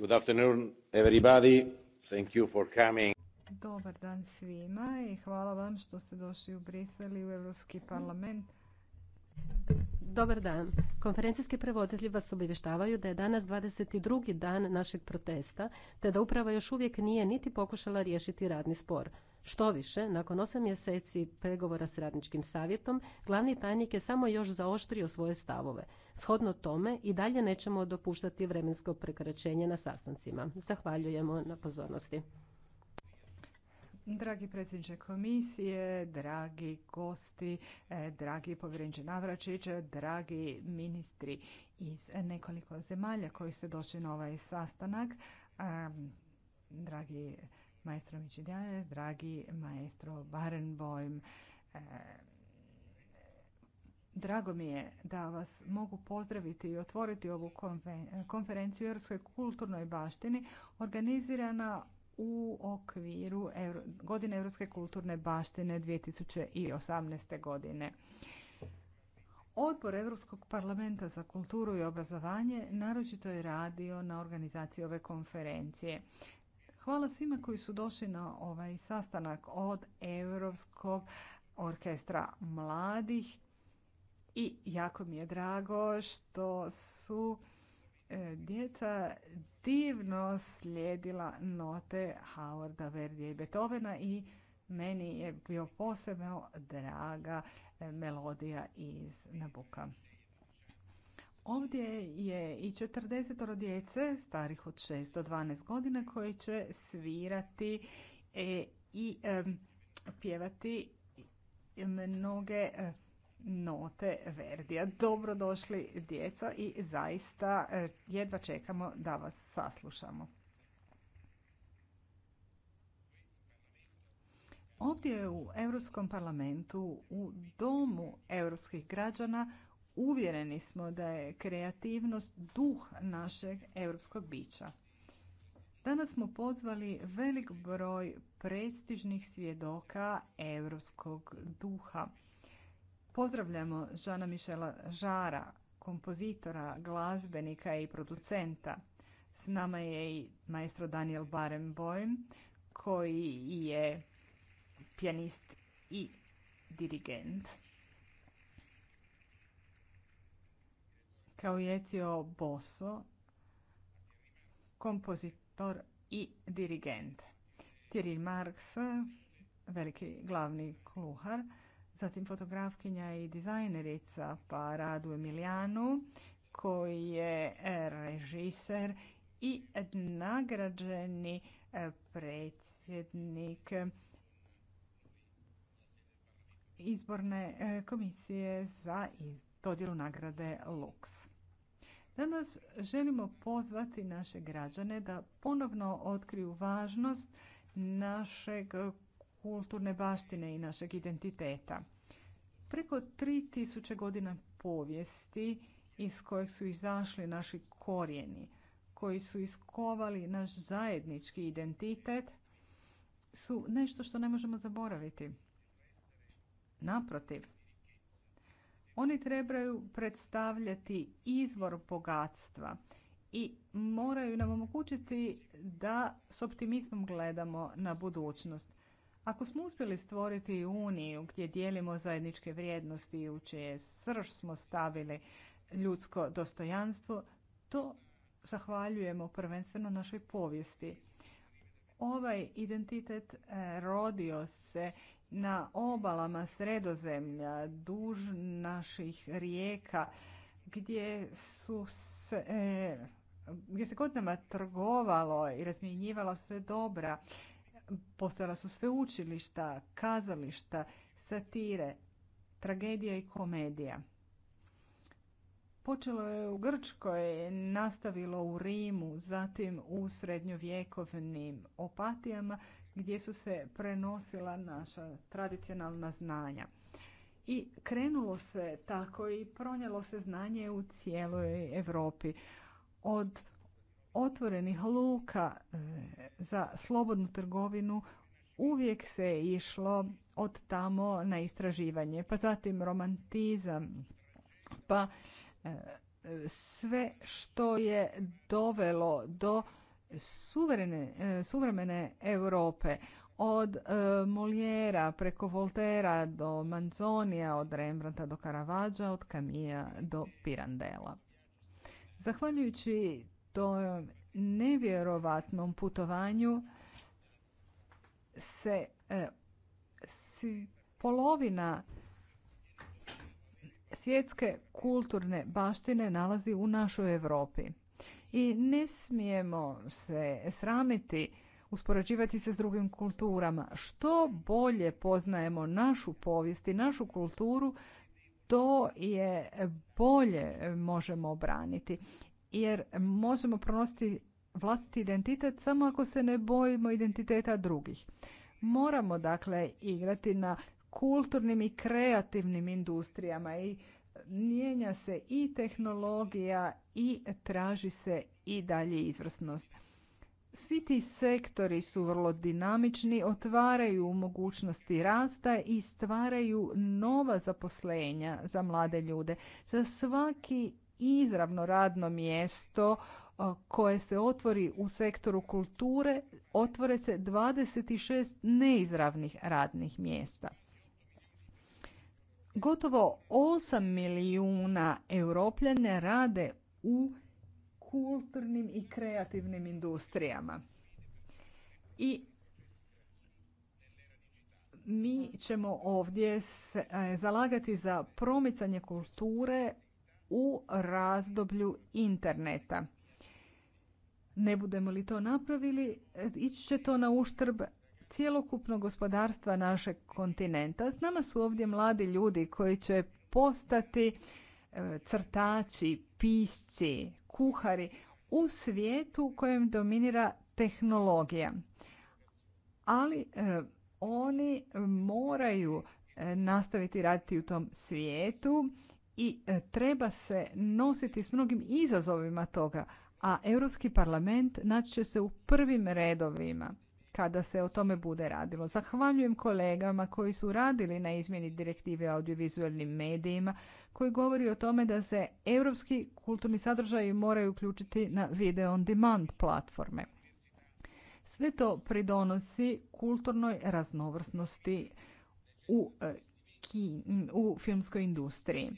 Good afternoon, everybody. Thank you for coming. Dobar dan svima i hvala vam što ste došli u Brisel i u Europski parlament. Dobar dan. Konferencijski prevoditelji vas obavještavaju da je danas 22. dan našeg protesta, te da uprava još uvijek nije niti pokušala riješiti radni spor. Što više, nakon osam mjeseci pregovora s radničkim savjetom, glavni tajnik je samo još zaoštrio svoje stavove. Shodno tome i dalje nećemo dopuštati vremensko prekračenje na sastancima. Zahvaljujemo na pozornosti. Dragi predsjedniče komisije, dragi gosti, e, dragi povjereniče Navračić, dragi ministri iz nekoliko zemalja koji ste došli na ovaj sastanak, e, dragi maestro Mičidjane, dragi maestro Barenboim, e, Drago mi je da vas mogu pozdraviti i otvoriti ovu konferenciju europskoj kulturnoj baštini organizirana u okviru godine europske kulturne baštine 2018. godine. Odbor Europskog parlamenta za kulturu i obrazovanje naročito je radio na organizaciji ove konferencije. Hvala svima koji su došli na ovaj sastanak od Europskog orkestra mladih i jako mi je drago što su e, djeca divno slijedila note Howarda, Verdija i Beethovena i meni je bio posebno draga e, melodija iz Nabuka. Ovdje je i 40 djece starih od 6 do 12 godina koji će svirati e, i pjevati mnoge note Verdija. Dobrodošli djeca i zaista e, jedva čekamo da vas saslušamo. Ovdje u Europskom parlamentu, u domu europskih građana, uvjereni smo da je kreativnost duh našeg europskog bića. Danas smo pozvali velik broj prestižnih svjedoka europskog duha – Pozdravljamo Žana Mišela Žara, kompozitora, glazbenika i producenta. S nama je i maestro Daniel Barenboim, koji je pijanist i dirigent. Kao tio Boso, kompozitor i dirigent. Thierry Marx, veliki glavni kluhar, zatim fotografkinja i dizajnerica pa Radu Emilijanu koji je e, režiser i nagrađeni e, predsjednik e, izborne komisije za dodjelu nagrade Lux. Danas želimo pozvati naše građane da ponovno otkriju važnost našeg kulturne baštine i našeg identiteta. Preko 3000 godina povijesti iz kojeg su izašli naši korijeni, koji su iskovali naš zajednički identitet, su nešto što ne možemo zaboraviti. Naprotiv, oni trebaju predstavljati izvor bogatstva i moraju nam omogućiti da s optimizmom gledamo na budućnost. Ako smo uspjeli stvoriti uniju gdje dijelimo zajedničke vrijednosti u čije srž smo stavili ljudsko dostojanstvo, to zahvaljujemo prvenstveno našoj povijesti. Ovaj identitet e, rodio se na obalama sredozemlja, duž naših rijeka, gdje su se, e, gdje se godinama trgovalo i razmjenjivalo sve dobra postojala su učilišta, kazališta, satire, tragedija i komedija. Počelo je u Grčkoj, nastavilo u Rimu, zatim u srednjovjekovnim opatijama gdje su se prenosila naša tradicionalna znanja. I krenulo se tako i pronjelo se znanje u cijeloj Europi. Od otvorenih luka e, za slobodnu trgovinu uvijek se išlo od tamo na istraživanje, pa zatim romantizam, pa e, sve što je dovelo do suverene, e, suvremene Europe, od Molijera preko Voltera do Manzonija, od Rembrandta do Karavađa, od Kamija do Pirandela. Zahvaljujući tom nevjerovatnom putovanju se e, polovina svjetske kulturne baštine nalazi u našoj Europi. I ne smijemo se sramiti uspoređivati se s drugim kulturama. Što bolje poznajemo našu povijest i našu kulturu, to je bolje možemo obraniti jer možemo pronositi vlastiti identitet samo ako se ne bojimo identiteta drugih. Moramo dakle igrati na kulturnim i kreativnim industrijama i mijenja se i tehnologija i traži se i dalje izvrsnost. Svi ti sektori su vrlo dinamični, otvaraju mogućnosti rasta i stvaraju nova zaposlenja za mlade ljude. Za svaki izravno radno mjesto e, koje se otvori u sektoru kulture, otvore se 26 neizravnih radnih mjesta. Gotovo 8 milijuna europljane rade u kulturnim i kreativnim industrijama. I mi ćemo ovdje e, zalagati za promicanje kulture u razdoblju interneta. Ne budemo li to napravili, ići će to na uštrb cjelokupnog gospodarstva našeg kontinenta. S nama su ovdje mladi ljudi koji će postati e, crtači, pisci, kuhari u svijetu u kojem dominira tehnologija. Ali e, oni moraju e, nastaviti raditi u tom svijetu i e, treba se nositi s mnogim izazovima toga, a Europski parlament naći će se u prvim redovima kada se o tome bude radilo. Zahvaljujem kolegama koji su radili na izmjeni direktive o audiovizualnim medijima koji govori o tome da se europski kulturni sadržaji moraju uključiti na video on demand platforme. Sve to pridonosi kulturnoj raznovrsnosti u, e, u filmskoj industriji.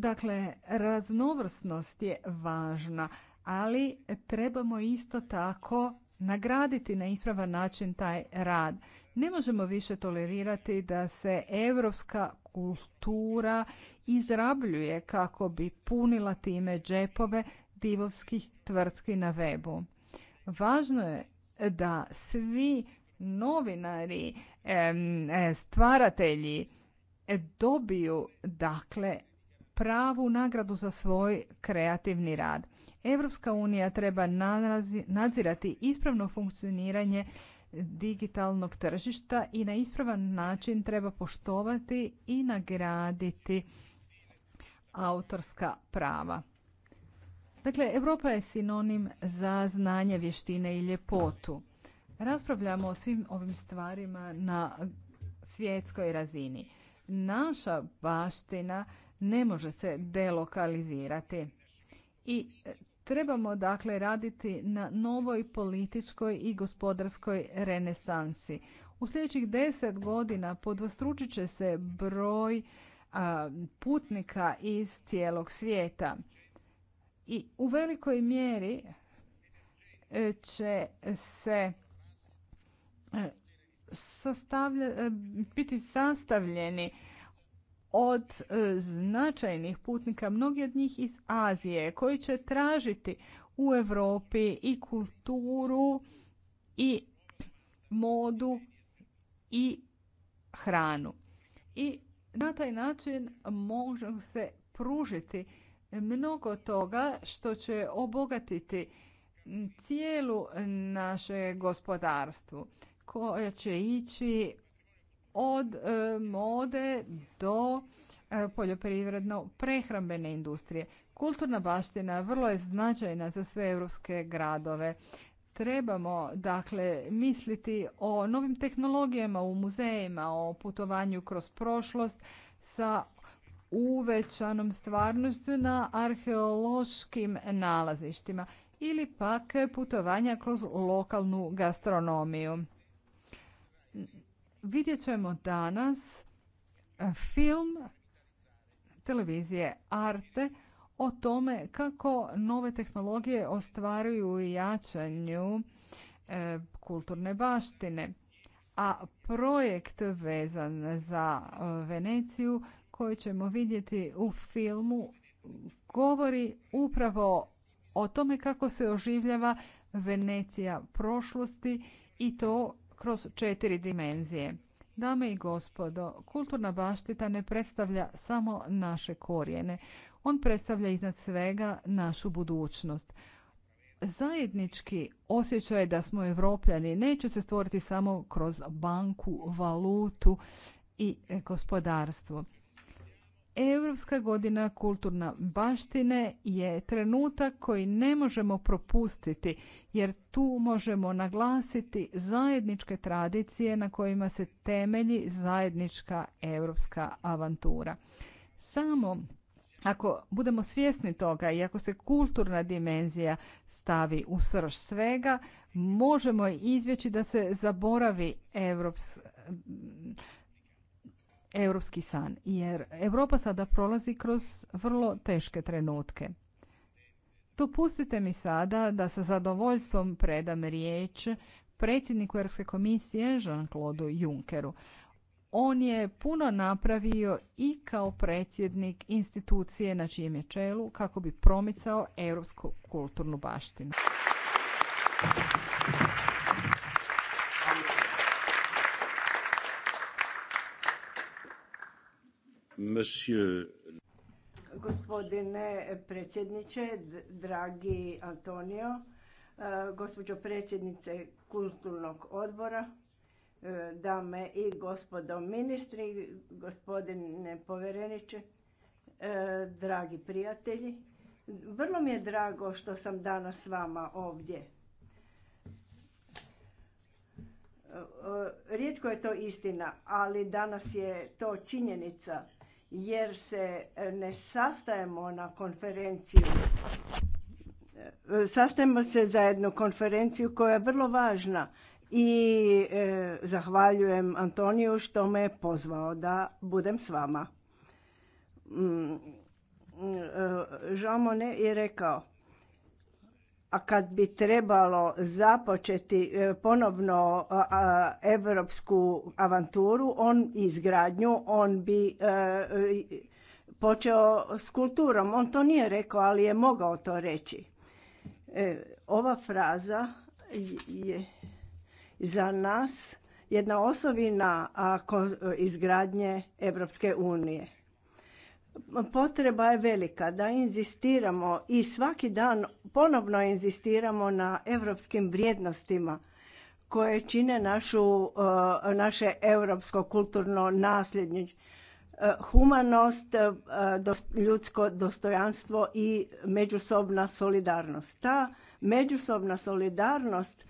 Dakle, raznovrsnost je važna, ali trebamo isto tako nagraditi na ispravan način taj rad. Ne možemo više tolerirati da se europska kultura izrabljuje kako bi punila time džepove divovskih tvrtki na webu. Važno je da svi novinari, stvaratelji dobiju dakle pravu nagradu za svoj kreativni rad. Europska unija treba nadzirati ispravno funkcioniranje digitalnog tržišta i na ispravan način treba poštovati i nagraditi autorska prava. Dakle, Europa je sinonim za znanje, vještine i ljepotu. Raspravljamo o svim ovim stvarima na svjetskoj razini. Naša baština ne može se delokalizirati. I e, trebamo dakle raditi na novoj političkoj i gospodarskoj renesansi. U sljedećih deset godina podvostručit će se broj putnika iz cijelog svijeta. I u velikoj mjeri e, će se e, sastavlja, biti sastavljeni od e, značajnih putnika, mnogi od njih iz Azije, koji će tražiti u Europi i kulturu i modu i hranu. I na taj način može se pružiti mnogo toga što će obogatiti cijelu naše gospodarstvo koje će ići od e, mode do e, poljoprivredno-prehrambene industrije. Kulturna baština vrlo je značajna za sve europske gradove. Trebamo dakle misliti o novim tehnologijama u muzejima, o putovanju kroz prošlost sa uvećanom stvarnošću na arheološkim nalazištima ili pak putovanja kroz lokalnu gastronomiju vidjet ćemo danas e, film televizije Arte o tome kako nove tehnologije ostvaruju u jačanju e, kulturne baštine. A projekt vezan za e, Veneciju koji ćemo vidjeti u filmu govori upravo o tome kako se oživljava Venecija prošlosti i to kroz četiri dimenzije. Dame i gospodo, kulturna baštita ne predstavlja samo naše korijene. On predstavlja iznad svega našu budućnost. Zajednički osjećaj da smo evropljani neće se stvoriti samo kroz banku, valutu i gospodarstvo. Europska godina kulturna baštine je trenutak koji ne možemo propustiti jer tu možemo naglasiti zajedničke tradicije na kojima se temelji zajednička europska avantura. Samo ako budemo svjesni toga i ako se kulturna dimenzija stavi u srž svega, možemo izvjeći da se zaboravi Evrops, europski san, jer Europa sada prolazi kroz vrlo teške trenutke. Dopustite mi sada da sa zadovoljstvom predam riječ predsjedniku Europske komisije Jean-Claude Junckeru. On je puno napravio i kao predsjednik institucije na čijem je čelu kako bi promicao europsku kulturnu baštinu. Gospodine predsjedniče, dragi Antonio, e, gospođo predsjednice kulturnog odbora, e, dame i gospodo ministri, gospodine povereniče, e, dragi prijatelji. Vrlo mi je drago što sam danas s vama ovdje. Rijetko je to istina, ali danas je to činjenica jer se e, ne sastajemo na konferenciju. E, sastajemo se za jednu konferenciju koja je vrlo važna i e, zahvaljujem Antoniju što me je pozvao da budem s vama. Jean mm, Monnet mm, je rekao a kad bi trebalo započeti e, ponovno evropsku avanturu, on izgradnju, on bi e, počeo s kulturom. On to nije rekao, ali je mogao to reći. E, ova fraza je za nas jedna osovina izgradnje Evropske unije. Potreba je velika da inzistiramo i svaki dan ponovno inzistiramo na europskim vrijednostima koje čine našu, eh, naše europsko kulturno nasljednje. Eh, humanost, eh, ljudsko dostojanstvo i međusobna solidarnost. Ta međusobna solidarnost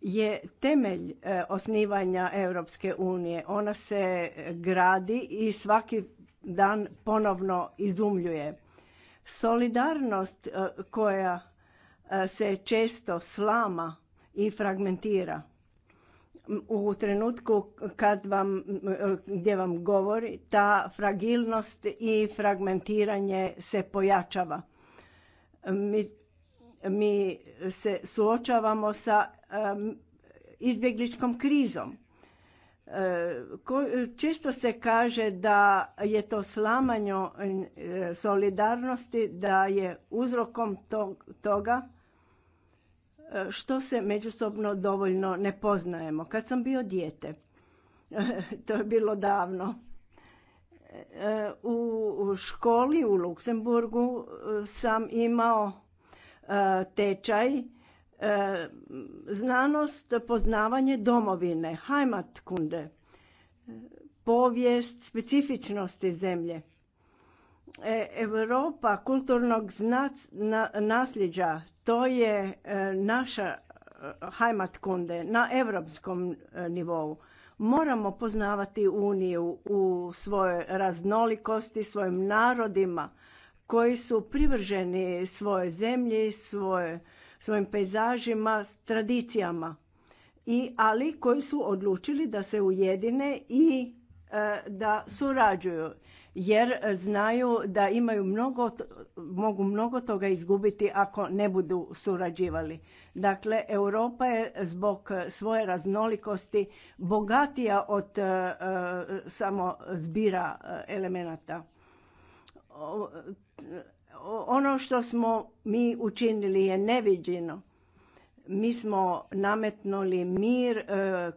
je temelj osnivanja Europske unije. Ona se gradi i svaki dan ponovno izumljuje. Solidarnost e, koja e, se često slama i fragmentira. U trenutku kad vam, e, gdje vam govori, ta fragilnost i fragmentiranje se pojačava. Mi, mi se suočavamo sa izbjegličkom krizom čisto se kaže da je to slamanje eh, solidarnosti, da je uzrokom toga eh, što se međusobno dovoljno ne poznajemo. Kad sam bio dijete, to je bilo davno, eh, u školi u Luksemburgu sam imao tečaj E, znanost, poznavanje domovine, Heimatkunde, e, povijest, specifičnosti zemlje. E, Europa kulturnog nasljeđa, to je naša Heimatkunde na europskom nivou. Moramo poznavati Uniju u svojoj raznolikosti, svojim narodima koji su privrženi svojoj zemlji, svojoj svojim pejzažima, s tradicijama. I, ali koji su odlučili da se ujedine i e, da surađuju jer znaju da imaju mnogo, mogu mnogo toga izgubiti ako ne budu surađivali. Dakle, Europa je zbog svoje raznolikosti bogatija od e, e, samo zbira elemenata ono što smo mi učinili je neviđeno. Mi smo nametnuli mir e,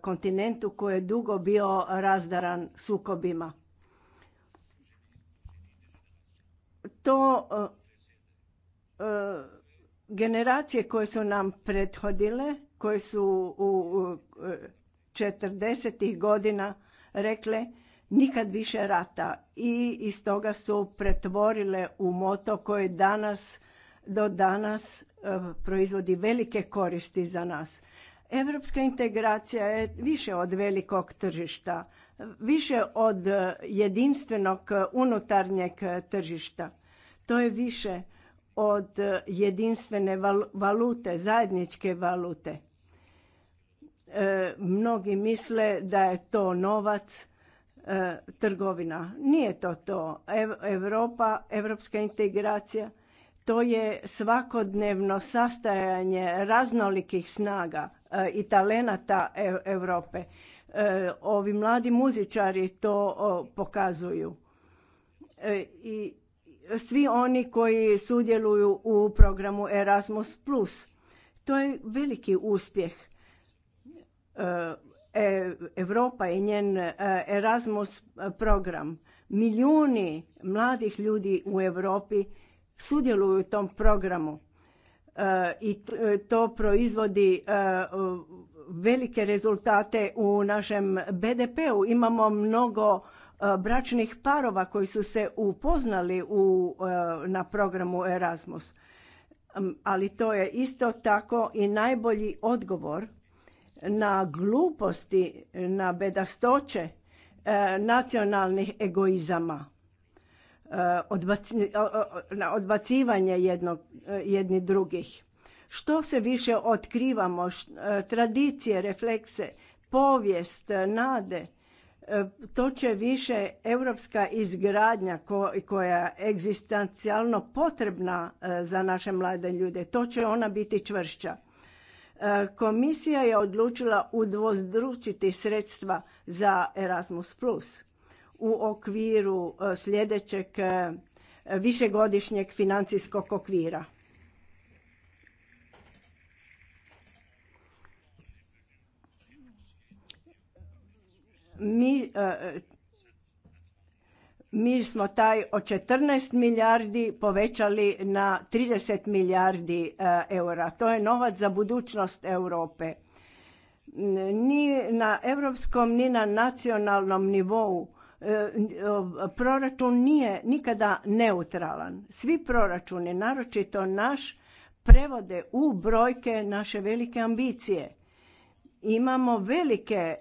kontinentu koji je dugo bio razdaran sukobima. To e, e, generacije koje su nam prethodile, koje su u 40. godina rekle nikad više rata i iz toga su pretvorile u moto koje danas do danas e, proizvodi velike koristi za nas. Europska integracija je više od velikog tržišta, više od e, jedinstvenog e, unutarnjeg tržišta. To je više od jedinstvene valute, zajedničke valute. Mnogi misle da je to novac, E, trgovina. Nije to to. Europa, evropska integracija, to je svakodnevno sastajanje raznolikih snaga e, i talenata Europe. E, ovi mladi muzičari to pokazuju. I svi oni koji sudjeluju u programu Erasmus+. To je veliki uspjeh Europa i njen e, Erasmus program. Milijuni mladih ljudi u Europi sudjeluju u tom programu e, i e, to proizvodi velike rezultate u našem BDP-u. Imamo mnogo bračnih parova koji su se upoznali u, na programu Erasmus. Ali to je isto tako i najbolji odgovor na gluposti, na bedastoće e, nacionalnih egoizama, e, e, na odbacivanje jednog, jedni drugih. Što se više otkrivamo, tradicije, reflekse, povijest, nade, to će više europska izgradnja koja je egzistencijalno potrebna za naše mlade ljude, to će ona biti čvršća. E, komisija je odlučila udvostručiti sredstva za Erasmus+. U okviru e, sljedećeg e, višegodišnjeg financijskog okvira. Mi mi smo taj od 14 milijardi povećali na 30 milijardi e, eura. To je novac za budućnost Europe. Ni na europskom, ni na nacionalnom nivou e, proračun nije nikada neutralan. Svi proračuni, naročito naš, prevode u brojke naše velike ambicije. Imamo velike e,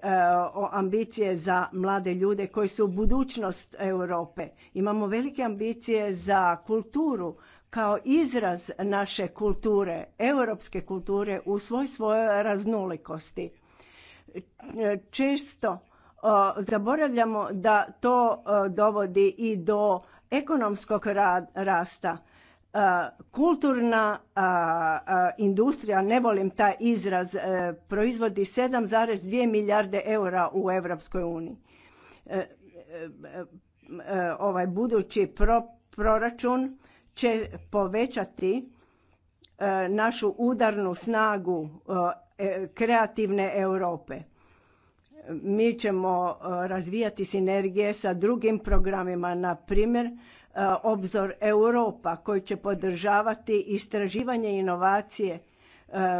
ambicije za mlade ljude koji su budućnost Europe. Imamo velike ambicije za kulturu kao izraz naše kulture, europske kulture u svoj svojoj raznolikosti. E, često zaboravljamo da to dovodi i do ekonomskog rasta kulturna industrija, ne volim taj izraz, e, proizvodi 7,2 milijarde eura u Europskoj uniji. E, e, ovaj budući proračun će povećati našu udarnu snagu kreativne Europe. Mi ćemo razvijati sinergije sa drugim programima, na primjer E, obzor Europa koji će podržavati istraživanje inovacije e, e,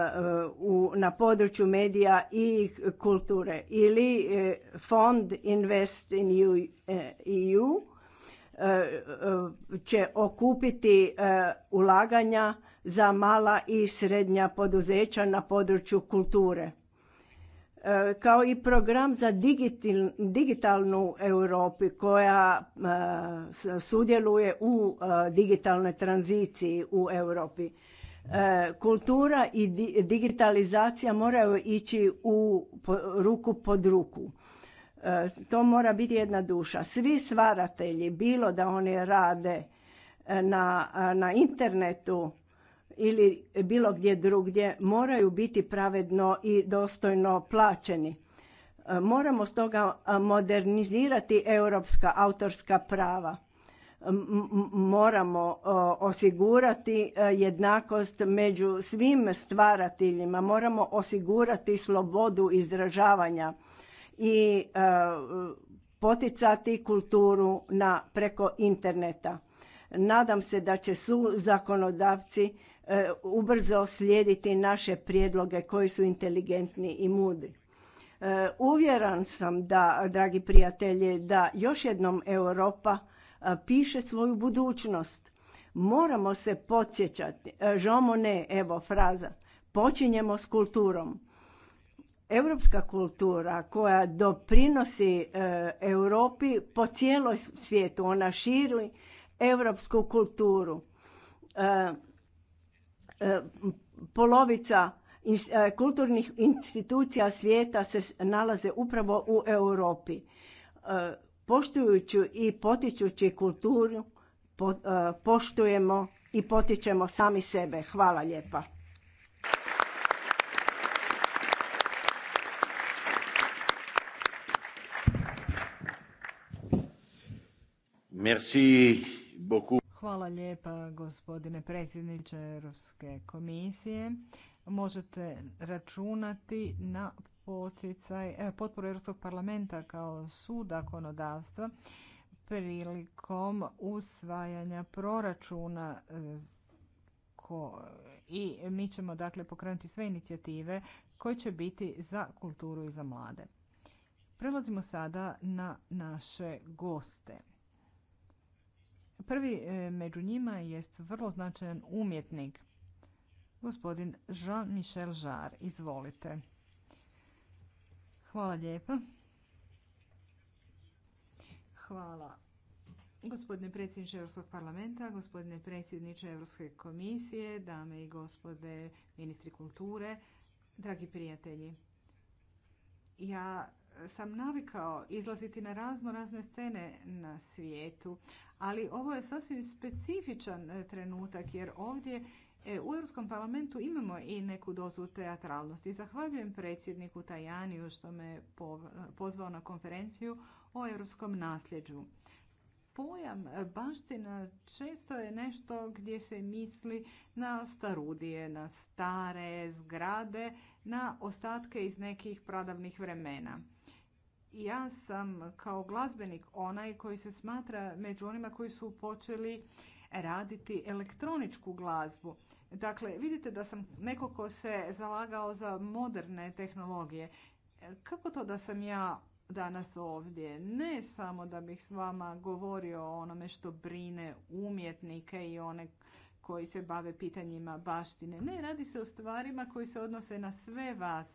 u, na području medija i kulture ili fond Invest in EU će okupiti ulaganja za mala i srednja poduzeća na području kulture. E, kao i program za digitalnu Europi koja e, sudjeluje u e, digitalnoj tranziciji u Europi. Kultura i digitalizacija moraju ići u ruku pod ruku. To mora biti jedna duša. Svi stvaratelji, bilo da oni rade na, na internetu, ili bilo gdje drugdje moraju biti pravedno i dostojno plaćeni. E, moramo stoga e, modernizirati europska autorska prava. E, moramo osigurati jednakost među svim stvarateljima, moramo osigurati slobodu izražavanja i poticati kulturu na preko interneta. Nadam se da će su zakonodavci E, ubrzo slijediti naše prijedloge koji su inteligentni i mudri. E, Uvjeran sam da, dragi prijatelji, da još jednom Europa e, piše svoju budućnost. Moramo se podsjećati, ne, evo fraza, počinjemo s kulturom. Europska kultura koja doprinosi Europi po cijeloj svijetu, ona širi europsku kulturu. E, polovica e, kulturnih institucija svijeta se nalaze upravo u Europi. E, poštujući i potičući kulturu, poštujemo i potičemo sami sebe. Hvala lijepa. Merci beaucoup. Hvala lijepa gospodine predsjedniče Europske komisije. Možete računati na e, potporu Europskog parlamenta kao konodavstva prilikom usvajanja proračuna e, i mi ćemo dakle pokrenuti sve inicijative koje će biti za kulturu i za mlade. Prelazimo sada na naše goste. Prvi e, među njima jest vrlo značajan umjetnik, gospodin Jean-Michel Jarre. Izvolite. Hvala lijepa. Hvala. Gospodine predsjedniče Europskog parlamenta, gospodine predsjedniče Europske komisije, dame i gospode ministri kulture, dragi prijatelji. Ja sam navikao izlaziti na razno razne scene na svijetu, ali ovo je sasvim specifičan e, trenutak jer ovdje e, u Europskom parlamentu imamo i neku dozu teatralnosti. Zahvaljujem predsjedniku Tajaniju što me pozvao na konferenciju o europskom nasljeđu. Pojam e, baština često je nešto gdje se misli na starudije, na stare zgrade, na ostatke iz nekih pradavnih vremena ja sam kao glazbenik onaj koji se smatra među onima koji su počeli raditi elektroničku glazbu. Dakle, vidite da sam neko ko se zalagao za moderne tehnologije. Kako to da sam ja danas ovdje? Ne samo da bih s vama govorio o onome što brine umjetnike i one koji se bave pitanjima baštine. Ne, radi se o stvarima koji se odnose na sve vas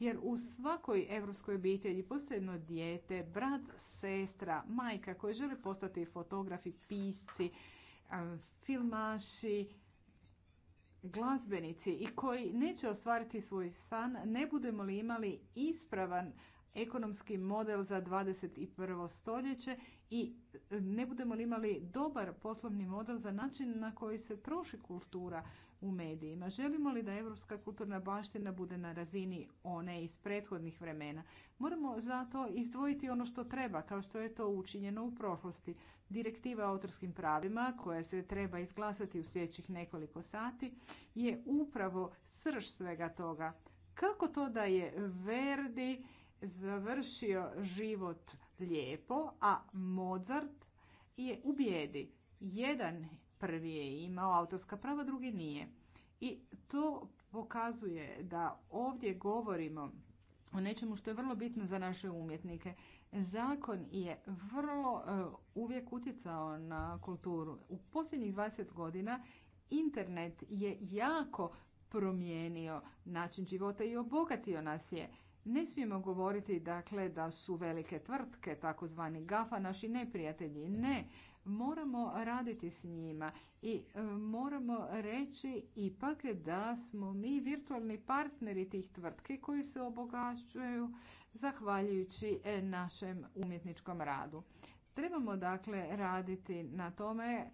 jer u svakoj evropskoj obitelji postoji jedno dijete, brat, sestra, majka koji žele postati fotografi, pisci, filmaši, glazbenici i koji neće ostvariti svoj san ne budemo li imali ispravan ekonomski model za 21. stoljeće i ne budemo li imali dobar poslovni model za način na koji se troši kultura u medijima. Želimo li da evropska kulturna baština bude na razini one iz prethodnih vremena? Moramo zato izdvojiti ono što treba, kao što je to učinjeno u prošlosti. Direktiva o autorskim pravima, koja se treba izglasati u sljedećih nekoliko sati, je upravo srž svega toga. Kako to da je Verdi završio život lijepo, a Mozart je u bijedi. Jedan prvi je imao autorska prava, drugi nije. I to pokazuje da ovdje govorimo o nečemu što je vrlo bitno za naše umjetnike. Zakon je vrlo e, uvijek utjecao na kulturu. U posljednjih 20 godina internet je jako promijenio način života i obogatio nas je. Ne smijemo govoriti dakle da su velike tvrtke, takozvani GAFA, naši neprijatelji. Ne, moramo raditi s njima i e, moramo reći ipak da smo mi virtualni partneri tih tvrtki koji se obogaćuju zahvaljujući e, našem umjetničkom radu. Trebamo dakle raditi na tome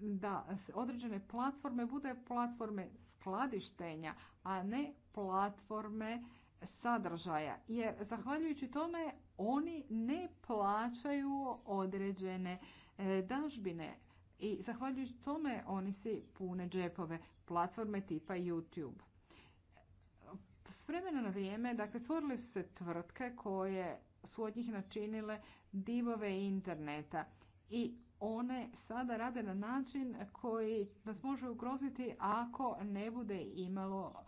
da određene platforme bude platforme skladištenja, a ne platforme sadržaja jer zahvaljujući tome oni ne plaćaju određene e, dažbine i zahvaljujući tome oni si pune džepove platforme tipa YouTube. S vremena na vrijeme, dakle, stvorile su se tvrtke koje su od njih načinile divove interneta i one sada rade na način koji nas može ugroziti ako ne bude imalo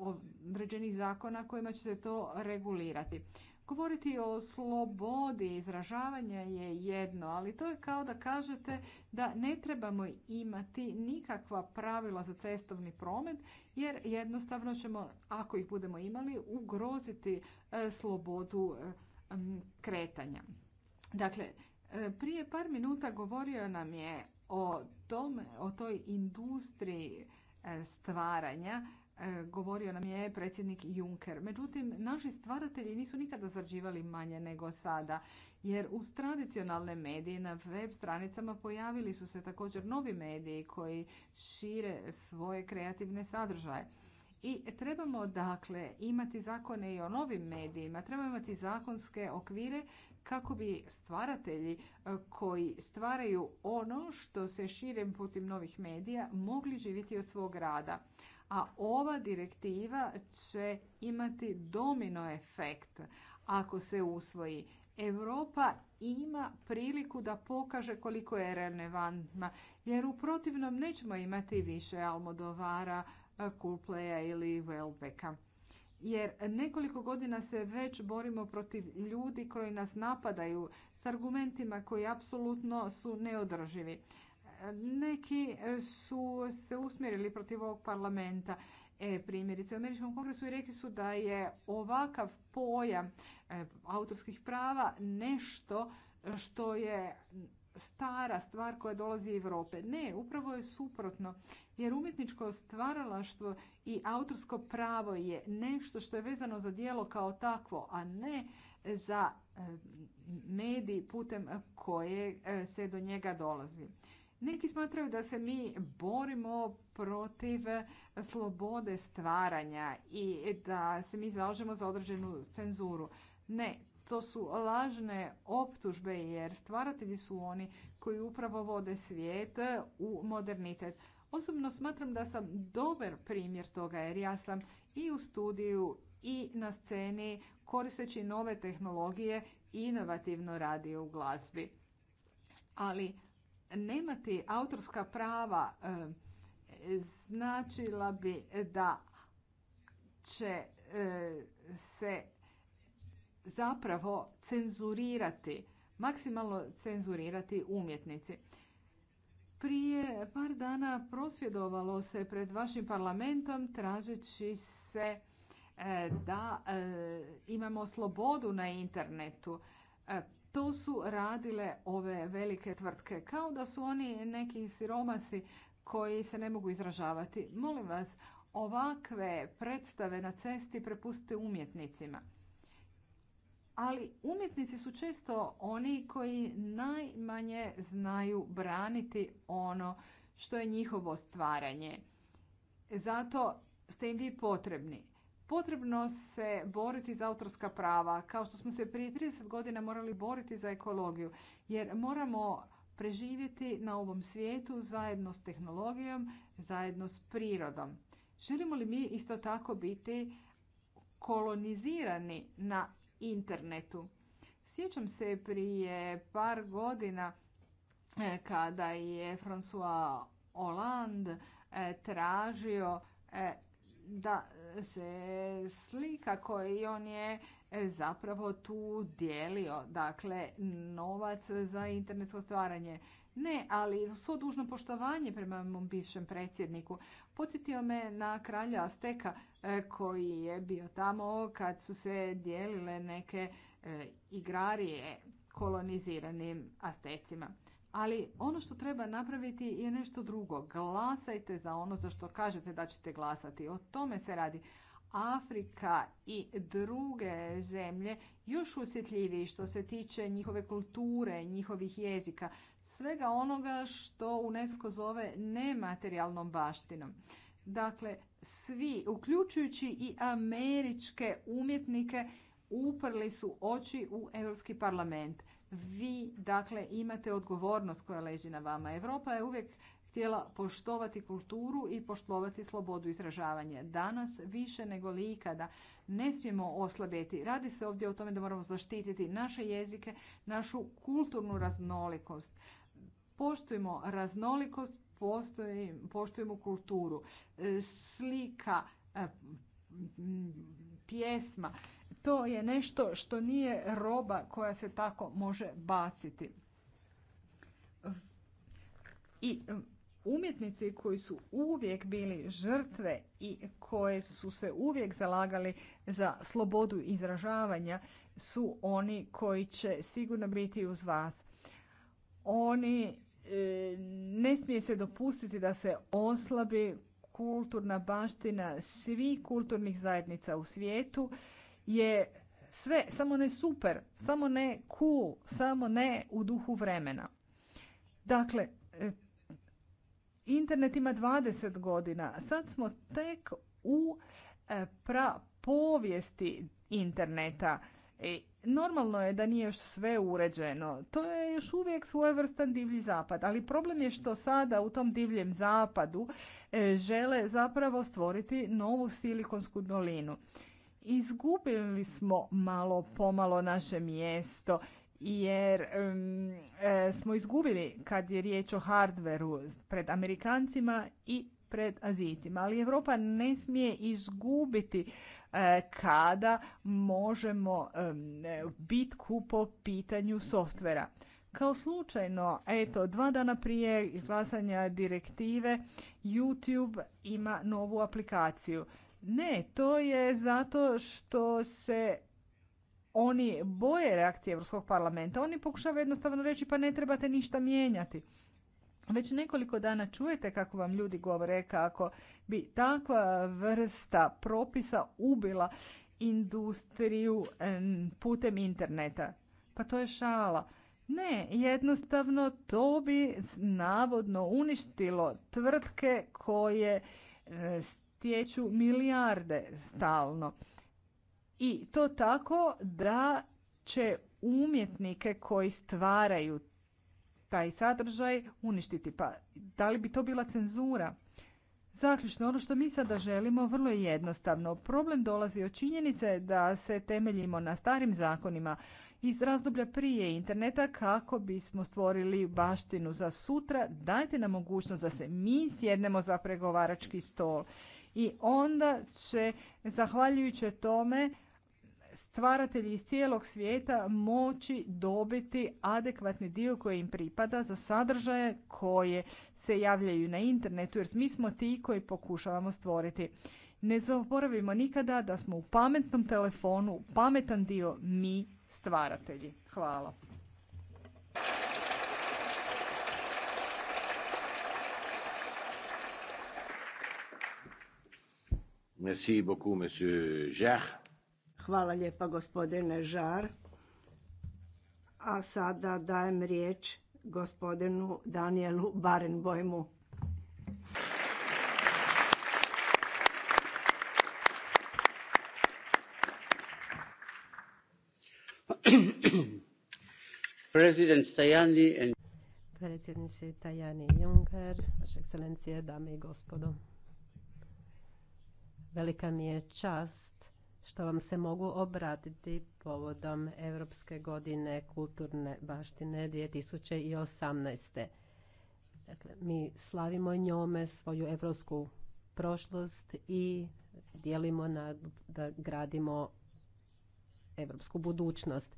određenih zakona kojima će se to regulirati. Govoriti o slobodi izražavanja je jedno, ali to je kao da kažete da ne trebamo imati nikakva pravila za cestovni promet, jer jednostavno ćemo, ako ih budemo imali, ugroziti e, slobodu e, kretanja. Dakle, e, prije par minuta govorio nam je o, tome, o toj industriji stvaranja E, govorio nam je predsjednik Juncker. Međutim, naši stvaratelji nisu nikada zarađivali manje nego sada, jer uz tradicionalne medije na web stranicama pojavili su se također novi mediji koji šire svoje kreativne sadržaje. I trebamo dakle imati zakone i o novim medijima, trebamo imati zakonske okvire kako bi stvaratelji e, koji stvaraju ono što se širem putem novih medija mogli živjeti od svog rada a ova direktiva će imati domino efekt ako se usvoji. Europa ima priliku da pokaže koliko je relevantna, jer u protivnom nećemo imati više Almodovara, Kupleja ili Wellbeka. Jer nekoliko godina se već borimo protiv ljudi koji nas napadaju s argumentima koji apsolutno su neodrživi. Neki su se usmjerili protiv ovog parlamenta. E, primjerice u Američkom kongresu i rekli su da je ovakav pojam e, autorskih prava nešto što je stara stvar koja dolazi iz Europe. Ne, upravo je suprotno. Jer umjetničko stvaralaštvo i autorsko pravo je nešto što je vezano za dijelo kao takvo, a ne za e, medij putem koje e, se do njega dolazi. Neki smatraju da se mi borimo protiv slobode stvaranja i da se mi zalažemo za određenu cenzuru. Ne, to su lažne optužbe jer stvaratelji su oni koji upravo vode svijet u modernitet. Osobno smatram da sam dobar primjer toga jer ja sam i u studiju i na sceni koristeći nove tehnologije i inovativno radio u glazbi. Ali nemati autorska prava e, značila bi da će e, se zapravo cenzurirati, maksimalno cenzurirati umjetnici. Prije par dana prosvjedovalo se pred vašim parlamentom tražeći se e, da imamo slobodu na internetu. To su radile ove velike tvrtke, kao da su oni neki siromasi koji se ne mogu izražavati. Molim vas, ovakve predstave na cesti prepustite umjetnicima. Ali umjetnici su često oni koji najmanje znaju braniti ono što je njihovo stvaranje. Zato ste im vi potrebni. Potrebno se boriti za autorska prava, kao što smo se prije 30 godina morali boriti za ekologiju, jer moramo preživjeti na ovom svijetu zajedno s tehnologijom, zajedno s prirodom. Želimo li mi isto tako biti kolonizirani na internetu? Sjećam se prije par godina e, kada je François Hollande e, tražio e, da se slika koji on je e, zapravo tu dijelio, dakle novac za internetsko stvaranje. Ne, ali svo dužno poštovanje prema mom bivšem predsjedniku. Podsjetio me na kralja Azteka e, koji je bio tamo kad su se dijelile neke e, igrarije koloniziranim Aztecima. Ali ono što treba napraviti je nešto drugo. Glasajte za ono za što kažete da ćete glasati. O tome se radi. Afrika i druge zemlje još usjetljiviji što se tiče njihove kulture, njihovih jezika, svega onoga što UNESCO zove nematerijalnom baštinom. Dakle, svi, uključujući i američke umjetnike, uprli su oči u Europski parlament vi dakle imate odgovornost koja leži na vama. Europa je uvijek htjela poštovati kulturu i poštovati slobodu izražavanja. Danas više nego li ikada ne smijemo oslabiti. Radi se ovdje o tome da moramo zaštititi naše jezike, našu kulturnu raznolikost. Poštujemo raznolikost, poštujemo kulturu. E, slika, e, pjesma, to je nešto što nije roba koja se tako može baciti. I umjetnici koji su uvijek bili žrtve i koje su se uvijek zalagali za slobodu izražavanja su oni koji će sigurno biti uz vas. Oni e, ne smije se dopustiti da se oslabi kulturna baština svih kulturnih zajednica u svijetu je sve, samo ne super, samo ne cool, samo ne u duhu vremena. Dakle, e, internet ima 20 godina. Sad smo tek u e, pra povijesti interneta. E, normalno je da nije još sve uređeno. To je još uvijek svojevrstan divlji zapad, ali problem je što sada u tom divljem zapadu žele zapravo stvoriti novu silikonsku dolinu. Izgubili smo malo pomalo naše mjesto jer e, smo izgubili kad je riječ o hardveru pred Amerikancima i pred Azijcima. Ali Europa ne smije izgubiti e, kada možemo e, bitku po pitanju softvera. Kao slučajno, eto, dva dana prije izglasanja direktive YouTube ima novu aplikaciju. Ne, to je zato što se oni boje reakcije Europskog parlamenta. Oni pokušavaju jednostavno reći pa ne trebate ništa mijenjati. Već nekoliko dana čujete kako vam ljudi govore kako bi takva vrsta propisa ubila industriju putem interneta. Pa to je šala. Ne, jednostavno to bi navodno uništilo tvrtke koje stječu milijarde stalno. I to tako da će umjetnike koji stvaraju taj sadržaj uništiti. Pa da li bi to bila cenzura? Zaključno, ono što mi sada želimo vrlo je jednostavno. Problem dolazi od činjenice da se temeljimo na starim zakonima iz razdoblja prije interneta kako bismo stvorili baštinu za sutra. Dajte nam mogućnost da se mi sjednemo za pregovarački stol i onda će, zahvaljujući tome, stvaratelji iz cijelog svijeta moći dobiti adekvatni dio koji im pripada za sadržaje koje se javljaju na internetu, jer mi smo ti koji pokušavamo stvoriti. Ne zaboravimo nikada da smo u pametnom telefonu, pametan dio mi stvaratelji. Hvala. Merci beaucoup, monsieur Žah. Hvala lijepa, gospodine Žar. A sada dajem riječ gospodinu Danielu Barenbojmu. President Tajani and... Predsjedniče Tajani Juncker, vaše ekscelencije, dame i gospodo. Velika mi je čast što vam se mogu obratiti povodom Europske godine kulturne baštine 2018. Dakle, mi slavimo njome svoju evropsku prošlost i dijelimo na, da gradimo evropsku budućnost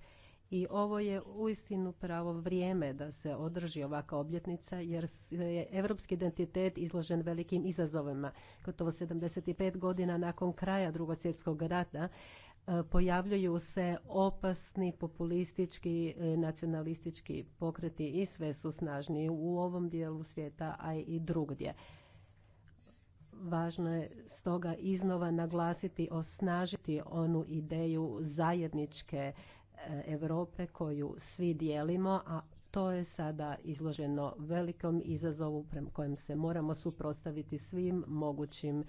i ovo je uistinu pravo vrijeme da se održi ovakva obljetnica jer je evropski identitet izložen velikim izazovima. Gotovo 75 godina nakon kraja drugog svjetskog rata e, pojavljuju se opasni populistički, e, nacionalistički pokreti i sve su snažniji u ovom dijelu svijeta, a i drugdje. Važno je stoga iznova naglasiti, osnažiti onu ideju zajedničke Europe koju svi dijelimo, a to je sada izloženo velikom izazovu prema kojem se moramo suprotstaviti svim mogućim e,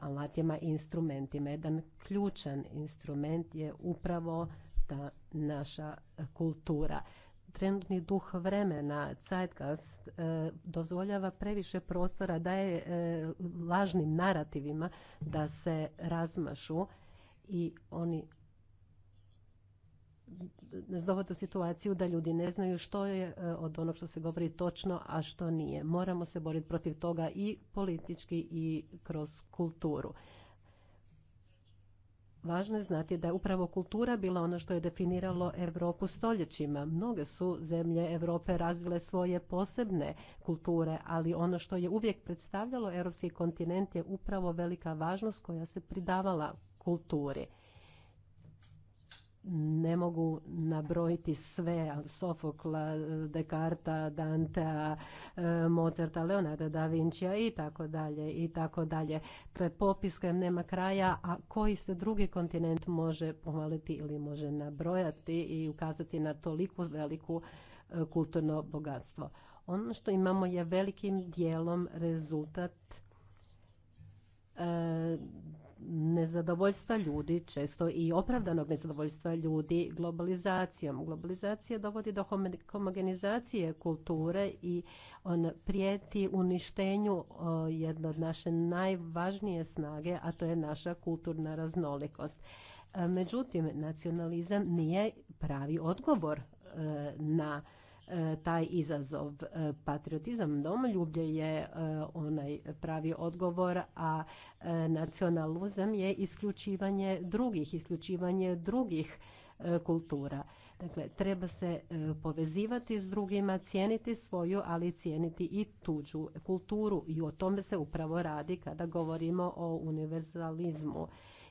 alatima i instrumentima. Jedan ključan instrument je upravo ta naša kultura. Trenutni duh vremena, Zeitgeist, e, dozvoljava previše prostora daje e, lažnim narativima da se razmašu i oni nas dovodi u situaciju da ljudi ne znaju što je e, od onog što se govori točno, a što nije. Moramo se boriti protiv toga i politički i kroz kulturu. Važno je znati da je upravo kultura bila ono što je definiralo Europu stoljećima. Mnoge su zemlje Europe razvile svoje posebne kulture, ali ono što je uvijek predstavljalo europski kontinent je upravo velika važnost koja se pridavala kulturi ne mogu nabrojiti sve Sofokla, Dekarta, Dantea, Mozarta, Leonarda da Vincija i tako dalje i tako dalje. To je popis kojem nema kraja, a koji se drugi kontinent može pohvaliti ili može nabrojati i ukazati na toliko veliku e, kulturno bogatstvo. Ono što imamo je velikim dijelom rezultat e, nezadovoljstva ljudi, često i opravdanog nezadovoljstva ljudi globalizacijom. Globalizacija dovodi do homogenizacije kulture i on prijeti uništenju jedne od naše najvažnije snage, a to je naša kulturna raznolikost. E, međutim, nacionalizam nije pravi odgovor e, na E, taj izazov. E, patriotizam domoljublje je e, onaj pravi odgovor, a nacionalizam je isključivanje drugih, isključivanje drugih kultura. Dakle, treba se povezivati s drugima, cijeniti svoju, ali cijeniti i tuđu kulturu. I o tome se upravo radi kada govorimo o univerzalizmu.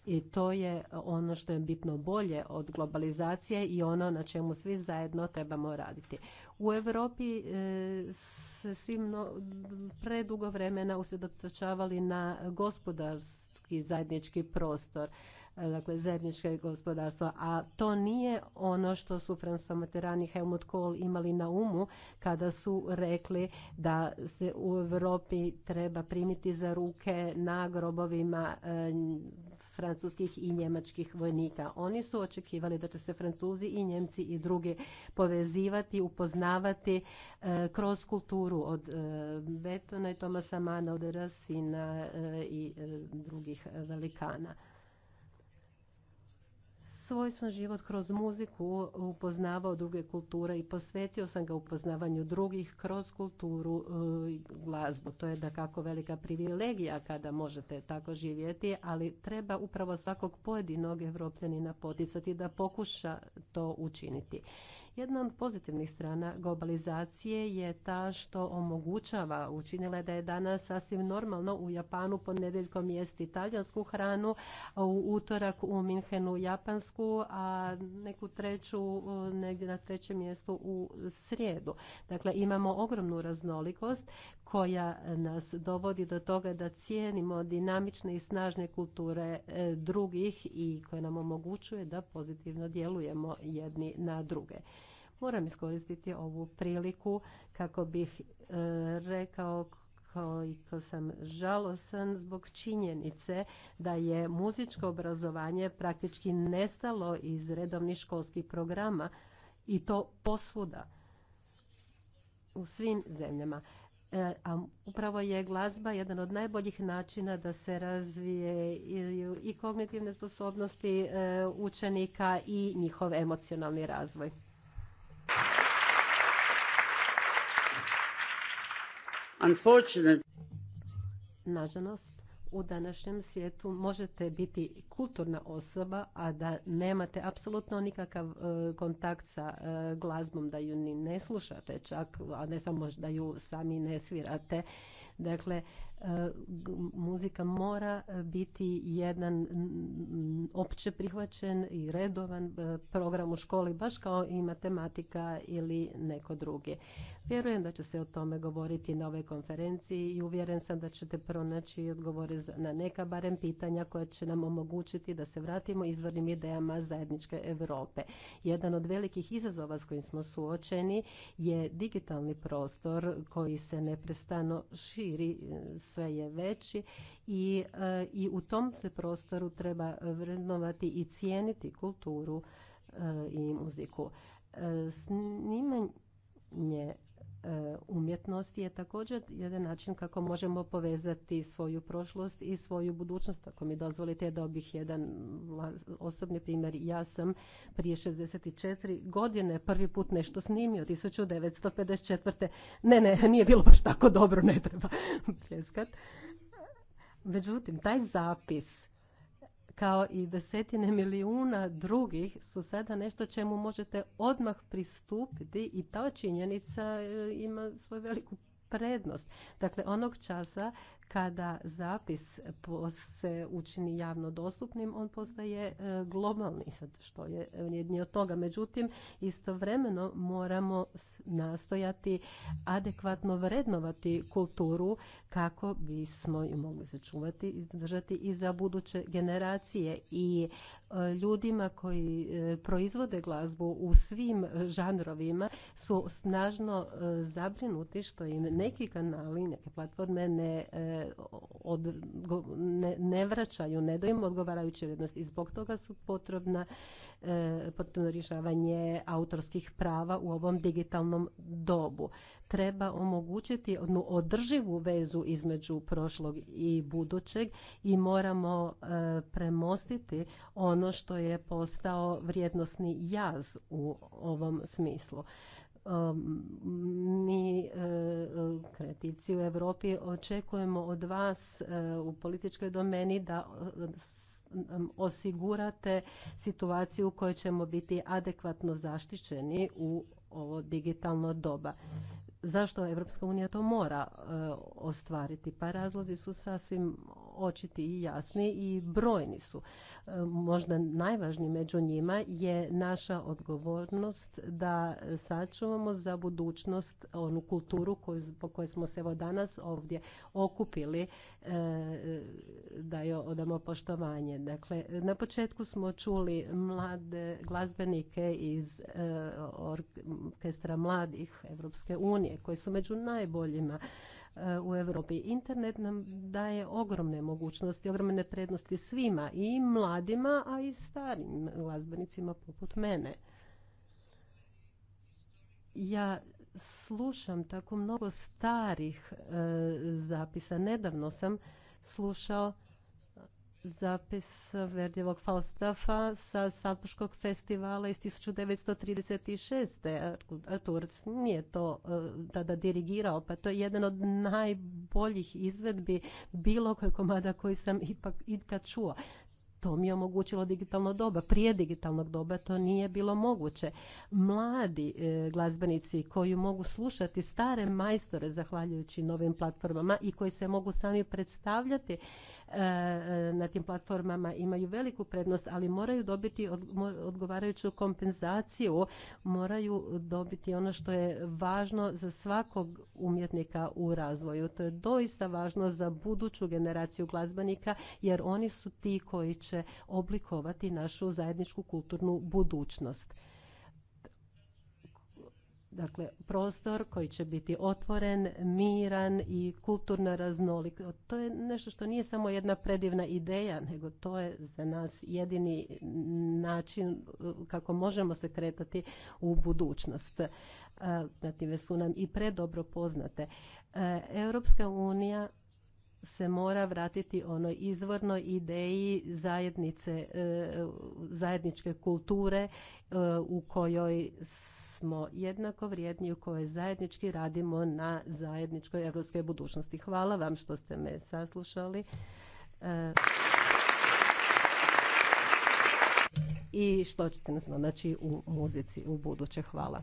I to je ono što je bitno bolje od globalizacije i ono na čemu svi zajedno trebamo raditi. U Europi e, se svi predugo vremena usredotočavali na gospodarski zajednički prostor e, dakle zajedničke gospodarstva, a to nije ono što su François Mitterrand i Helmut Kohl imali na umu kada su rekli da se u Europi treba primiti za ruke na grobovima e, francuskih i njemačkih vojnika. Oni su očekivali da će se Francuzi i Njemci i drugi povezivati, upoznavati e, kroz kulturu od e, Betona i Tomasa Mana, od Rasina e, i drugih velikana svojstven život kroz muziku upoznavao druge kulture i posvetio sam ga upoznavanju drugih kroz kulturu e, i glazbu. To je da kako velika privilegija kada možete tako živjeti, ali treba upravo svakog pojedinog evropljanina poticati da pokuša to učiniti. Jedna od pozitivnih strana globalizacije je ta što omogućava, učinila je da je danas sasvim normalno u Japanu ponedjeljkom jesti italijansku hranu, u utorak u Minhenu japansku, a neku treću negdje na trećem mjestu u srijedu. Dakle, imamo ogromnu raznolikost koja nas dovodi do toga da cijenimo dinamične i snažne kulture e, drugih i koja nam omogućuje da pozitivno djelujemo jedni na druge. Moram iskoristiti ovu priliku kako bih e, rekao koliko sam žalosan zbog činjenice da je muzičko obrazovanje praktički nestalo iz redovnih školskih programa i to posvuda u svim zemljama. E, a upravo je glazba jedan od najboljih načina da se razvije i kognitivne sposobnosti e, učenika i njihov emocionalni razvoj. Nažalost, u današnjem svijetu možete biti kulturna osoba, a da nemate apsolutno nikakav e, kontakt sa e, glazbom, da ju ni ne slušate čak, a ne samo da ju sami ne svirate. Dakle, E, muzika mora e, biti jedan opće prihvaćen i redovan e, program u školi, baš kao i matematika ili neko drugi. Vjerujem da će se o tome govoriti na ovoj konferenciji i uvjeren sam da ćete pronaći odgovore na neka barem pitanja koja će nam omogućiti da se vratimo izvornim idejama zajedničke Europe. Jedan od velikih izazova s kojim smo suočeni je digitalni prostor koji se neprestano širi s sve je veći i, e, i u tom se prostoru treba vrednovati i cijeniti kulturu e, i muziku. E, Snimanje nje e, umjetnosti je također jedan način kako možemo povezati svoju prošlost i svoju budućnost. Ako mi dozvolite da bih jedan osobni primjer. Ja sam prije 64 godine prvi put nešto snimio, 1954. Ne, ne, nije bilo baš tako dobro, ne treba pljeskat. Međutim, taj zapis kao i desetine milijuna drugih su sada nešto čemu možete odmah pristupiti i ta činjenica e, ima svoju veliku prednost. Dakle, onog časa kada zapis se učini javno dostupnim, on postaje e, globalni, sad što je vrijednije od toga. Međutim, istovremeno moramo nastojati adekvatno vrednovati kulturu kako bismo ju mogli sačuvati i zadržati i za buduće generacije. I e, ljudima koji e, proizvode glazbu u svim žanrovima su snažno zabrinuti što im neki kanali, neke platforme ne od, ne, ne vraćaju, ne daju odgovarajuće vrijednosti. I zbog toga su potrebna e, potrebno rješavanje autorskih prava u ovom digitalnom dobu. Treba omogućiti jednu održivu vezu između prošlog i budućeg i moramo e, premostiti ono što je postao vrijednosni jaz u ovom smislu. Um, mi uh, kreativci u Europi očekujemo od vas uh, u političkoj domeni da uh, um, osigurate situaciju u kojoj ćemo biti adekvatno zaštićeni u ovo digitalno doba. Zašto Evropska unija to mora ostvariti? Pa razlozi su sasvim očiti i jasni i brojni su. E, možda najvažniji među njima je naša odgovornost da sačuvamo za budućnost onu kulturu po kojoj smo se evo danas ovdje okupili e, da joj odamo poštovanje. Dakle, na početku smo čuli mlade glazbenike iz e, orkestra mladih Europske unije koji su među najboljima u Europi. Internet nam daje ogromne mogućnosti, ogromne prednosti svima i mladima, a i starim glazbenicima poput mene. Ja slušam tako mnogo starih e, zapisa. Nedavno sam slušao zapis Verdijevog Falstafa sa Salzburgskog festivala iz 1936. E, Artur nije to e, tada dirigirao, pa to je jedan od najboljih izvedbi bilo koje komada koji sam ipak ikad čuo. To mi je omogućilo digitalno doba. Prije digitalnog doba to nije bilo moguće. Mladi e, glazbenici koji mogu slušati stare majstore zahvaljujući novim platformama i koji se mogu sami predstavljati E, na tim platformama imaju veliku prednost, ali moraju dobiti odgovarajuću kompenzaciju, moraju dobiti ono što je važno za svakog umjetnika u razvoju. To je doista važno za buduću generaciju glazbenika jer oni su ti koji će oblikovati našu zajedničku kulturnu budućnost. Dakle, prostor koji će biti otvoren, miran i kulturno raznolik. To je nešto što nije samo jedna predivna ideja, nego to je za nas jedini način e, kako možemo se kretati u budućnost. E, Native su nam i predobro poznate. E, Europska unija se mora vratiti onoj izvornoj ideji zajednice, zajedničke kulture u kojoj smo jednako vrijedni u kojoj zajednički radimo na zajedničkoj europskoj budućnosti. Hvala vam što ste me saslušali. E, I što ćete nas naći u muzici u buduće. Hvala.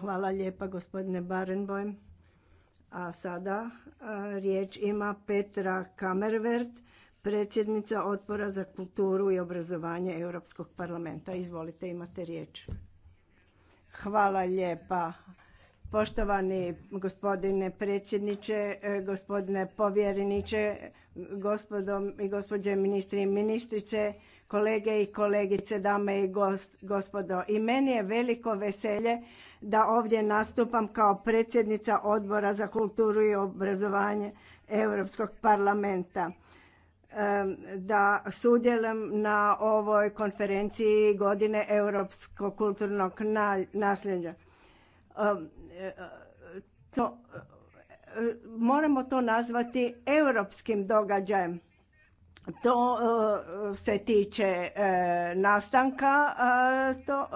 Hvala lijepa gospodine Barenboim. A sada riječ ima Petra Kamervert, predsjednica Otpora za kulturu i obrazovanje Europskog parlamenta. Izvolite, imate riječ. Hvala lijepa. Poštovani gospodine predsjedniče, e, gospodine povjereniče, gospodo i gospođe ministri i ministrice, kolege i kolegice, dame i gospodo. I meni je veliko veselje da ovdje nastupam kao predsjednica Odbora za kulturu i obrazovanje Europskog parlamenta da sudjelujem na ovoj konferenciji godine europskog kulturnog nasljeđa. moramo to nazvati europskim događajem. To e, se tiče e, nastanka e, tog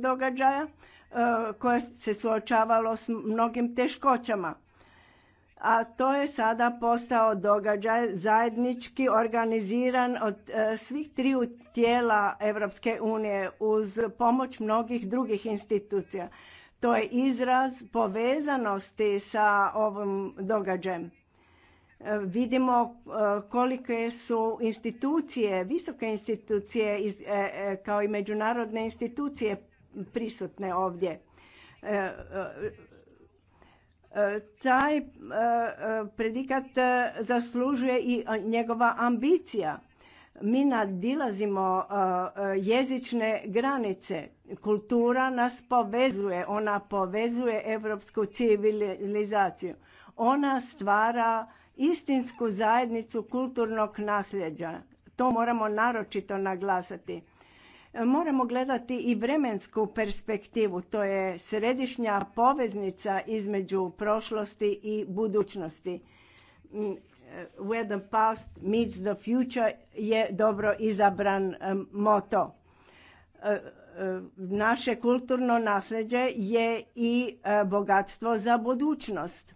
događaja, E, koje se suočavalo s mnogim teškoćama. A to je sada postao događaj zajednički organiziran od e, svih triju tijela Europske unije uz pomoć mnogih drugih institucija. To je izraz povezanosti sa ovim događajem. E, vidimo kolike su institucije, visoke institucije kao i međunarodne institucije prisutne ovdje. E, e, e, taj predikat zaslužuje i njegova ambicija. Mi nadilazimo jezične granice. Kultura nas povezuje, ona povezuje evropsku civilizaciju. Ona stvara istinsku zajednicu kulturnog nasljeđa. To moramo naročito naglasati. Moramo gledati i vremensku perspektivu, to je središnja poveznica između prošlosti i budućnosti. Mm, eh, where the past meets the future je dobro izabran moto. Eh, eh, naše kulturno nasljeđe je i bogatstvo za budućnost.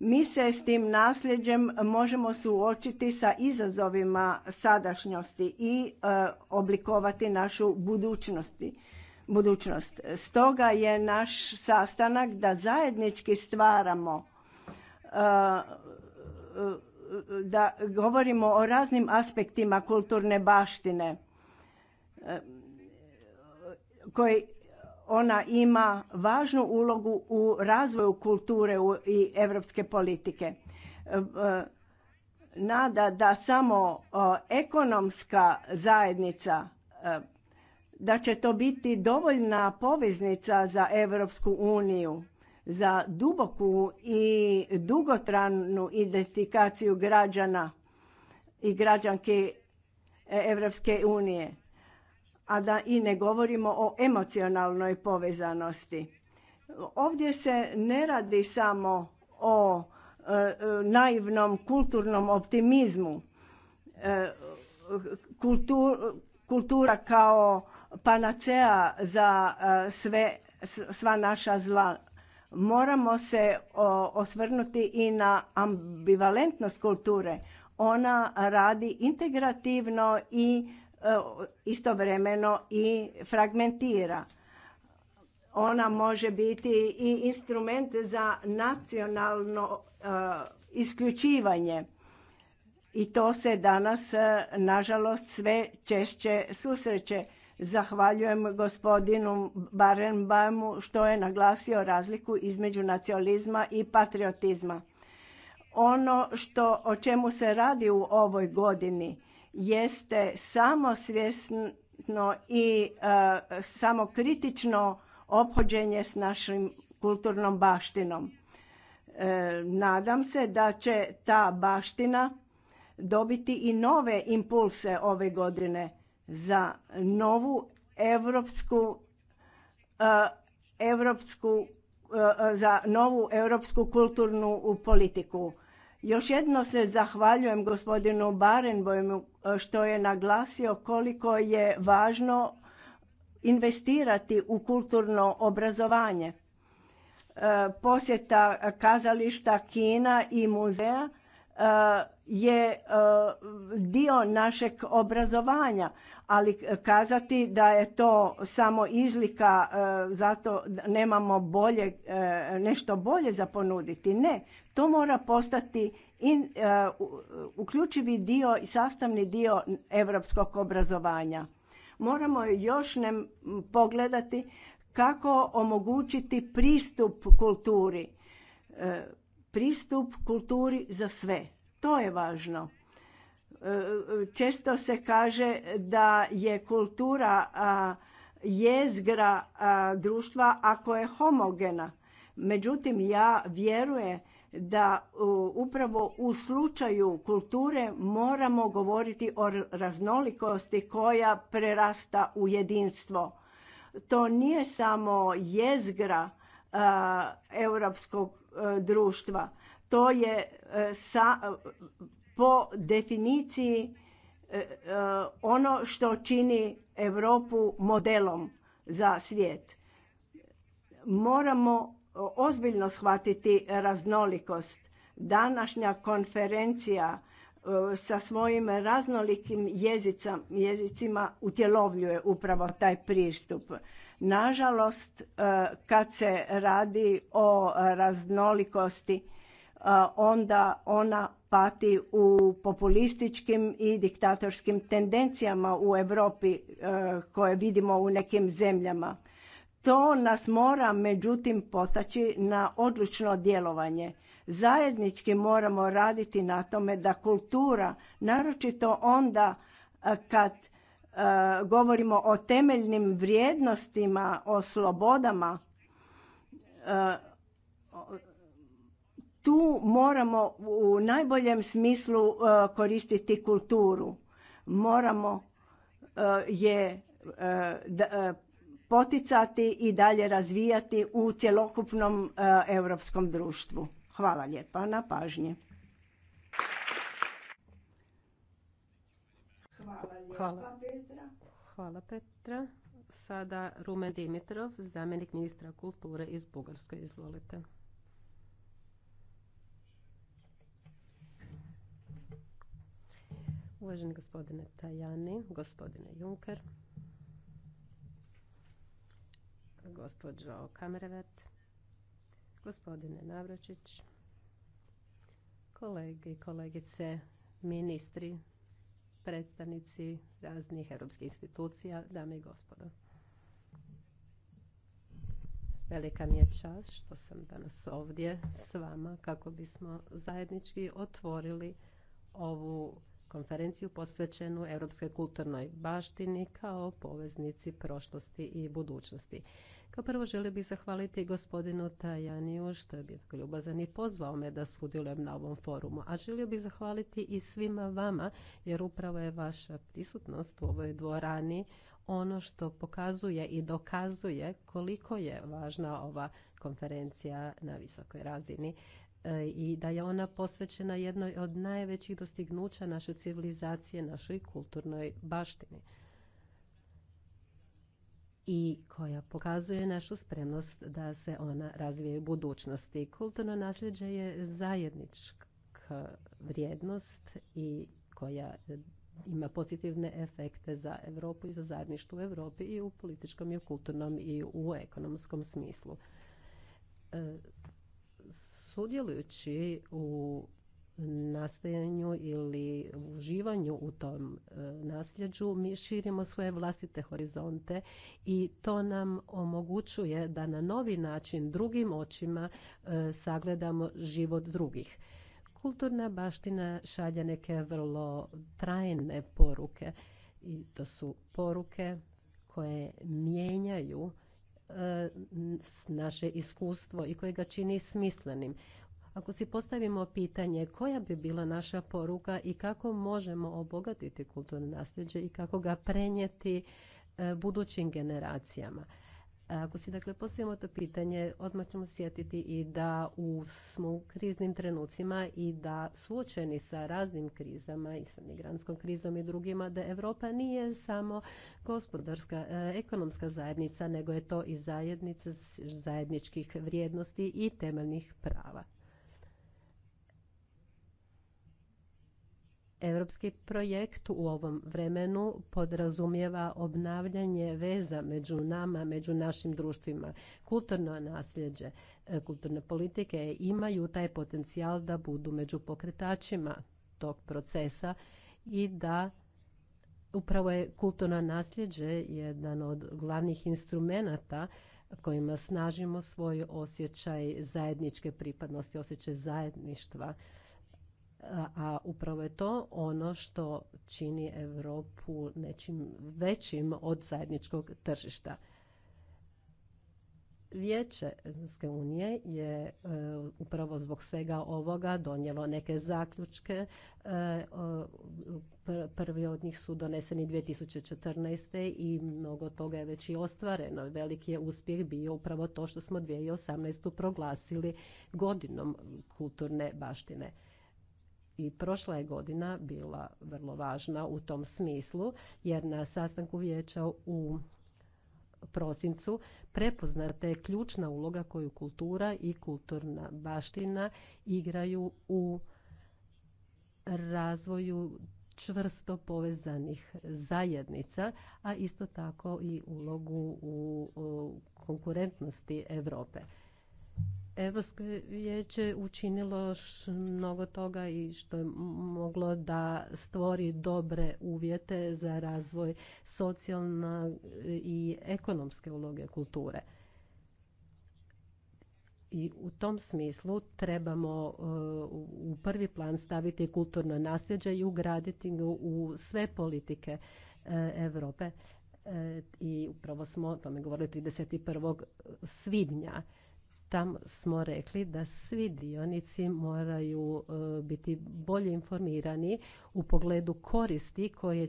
Mi se s tim nasljeđem možemo suočiti sa izazovima sadašnjosti i e, oblikovati našu budućnosti. budućnost. Stoga je naš sastanak da zajednički stvaramo e, e, da govorimo o raznim aspektima kulturne baštine koji ona ima važnu ulogu u razvoju kulture i europske politike. E, e, nada da samo ekonomska zajednica, e, da će to biti dovoljna poveznica za Europsku uniju, za duboku i dugotrajnu identifikaciju građana i građanki Europske unije a da i ne govorimo o emocionalnoj povezanosti. Ovdje se ne radi samo o e, naivnom kulturnom optimizmu. E, kultura kao panacea za e, sve, sva naša zla. Moramo se osvrnuti i na ambivalentnost kulture. Ona radi integrativno i E, istovremeno i fragmentira. Ona može biti i instrument za nacionalno e, isključivanje i to se danas e, nažalost sve češće susreće. Zahvaljujem gospodinu Barenbamu što je naglasio razliku između nacionalizma i patriotizma. Ono što, o čemu se radi u ovoj godini jeste samosvjesno i e, samokritično ophođenje s našim kulturnom baštinom. E, nadam se da će ta baština dobiti i nove impulse ove godine za novu europsku e, za novu europsku kulturnu politiku još jedno se zahvaljujem gospodinu Barenbojmu e, što je naglasio koliko je važno investirati u kulturno obrazovanje. E, posjeta kazališta, kina i muzeja e, je dio našeg obrazovanja ali e, kazati da je to samo izlika e, zato nemamo bolje, e, nešto bolje za ponuditi. Ne, to mora postati in, uključivi dio i sastavni dio europskog obrazovanja. Moramo još pogledati kako omogućiti pristup kulturi. Pristup kulturi za sve. To je važno. Često se kaže da je kultura jezgra društva ako je homogena. Međutim, ja vjerujem da upravo u slučaju kulture moramo govoriti o raznolikosti koja prerasta u jedinstvo. To nije samo jezgra europskog e, društva. To je e, sa, po definiciji e, e, ono što čini Europu modelom za svijet. Moramo ozbiljno shvatiti raznolikost. Današnja konferencija e, sa svojim raznolikim jezicima utjelovljuje upravo taj pristup. Nažalost, kad se radi o raznolikosti, onda ona pati u populističkim i diktatorskim tendencijama u Europi e, koje vidimo u nekim zemljama. To nas mora međutim potaći na odlučno djelovanje. Zajednički moramo raditi na tome da kultura, naročito onda e, kad e, govorimo o temeljnim vrijednostima, o slobodama, tu moramo u najboljem smislu uh, koristiti kulturu. Moramo uh, je uh, poticati i dalje razvijati u cjelokupnom europskom društvu. Hvala lijepa na pažnji. Hvala Petra. Hvala Petra. Sada Rumen Dimitrov, zamjenik ministra kulture iz Bugarske. Izvolite. Uvaženi gospodine Tajani, gospodine Juncker, gospođo Kamerevet, gospodine Navračić, kolege i kolegice, ministri, predstavnici raznih europskih institucija, dame i gospodo. Velika mi je čast što sam danas ovdje s vama kako bismo zajednički otvorili ovu konferenciju posvećenu europskoj kulturnoj baštini kao poveznici prošlosti i budućnosti. Kao prvo želio bih zahvaliti gospodinu Tajaniju što je bio ljubazan i pozvao me da sudjelujem na ovom forumu, a želio bih zahvaliti i svima vama jer upravo je vaša prisutnost u ovoj dvorani ono što pokazuje i dokazuje koliko je važna ova konferencija na visokoj razini i da je ona posvećena jednoj od najvećih dostignuća naše civilizacije, našoj kulturnoj baštini i koja pokazuje našu spremnost da se ona razvije u budućnosti. Kulturno nasljeđe je zajednička vrijednost i koja ima pozitivne efekte za Europu i za zajedništvo u Europi i u političkom i u kulturnom i u ekonomskom smislu. E, sudjelujući u nastajanju ili uživanju u tom e, nasljeđu mi širimo svoje vlastite horizonte i to nam omogućuje da na novi način drugim očima e, sagledamo život drugih. Kulturna baština šalje neke vrlo trajne poruke i to su poruke koje mijenjaju E, naše iskustvo i koje ga čini smislenim. Ako si postavimo pitanje koja bi bila naša poruka i kako možemo obogatiti kulturno nasljeđe i kako ga prenijeti e, budućim generacijama. Ako si dakle postavimo to pitanje, odmah ćemo sjetiti i da u, smo u kriznim trenucima i da suočeni sa raznim krizama i sa migrantskom krizom i drugima, da Europa nije samo gospodarska, e, ekonomska zajednica, nego je to i zajednica zajedničkih vrijednosti i temeljnih prava. Europski projekt u ovom vremenu podrazumijeva obnavljanje veza među nama, među našim društvima. Kulturno nasljeđe, e, kulturne politike imaju taj potencijal da budu među pokretačima tog procesa i da upravo je kulturno nasljeđe jedan od glavnih instrumenata kojima snažimo svoj osjećaj zajedničke pripadnosti, osjećaj zajedništva a upravo je to ono što čini Europu nečim većim od zajedničkog tržišta. Vijeće Europske unije je e, upravo zbog svega ovoga donijelo neke zaključke. E, prvi od njih su doneseni 2014. i mnogo toga je već i ostvareno. Veliki je uspjeh bio upravo to što smo 2018. proglasili godinom kulturne baštine i prošla je godina bila vrlo važna u tom smislu jer na sastanku vijeća u prosincu prepoznata je ključna uloga koju kultura i kulturna baština igraju u razvoju čvrsto povezanih zajednica, a isto tako i ulogu u konkurentnosti Europe. Europsko vijeće učinilo mnogo toga i što je moglo da stvori dobre uvjete za razvoj socijalne i ekonomske uloge kulture. I u tom smislu trebamo e, u prvi plan staviti kulturno nasljeđe i ugraditi ga u sve politike e, Europe. E, I upravo smo o tome govorili 31. svibnja. Tam smo rekli da svi dionici moraju e, biti bolje informirani u pogledu koristi koje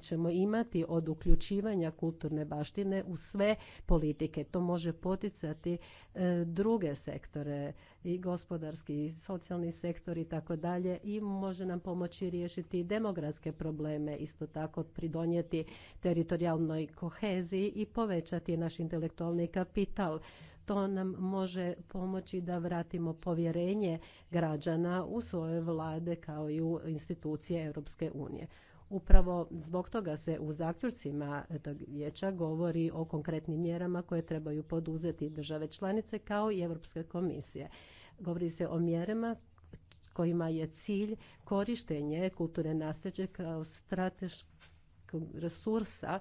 ćemo imati od uključivanja kulturne baštine u sve politike. To može poticati e, druge sektore i gospodarski i socijalni sektor i tako dalje i može nam pomoći riješiti demografske probleme, isto tako pridonijeti teritorijalnoj koheziji i povećati naš intelektualni kapital. To nam može pomoći da vratimo povjerenje građana u svoje vlade kao i u institucije Europske unije. Upravo zbog toga se u zaključcima tog vijeća govori o konkretnim mjerama koje trebaju poduzeti države članice kao i Europske komisije. Govori se o mjerama kojima je cilj korištenje kulturne nasljeđe kao strateškog resursa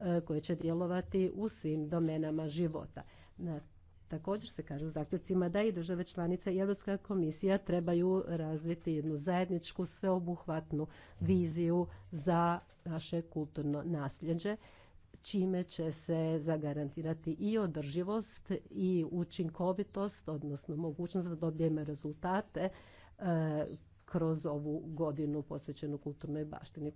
e, koje će djelovati u svim domenama života. Na Također se kaže u zaključcima da i države članice i Europska komisija trebaju razviti jednu zajedničku sveobuhvatnu viziju za naše kulturno nasljeđe čime će se zagarantirati i održivost i učinkovitost, odnosno mogućnost da dobijemo rezultate e, kroz ovu godinu posvećenu kulturnoj baštini.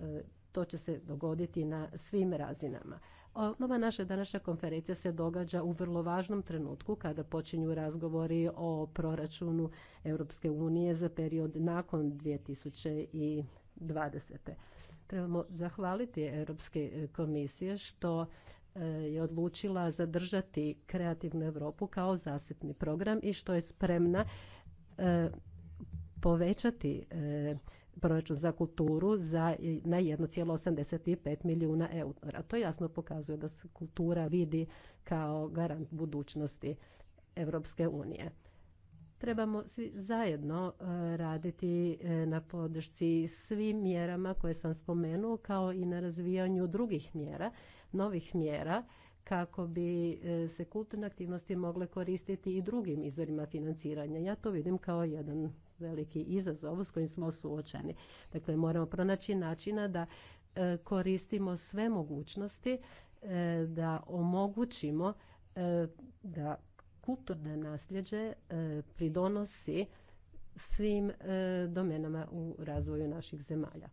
E, to će se dogoditi na svim razinama. Ova naša današnja konferencija se događa u vrlo važnom trenutku kada počinju razgovori o proračunu Europske unije za period nakon 2020. Trebamo zahvaliti Europske komisije što e, je odlučila zadržati kreativnu Europu kao zasebni program i što je spremna e, povećati e, proračun za kulturu za, na 1,85 milijuna eura. To jasno pokazuje da se kultura vidi kao garant budućnosti Europske unije. Trebamo svi zajedno e, raditi e, na podršci svim mjerama koje sam spomenuo kao i na razvijanju drugih mjera, novih mjera kako bi e, se kulturne aktivnosti mogle koristiti i drugim izvorima financiranja. Ja to vidim kao jedan veliki izazov s kojim smo suočeni. Dakle, moramo pronaći načina da e, koristimo sve mogućnosti e, da omogućimo e, da kulturno nasljeđe pridonosi svim domenama u razvoju naših zemalja.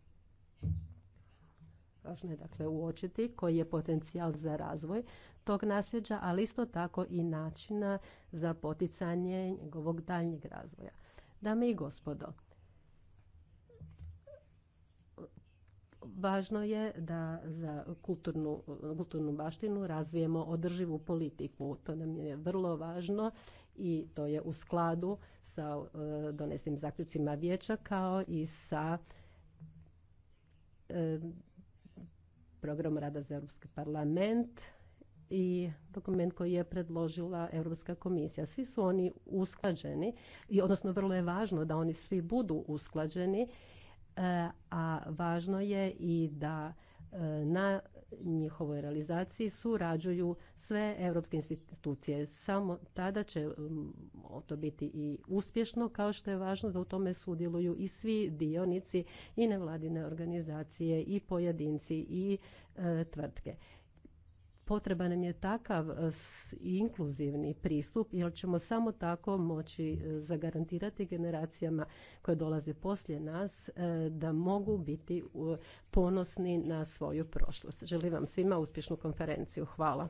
Važno je dakle uočiti koji je potencijal za razvoj tog nasljeđa, ali isto tako i načina za poticanje njegovog daljnjeg razvoja. Dame i gospodo, važno je da za kulturnu, kulturnu baštinu razvijemo održivu politiku. To nam je vrlo važno i to je u skladu sa e, donesenim zaključcima vijeća kao i sa e, programom rada za Europski parlament i dokument koji je predložila Europska komisija. Svi su oni usklađeni i odnosno vrlo je važno da oni svi budu usklađeni, e, a važno je i da e, na njihovoj realizaciji surađuju sve europske institucije. Samo tada će to biti i uspješno, kao što je važno da u tome sudjeluju i svi dionici i nevladine organizacije i pojedinci i e, tvrtke. Potreba nam je takav e, inkluzivni pristup jer ćemo samo tako moći e, zagarantirati generacijama koje dolaze poslije nas e, da mogu biti ponosni na svoju prošlost. Želim vam svima uspješnu konferenciju. Hvala.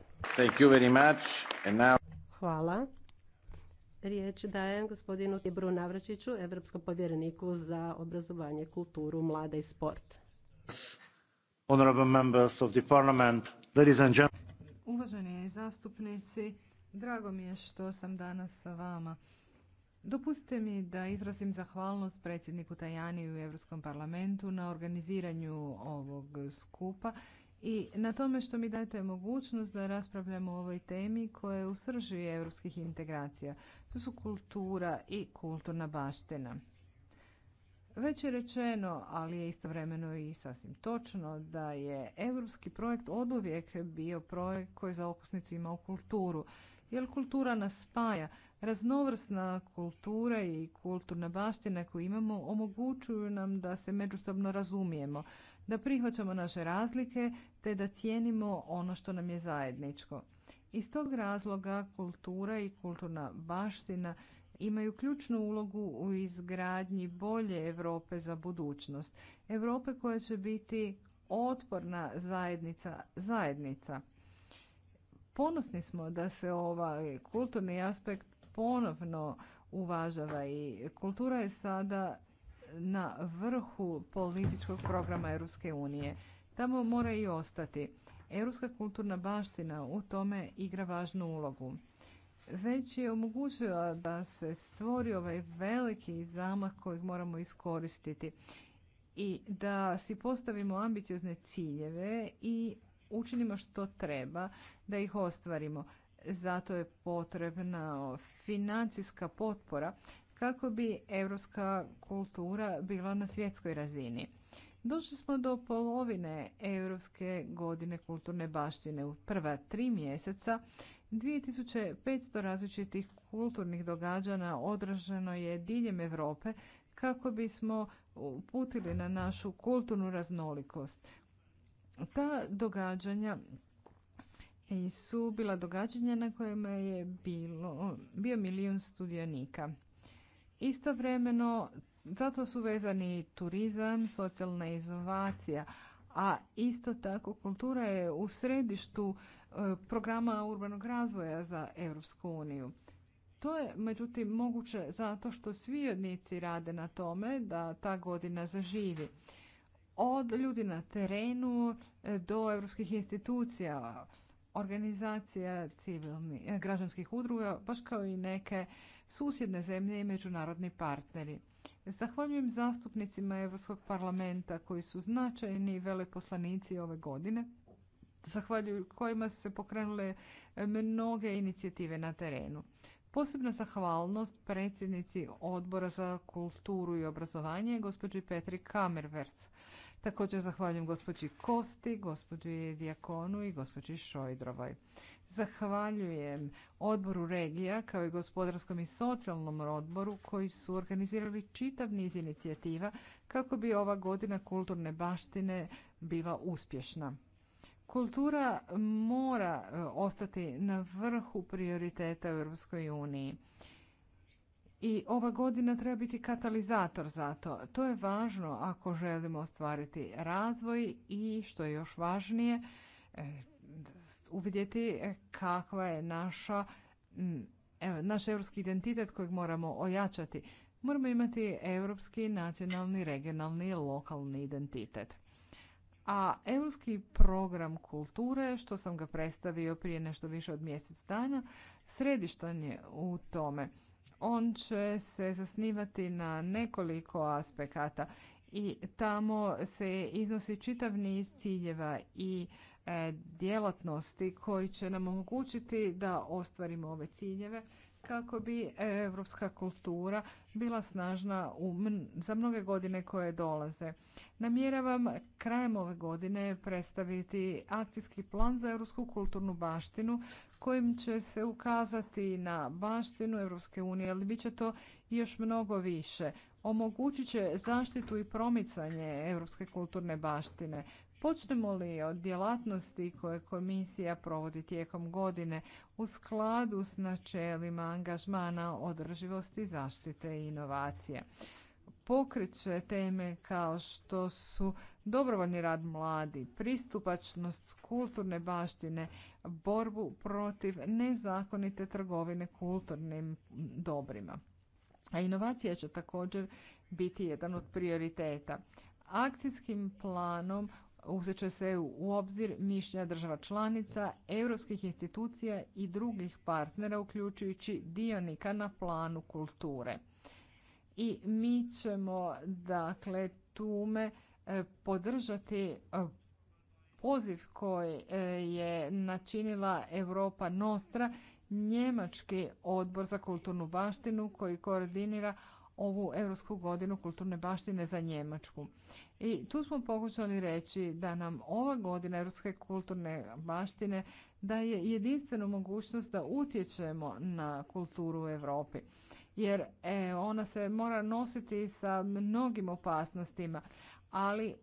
Hvala. Riječ dajem gospodinu Tibru Navračiću, Evropskom povjereniku za obrazovanje, kulturu, mlade i sport. Honorable members of the parliament, ladies and gentlemen. Uvažene zastupnici, drago mi je što sam danas sa vama. Dopustite mi da izrazim zahvalnost predsjedniku Tajani u Europskom parlamentu na organiziranju ovog skupa i na tome što mi dajete mogućnost da raspravljamo o ovoj temi koja je u srži europskih integracija. To su kultura i kulturna baština. Već je rečeno, ali je istovremeno i sasvim točno, da je europski projekt oduvijek bio projekt koji za okusnicu imao kulturu. Jer kultura nas spaja. Raznovrsna kultura i kulturna baština koju imamo omogućuju nam da se međusobno razumijemo, da prihvaćamo naše razlike te da cijenimo ono što nam je zajedničko. Iz tog razloga kultura i kulturna baština imaju ključnu ulogu u izgradnji bolje Europe za budućnost. Europe koja će biti otporna zajednica zajednica. Ponosni smo da se ovaj kulturni aspekt ponovno uvažava i kultura je sada na vrhu političkog programa Europske unije. Tamo mora i ostati. Europska kulturna baština u tome igra važnu ulogu već je omogućila da se stvori ovaj veliki zamah kojeg moramo iskoristiti i da si postavimo ambiciozne ciljeve i učinimo što treba da ih ostvarimo. Zato je potrebna financijska potpora kako bi europska kultura bila na svjetskoj razini. Došli smo do polovine Europske godine kulturne baštine. U prva tri mjeseca 2500 različitih kulturnih događanja odraženo je diljem Europe kako bismo uputili na našu kulturnu raznolikost. Ta događanja su bila događanja na kojima je bilo, bio milijun studionika. Istovremeno, zato su vezani turizam, socijalna izolacija, a isto tako kultura je u središtu e, programa urbanog razvoja za Europsku uniju. To je međutim moguće zato što svi odnici rade na tome da ta godina zaživi. Od ljudi na terenu e, do europskih institucija, organizacija civilnih e, građanskih udruga, baš kao i neke susjedne zemlje i međunarodni partneri. Zahvaljujem zastupnicima Europskog parlamenta koji su značajni veleposlanici ove godine, zahvaljuju kojima su se pokrenule mnoge inicijative na terenu. Posebna zahvalnost predsjednici Odbora za kulturu i obrazovanje, gospođi Petri Kamervert. Također zahvaljujem gospođi Kosti, gospođi Dijakonu i gospođi Šojdrovoj. Zahvaljujem odboru regija kao i gospodarskom i socijalnom odboru koji su organizirali čitav niz inicijativa kako bi ova godina kulturne baštine bila uspješna. Kultura mora e, ostati na vrhu prioriteta u Europskoj uniji i ova godina treba biti katalizator za to. To je važno ako želimo ostvariti razvoj i što je još važnije e, uvidjeti kakva je naša naš europski identitet kojeg moramo ojačati. Moramo imati europski, nacionalni, regionalni i lokalni identitet. A europski program kulture, što sam ga predstavio prije nešto više od mjesec dana, središtan je u tome. On će se zasnivati na nekoliko aspekata i tamo se iznosi čitav niz ciljeva i e, djelatnosti koji će nam omogućiti da ostvarimo ove ciljeve kako bi europska kultura bila snažna za mnoge godine koje dolaze. Namjeravam krajem ove godine predstaviti akcijski plan za europsku kulturnu baštinu kojim će se ukazati na baštinu Europske unije, ali bit će to još mnogo više. Omogućit će zaštitu i promicanje europske kulturne baštine. Počnemo li od djelatnosti koje komisija provodi tijekom godine u skladu s načelima angažmana održivosti, zaštite i inovacije? pokreće teme kao što su dobrovoljni rad mladi, pristupačnost kulturne baštine, borbu protiv nezakonite trgovine kulturnim dobrima. A inovacija će također biti jedan od prioriteta. Akcijskim planom uzet će se u obzir mišljenja država članica, europskih institucija i drugih partnera, uključujući dionika na planu kulture i mi ćemo dakle tume e, podržati e, poziv koji e, je načinila Europa Nostra, njemački odbor za kulturnu baštinu koji koordinira ovu Europsku godinu kulturne baštine za Njemačku. I tu smo pokušali reći da nam ova godina Europske kulturne baštine daje jedinstvenu mogućnost da utječemo na kulturu u Europi jer e, ona se mora nositi sa mnogim opasnostima. Ali e,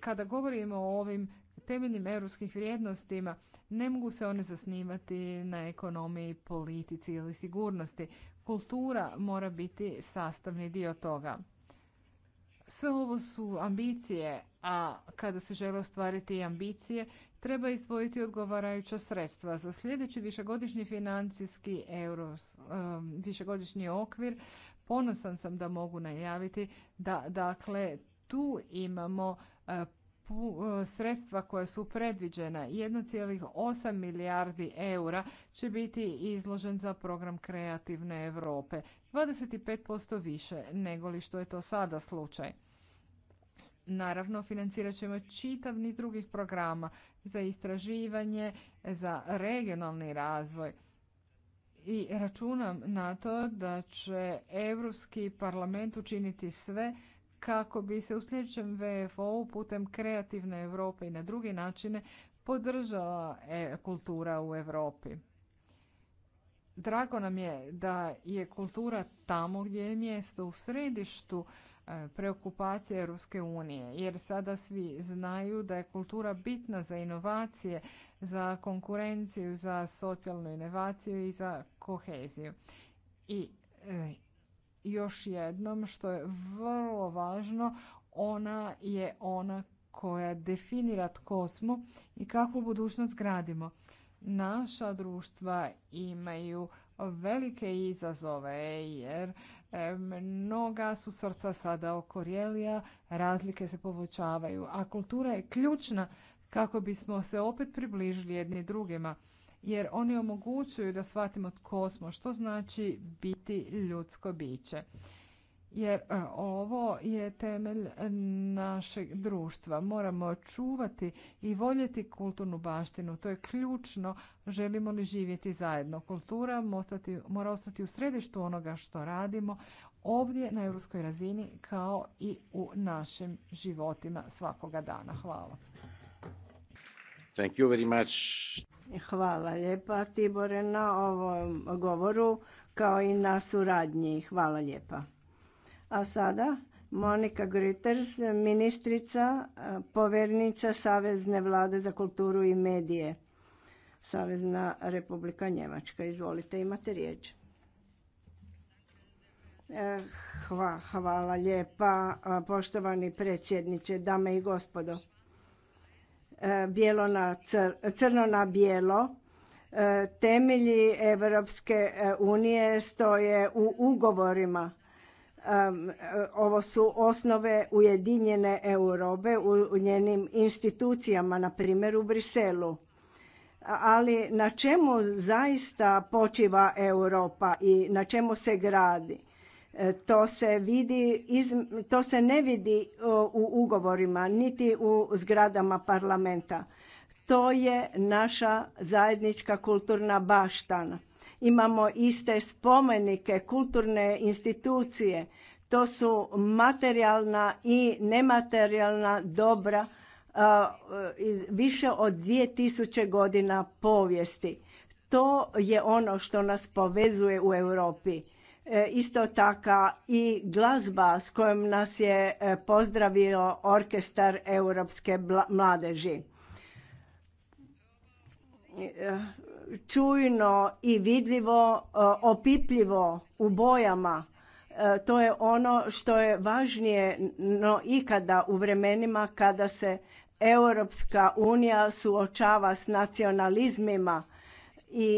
kada govorimo o ovim temeljnim europskih vrijednostima, ne mogu se one zasnivati na ekonomiji, politici ili sigurnosti. Kultura mora biti sastavni dio toga. Sve ovo su ambicije, a kada se žele ostvariti ambicije, treba izdvojiti odgovarajuća sredstva. Za sljedeći višegodišnji financijski euro, um, višegodišnji okvir, ponosan sam da mogu najaviti da dakle tu imamo uh, uh, sredstva koja su predviđena 1,8 milijardi eura će biti izložen za program kreativne Europe 25% više nego li što je to sada slučaj. Naravno, financirat ćemo čitav niz drugih programa, za istraživanje, za regionalni razvoj. I računam na to da će Europski parlament učiniti sve kako bi se u sljedećem VFO-u putem kreativne Europe i na druge načine podržala e, kultura u Europi. Drago nam je da je kultura tamo gdje je mjesto u središtu E, preokupacije Ruske unije, jer sada svi znaju da je kultura bitna za inovacije, za konkurenciju, za socijalnu inovaciju i za koheziju. I e, još jednom, što je vrlo važno, ona je ona koja definira tko smo i kakvu budućnost gradimo. Naša društva imaju velike izazove jer Mnoga su srca sada okorjelija, razlike se povećavaju, a kultura je ključna kako bismo se opet približili jedni drugima, jer oni omogućuju da shvatimo tko smo, što znači biti ljudsko biće jer e, ovo je temelj našeg društva. Moramo čuvati i voljeti kulturnu baštinu. To je ključno. Želimo li živjeti zajedno? Kultura mora ostati u središtu onoga što radimo ovdje na europskoj razini kao i u našim životima svakoga dana. Hvala. Hvala lijepa Tibore na ovom govoru kao i na suradnji. Hvala lijepa. A sada Monika Gruters, ministrica, povjernica Savezne vlade za kulturu i medije. Savezna republika Njemačka. Izvolite, imate riječ. E, hva, hvala lijepa, poštovani predsjedniče, dame i gospodo. E, bijelo na crno na bijelo. E, temelji Evropske unije stoje u ugovorima E, ovo su osnove Ujedinjene Europe u njenim institucijama, na primjer u Briselu. Ali na čemu zaista počiva Europa i na čemu se gradi? E, to se, vidi, to se ne vidi u ugovorima niti u zgradama parlamenta. To je naša zajednička kulturna baštana imamo iste spomenike, kulturne institucije. To su materijalna i nematerijalna dobra više od 2000 godina povijesti. To je ono što nas povezuje u Europi. E, isto taka i glazba s kojom nas je e, pozdravio orkestar Europske mladeži e, čujno i vidljivo, e, opipljivo u bojama. E, to je ono što je važnije no ikada u vremenima kada se Europska unija suočava s nacionalizmima i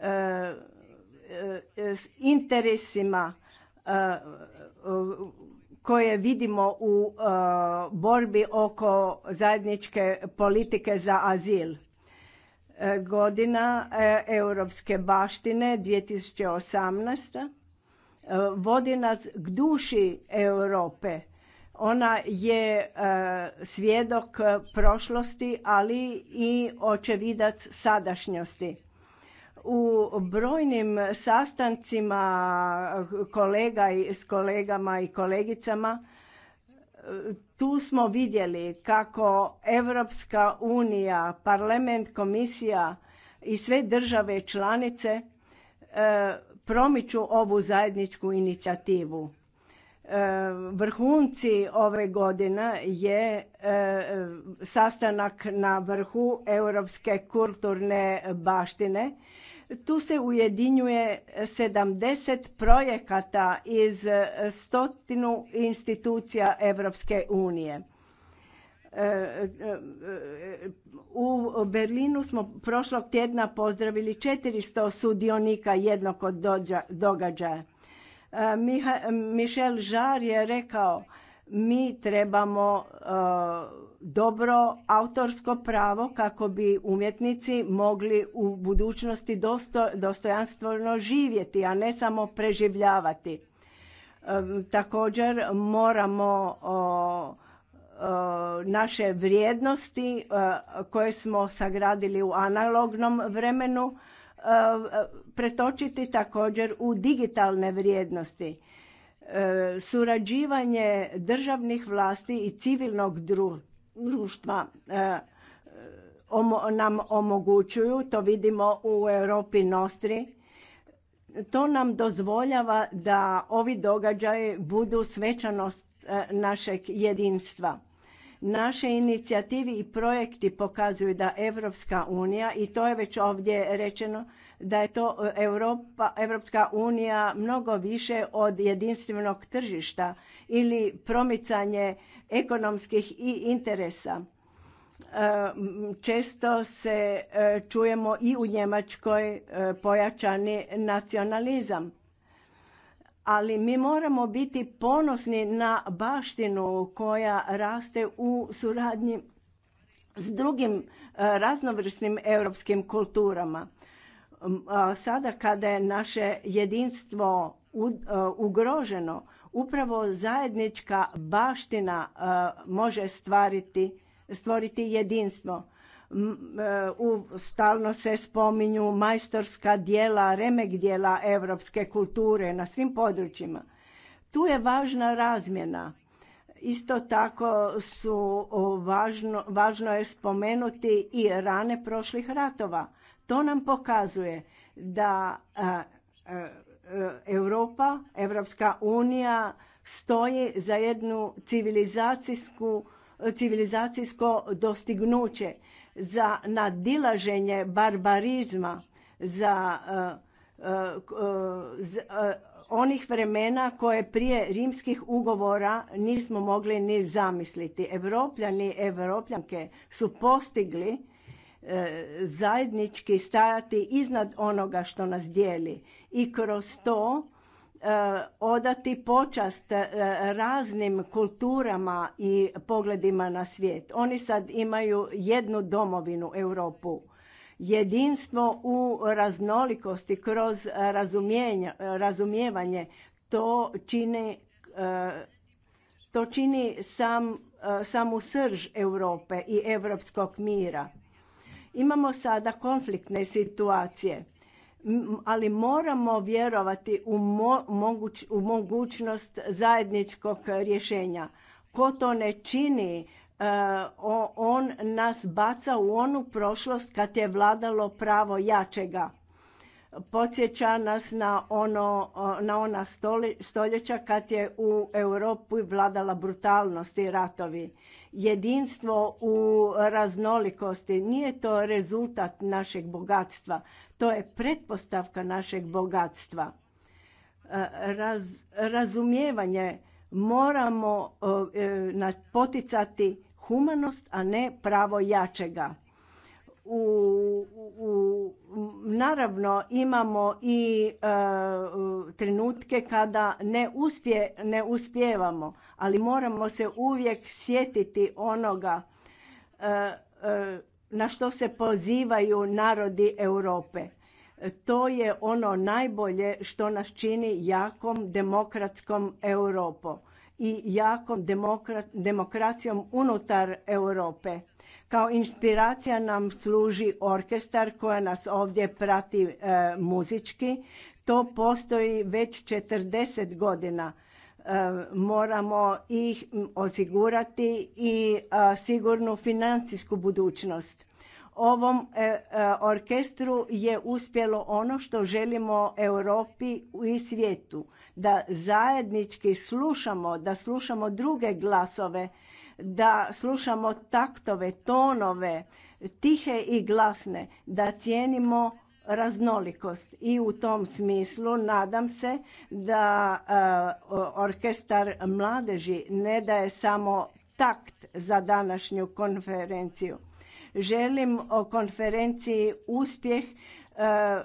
e, s interesima koje vidimo u borbi oko zajedničke politike za azil godina e, europske baštine 2018. E, vodi nas k duši Europe. Ona je e, svjedok prošlosti, ali i očevidac sadašnjosti. U brojnim sastancima kolega s kolegama i kolegicama tu smo vidjeli kako Europska unija, parlament, komisija i sve države članice e, promiču ovu zajedničku inicijativu. E, vrhunci ove godine je e, sastanak na vrhu Europske kulturne baštine tu se ujedinjuje 70 projekata iz stotinu institucija Europske unije. E, e, u Berlinu smo prošlog tjedna pozdravili 400 sudionika jednog od događaja. E, Michel Žar je rekao mi trebamo dobro autorsko pravo kako bi umjetnici mogli u budućnosti dostojanstveno živjeti, a ne samo preživljavati. E, također moramo naše vrijednosti e, koje smo sagradili u analognom vremenu e, pretočiti također u digitalne vrijednosti surađivanje državnih vlasti i civilnog društva društva e, e, nam omogućuju, to vidimo u Europi Nostri, to nam dozvoljava da ovi događaji budu svečanost e, našeg jedinstva. Naše inicijativi i projekti pokazuju da Evropska unija, i to je već ovdje rečeno, da je to Europa, Evropska unija mnogo više od jedinstvenog tržišta ili promicanje ekonomskih i interesa. E, često se e, čujemo i u Njemačkoj e, pojačani nacionalizam. Ali mi moramo biti ponosni na baštinu koja raste u suradnji s drugim raznovrsnim europskim kulturama. Sada kada je naše jedinstvo ugroženo, Upravo zajednička baština e, može stvariti, stvoriti jedinstvo. E, u, stalno se spominju majstorska dijela, remek dijela evropske kulture na svim područjima. Tu je važna razmjena. Isto tako su važno, važno je spomenuti i rane prošlih ratova. To nam pokazuje da e, E, Europa, Evropska unija stoji za jednu civilizacijsku, civilizacijsko dostignuće, za nadilaženje barbarizma, za e, e, onih vremena koje prije rimskih ugovora nismo mogli ni zamisliti. Evropljani, evropljanke su postigli zajednički stajati iznad onoga što nas dijeli i kroz to e, odati počast e, raznim kulturama i pogledima na svijet. Oni sad imaju jednu domovinu, Europu. Jedinstvo u raznolikosti kroz razumijevanje to čini e, to čini sam, samu srž Europe i europskog mira. Imamo sada konfliktne situacije ali moramo vjerovati u, moguć u mogućnost zajedničkog rješenja. Ko to ne čini, e, on nas baca u onu prošlost kad je vladalo pravo jačega. Podsjeća nas na, ono, na ona stoljeća kad je u Europu vladala brutalnost i ratovi. Jedinstvo u raznolikosti nije to rezultat našeg bogatstva, to je pretpostavka našeg bogatstva. E, razumijevanje moramo e, poticati humanost, a ne pravo jačega. U, naravno imamo i e, trenutke kada ne, uspje, uspijevamo, ali moramo se uvijek sjetiti onoga na što se pozivaju narodi Europe. To je ono najbolje što nas čini jakom demokratskom Europom i jakom demokracijom unutar Europe. Kao inspiracija nam služi orkestar koja nas ovdje prati e, muzički. To postoji već 40 godina. E, moramo ih osigurati i e, sigurnu financijsku budućnost. Ovom e, orkestru je uspjelo ono što želimo Europi i svijetu, da zajednički slušamo, da slušamo druge glasove, da slušamo taktove, tonove, tihe i glasne, da cijenimo raznolikost i u tom smislu nadam se da e, orkestar mladeži ne daje samo takt za današnju konferenciju. Želim o konferenciji uspjeh, e,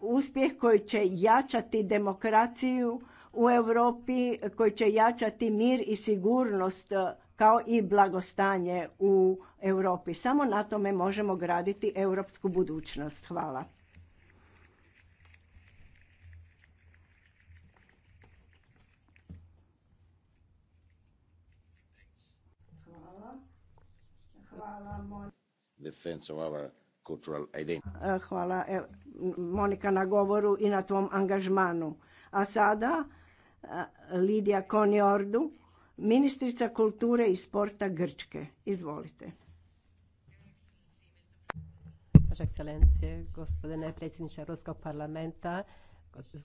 uspjeh koji će jačati demokraciju u Europi, koji će jačati mir i sigurnost e, kao i blagostanje u Europi. Samo na tome možemo graditi europsku budućnost. Hvala. Hvala. E, e, Monika na govoru i na tvom angažmanu. A sada e, Lidija Konjordu, ministrica kulture i sporta Grčke. Izvolite vaša ekscelencije, gospodine predsjedniče Ruskog parlamenta,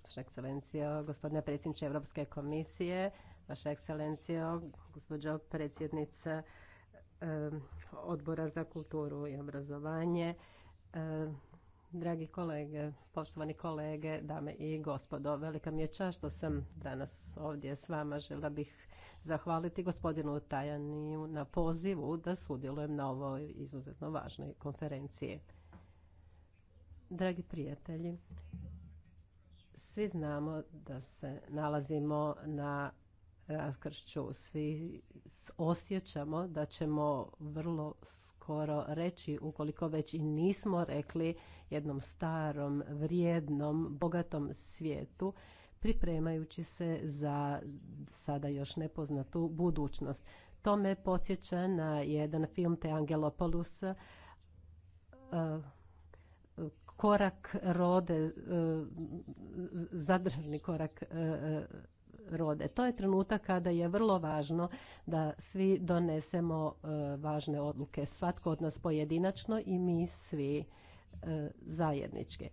vaša ekscelencija, gospodine predsjedniče Europske komisije, vaša ekscelencija, gospođo predsjednica odbora za kulturu i obrazovanje, Dragi kolege, poštovani kolege, dame i gospodo, velika mi je čast što sam danas ovdje s vama. Žela bih zahvaliti gospodinu Tajaniju na pozivu da sudjelujem na ovoj izuzetno važnoj konferenciji. Dragi prijatelji, svi znamo da se nalazimo na raskršću, svi osjećamo da ćemo vrlo skoro reći, ukoliko već i nismo rekli, jednom starom, vrijednom, bogatom svijetu, pripremajući se za sada još nepoznatu budućnost. To me podsjeća na jedan film Te Angelopoulos eh, korak rode, e, zadržani korak e, rode. To je trenutak kada je vrlo važno da svi donesemo e, važne odluke. Svatko od nas pojedinačno i mi svi zajednički.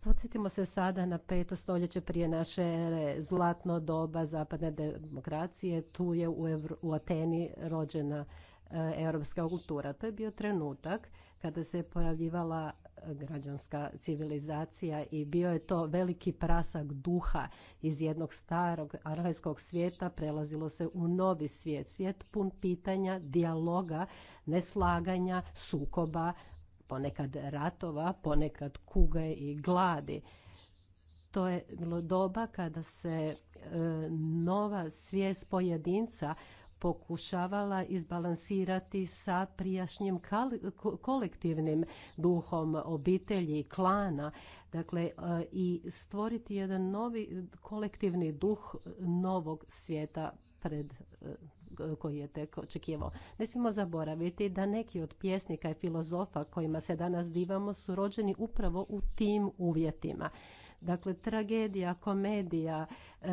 Podsjetimo se sada na peto stoljeće prije naše ere, zlatno doba zapadne demokracije. Tu je u, u Ateni rođena europska kultura. To je bio trenutak kada se pojavljivala građanska civilizacija i bio je to veliki prasak duha iz jednog starog arhajskog svijeta prelazilo se u novi svijet. Svijet pun pitanja, dijaloga, neslaganja, sukoba, ponekad ratova, ponekad kuge i gladi. To je bilo doba kada se e, nova svijest pojedinca pokušavala izbalansirati sa prijašnjim kolektivnim duhom obitelji, klana, dakle e, i stvoriti jedan novi kolektivni duh novog svijeta pred e, koji je tek očekivao. Ne smijemo zaboraviti da neki od pjesnika i filozofa kojima se danas divamo su rođeni upravo u tim uvjetima. Dakle, tragedija, komedija, e,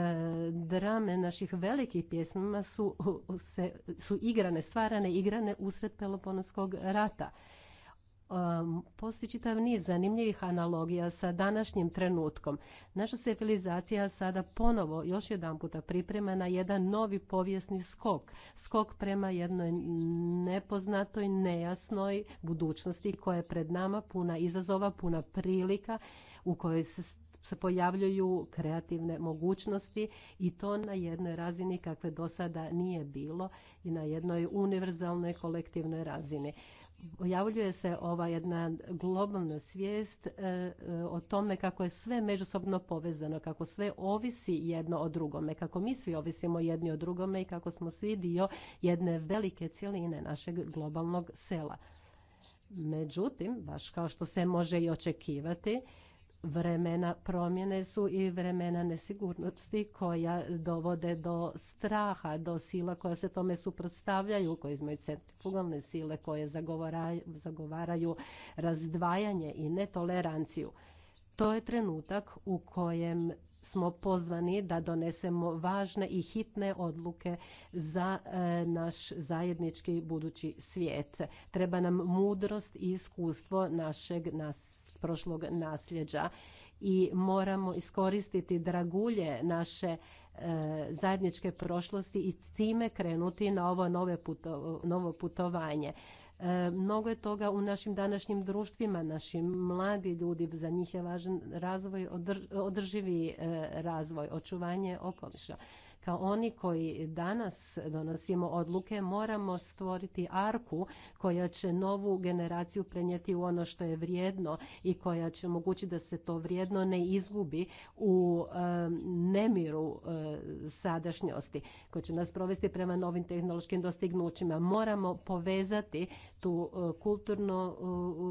drame naših velikih pjesmama su, se, su igrane, stvarane, igrane usred Peloponskog rata. E, Postoji čitav niz zanimljivih analogija sa današnjim trenutkom. Naša civilizacija sada ponovo, još jedan puta, priprema na jedan novi povijesni skok. Skok prema jednoj nepoznatoj, nejasnoj budućnosti koja je pred nama puna izazova, puna prilika u kojoj se se pojavljuju kreativne mogućnosti i to na jednoj razini kakve do sada nije bilo i na jednoj univerzalnoj kolektivnoj razini. Pojavljuje se ova jedna globalna svijest e, e, o tome kako je sve međusobno povezano, kako sve ovisi jedno o drugome, kako mi svi ovisimo jedni o drugome i kako smo svi dio jedne velike cijeline našeg globalnog sela. Međutim, baš kao što se može i očekivati, vremena promjene su i vremena nesigurnosti koja dovode do straha, do sila koja se tome suprotstavljaju, koje između centrifugalne sile koje zagovaraju razdvajanje i netoleranciju. To je trenutak u kojem smo pozvani da donesemo važne i hitne odluke za e, naš zajednički budući svijet. Treba nam mudrost i iskustvo našeg nas prošlog nasljeđa i moramo iskoristiti dragulje naše e, zajedničke prošlosti i time krenuti na ovo novo putovanje. E, mnogo je toga u našim današnjim društvima, naši mladi ljudi, za njih je važan razvoj, održivi e, razvoj, očuvanje okoliša oni koji danas donosimo odluke moramo stvoriti arku koja će novu generaciju prenijeti u ono što je vrijedno i koja će omogućiti da se to vrijedno ne izgubi u nemiru e, sadašnjosti koja će nas provesti prema novim tehnološkim dostignućima. Moramo povezati tu e, kulturnu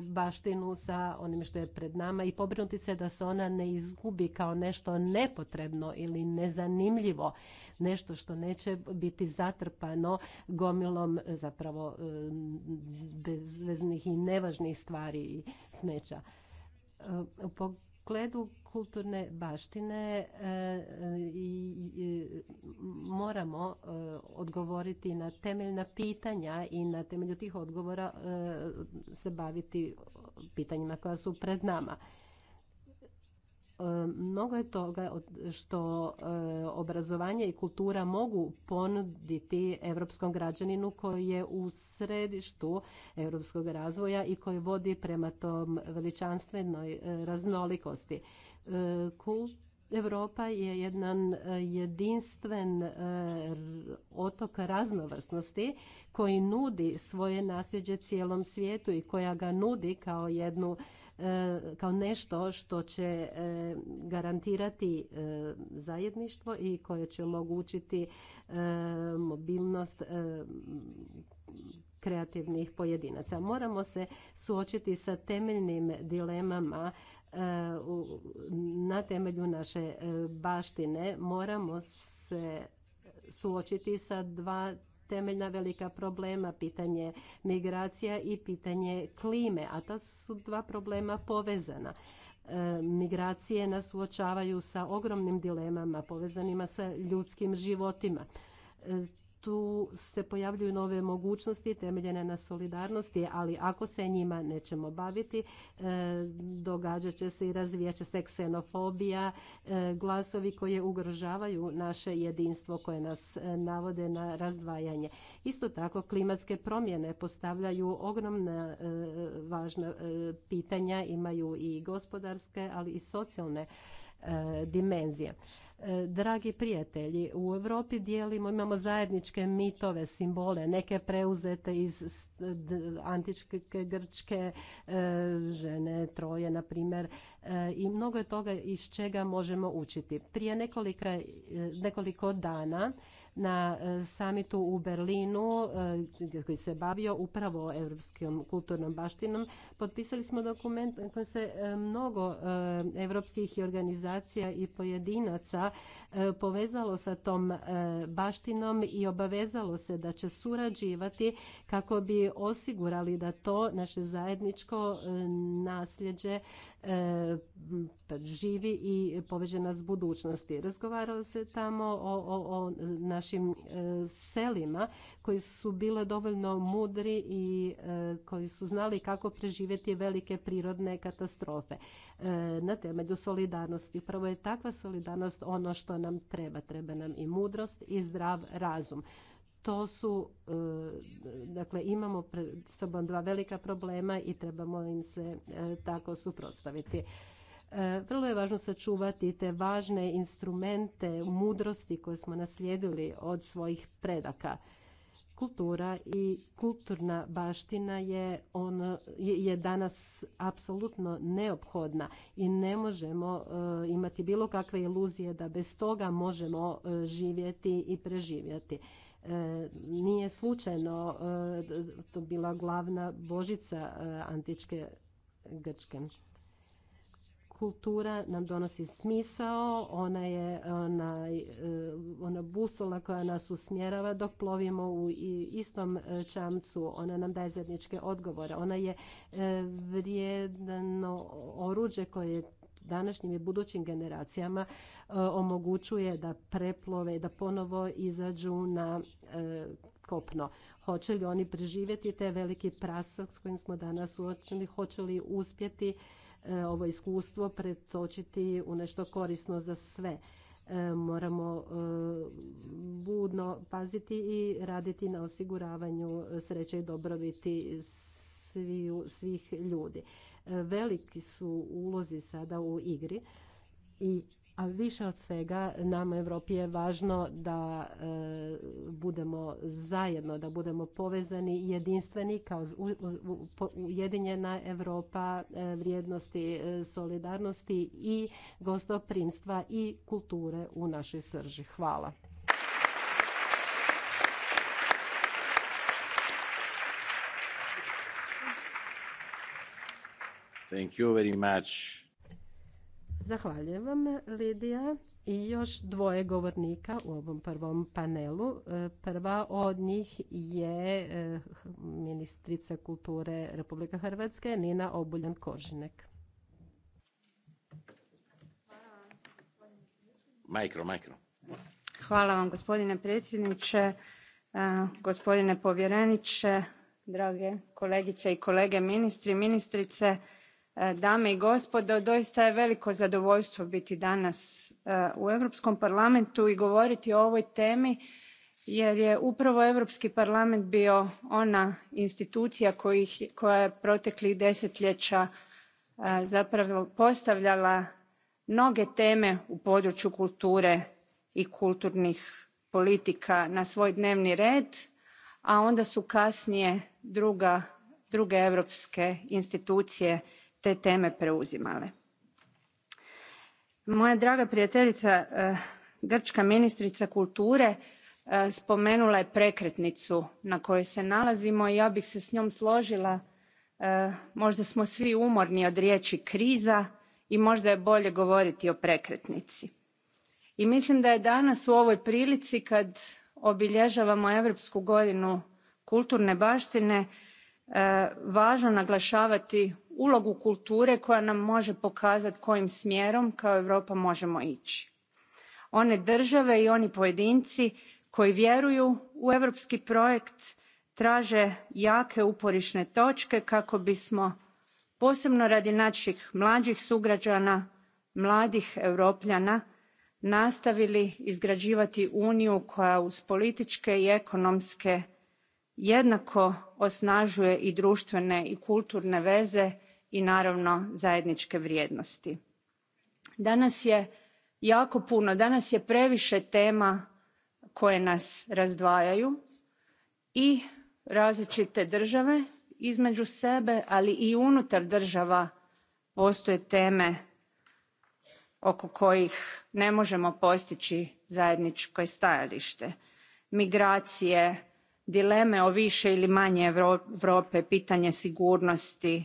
baštinu sa onim što je pred nama i pobrinuti se da se ona ne izgubi kao nešto nepotrebno ili nezanimljivo nešto što neće biti zatrpano gomilom e, zapravo e, bezveznih i nevažnih stvari i smeća. E, u pogledu kulturne baštine moramo odgovoriti na temeljna pitanja i na temelju tih odgovora se baviti pitanjima koja su pred nama. Mnogo je toga što e, obrazovanje i kultura mogu ponuditi europskom građaninu koji je u središtu europskog razvoja i koji vodi prema tom veličanstvenoj e, raznolikosti. E, Europa je jedan e, jedinstven e, otok raznovrsnosti koji nudi svoje nasljeđe cijelom svijetu i koja ga nudi kao jednu e, kao nešto što će garantirati zajedništvo i koje će omogućiti mobilnost kreativnih pojedinaca. Moramo se suočiti sa temeljnim dilemama E, na temelju naše e, baštine moramo se suočiti sa dva temeljna velika problema, pitanje migracija i pitanje klime, a ta su dva problema povezana. E, migracije nas suočavaju sa ogromnim dilemama povezanima sa ljudskim životima tu se pojavljuju nove mogućnosti temeljene na solidarnosti, ali ako se njima nećemo baviti, e, događat će se i razvijat će se ksenofobija, e, glasovi koje ugrožavaju naše jedinstvo, koje nas e, navode na razdvajanje. Isto tako, klimatske promjene postavljaju ogromna važna pitanja, imaju i gospodarske, ali i socijalne dimenzije. E, dragi prijatelji, u Europi dijelimo, imamo zajedničke mitove, simbole, neke preuzete iz antičke grčke e, žene, troje, na primjer, e, i mnogo je toga iz čega možemo učiti. Prije nekoliko dana na e, samitu u Berlinu e, koji se bavio upravo europskom kulturnom baštinom. Potpisali smo dokument na kojem se e, mnogo europskih organizacija i pojedinaca povezalo sa tom baštinom i obavezalo se da će surađivati kako bi osigurali da to naše zajedničko nasljeđe E, živi i poveže nas budućnosti. Razgovaralo se tamo o, našim e, selima koji su bile dovoljno mudri i e, koji su znali kako preživjeti velike prirodne katastrofe na temelju solidarnosti. Upravo je takva solidarnost ono što nam treba. Treba nam i mudrost i zdrav razum to su, e, dakle imamo pred sobom dva velika problema i trebamo im se e, tako suprotstaviti. E, vrlo je važno sačuvati te važne instrumente mudrosti koje smo naslijedili od svojih predaka. Kultura i kulturna baština je, je danas apsolutno neophodna i ne možemo imati bilo kakve iluzije da bez toga možemo živjeti i preživjeti. E, nije slučajno e, to bila glavna božica e, antičke Grčke. Kultura nam donosi smisao, ona je ona, ona busola koja nas usmjerava dok plovimo u istom čamcu, ona nam daje zajedničke odgovore, ona je vrijedno oruđe koje današnjim i budućim generacijama e, omogućuje da preplove, da ponovo izađu na e, kopno. Hoće li oni preživjeti te veliki prasak s kojim smo danas uočili? Hoće li uspjeti e, ovo iskustvo pretočiti u nešto korisno za sve? moramo budno paziti i raditi na osiguravanju sreće i dobrobiti svih ljudi. Veliki su ulozi sada u igri i a više od svega nama u Europi je važno da e, budemo zajedno, da budemo povezani, jedinstveni kao ujedinjena Europa e, vrijednosti e, solidarnosti i gostoprimstva i kulture u našoj srži. Hvala. Thank you very much. Zahvaljujem vam, Lidija. I još dvoje govornika u ovom prvom panelu. E, prva od njih je e, ministrica kulture Republika Hrvatske, Nina Obuljan-Kožinek. Mikro, mikro. Hvala vam gospodine predsjedniče, e, gospodine povjereniče, drage kolegice i kolege ministri, ministrice. E, dame i gospodo doista je veliko zadovoljstvo biti danas e, u europskom parlamentu i govoriti o ovoj temi jer je upravo europski parlament bio ona institucija koja je proteklih desetljeća e, zapravo postavljala mnoge teme u području kulture i kulturnih politika na svoj dnevni red a onda su kasnije druge europske institucije te teme preuzimale. Moja draga prijateljica eh, grčka ministrica kulture eh, spomenula je prekretnicu na kojoj se nalazimo i ja bih se s njom složila eh, možda smo svi umorni od riječi kriza i možda je bolje govoriti o prekretnici. I mislim da je danas u ovoj prilici kad obilježavamo Europsku godinu kulturne baštine važno naglašavati ulogu kulture koja nam može pokazati kojim smjerom kao europa možemo ići. one države i oni pojedinci koji vjeruju u europski projekt traže jake uporišne točke kako bismo posebno radi naših mlađih sugrađana mladih europljana nastavili izgrađivati uniju koja uz političke i ekonomske jednako osnažuje i društvene i kulturne veze i naravno zajedničke vrijednosti. danas je jako puno danas je previše tema koje nas razdvajaju i različite države između sebe ali i unutar država postoje teme oko kojih ne možemo postići zajedničko stajalište migracije dileme o više ili manje europe pitanje sigurnosti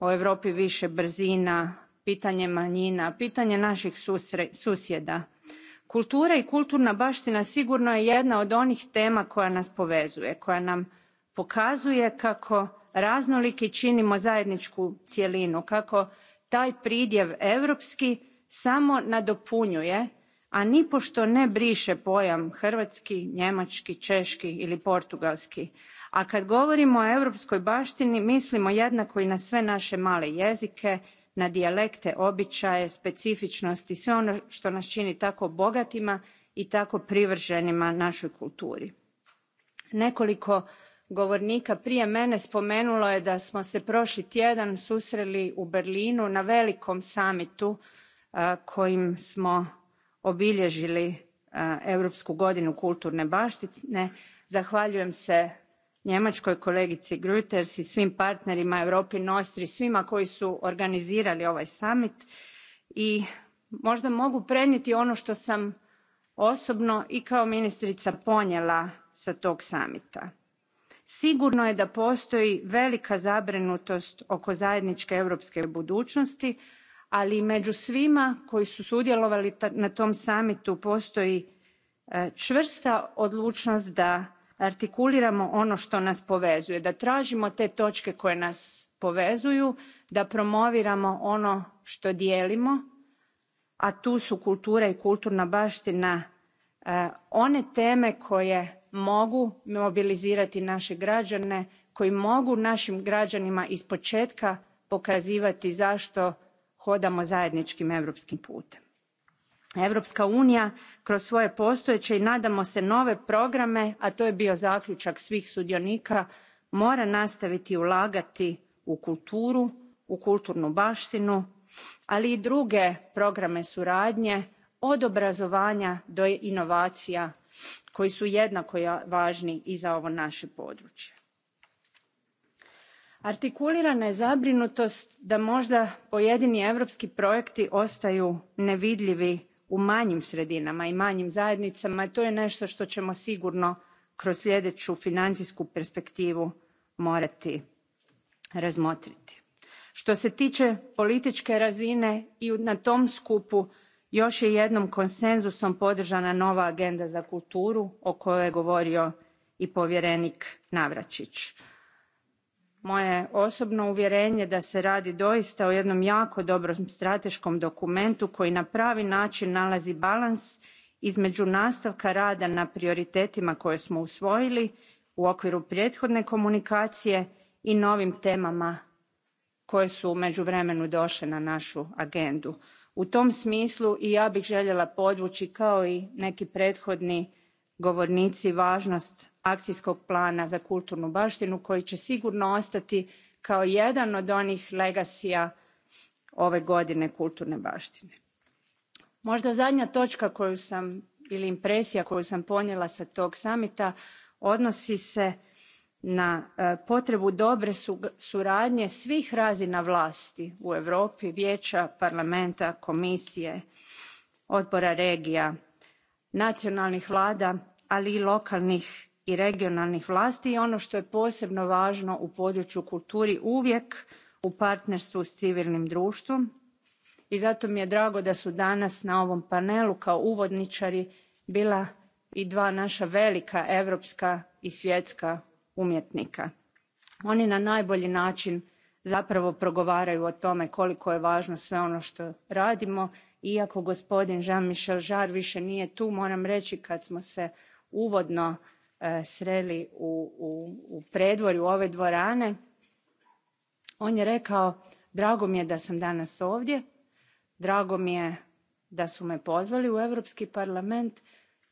o europi više brzina pitanje manjina pitanje naših susjeda. kultura i kulturna baština sigurno je jedna od onih tema koja nas povezuje koja nam pokazuje kako raznoliki činimo zajedničku cjelinu kako taj pridjev europski samo nadopunjuje a nipošto ne briše pojam hrvatski njemački češki ili portugalski a kad govorimo o europskoj baštini mislimo jednako i na sve naše male jezike na dijalekte običaje specifičnosti sve ono što nas čini tako bogatima i tako privrženima našoj kulturi. nekoliko govornika prije mene spomenulo je da smo se prošli tjedan susreli u berlinu na velikom samitu kojim smo obilježili europsku godinu kulturne baštine. zahvaljujem se njemačkoj kolegici Grüters i svim partnerima Europi Nostri, svima koji su organizirali ovaj summit i možda mogu prenijeti ono što sam osobno i kao ministrica ponijela sa tog samita. Sigurno je da postoji velika zabrinutost oko zajedničke europske budućnosti, ali među svima koji su sudjelovali na tom samitu postoji e, čvrsta odlučnost da artikuliramo ono što nas povezuje da tražimo te točke koje nas povezuju da promoviramo ono što dijelimo a tu su kultura i kulturna baština e, one teme koje mogu mobilizirati naše građane koji mogu našim građanima ispočetka pokazivati zašto hodamo zajedničkim europskim putem europska unija kroz svoje postojeće i nadamo se nove programe a to je bio zaključak svih sudionika mora nastaviti ulagati u kulturu u kulturnu baštinu ali i druge programe suradnje od obrazovanja do inovacija koji su jednako važni i za ovo naše područje. artikulirana je zabrinutost da možda pojedini europski projekti ostaju nevidljivi u manjim sredinama i manjim zajednicama to je nešto što ćemo sigurno kroz sljedeću financijsku perspektivu morati razmotriti. što se tiče političke razine i na tom skupu još je jednom konsenzusom podržana nova agenda za kulturu o kojoj je govorio i povjerenik Navračić moje osobno uvjerenje da se radi doista o jednom jako dobrom strateškom dokumentu koji na pravi način nalazi balans između nastavka rada na prioritetima koje smo usvojili u okviru prethodne komunikacije i novim temama koje su u međuvremenu došle na našu agendu. u tom smislu i ja bih željela podvući kao i neki prethodni govornici važnost akcijskog plana za kulturnu baštinu koji će sigurno ostati kao jedan od onih legasija ove godine kulturne baštine. Možda zadnja točka koju sam ili impresija koju sam ponijela sa tog samita odnosi se na e, potrebu dobre suradnje svih razina vlasti u Europi, Vijeća, Parlamenta, Komisije, Odbora regija nacionalnih vlada ali i lokalnih i regionalnih vlasti i ono što je posebno važno u području kulture uvijek u partnerstvu s civilnim društvom i zato mi je drago da su danas na ovom panelu kao uvodničari bila i dva naša velika europska i svjetska umjetnika. oni na najbolji način zapravo progovaraju o tome koliko je važno sve ono što radimo iako gospodin Jean Michel Jarre više nije tu, moram reći kad smo se uvodno e, sreli u, u predvorju ove dvorane, on je rekao drago mi je da sam danas ovdje, drago mi je da su me pozvali u Europski parlament,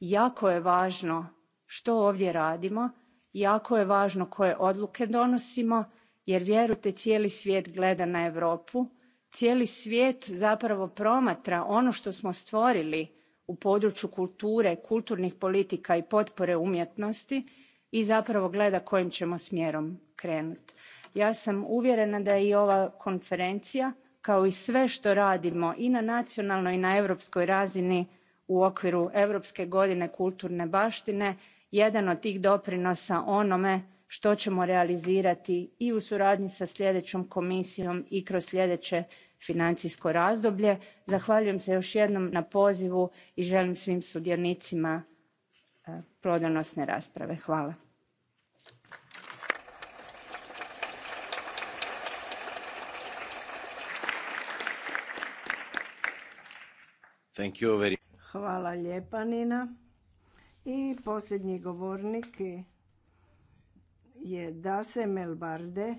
jako je važno što ovdje radimo, jako je važno koje odluke donosimo jer vjerujte cijeli svijet gleda na Europu cijeli svijet zapravo promatra ono što smo stvorili u području kulture, kulturnih politika i potpore umjetnosti i zapravo gleda kojim ćemo smjerom krenuti. Ja sam uvjerena da je i ova konferencija kao i sve što radimo i na nacionalnoj i na europskoj razini u okviru Europske godine kulturne baštine jedan od tih doprinosa onome što ćemo realizirati i u suradnji sa sljedećom komisijom i kroz sljedeće financijsko razdoblje. Zahvaljujem se još jednom na pozivu i želim svim sudionicima e, plodonosne rasprave. Hvala. Thank Hvala lijepa I posljednji govornik je Dase Melbarde,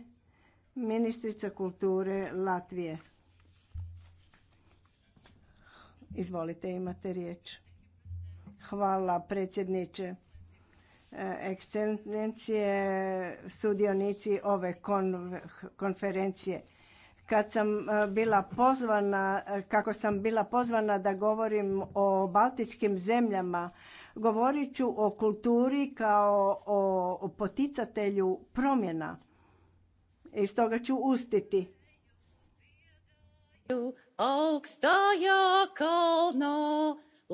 ministrica kulture Latvije. Izvolite, imate riječ. Hvala predsjedniče. E, ekscelencije, sudionici ove konferencije. Kad sam e, bila pozvana, e, kako sam bila pozvana da govorim o baltičkim zemljama, Govorit ću o kulturi kao o poticatelju promjena. I stoga ću ustiti. Augstājā staja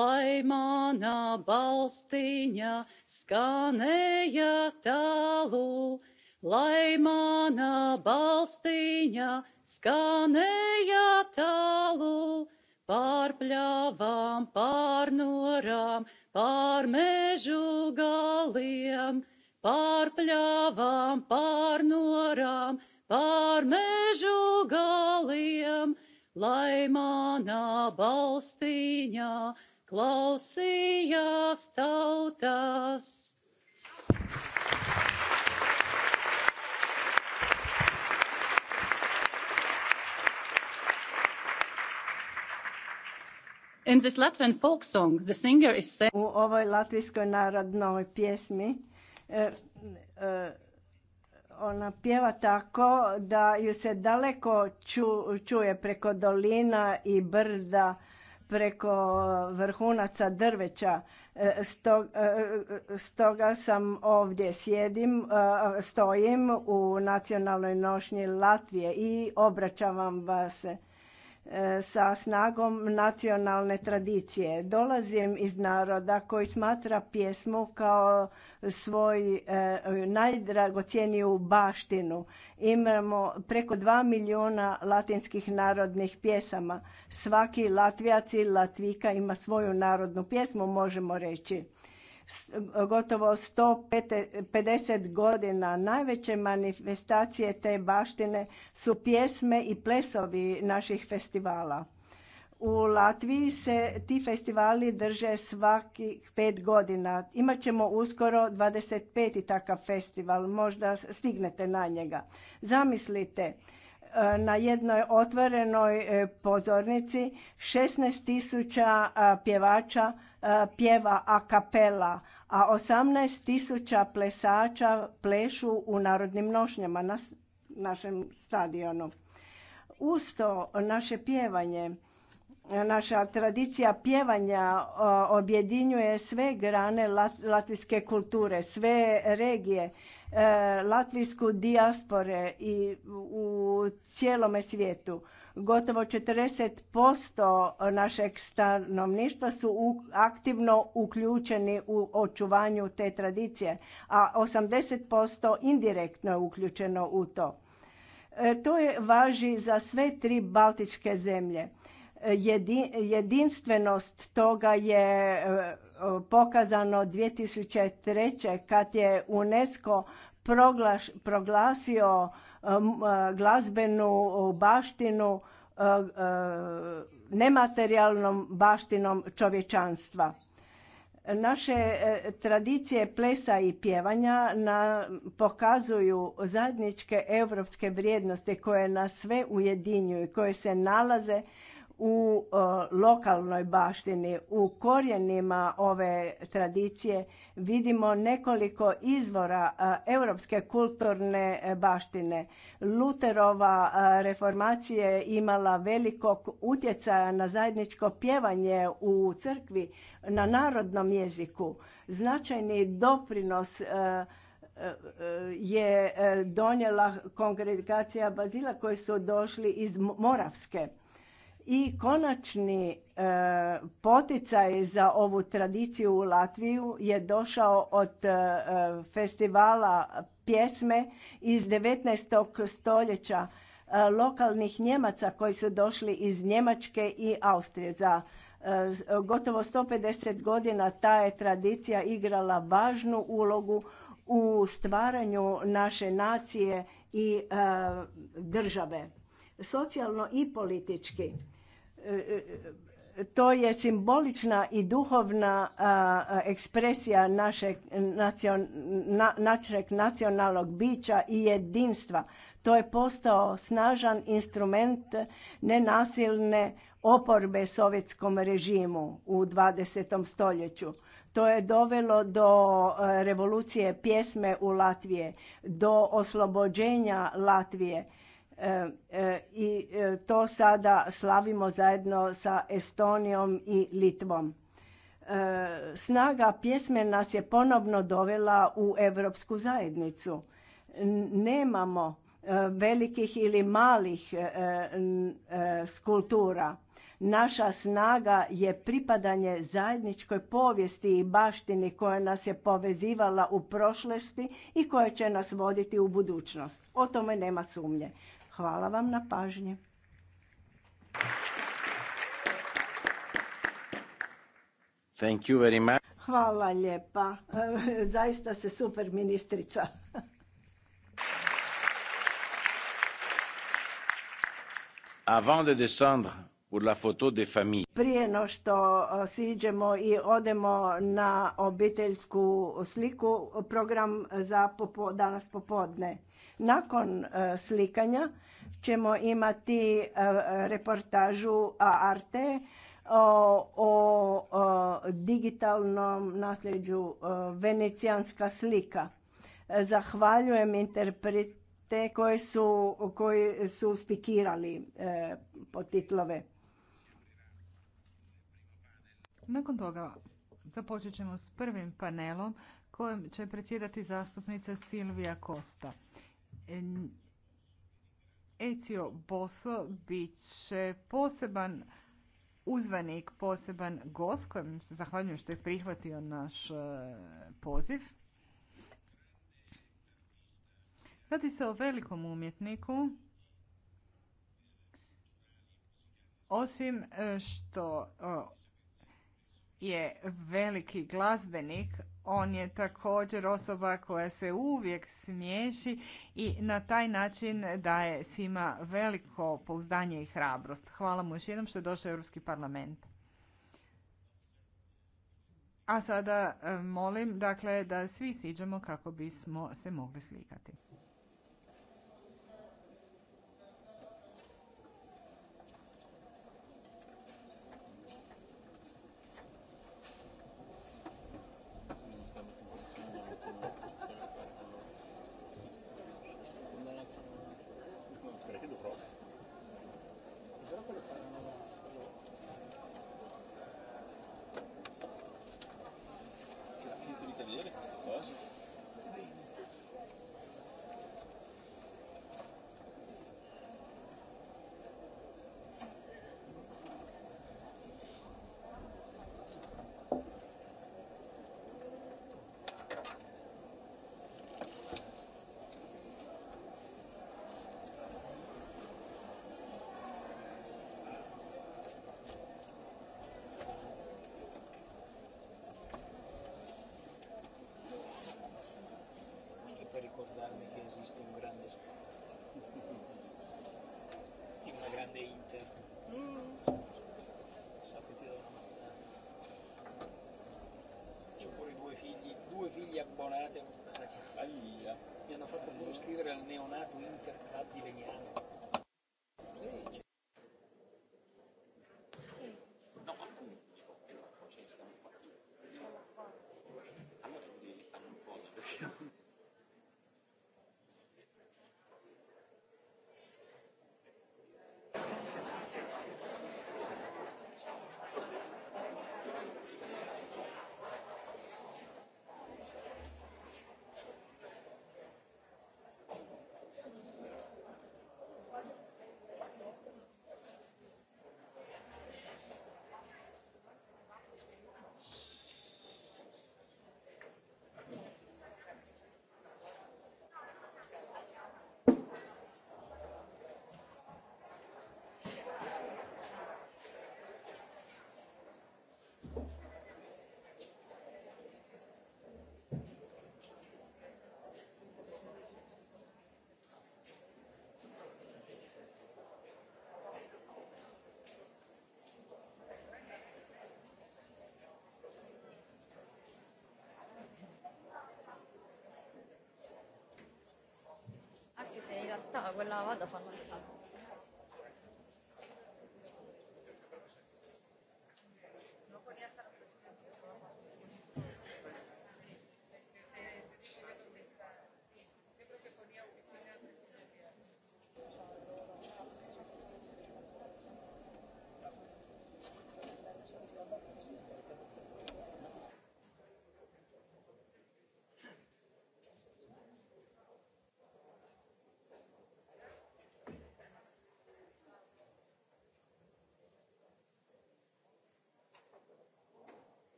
lai manā balstinja, skaneja talu. lai na Balstinja, skanejatalu pār pļāvām, pār norām, pār mežu galiem, pār pļāvām, pār norām, pār mežu galiem, lai manā balstīņā klausījās tautas. U ovoj latvijskoj narodnoj pjesmi e, e, ona pjeva tako da ju se daleko čuje preko dolina i brda, preko vrhunaca drveća. E, stoga sam ovdje sjedim, stojim u nacionalnoj nošnji Latvije i obraćam vam se. E, sa snagom nacionalne tradicije. Dolazim iz naroda koji smatra pjesmu kao svoj e, najdragocjeniju baštinu. Imamo preko dva milijuna latinskih narodnih pjesama. Svaki latvijac i latvika ima svoju narodnu pjesmu, možemo reći gotovo 150 godina najveće manifestacije te baštine su pjesme i plesovi naših festivala. U Latviji se ti festivali drže svakih pet godina. Imaćemo uskoro 25. takav festival, možda stignete na njega. Zamislite, e, na jednoj otvorenoj e, pozornici 16.000 e, pjevača E, pjeva a kapela, a 18 tisuća plesača plešu u narodnim nošnjama na našem stadionu. Uz to naše pjevanje, naša tradicija pjevanja e, objedinjuje sve grane latvijske kulture, sve regije, e, latvijsku dijaspore i u cijelome svijetu. Gotovo 40% našeg stanovništva su aktivno uključeni u očuvanju te tradicije, a 80% indirektno je uključeno u to. E, to je važi za sve tri baltičke zemlje. E, jedinstvenost toga je e, pokazano 2003. kad je UNESCO proglasio glazbenu baštinu, nematerijalnom baštinom čovječanstva. Naše e, tradicije plesa i pjevanja pokazuju zajedničke europske vrijednosti koje nas sve ujedinjuju, koje se nalaze u e, lokalnoj baštini, u korijenima ove tradicije vidimo nekoliko izvora e, europske kulturne baštine. Luterova e, reformacija je imala velikog utjecaja na zajedničko pjevanje u crkvi na narodnom jeziku. Značajni doprinos je donijela kongregacija Bazila koji su došli iz Moravske i konačni e, poticaj za ovu tradiciju u Latviju je došao od e, festivala pjesme iz 19. stoljeća e, lokalnih Njemaca koji su došli iz Njemačke i Austrije. Za gotovo 150 godina ta je tradicija igrala važnu ulogu u stvaranju naše nacije i države, socijalno i politički to je simbolična i duhovna ekspresija našeg, nacionalnog bića i jedinstva. To je postao snažan instrument nenasilne oporbe sovjetskom režimu u 20. stoljeću. To je dovelo do revolucije pjesme u Latvije, do oslobođenja Latvije, E, e, i e, to sada slavimo zajedno sa Estonijom i Litvom. Snaga pjesme nas je ponovno dovela u Europsku zajednicu. Nemamo velikih ili malih skultura. Naša snaga je pripadanje zajedničkoj povijesti i baštini koja nas je povezivala u prošlosti i koja će nas voditi u budućnost. O tome nema sumnje. Hvala vam na pažnje. Hvala lijepa. Zaista se super ministrica. Avant de pour la photo Prije no što siđemo i odemo na obiteljsku sliku, program za danas popodne. Nakon e, slikanja ćemo imati e, reportažu Arte o, digitalnom nasljeđu e, venecijanska slika. E, zahvaljujem interprete koji su, koji su spikirali potitlove. Nakon toga započet ćemo s prvim panelom kojem će predsjedati zastupnica Silvija Kosta. Ezio Boso bit će poseban uzvanik, poseban gost kojem se zahvaljujem što je prihvatio naš e, poziv. Radi se o velikom umjetniku. Osim e, što je veliki glazbenik, on je također osoba koja se uvijek smiješi i na taj način daje svima veliko pouzdanje i hrabrost. Hvala mu još jednom što je došao u Europski parlament. A sada e, molim dakle, da svi siđemo kako bismo se mogli slikati. Hvala realtà quella vada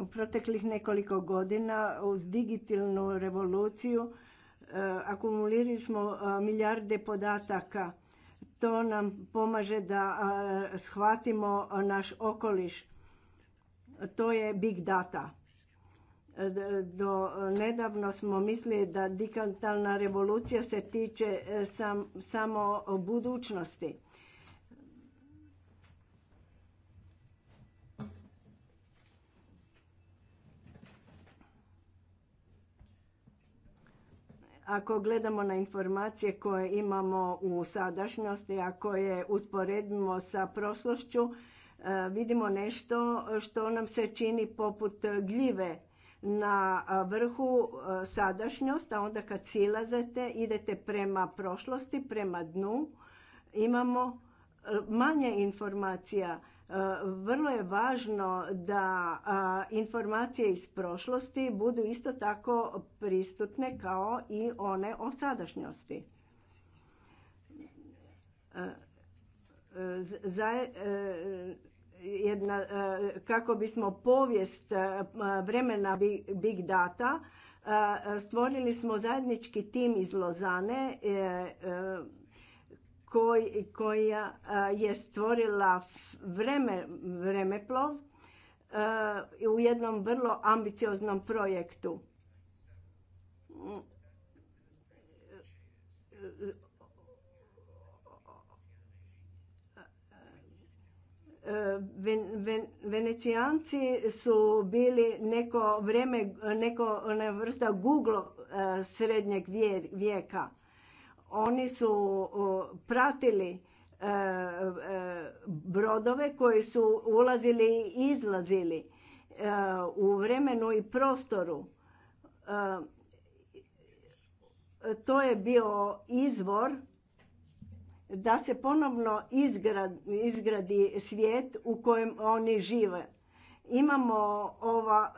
U proteklih nekoliko godina uz digitalnu revoluciju e, akumulirali smo e, milijarde podataka. To nam pomaže da e, shvatimo naš okoliš. To je big data. Do nedavno smo mislili da digitalna revolucija se tiče samo budućnosti. Ako gledamo na informacije koje imamo u sadašnjosti, ako je usporedimo sa prošlošću, e, vidimo nešto što nam se čini poput gljive na vrhu e, sadašnjost, a onda kad silazete, idete prema prošlosti, prema dnu, imamo e, manje informacija vrlo je važno da informacije iz prošlosti budu isto tako prisutne kao i one o sadašnjosti. E, jedna, e, kako bismo povijest e, vremena Big Data stvorili smo zajednički tim iz Lozane koj, koja je stvorila vreme, vremeplov u jednom vrlo ambicioznom projektu. Venecijanci su bili neko vrijeme, neko vrsta Google srednjeg vijeka. Oni su pratili e, e, brodove koji su ulazili i izlazili e, u vremenu i prostoru. To je bio izvor da se ponovno izgradi svijet u kojem oni žive. Imamo ova,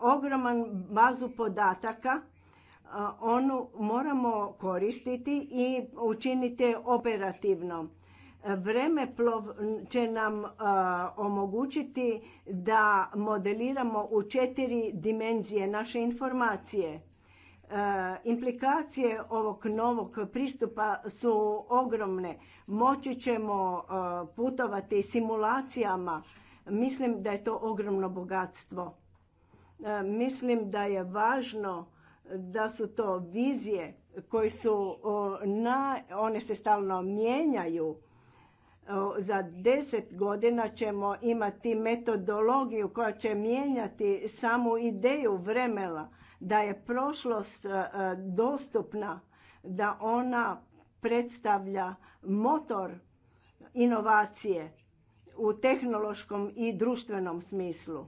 ogroman bazu podataka onu moramo koristiti i učiniti operativno. Vreme će nam omogućiti da modeliramo u četiri dimenzije naše informacije. Implikacije ovog novog pristupa su ogromne. Moći ćemo putovati simulacijama. Mislim da je to ogromno bogatstvo. Mislim da je važno da su to vizije koje su, na, one se stalno mijenjaju. Za deset godina ćemo imati metodologiju koja će mijenjati samu ideju vremena, da je prošlost e, dostupna, da ona predstavlja motor inovacije u tehnološkom i društvenom smislu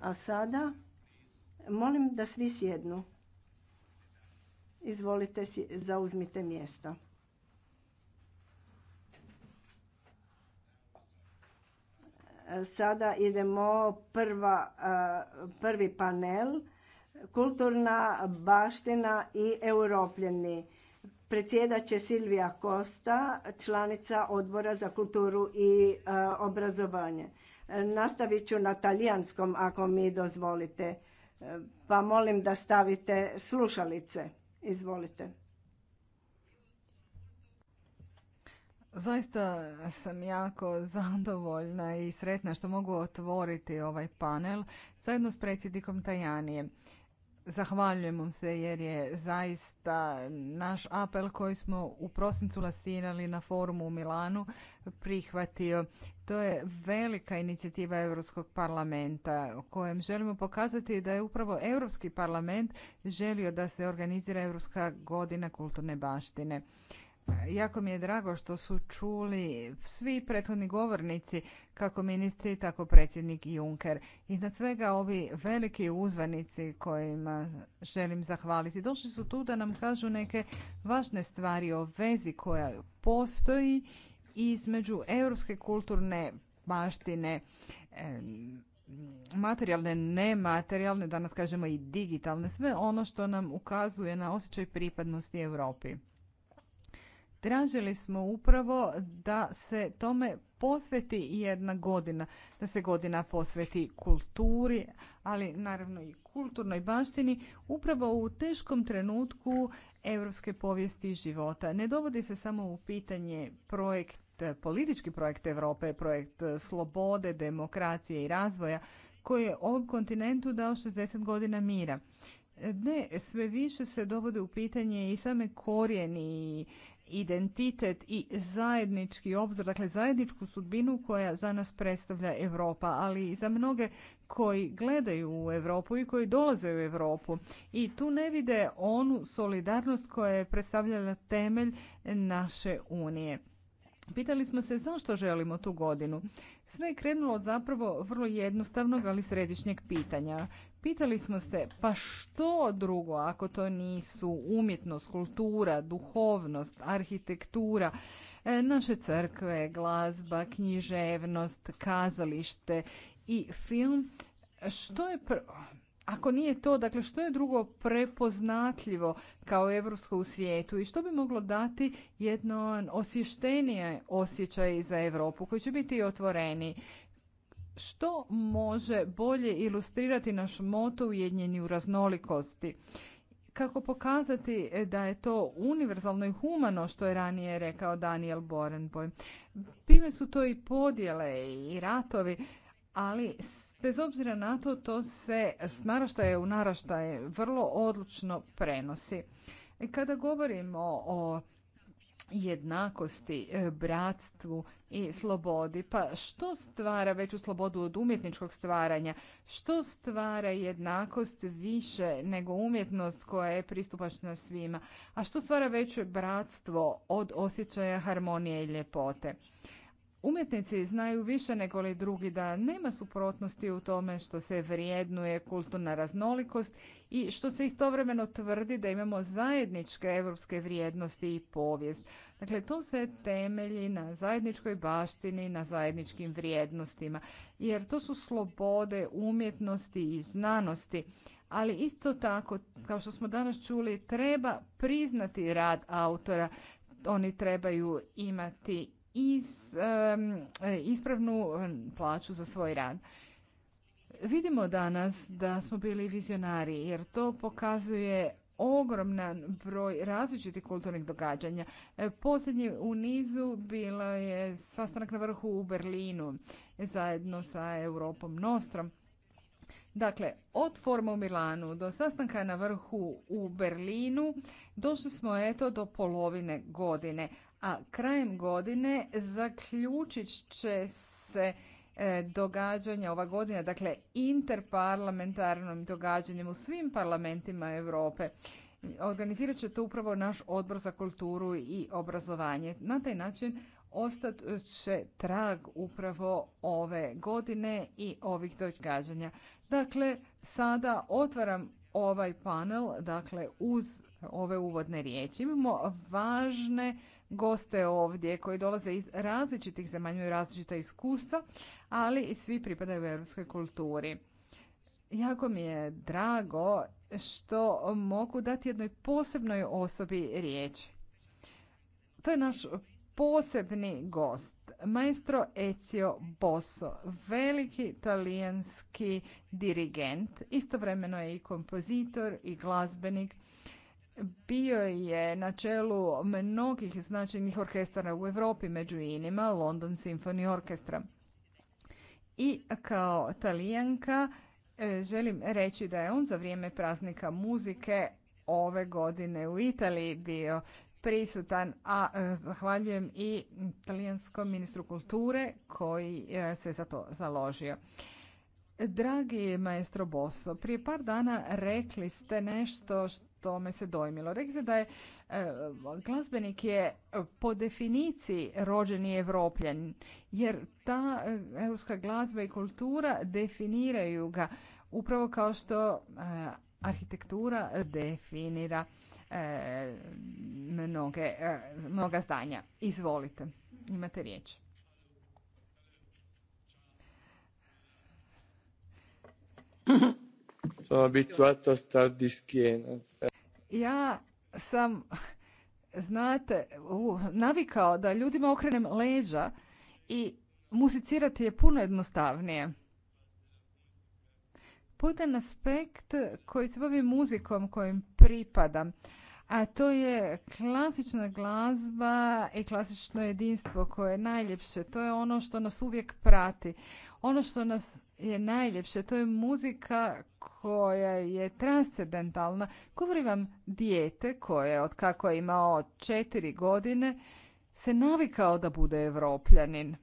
A sada molim da svi sjednu. Izvolite, zauzmite mjesto. Sada idemo prva, prvi panel, kulturna baština i europljeni. Predsjedat će Silvija Kosta, članica odbora za kulturu i e, obrazovanje. E, nastavit ću na talijanskom ako mi dozvolite, e, pa molim da stavite slušalice. Izvolite. Zaista sam jako zadovoljna i sretna što mogu otvoriti ovaj panel zajedno s predsjednikom Tajanije. Zahvaljujem vam se jer je zaista naš apel koji smo u prosincu lansirali na forumu u Milanu prihvatio. To je velika inicijativa Europskog parlamenta kojem želimo pokazati da je upravo Europski parlament želio da se organizira Europska godina kulturne baštine. Jako mi je drago što su čuli svi prethodni govornici, kako ministri, tako predsjednik Juncker. Iznad svega ovi veliki uzvanici kojima želim zahvaliti, došli su tu da nam kažu neke važne stvari o vezi koja postoji između europske kulturne baštine, e, materijalne, nematerijalne, danas kažemo i digitalne, sve ono što nam ukazuje na osjećaj pripadnosti Europi. Tražili smo upravo da se tome posveti jedna godina, da se godina posveti kulturi, ali naravno i kulturnoj baštini, upravo u teškom trenutku europske povijesti i života. Ne dovodi se samo u pitanje projekt, politički projekt Europe, projekt slobode, demokracije i razvoja, koji je ovom kontinentu dao 60 godina mira. Ne, sve više se dovodi u pitanje i same korijeni identitet i zajednički obzor, dakle zajedničku sudbinu koja za nas predstavlja Europa, ali i za mnoge koji gledaju u Europu i koji dolaze u Europu i tu ne vide onu solidarnost koja je predstavljala temelj naše unije. Pitali smo se zašto želimo tu godinu. Sve je krenulo od zapravo vrlo jednostavnog, ali središnjeg pitanja. Pitali smo se pa što drugo ako to nisu umjetnost, kultura, duhovnost, arhitektura, e, naše crkve, glazba, književnost, kazalište i film. Što je prvo? ako nije to, dakle što je drugo prepoznatljivo kao europsko u svijetu i što bi moglo dati jedno osvještenije osjećaj za Europu koji će biti otvoreni. Što može bolje ilustrirati naš moto ujedinjeni u raznolikosti? Kako pokazati da je to univerzalno i humano što je ranije rekao Daniel Borenboj? Bile su to i podjele i ratovi, ali Bez obzira na to, to se s naraštaje u naraštaje vrlo odlučno prenosi. E, kada govorimo o jednakosti, e, bratstvu i slobodi. Pa što stvara veću slobodu od umjetničkog stvaranja? Što stvara jednakost više nego umjetnost koja je pristupačna svima? A što stvara veće bratstvo od osjećaja harmonije i ljepote? Umjetnici znaju više nego li drugi da nema suprotnosti u tome što se vrijednuje kulturna raznolikost i što se istovremeno tvrdi da imamo zajedničke europske vrijednosti i povijest. Dakle, to se temelji na zajedničkoj baštini, na zajedničkim vrijednostima, jer to su slobode umjetnosti i znanosti. Ali isto tako, kao što smo danas čuli, treba priznati rad autora. Oni trebaju imati iz, ispravnu plaću za svoj rad. Vidimo danas da smo bili vizionari jer to pokazuje ogroman broj različitih kulturnih događanja. E, posljednji u nizu bila je sastanak na vrhu u Berlinu zajedno sa Europom Nostrom. Dakle, od forma u Milanu do sastanka na vrhu u Berlinu došli smo eto do polovine godine, a krajem godine zaključit će se e, događanja ova godina, dakle interparlamentarnom događanjem u svim parlamentima Europe. Organizirat će to upravo naš odbor za kulturu i obrazovanje. Na taj način ostat će trag upravo ove godine i ovih događanja. Dakle, sada otvaram ovaj panel, dakle uz ove uvodne riječi. Imamo važne goste ovdje koji dolaze iz različitih zemalja i različita iskustva, ali i svi pripadaju europskoj kulturi. Jako mi je drago što mogu dati jednoj posebnoj osobi riječ. To je naš posebni gost, maestro Ezio Bosso, veliki talijanski dirigent, istovremeno je i kompozitor i glazbenik bio je na čelu mnogih značajnih orkestara u Europi, među inima London Symphony Orchestra. I kao talijanka e, želim reći da je on za vrijeme praznika muzike ove godine u Italiji bio prisutan, a e, zahvaljujem i talijanskom ministru kulture koji e, se za to založio. Dragi maestro Bosso, prije par dana rekli ste nešto što me se dojmilo. Rekli ste da je e, glazbenik je e, po definiciji rođeni evropljen, jer ta europska glazba i kultura definiraju ga upravo kao što e, arhitektura definira mnoge, mnoga zdanja. Izvolite, imate riječ. Sono abituato a star di schiena. Ja sam, znate, navikao da ljudima okrenem leđa i muzicirati je puno jednostavnije. Putan aspekt koji se bavi muzikom kojim pripadam, a to je klasična glazba i klasično jedinstvo koje je najljepše. To je ono što nas uvijek prati. Ono što nas je najljepše. To je muzika koja je transcendentalna. Govori vam dijete koje, od kako je imao četiri godine, se navikao da bude evropljanin.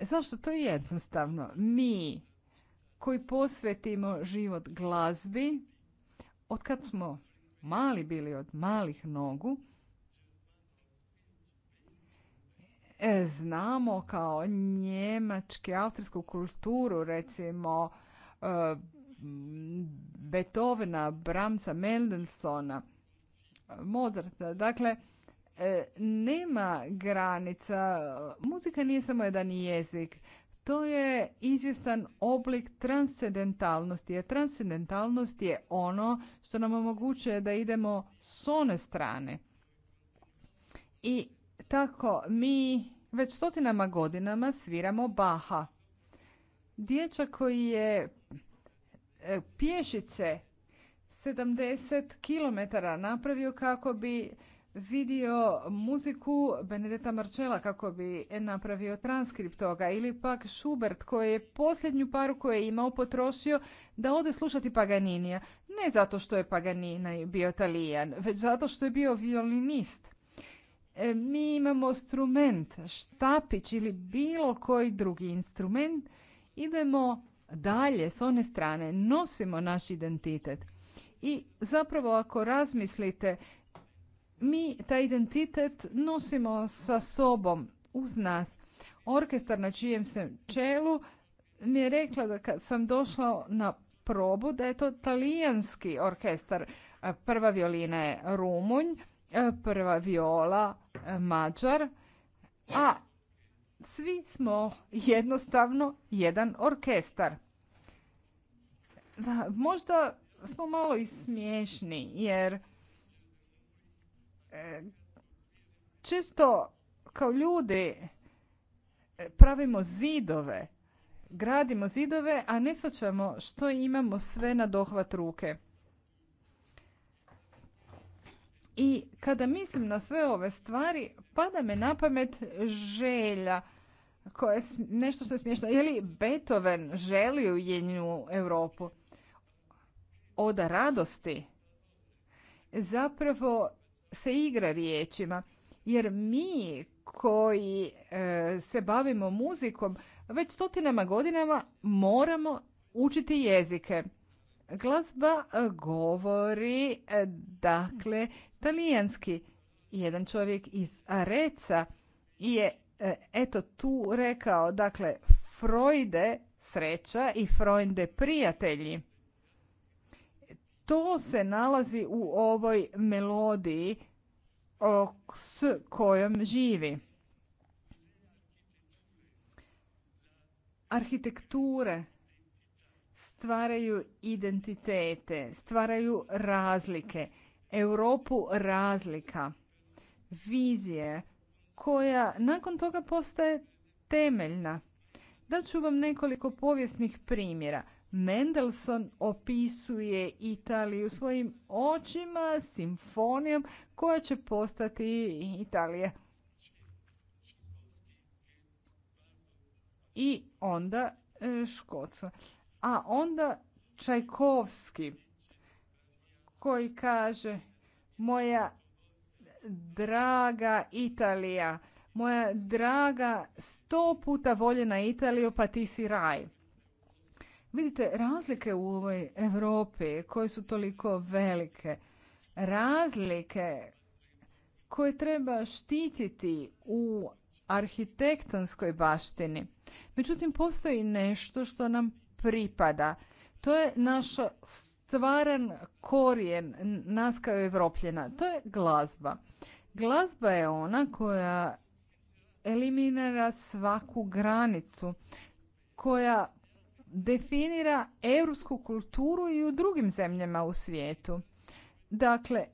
Zašto? To je jednostavno. Mi koji posvetimo život glazbi, od kad smo mali bili od malih nogu, E, znamo kao njemačke, austrijsku kulturu, recimo e, Beethovena, Bramsa, Mendelsona, Mozarta. Dakle, e, nema granica. Muzika nije samo jedan jezik. To je izvjestan oblik transcendentalnosti. A transcendentalnost je ono što nam omogućuje da idemo s one strane. I tako, mi već stotinama godinama sviramo Baha. Dječak koji je e, pješice 70 km napravio kako bi vidio muziku Benedeta Marčela kako bi napravio transkript toga ili pak Schubert koji je posljednju paru koju je imao potrošio da ode slušati Paganinija. Ne zato što je Paganina bio talijan, već zato što je bio violinist. E, mi imamo instrument, štapić ili bilo koji drugi instrument, idemo dalje s one strane, nosimo naš identitet. I zapravo ako razmislite, mi taj identitet nosimo sa sobom uz nas. Orkestar na čijem se čelu mi je rekla da kad sam došla na probu da je to talijanski orkestar. Prva violina je Rumunj, E, prva viola e, Mađar, a svi smo jednostavno jedan orkestar. Da, možda smo malo i smiješni jer e, često kao ljudi pravimo zidove, gradimo zidove, a ne shvaćamo što imamo sve na dohvat ruke. I kada mislim na sve ove stvari, pada me na pamet želja koje nešto što je smiješno. Je li Beethoven želi u ujedinjenu Europu? Oda radosti zapravo se igra riječima. Jer mi koji e, se bavimo muzikom već stotinama godinama moramo učiti jezike. Glazba e, govori e, dakle talijanski. Jedan čovjek iz Areca je e, eto tu rekao, dakle, Freude sreća i Freunde prijatelji. To se nalazi u ovoj melodiji s kojom živi. Arhitekture stvaraju identitete, stvaraju razlike – Europu razlika, vizije koja nakon toga postaje temeljna. ću vam nekoliko povijesnih primjera. Mendelssohn opisuje Italiju svojim očima, simfonijom koja će postati Italija. I onda e, Škoca. A onda Čajkovski koji kaže moja draga Italija, moja draga sto puta voljena Italiju pa ti si raj. Vidite razlike u ovoj Europi koje su toliko velike. Razlike koje treba štititi u arhitektonskoj baštini. Međutim, postoji nešto što nam pripada. To je naša stvaran korijen nas kao Evropljena. To je glazba. Glazba je ona koja eliminira svaku granicu, koja definira europsku kulturu i u drugim zemljama u svijetu. Dakle,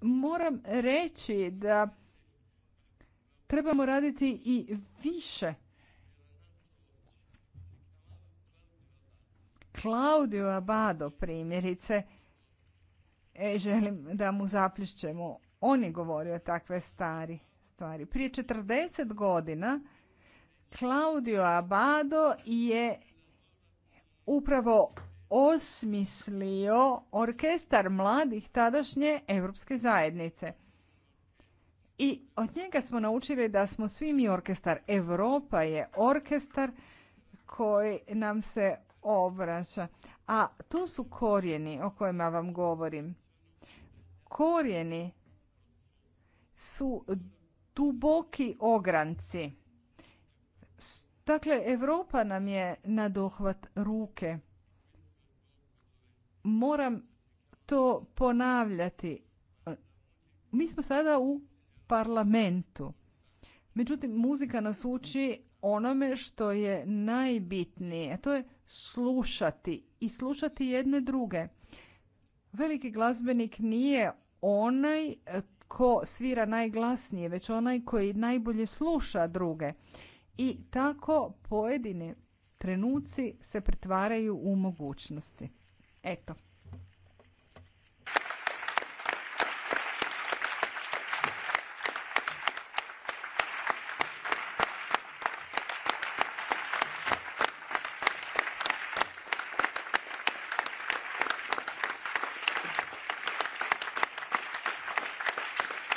moram reći da trebamo raditi i više Claudio Abado primjerice, e, želim da mu zaplišćemo. On je govorio takve stari stvari. Prije 40 godina Claudio Abado je upravo osmislio orkestar mladih tadašnje Europske zajednice. I od njega smo naučili da smo svi mi orkestar. Europa je orkestar koji nam se obraća. A to su korijeni o kojima vam govorim. Korijeni su duboki ogranci. Dakle, Europa nam je na dohvat ruke. Moram to ponavljati. Mi smo sada u parlamentu. Međutim, muzika nas uči onome što je najbitnije. To je slušati i slušati jedne druge. Veliki glazbenik nije onaj e, ko svira najglasnije, već onaj koji najbolje sluša druge. I tako pojedini trenuci se pretvaraju u mogućnosti. Eto,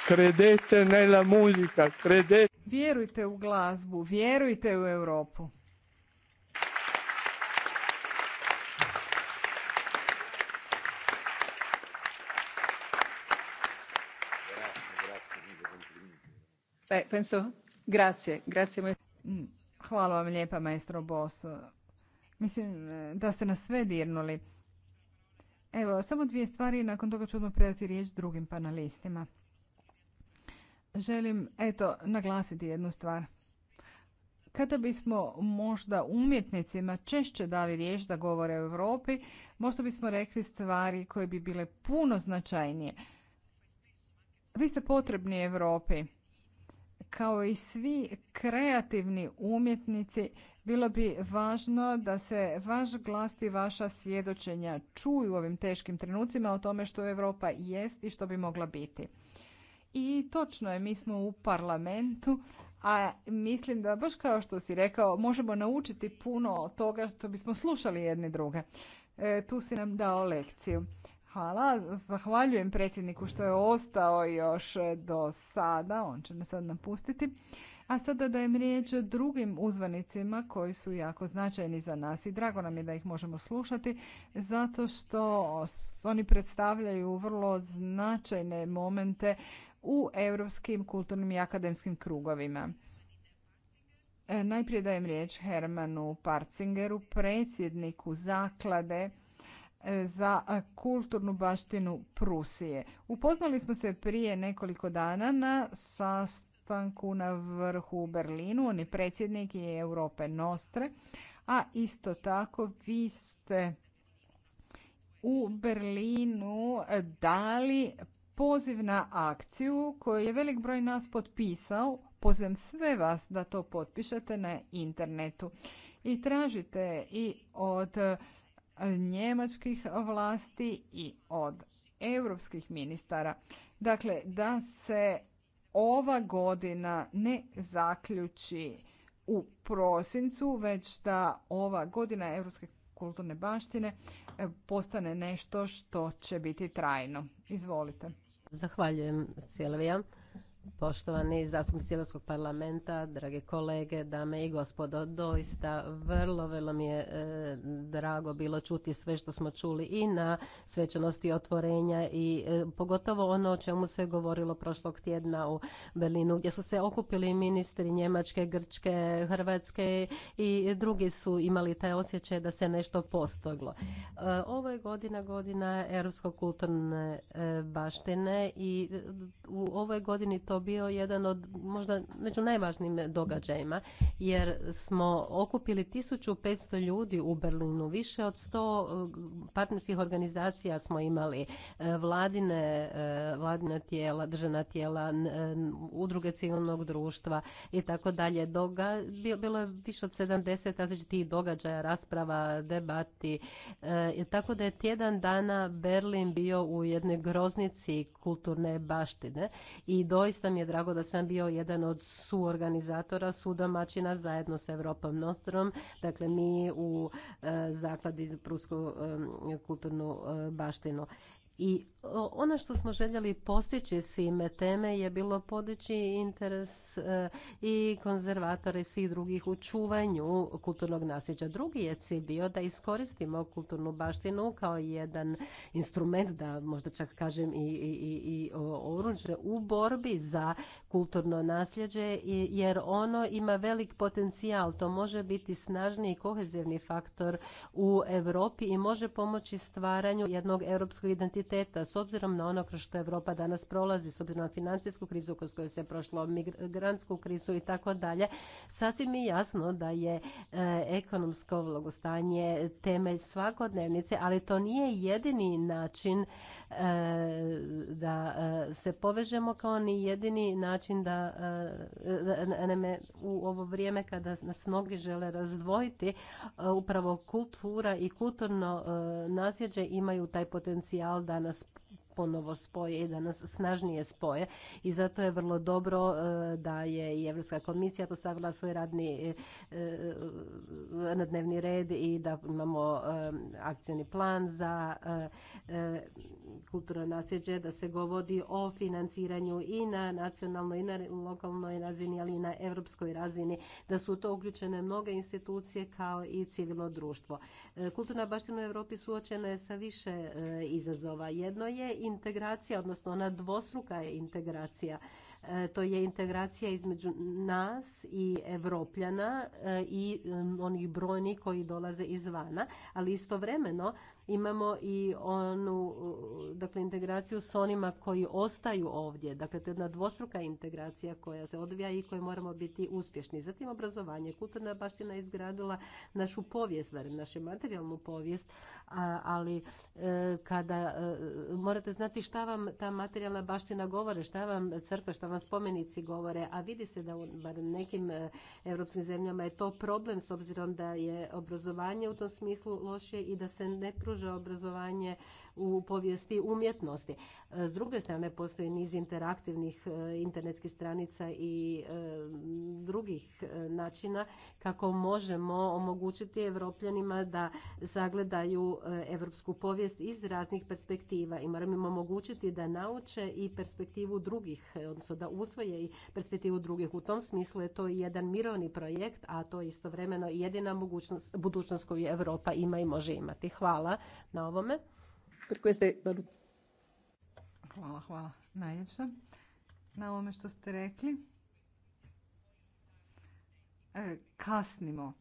Credete nella musica, credete. Vjerujte u glazbu, vjerujte u Europu. Grazie, penso, grazie, grazie. Mm, hvala vam lijepa, maestro Bos. Mislim e, da ste nas sve dirnuli. Evo, samo dvije stvari, nakon toga ću odmah predati riječ drugim panelistima želim eto naglasiti jednu stvar. Kada bismo možda umjetnicima češće dali riječ da govore o Europi, možda bismo rekli stvari koje bi bile puno značajnije. Vi ste potrebni Europi. Kao i svi kreativni umjetnici, bilo bi važno da se vaš glas i vaša svjedočenja čuju u ovim teškim trenucima o tome što Europa jest i što bi mogla biti. I točno je, mi smo u parlamentu, a mislim da baš kao što si rekao, možemo naučiti puno od toga što bismo slušali jedni druge. E, tu si nam dao lekciju. Hvala, zahvaljujem predsjedniku što je ostao još do sada, on će me sad napustiti. A sada dajem riječ drugim uzvanicima koji su jako značajni za nas i drago nam je da ih možemo slušati zato što oni predstavljaju vrlo značajne momente u europskim kulturnim i akademskim krugovima. E, najprije dajem riječ Hermanu Parcingeru, predsjedniku zaklade e, za kulturnu baštinu Prusije. Upoznali smo se prije nekoliko dana na sastanku na vrhu u Berlinu. On je predsjednik Europe Nostre, a isto tako vi ste u Berlinu dali poziv na akciju koju je velik broj nas potpisao. Pozivam sve vas da to potpišete na internetu. I tražite i od e, njemačkih vlasti i od europskih ministara. Dakle, da se ova godina ne zaključi u prosincu, već da ova godina Europske kulturne baštine e, postane nešto što će biti trajno. Izvolite. Zahvaljujem Silvija. Poštovani zastupnici Europskog parlamenta, drage kolege, dame i gospodo, doista vrlo, vrlo mi je e, drago bilo čuti sve što smo čuli i na svečanosti otvorenja i e, pogotovo ono o čemu se govorilo prošlog tjedna u Berlinu gdje su se okupili ministri Njemačke, Grčke, Hrvatske i drugi su imali taj osjećaj da se nešto postoglo. E, ovo je godina, godina Europskog kulturne baštine i u ovoj godini to bio jedan od možda među najvažnijim događajima jer smo okupili 1500 ljudi u Berlinu, više od 100 eh, partnerskih organizacija smo imali, eh, vladine, eh, vladina tijela, državna tijela, udruge civilnog društva i tako dalje. Bilo je više od 70 različitih događaja, rasprava, debati. Tako da je tjedan dana Berlin bio u jednoj groznici kulturne baštine i doista mi je drago da sam bio jedan od suorganizatora, sudomaćina zajedno sa Europom Nostrom. Dakle, mi u e, Zakladi za prusku e, kulturnu e, baštinu. I ono što smo željeli postići svime teme je bilo podići interes e, i konzervatora i svih drugih u čuvanju kulturnog nasljeđa. Drugi je cilj bio da iskoristimo kulturnu baštinu kao jedan instrument, da možda čak kažem i, i, u borbi za kulturno nasljeđe jer ono ima velik potencijal. To može biti snažni i kohezivni faktor u Europi i može pomoći stvaranju jednog europskog identiteta kapaciteta s obzirom na ono kroz što Europa danas prolazi, s obzirom na financijsku krizu kroz koju se prošlo, migrantsku krizu i tako dalje, sasvim je jasno da je e, ekonomsko blagostanje temelj svakodnevnice, ali to nije jedini način e, da e, se povežemo kao ni jedini način da u ovo vrijeme kada nas mnogi žele razdvojiti, upravo kultura i kulturno nasljeđe imaju taj potencijal da danas ponovo spoje i da nas snažnije spoje i zato je vrlo dobro e, da je i Europska komisija postavila svoj radni e, e, na dnevni red i da imamo akcijni plan za kulturno nasljeđe, da se govori o financiranju i na nacionalnoj i na lokalnoj razini, ali i na europskoj razini, da su u to uključene mnoge institucije kao i civilno društvo. Kulturna baština u Europi suočena je sa više izazova. Jedno je integracija, odnosno ona dvostruka je integracija. E, to je integracija između nas i Evropljana e, i onih brojnih koji dolaze izvana, ali istovremeno Imamo i onu dakle, integraciju s onima koji ostaju ovdje. Dakle, to je jedna dvostruka integracija koja se odvija i koje moramo biti uspješni. Zatim obrazovanje. Kulturna baština izgradila našu povijest, barem našu materijalnu povijest, ali e, kada e, morate znati šta vam ta materijalna baština govore, šta vam crkva, šta vam spomenici govore, a vidi se da u nekim europskim zemljama je to problem s obzirom da je obrazovanje u tom smislu loše i da se ne pruža pruža obrazovanje u povijesti umjetnosti. E, s druge strane postoji niz interaktivnih e, internetskih stranica i e, drugih načina kako možemo omogućiti evropljanima da zagledaju evropsku povijest iz raznih perspektiva i moramo im omogućiti da nauče i perspektivu drugih, odnosno da usvoje i perspektivu drugih. U tom smislu je to jedan mirovni projekt, a to je istovremeno jedina mogućnost, budućnost koju Europa ima i može imati. Hvala na ovome per queste Hvala, hvala najljepša na ovome što ste rekli. E, kasnimo.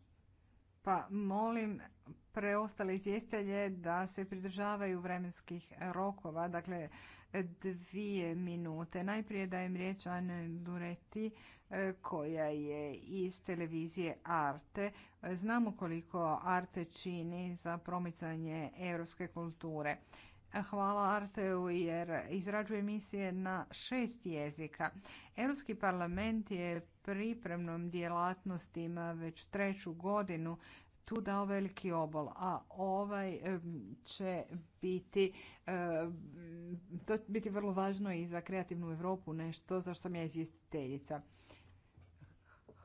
Pa molim preostale izvjestitelje da se pridržavaju vremenskih rokova, dakle dvije minute. Najprije dajem riječ Ane Dureti E, koja je iz televizije Arte. Znamo koliko Arte čini za promicanje europske kulture. Hvala Arteu jer izrađuje emisije na šest jezika. Europski parlament je pripremnom djelatnostima već treću godinu tu dao veliki obol, a ovaj će biti, to će biti vrlo važno i za kreativnu Europu, nešto za što sam ja izvjestiteljica.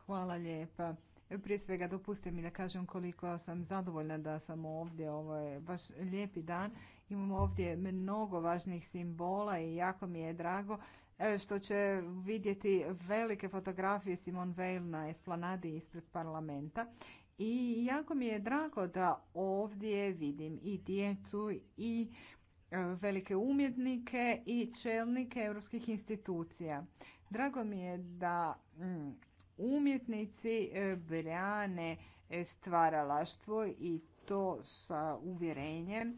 Hvala lijepa. Prije svega dopustite mi da kažem koliko sam zadovoljna da sam ovdje. Ovo je baš lijepi dan. Imamo ovdje mnogo važnih simbola i jako mi je drago e, što će vidjeti velike fotografije Simon Veil na esplanadi ispred parlamenta i jako mi je drago da ovdje vidim i djecu i e, velike umjetnike i čelnike europskih institucija. Drago mi je da mm, umjetnici e, brane e, stvaralaštvo i to sa uvjerenjem.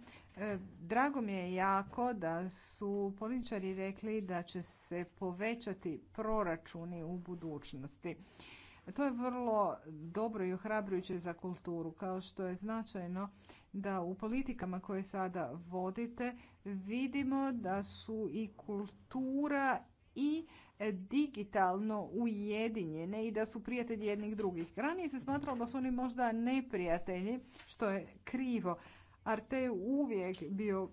Drago mi je jako da su političari rekli da će se povećati proračuni u budućnosti. To je vrlo dobro i ohrabrujuće za kulturu, kao što je značajno da u politikama koje sada vodite vidimo da su i kultura i digitalno ujedinjene i da su prijatelji jednih drugih. Ranije se smatralo da su oni možda neprijatelji, što je krivo. Arte je uvijek bio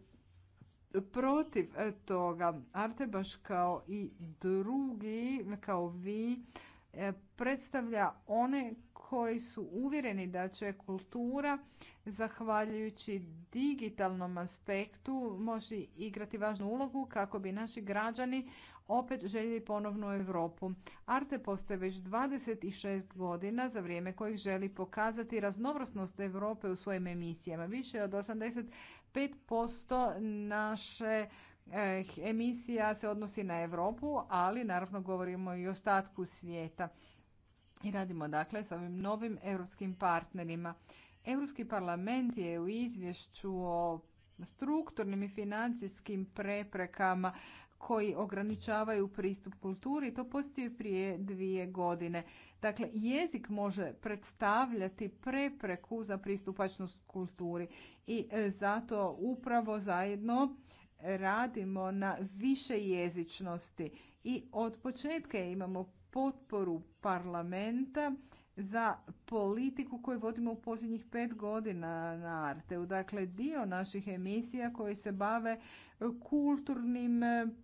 protiv toga. Arte baš kao i drugi, kao vi, E, predstavlja one koji su uvjereni da će kultura zahvaljujući digitalnom aspektu moći igrati važnu ulogu kako bi naši građani opet željeli ponovnu Europu. Arte postoje već 26 godina za vrijeme kojih želi pokazati raznovrsnost Europe u svojim emisijama. Više od 85% naše Eh, emisija se odnosi na Europu, ali naravno govorimo i o ostatku svijeta. I radimo dakle s ovim novim europskim partnerima. Europski parlament je u izvješću o strukturnim i financijskim preprekama koji ograničavaju pristup kulturi. To postoji prije dvije godine. Dakle, jezik može predstavljati prepreku za pristupačnost kulturi i eh, zato upravo zajedno radimo na više jezičnosti i od početka imamo potporu parlamenta za politiku koju vodimo u posljednjih pet godina na Arteu. Dakle, dio naših emisija koji se bave kulturnim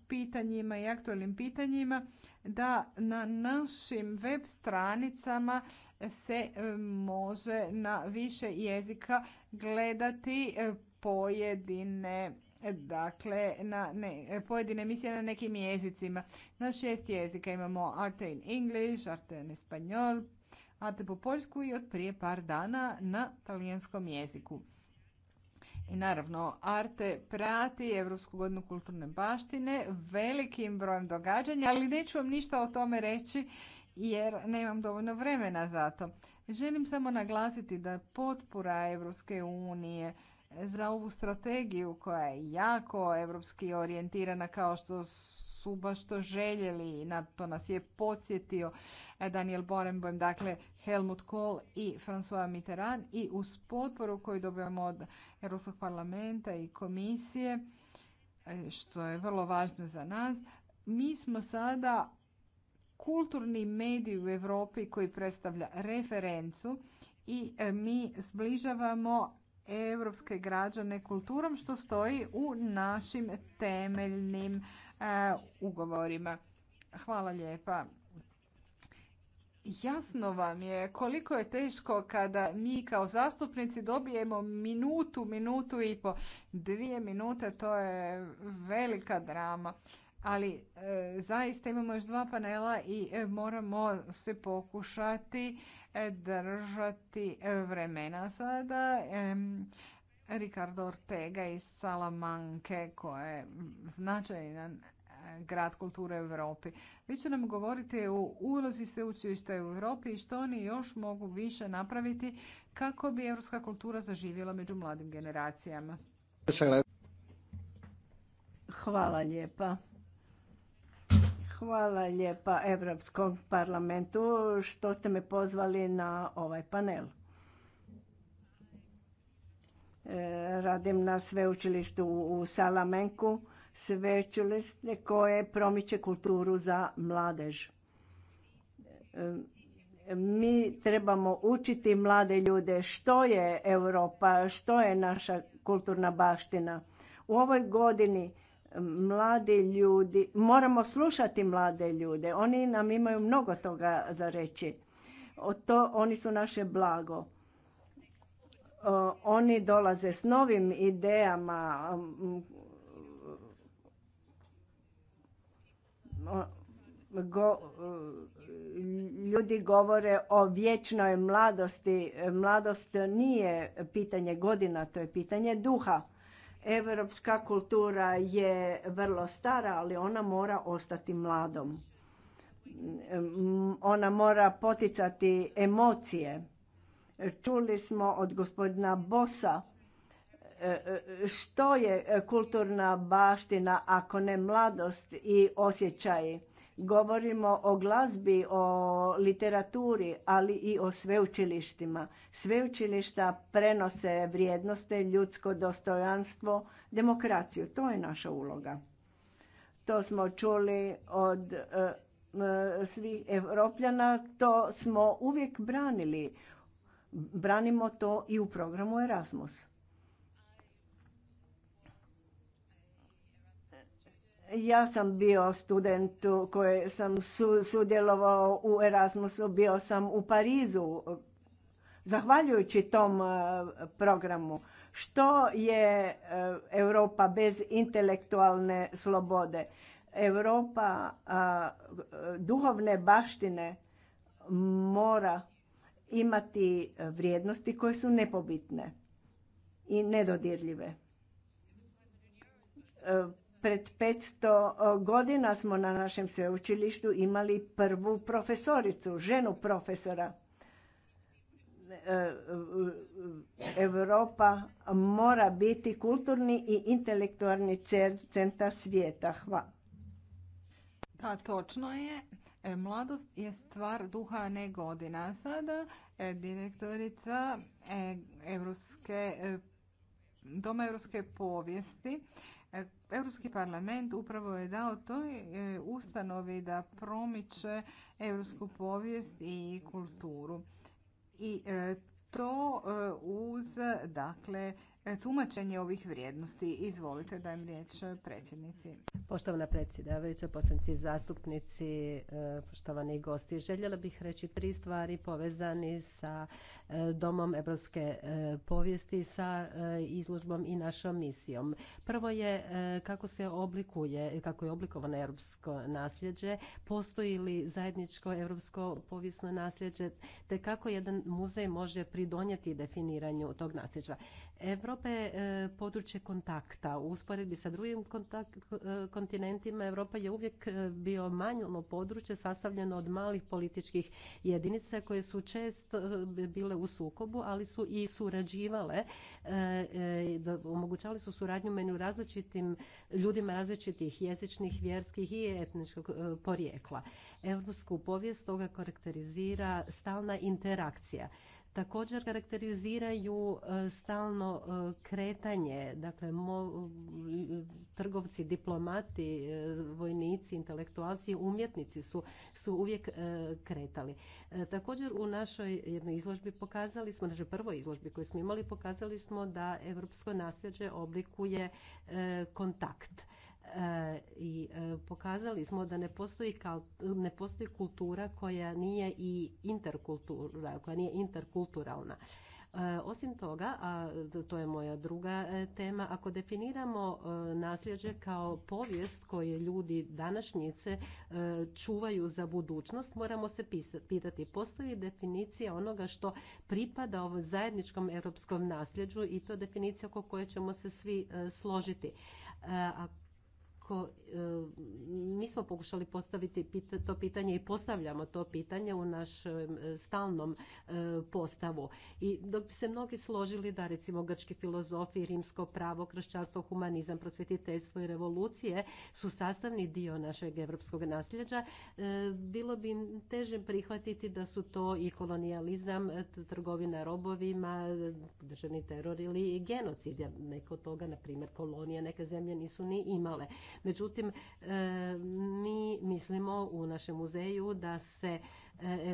pitanjima i aktualnim pitanjima da na našim web stranicama se e, može na više jezika gledati e, pojedine dakle, na ne, pojedine emisije na nekim jezicima. Na šest jezika imamo Arte in English, Arte in Espanjol, Arte po poljsku i od prije par dana na talijanskom jeziku. I naravno, Arte prati Evropsku godinu kulturne baštine velikim brojem događanja, ali neću vam ništa o tome reći jer nemam dovoljno vremena za to. Želim samo naglasiti da potpora Evropske unije za ovu strategiju koja je jako evropski orijentirana kao što su baš to željeli i na to nas je podsjetio e, Daniel Borenboim, dakle Helmut Kohl i François Mitterrand i uz potporu koju dobijamo od Europskog parlamenta i komisije, e, što je vrlo važno za nas, mi smo sada kulturni mediji u Europi koji predstavlja referencu i e, mi zbližavamo europske građane kulturom što stoji u našim temeljnim e, ugovorima. Hvala lijepa. Jasno vam je koliko je teško kada mi kao zastupnici dobijemo minutu, minutu i po, dvije minute, to je velika drama. Ali e, zaista imamo još dva panela i e, moramo se pokušati držati vremena. Sada Ricardo Ortega iz Salamanke, koja je značajan eh, grad kulture u Europi. Vi će nam govoriti o ulozi sveučilišta u Europi i što oni još mogu više napraviti kako bi europska kultura zaživjela među mladim generacijama. Hvala lijepa. Hvala lijepa Europskom parlamentu što ste me pozvali na ovaj panel. E, radim na sveučilištu u Salamenku, sveučilište koje promiče kulturu za mladež. E, mi trebamo učiti mlade ljude što je Europa, što je naša kulturna baština. U ovoj godini Mladi ljudi, moramo slušati mlade ljude, oni nam imaju mnogo toga za reći. O to, oni su naše blago. oni dolaze s novim idejama. Mm, ljudi govore o vječnoj mladosti. Mladost nije pitanje godina, to je pitanje duha. Europska kultura je vrlo stara, ali ona mora ostati mladom. Mm, ona mora poticati emocije. Čuli smo od gospodina Bosa e, e, što je kulturna baština ako ne mladost i osjećaj Govorimo o glazbi, o literaturi, ali i o sveučilištima. Sveučilišta prenose vrijednosti, ljudsko dostojanstvo, demokraciju. To je naša uloga. To smo čuli od e, e, svih Europljana, To smo uvijek branili. Branimo to i u programu Erasmus. Ja sam bio student koji sam sudjelovao u Erasmusu, bio sam u Parizu, zahvaljujući tom e, programu. Što je e, Europa bez intelektualne slobode? Europa duhovne baštine mora imati vrijednosti koje su nepobitne i nedodirljive. E, Pred 500 godina smo na našem sveučilištu imali prvu profesoricu, ženu profesora. Europa e, mora biti kulturni i intelektualni centar svijeta. Hvala. Da, točno je. E, mladost je stvar duha, a ne godina. Sada e, direktorica Doma Evropske povijesti Europski parlament upravo je dao toj e, ustanovi da promiče europsku povijest i kulturu. I e, to e, uz dakle E, tumačenje ovih vrijednosti. Izvolite dajem riječ e, predsjednici. Poštovana predsjedavajuća, poštovani zastupnici, e, poštovani gosti. Željela bih reći tri stvari povezani sa Domom Evropske povijesti, sa izložbom i našom misijom. Prvo je kako se oblikuje, kako je oblikovano europsko nasljeđe, postoji li zajedničko europsko povijesno nasljeđe, te kako jedan muzej može pridonijeti definiranju tog nasljeđa. Europe e, područje kontakta. U usporedbi sa drugim e, kontinentima Europa je uvijek e, bio manjeno područje sastavljeno od malih političkih jedinica koje su često bile u sukobu, ali su i surađivale, omogućavale su suradnju među različitim ljudima različitih jezičnih, vjerskih i etničkog porijekla. Europsku povijest toga karakterizira stalna interakcija također karakteriziraju e, stalno e, kretanje, dakle trgovci, diplomati, e, vojnici, intelektualci, umjetnici su, su uvijek kretali. Također u našoj jednoj izložbi pokazali smo, našoj prvoj izložbi koju smo imali, pokazali smo da europsko nasljeđe oblikuje kontakt i e, pokazali smo da ne postoji, ne postoji kultura koja nije i interkultura, koja nije interkulturalna. E, osim toga, a to je moja druga e, tema, ako definiramo nasljeđe kao povijest koje ljudi današnjice čuvaju za budućnost, moramo se pitati postoji definicija onoga što pripada ovom zajedničkom europskom nasljeđu i to definicija oko koje ćemo se svi složiti ako e, mi smo pokušali postaviti to pitanje i postavljamo to pitanje u našem e, stalnom e, postavu. I dok bi se mnogi složili da recimo grčki filozofi, rimsko pravo, kršćanstvo, humanizam, prosvjetiteljstvo i revolucije su sastavni dio našeg europskog nasljeđa, bilo bi teže prihvatiti da su to i kolonijalizam, trgovina robovima, državni teror ili genocid. neko toga, na primjer, kolonije neke zemlje nisu ni imale. Međutim, e, mi mislimo u našem muzeju da se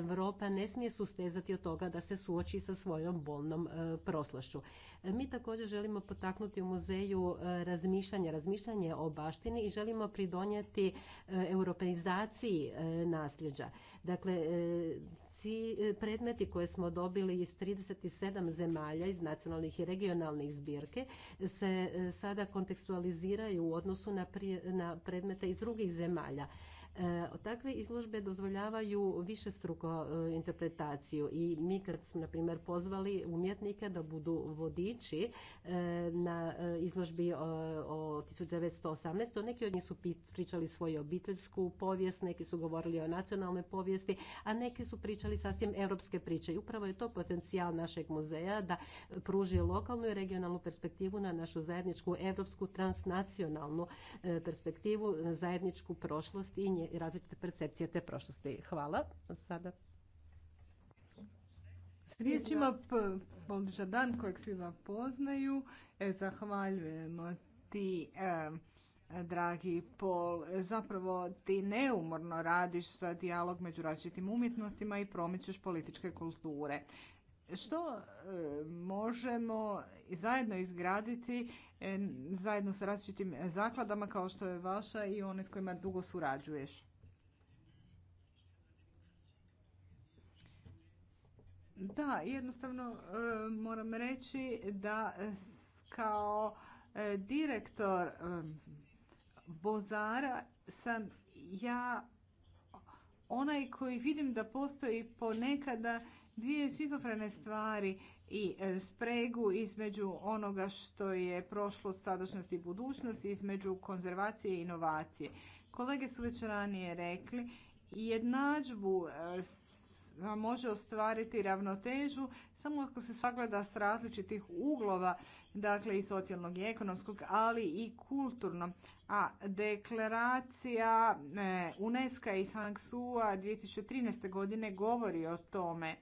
Europa ne smije sustezati od toga da se suoči sa svojom bolnom e, proslošću. E, mi također želimo potaknuti u muzeju razmišljanje, razmišljanje o baštini i želimo pridonijeti europeizaciji nasljeđa. Dakle, E, predmeti koje smo dobili iz 37 zemalja iz nacionalnih i regionalnih zbirke se e, sada kontekstualiziraju u odnosu na, prije, na predmete iz drugih zemalja. E, takve izložbe dozvoljavaju više struko e, interpretaciju i mi kad smo, na primjer, pozvali umjetnike da budu vodiči e, na izložbi o 1918. Neki od njih su pričali svoju obiteljsku povijest, neki su govorili o nacionalnoj povijesti, a neki su pričali sasvim europske priče. I upravo je to potencijal našeg muzeja da pruži lokalnu i regionalnu perspektivu na našu zajedničku europsku transnacionalnu perspektivu, zajedničku prošlost i i različite percepcije te prošlosti. Hvala. Sada. S riječima Žadan, kojeg svima poznaju, e, zahvaljujemo ti e, dragi Pol, zapravo ti neumorno radiš za dijalog među različitim umjetnostima i promičeš političke kulture što e, možemo zajedno izgraditi e, zajedno sa različitim zakladama kao što je vaša i one s kojima dugo surađuješ. Da, jednostavno e, moram reći da kao direktor Bozara sam ja onaj koji vidim da postoji ponekada dvije šizofrene stvari i e, spregu između onoga što je prošlost, sadašnjost i budućnost, između konzervacije i inovacije. Kolege su već ranije rekli, jednadžbu e, može ostvariti ravnotežu samo ako se sagleda s različitih uglova, dakle i socijalnog i ekonomskog, ali i kulturnog. A deklaracija e, UNESCO i tisuće 2013. godine govori o tome.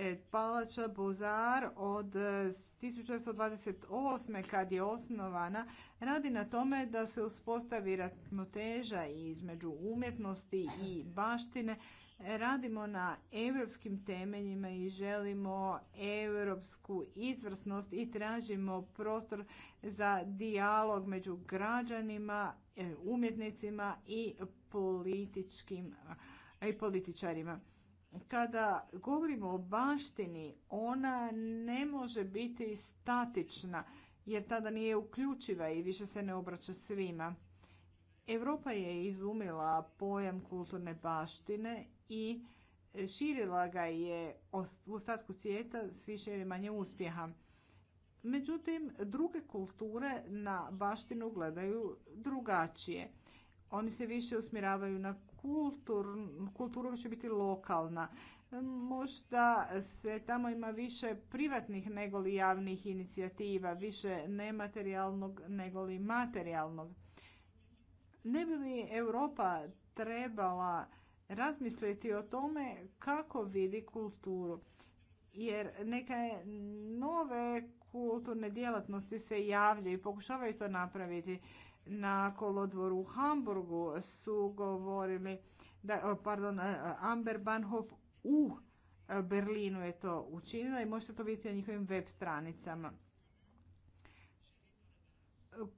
E, Palača Bozar od 1928. E, kad je osnovana radi na tome da se uspostavi ravnoteža između umjetnosti i baštine. Radimo na europskim temeljima i želimo europsku izvrsnost i tražimo prostor za dijalog među građanima, e, umjetnicima i političkim i političarima. Kada govorimo o baštini, ona ne može biti statična jer tada nije uključiva i više se ne obraća svima. Europa je izumila pojam kulturne baštine i širila ga je u ostatku svijeta s više ili manje uspjeha. Međutim, druge kulture na baštinu gledaju drugačije. Oni se više usmjeravaju na Kulturu kultura će biti lokalna. Možda se tamo ima više privatnih nego li javnih inicijativa, više nematerijalnog nego li materijalnog. Ne bi Europa trebala razmisliti o tome kako vidi kulturu? Jer neke nove kulturne djelatnosti se javljaju i pokušavaju to napraviti na kolodvoru u Hamburgu su govorili, da, pardon, e, Amber Banhof u e, Berlinu je to učinila i možete to vidjeti na njihovim web stranicama.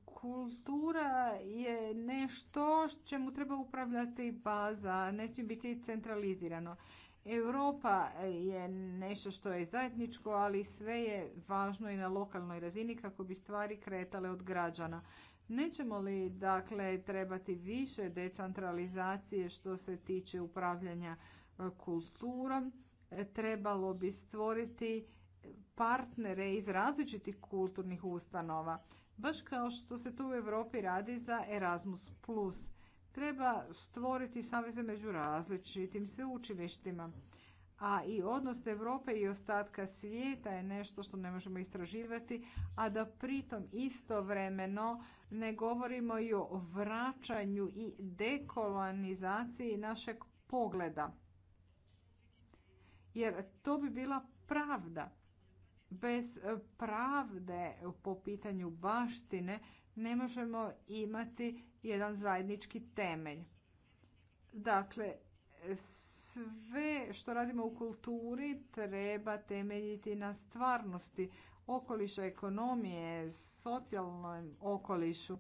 Kultura je nešto čemu treba upravljati baza, ne smije biti centralizirano. Europa je nešto što je zajedničko, ali sve je važno i na lokalnoj razini kako bi stvari kretale od građana. Nećemo li dakle trebati više decentralizacije što se tiče upravljanja e, kulturom? E, trebalo bi stvoriti partnere iz različitih kulturnih ustanova, baš kao što se tu u Europi radi za Erasmus+. Treba stvoriti saveze među različitim sveučilištima. A i odnos Europe i ostatka svijeta je nešto što ne možemo istraživati, a da pritom istovremeno ne govorimo i o vraćanju i dekolonizaciji našeg pogleda. Jer to bi bila pravda. Bez pravde po pitanju baštine ne možemo imati jedan zajednički temelj. Dakle, sve što radimo u kulturi treba temeljiti na stvarnosti okoliša, ekonomije, socijalnom okolišu.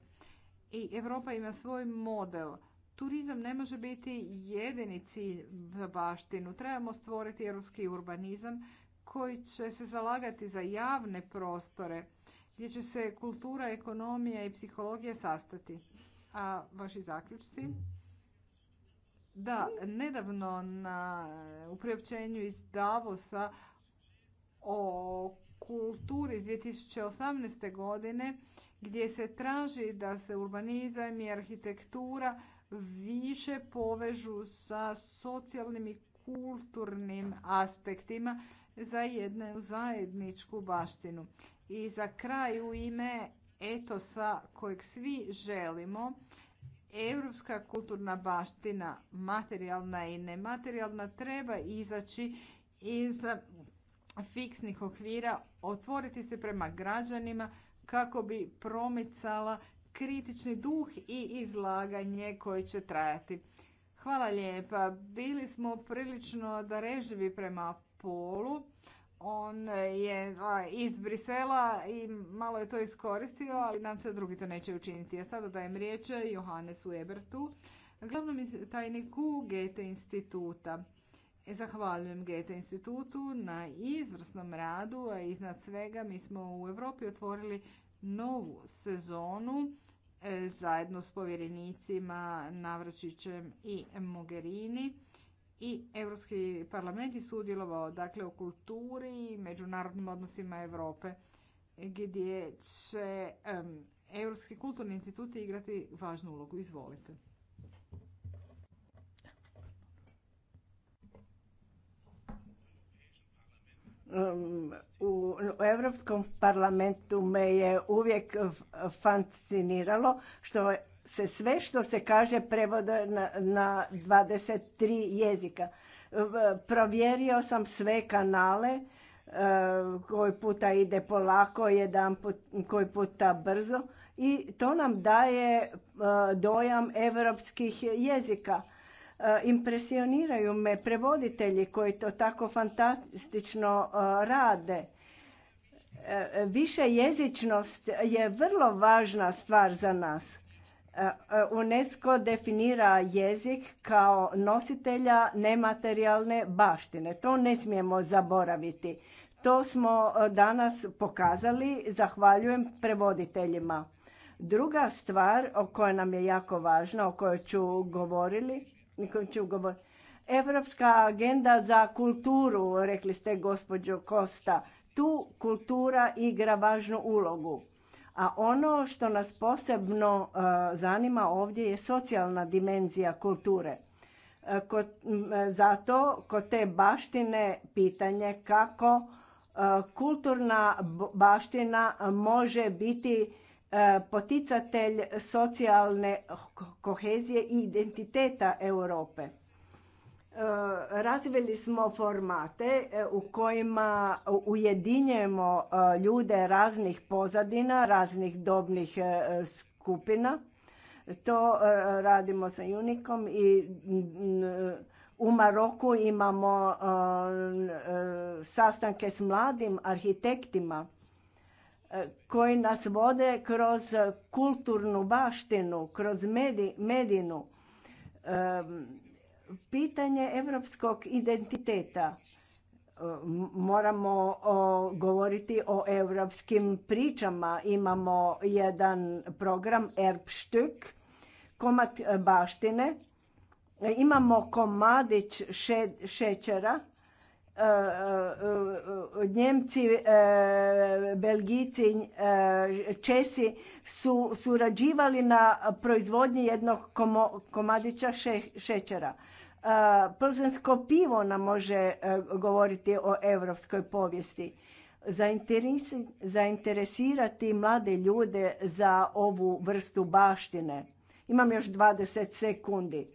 I Europa ima svoj model. Turizam ne može biti jedini cilj za baštinu. Trebamo stvoriti europski urbanizam koji će se zalagati za javne prostore gdje će se kultura, ekonomija i psihologija sastati. A vaši zaključci? Da, nedavno na, u priopćenju iz Davosa o kulturi iz 2018. godine gdje se traži da se urbanizam i arhitektura više povežu sa socijalnim i kulturnim aspektima za jednu zajedničku baštinu. I za kraj u ime etosa kojeg svi želimo, europska kulturna baština, materijalna i nematerijalna, treba izaći iz fiksnih okvira otvoriti se prema građanima kako bi promicala kritični duh i izlaganje koje će trajati. Hvala lijepa. Bili smo prilično darežljivi prema polu. On je iz Brisela i malo je to iskoristio, ali nam se drugi to neće učiniti. Ja sada dajem riječ Johannesu Ebertu, glavnom tajniku GT instituta. E, zahvaljujem Geta institutu na izvrsnom radu, a iznad svega mi smo u Europi otvorili novu sezonu e, zajedno s povjerenicima Navračićem i Mogherini i Europski parlament je sudjelovao dakle u kulturi i međunarodnim odnosima Europe gdje će Europski kulturni institut igrati važnu ulogu. Izvolite. u Europskom parlamentu me je uvijek fasciniralo što se sve što se kaže prevode na, na 23 jezika. Provjerio sam sve kanale, e, koji puta ide polako, jedan koji puta brzo i to nam daje e, dojam europskih jezika E, impresioniraju me prevoditelji koji to tako fantastično e, rade. E, Više jezičnost je vrlo važna stvar za nas. UNESCO definira jezik kao nositelja nematerijalne baštine. To ne smijemo zaboraviti. To smo danas pokazali, zahvaljujem prevoditeljima. Druga stvar koja nam je jako važna, o kojoj ću govorili, koji Evropska agenda za kulturu, rekli ste gospođo Kosta, tu kultura igra važnu ulogu. A ono što nas posebno e, zanima ovdje je socijalna dimenzija kulture. E, zato kod te baštine pitanje kako e, kulturna baština može biti E, poticatelj socijalne kohezije i identiteta Europe. E, razvili smo formate e, u kojima ujedinjujemo ljude raznih pozadina, raznih dobnih skupina. To radimo sa Unikom i u Maroku imamo sastanke s mladim arhitektima koji nas vode kroz kulturnu baštinu, kroz medinu. Pitanje evropskog identiteta. Moramo govoriti o evropskim pričama. Imamo jedan program Erbstück, komad baštine. Imamo komadić šećera E, e, e, Njemci, Belgici, Česi su surađivali na proizvodnji jednog komadića šećera. Plzensko pivo nam može govoriti o europskoj povijesti. Zainteresirati mlade ljude za ovu vrstu baštine. Imam još 20 sekundi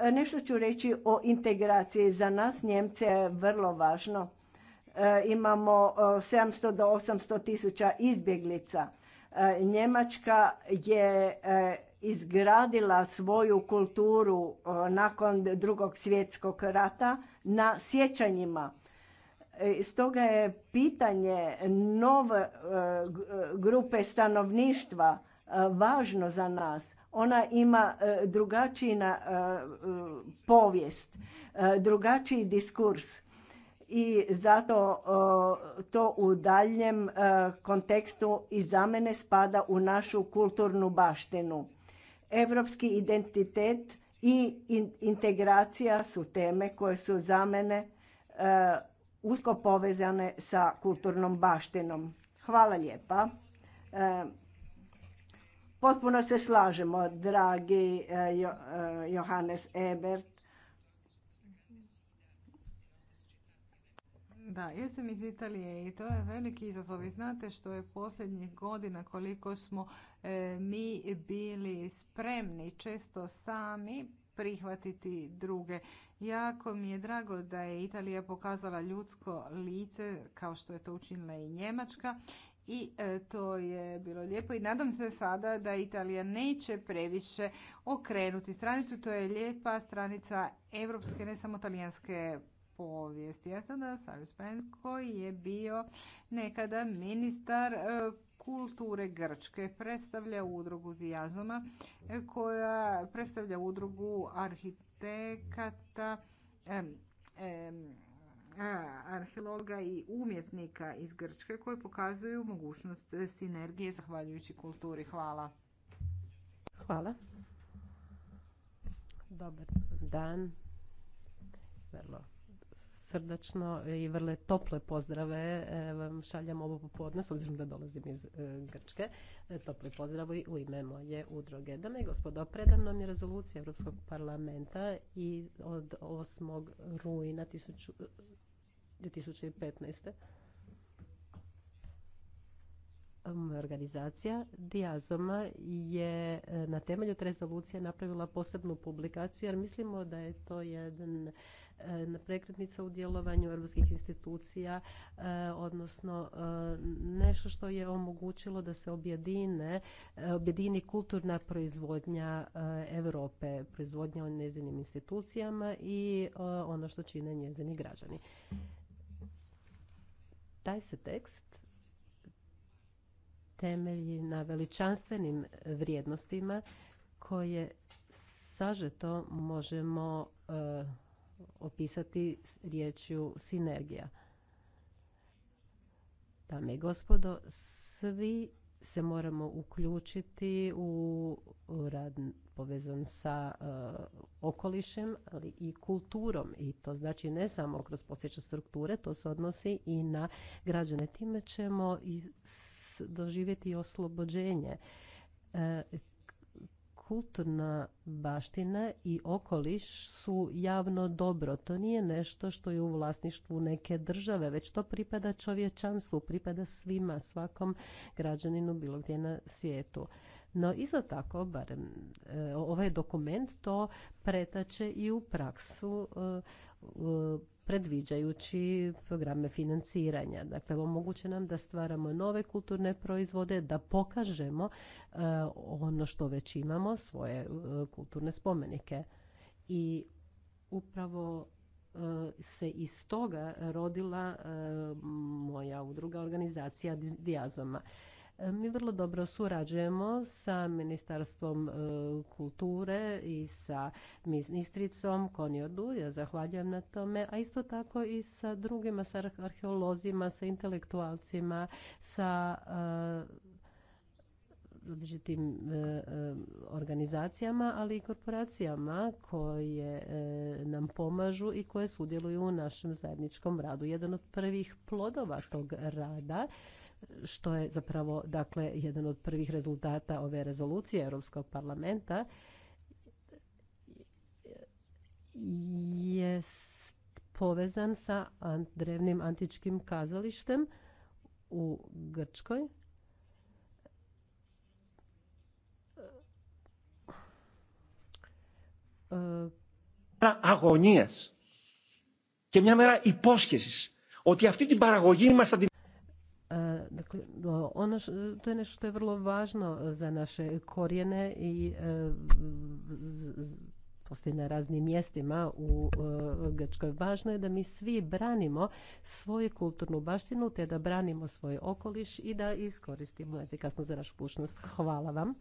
E, nešto ću reći o integraciji. Za nas Njemce je vrlo važno. E, imamo 700 e, do 800 tisuća izbjeglica. Njemačka je izgradila svoju kulturu nakon drugog svjetskog rata na sjećanjima. Stoga je pitanje nove grupe stanovništva važno za nas. Ona ima e, drugačiji e, e, povijest, drugačiji diskurs i zato to u daljem kontekstu i za mene spada u našu kulturnu baštinu. Evropski identitet i integracija su teme koje su za mene usko povezane sa kulturnom baštinom. Hvala lijepa. Potpuno se slažemo, dragi e, e, Johannes Ebert. Da, jesam iz Italije i to je veliki izazov. I znate što je posljednjih godina koliko smo e, mi bili spremni često sami prihvatiti druge. Jako mi je drago da je Italija pokazala ljudsko lice kao što je to učinila i Njemačka i e, to je bilo lijepo i nadam se sada da Italija neće previše okrenuti stranicu. To je lijepa stranica evropske, ne samo talijanske povijesti. A sada Savjus koji je bio nekada ministar e, kulture Grčke. Predstavlja udrugu Zijazoma e, koja predstavlja udrugu arhitekata arheologa i umjetnika iz Grčke koji pokazuju mogućnost sinergije zahvaljujući kulturi. Hvala. Hvala. Dobar dan. Vrlo srdačno i vrlo tople pozdrave e, vam šaljam ovo popodne s obzirom da dolazim iz e, Grčke. E, tople pozdravi u ime moje udruge. Dame i gospodo, predam nam je rezolucija Europskog parlamenta i od 8. rujna 2015. Organizacija Dijazoma je e, na temelju te rezolucije napravila posebnu publikaciju jer mislimo da je to jedan e, prekretnica u djelovanju europskih institucija, e, odnosno nešto što je omogućilo da se objedine, objedini kulturna proizvodnja Europe, proizvodnja o njezinim institucijama i ono što čine njezini građani. Taj se tekst temelji na veličanstvenim vrijednostima koje sažeto možemo e, opisati riječju sinergija. Dame i gospodo, svi se moramo uključiti u rad povezan sa e, okolišem ali i kulturom i to znači ne samo kroz posjeće strukture, to se odnosi i na građane. Time ćemo i doživjeti oslobođenje e, kulturna baština i okoliš su javno dobro. To nije nešto što je u vlasništvu neke države, već to pripada čovječanstvu, pripada svima, svakom građaninu bilo gdje na svijetu. No isto tako, barem e, ovaj dokument to pretače i u praksu e, predviđajući programe financiranja. Dakle, omoguće nam da stvaramo nove kulturne proizvode, da pokažemo e, ono što već imamo, svoje kulturne spomenike. I upravo se iz toga rodila moja udruga organizacija Dijazoma. E, mi vrlo dobro surađujemo sa Ministarstvom e, kulture i sa ministricom Konjodu, ja zahvaljujem na tome, a isto tako i sa drugima, sa arheolozima, sa intelektualcima, sa e, različitim organizacijama, ali i korporacijama koje nam pomažu i koje sudjeluju u našem zajedničkom radu. Jedan od prvih plodova tog rada što je zapravo dakle jedan od prvih rezultata ove rezolucije Europskog parlamenta je povezan sa drevnim antičkim kazalištem u Grčkoj. Αγωνίας και μια μέρα υπόσχεσης ότι αυτή την παραγωγή μας Dakle, ono š, to je nešto što je vrlo važno e, za naše korijene i e, na raznim mjestima u e, Grčkoj. Važno je da mi svi branimo svoju kulturnu baštinu te da branimo svoj okoliš i da iskoristimo efikasno za našu pušnost. Hvala vam.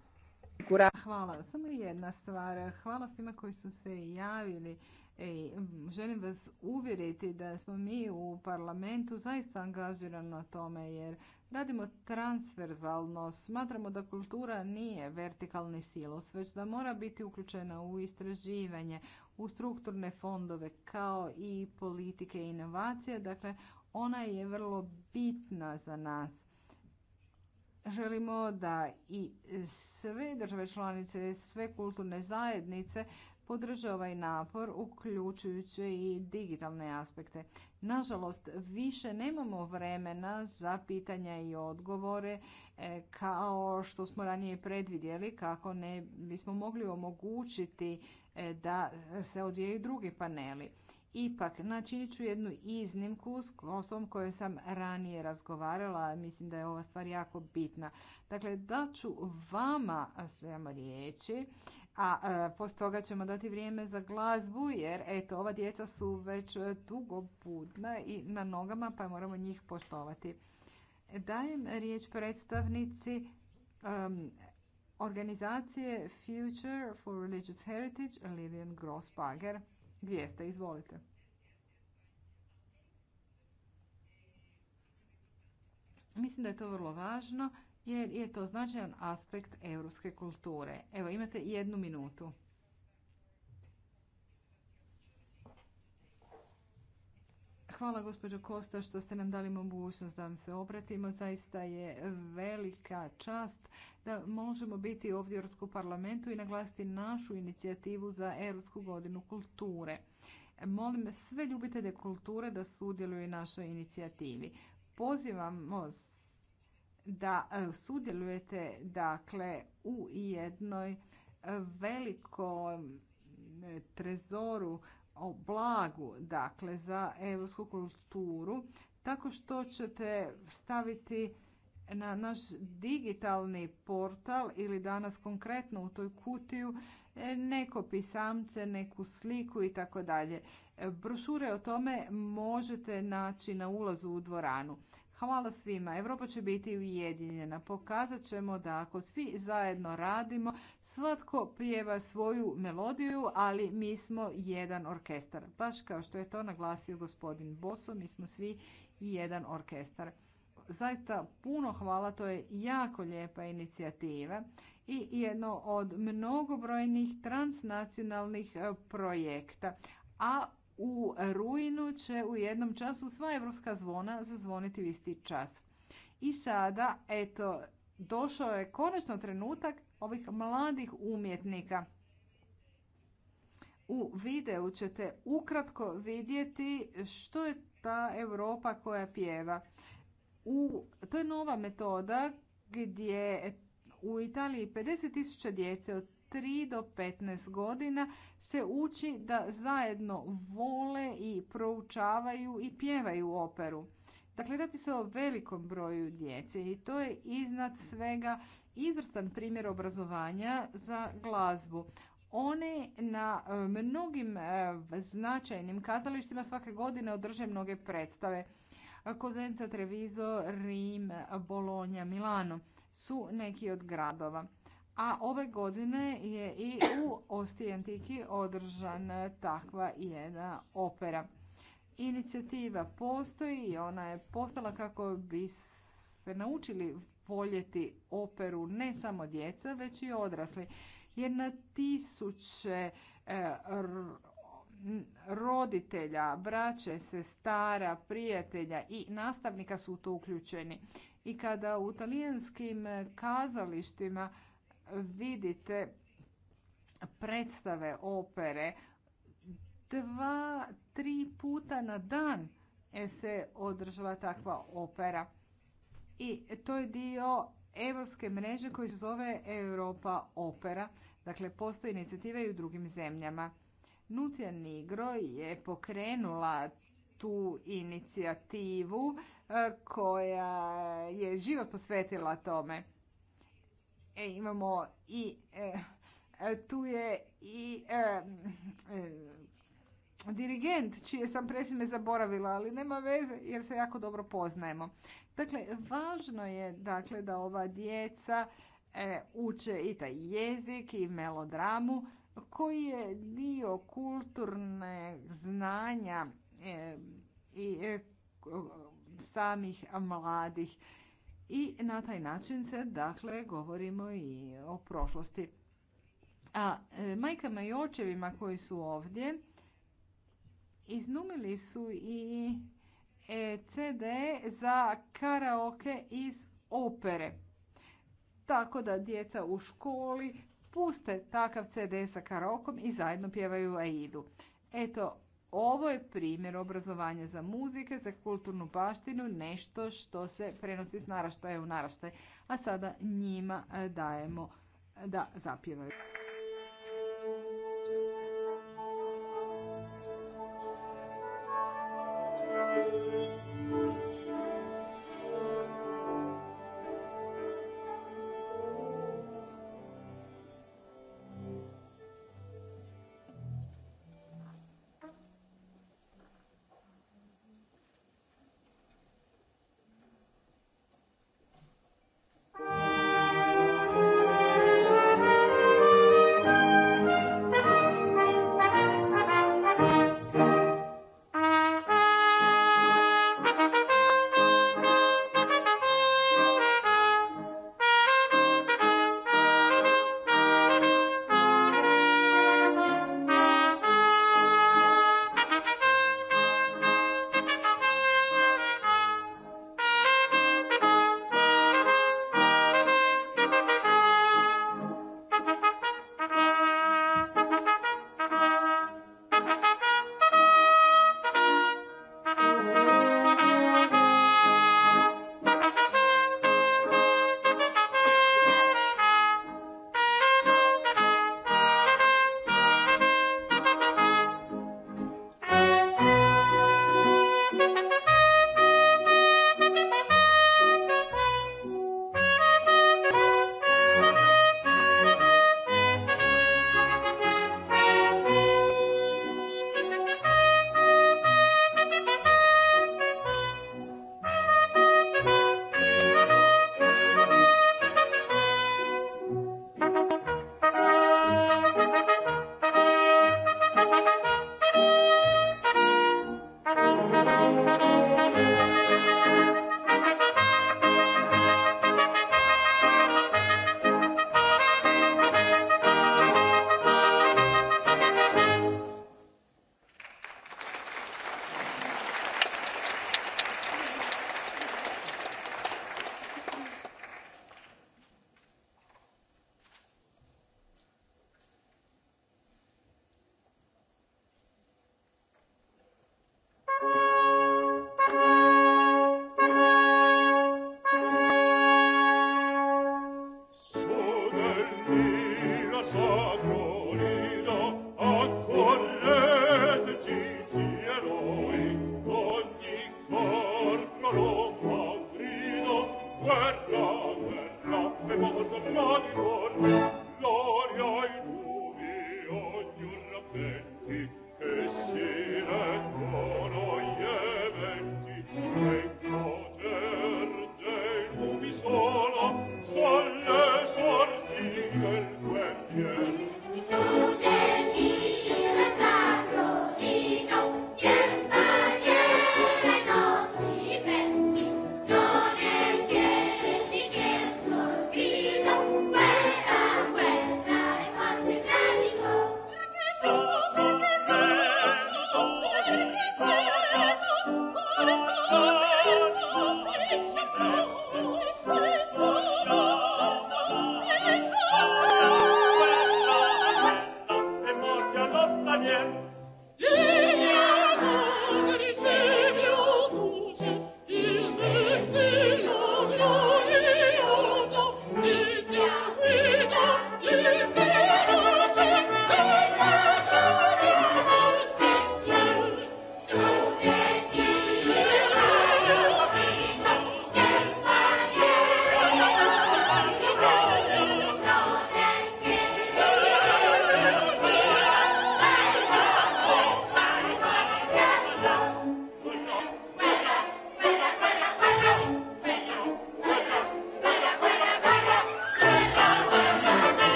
Hvala. Samo jedna stvar. Hvala svima koji su se javili i želim vas uvjeriti da smo mi u parlamentu zaista angažirani na tome jer radimo transverzalno. Smatramo da kultura nije vertikalni silos, već da mora biti uključena u istraživanje, u strukturne fondove kao i politike i inovacije. Dakle, ona je vrlo bitna za nas. Želimo da i sve države članice, sve kulturne zajednice podrže ovaj napor uključujući i digitalne aspekte. Nažalost, više nemamo vremena za pitanja i odgovore e, kao što smo ranije predvidjeli kako ne bismo mogli omogućiti e, da se odvijaju drugi paneli. Ipak, načinit ću jednu iznimku s osobom kojoj sam ranije razgovarala. Mislim da je ova stvar jako bitna. Dakle, daću vama samo riječi a e, post toga ćemo dati vrijeme za glazbu jer eto ova djeca su već e, dugo budna i na nogama pa moramo njih poštovati. Dajem riječ predstavnici organizacije Future for Religious Heritage Lilian Grossbager. Gdje ste? Izvolite. Mislim da je to vrlo važno jer je to značajan aspekt europske kulture. Evo, imate jednu minutu. Hvala gospođo Kosta što ste nam dali mogućnost da vam se obratimo. Zaista je velika čast da možemo biti ovdje u Europskom parlamentu i naglasiti našu inicijativu za Europsku godinu kulture. Molim sve ljubitelje kulture da sudjeluju u našoj inicijativi. Pozivamo da e, sudjelujete dakle u jednoj e, velikom e, trezoru o blagu dakle za europsku kulturu tako što ćete staviti na naš digitalni portal ili danas konkretno u toj kutiju neko pisamce, neku sliku i tako dalje. Brošure o tome možete naći na ulazu u dvoranu. Hvala svima. Europa će biti ujedinjena. Pokazat ćemo da ako svi zajedno radimo, svatko pjeva svoju melodiju, ali mi smo jedan orkestar. Baš kao što je to naglasio gospodin Boso, mi smo svi jedan orkestar. Zaista puno hvala, to je jako lijepa inicijativa i jedno od mnogobrojnih transnacionalnih e, projekta. A u rujnu će u jednom času sva evropska zvona zazvoniti u isti čas. I sada, eto, došao je konačno trenutak ovih mladih umjetnika. U videu ćete ukratko vidjeti što je ta Europa koja pjeva. U, to je nova metoda gdje u Italiji 50.000 djece od 3 do 15 godina se uči da zajedno vole i proučavaju i pjevaju operu. Dakle, radi se o velikom broju djece i to je iznad svega izvrstan primjer obrazovanja za glazbu. One na e, mnogim e, značajnim kazalištima svake godine održe mnoge predstave. Kozenca, Treviso, Rim, Bolonja, Milano su neki od gradova a ove godine je i u Osti Antiki održan e, takva jedna opera. Inicijativa postoji i ona je postala kako bi se naučili voljeti operu ne samo djeca, već i odrasli. Jer na tisuće e, roditelja, braće, sestara, prijatelja i nastavnika su u to uključeni. I kada u talijanskim e, kazalištima vidite predstave opere dva, tri puta na dan se održava takva opera. I to je dio europske mreže koji se zove Europa opera. Dakle, postoji inicijativa i u drugim zemljama. Nucija Nigro je pokrenula tu inicijativu e, koja je život posvetila tome e, imamo i e, e, tu je i e, e dirigent čije sam presime zaboravila, ali nema veze jer se jako dobro poznajemo. Dakle, važno je dakle da ova djeca e, uče i taj jezik i melodramu koji je dio kulturne znanja i samih mladih i na taj način se dakle govorimo i o prošlosti. A e, majkama i očevima koji su ovdje iznumili su i e, CD za karaoke iz opere. Tako da djeca u školi puste takav CD sa karaokom i zajedno pjevaju Aidu. Eto, ovo je primjer obrazovanja za muzike, za kulturnu baštinu, nešto što se prenosi s naraštaja u naraštaj. A sada njima e, dajemo e, da zapjevaju.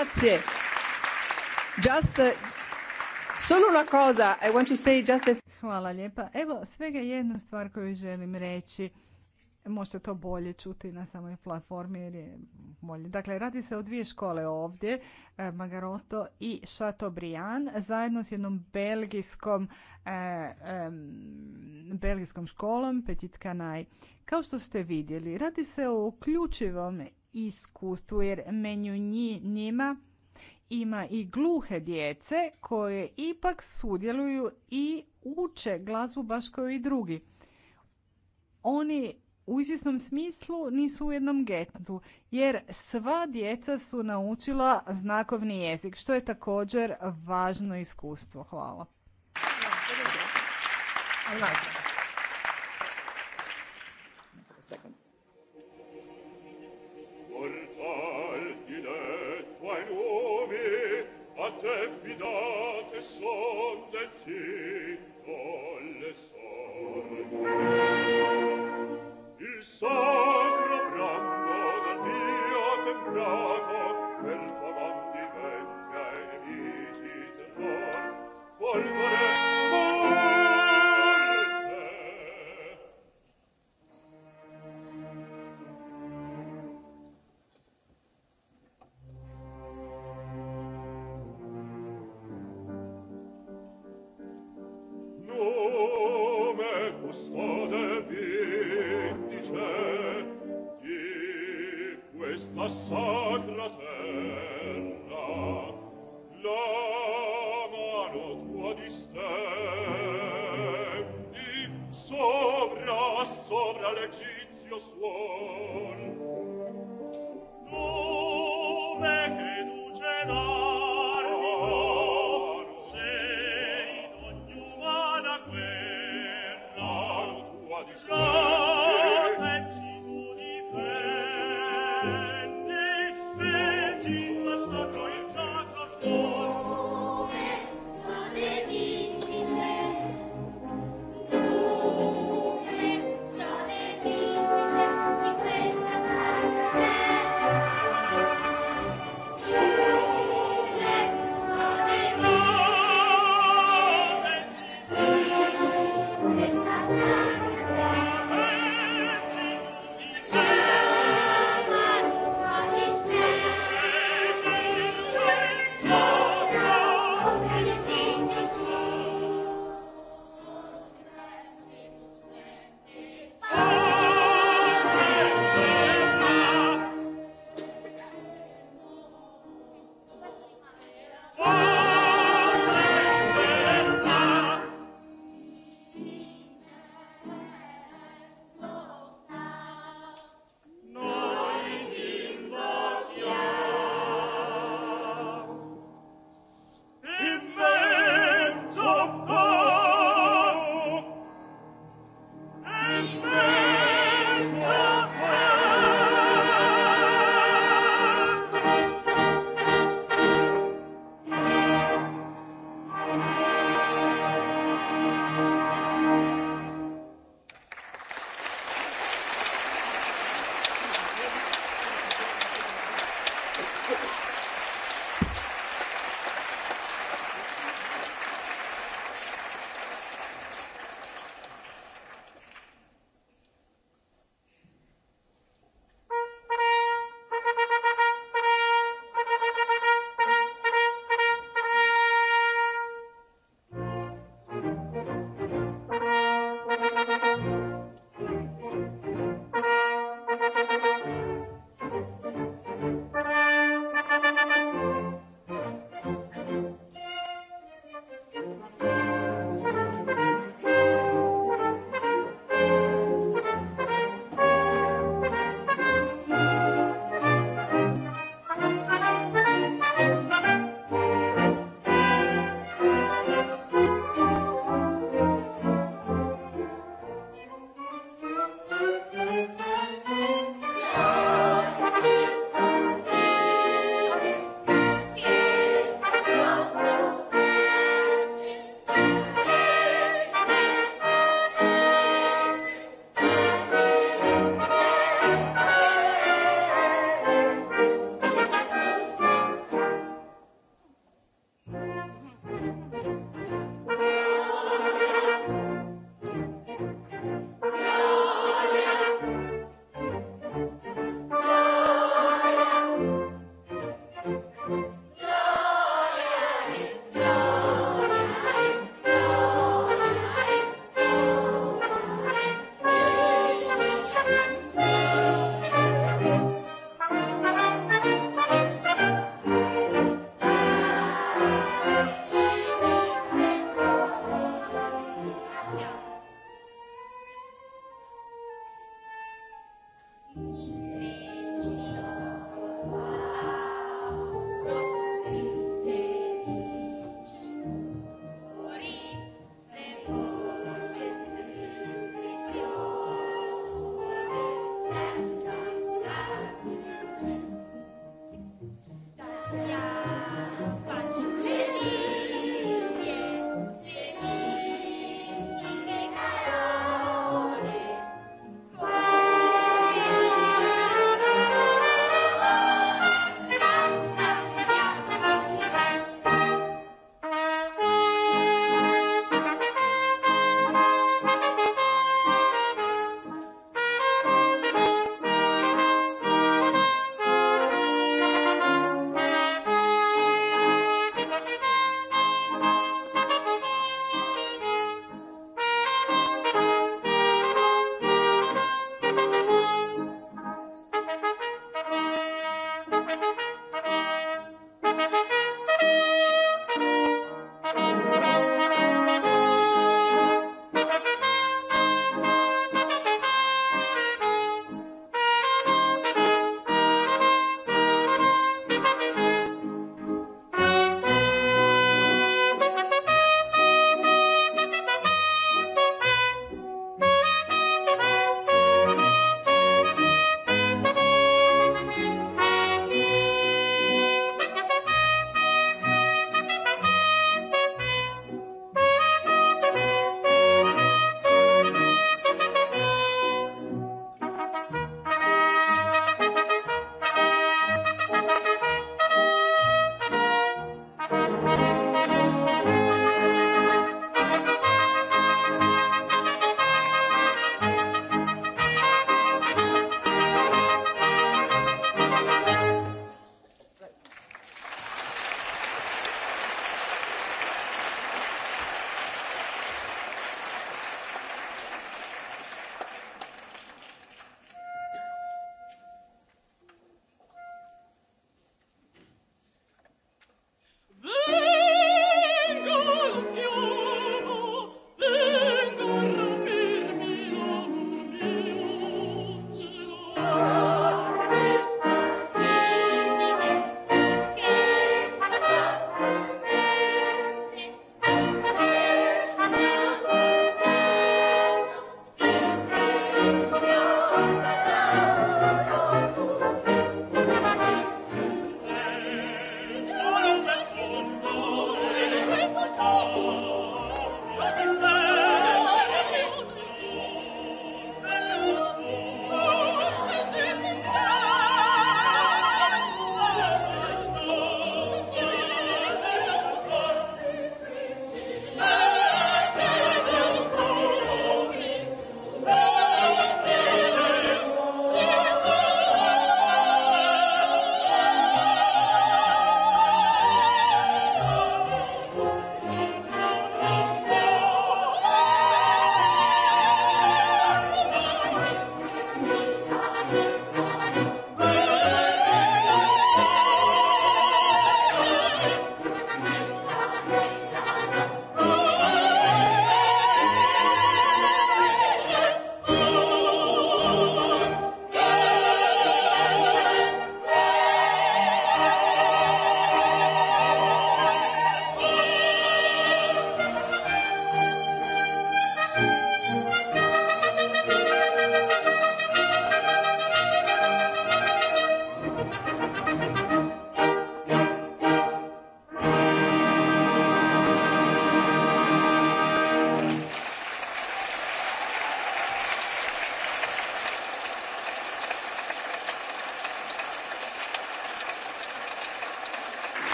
Grazie. Just Solo una cosa, I want to say just Hvala lijepa. Evo, svega jednu stvar koju želim reći. Možete to bolje čuti na samoj platformi jer je Dakle, radi se o dvije škole ovdje, e, Magaroto i Chateaubriand, zajedno s jednom belgijskom, e, belgijskom školom Petit Kanaj. Kao što ste vidjeli, radi se o uključivom iskustvu jer menju njima ima i gluhe djece koje ipak sudjeluju i uče glazbu baš kao i drugi. Oni u izvjesnom smislu nisu u jednom getu, jer sva djeca su naučila znakovni jezik, što je također važno iskustvo. Hvala. te fidate son del cittole sol. Il sacro brando del mio temprato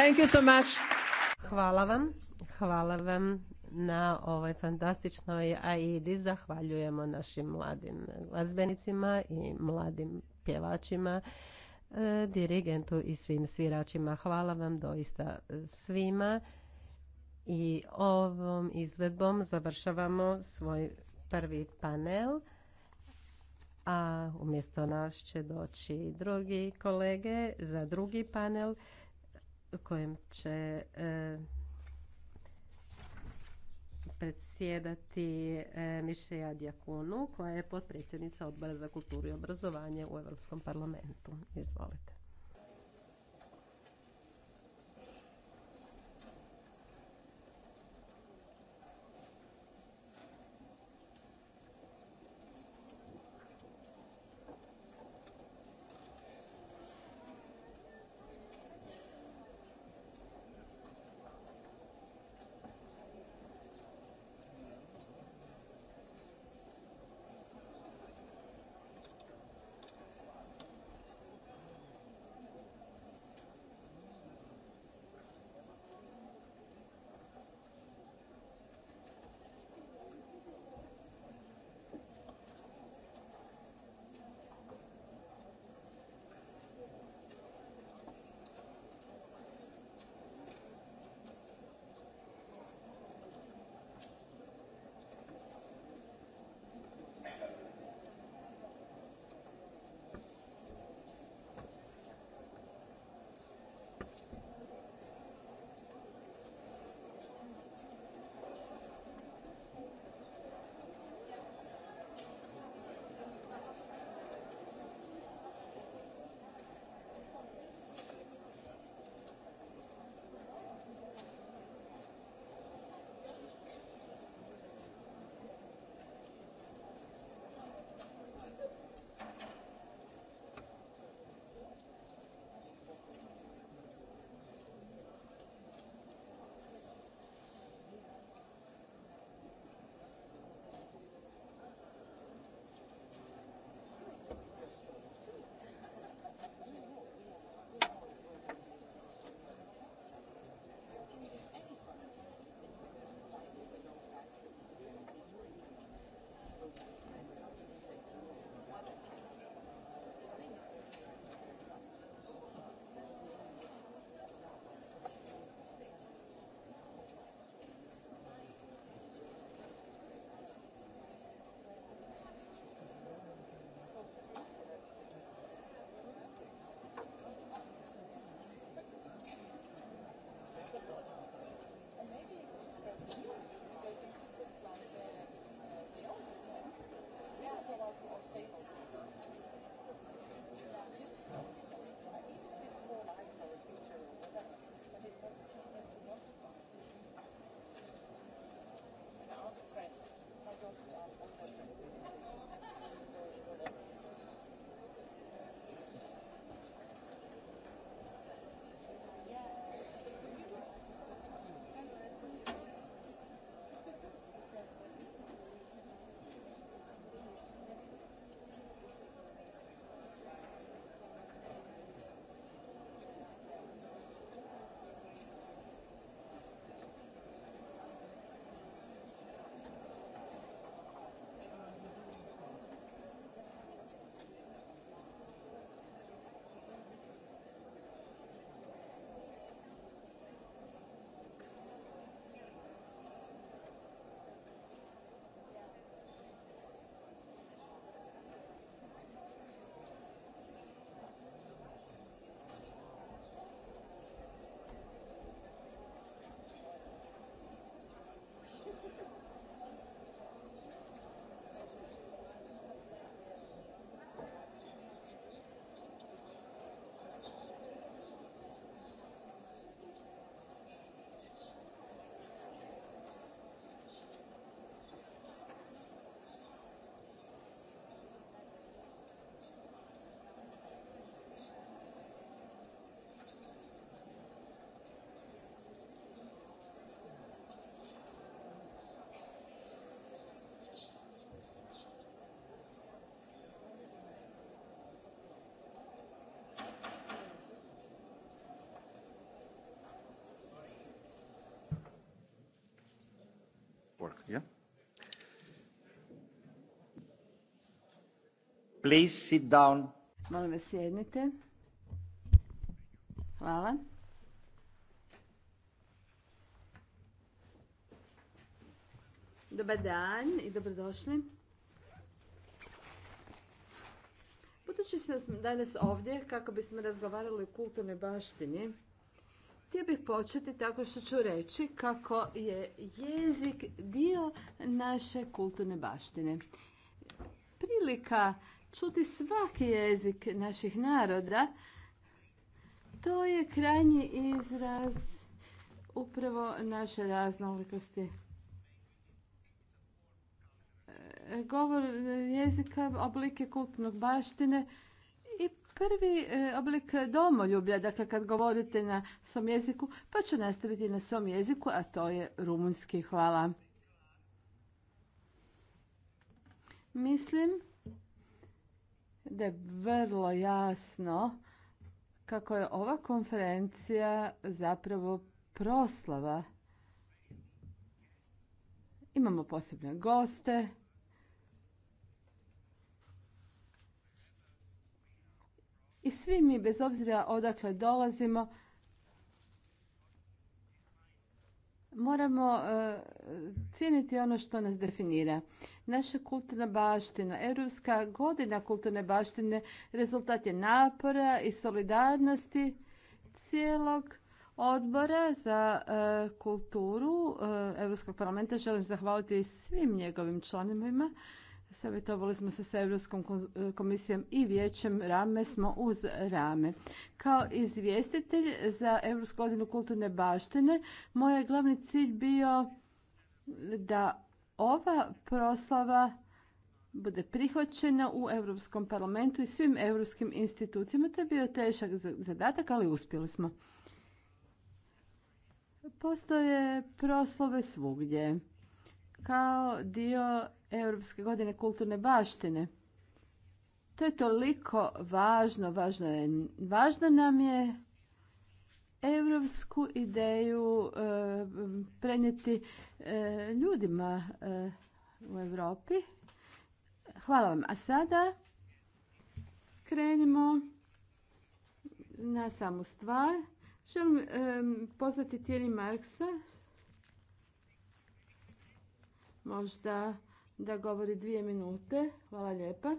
Thank you Hvala vam. Hvala vam na ovoj fantastičnoj AIDI. Zahvaljujemo našim mladim glazbenicima i mladim pjevačima, e, dirigentu i svim sviračima. Hvala vam doista svima. I ovom izvedbom završavamo svoj prvi panel. A umjesto nas će doći drugi kolege za drugi panel kojem će e, predsjedati e, Mišeja Djakunu, koja je potpredsjednica Odbora za kulturu i obrazovanje u Europskom parlamentu. Izvolite. work. Please sit down. Molim vas sjednite. Hvala. Dobar dan i dobrodošli. Budući smo danas ovdje kako bismo razgovarali o kulturnoj baštini, Htio bih početi tako što ću reći kako je jezik dio naše kulturne baštine. Prilika čuti svaki jezik naših naroda, to je krajnji izraz upravo naše raznolikosti. Govor jezika oblike kulturnog baštine prvi e, oblik domoljublja, dakle kad govorite na svom jeziku, pa ću nastaviti na svom jeziku, a to je rumunski. Hvala. Mislim da je vrlo jasno kako je ova konferencija zapravo proslava. Imamo posebne goste, i svi mi, bez obzira odakle dolazimo, moramo e, cijeniti ono što nas definira. Naša kulturna baština, Europska godina kulturne baštine, rezultat je napora i solidarnosti cijelog odbora za e, kulturu e, Europskog parlamenta. Želim zahvaliti svim njegovim članovima Savjetovali smo se s Europskom eh, komisijom i vijećem rame smo uz rame. Kao izvjestitelj za Europsku godinu kulturne baštine, moj je glavni cilj bio da ova proslava bude prihvaćena u Europskom parlamentu i svim europskim institucijama. To je bio tešak zadatak, ali uspjeli smo. Postoje proslove svugdje kao dio Europske godine kulturne baštine. To je toliko važno, važno, je, važno nam je europsku ideju e, prenijeti e, ljudima e, u Europi. Hvala vam. A sada krenimo na samu stvar. Želim pozvati Thierry Marksa, možda da govori dvije minute. Hvala lijepa.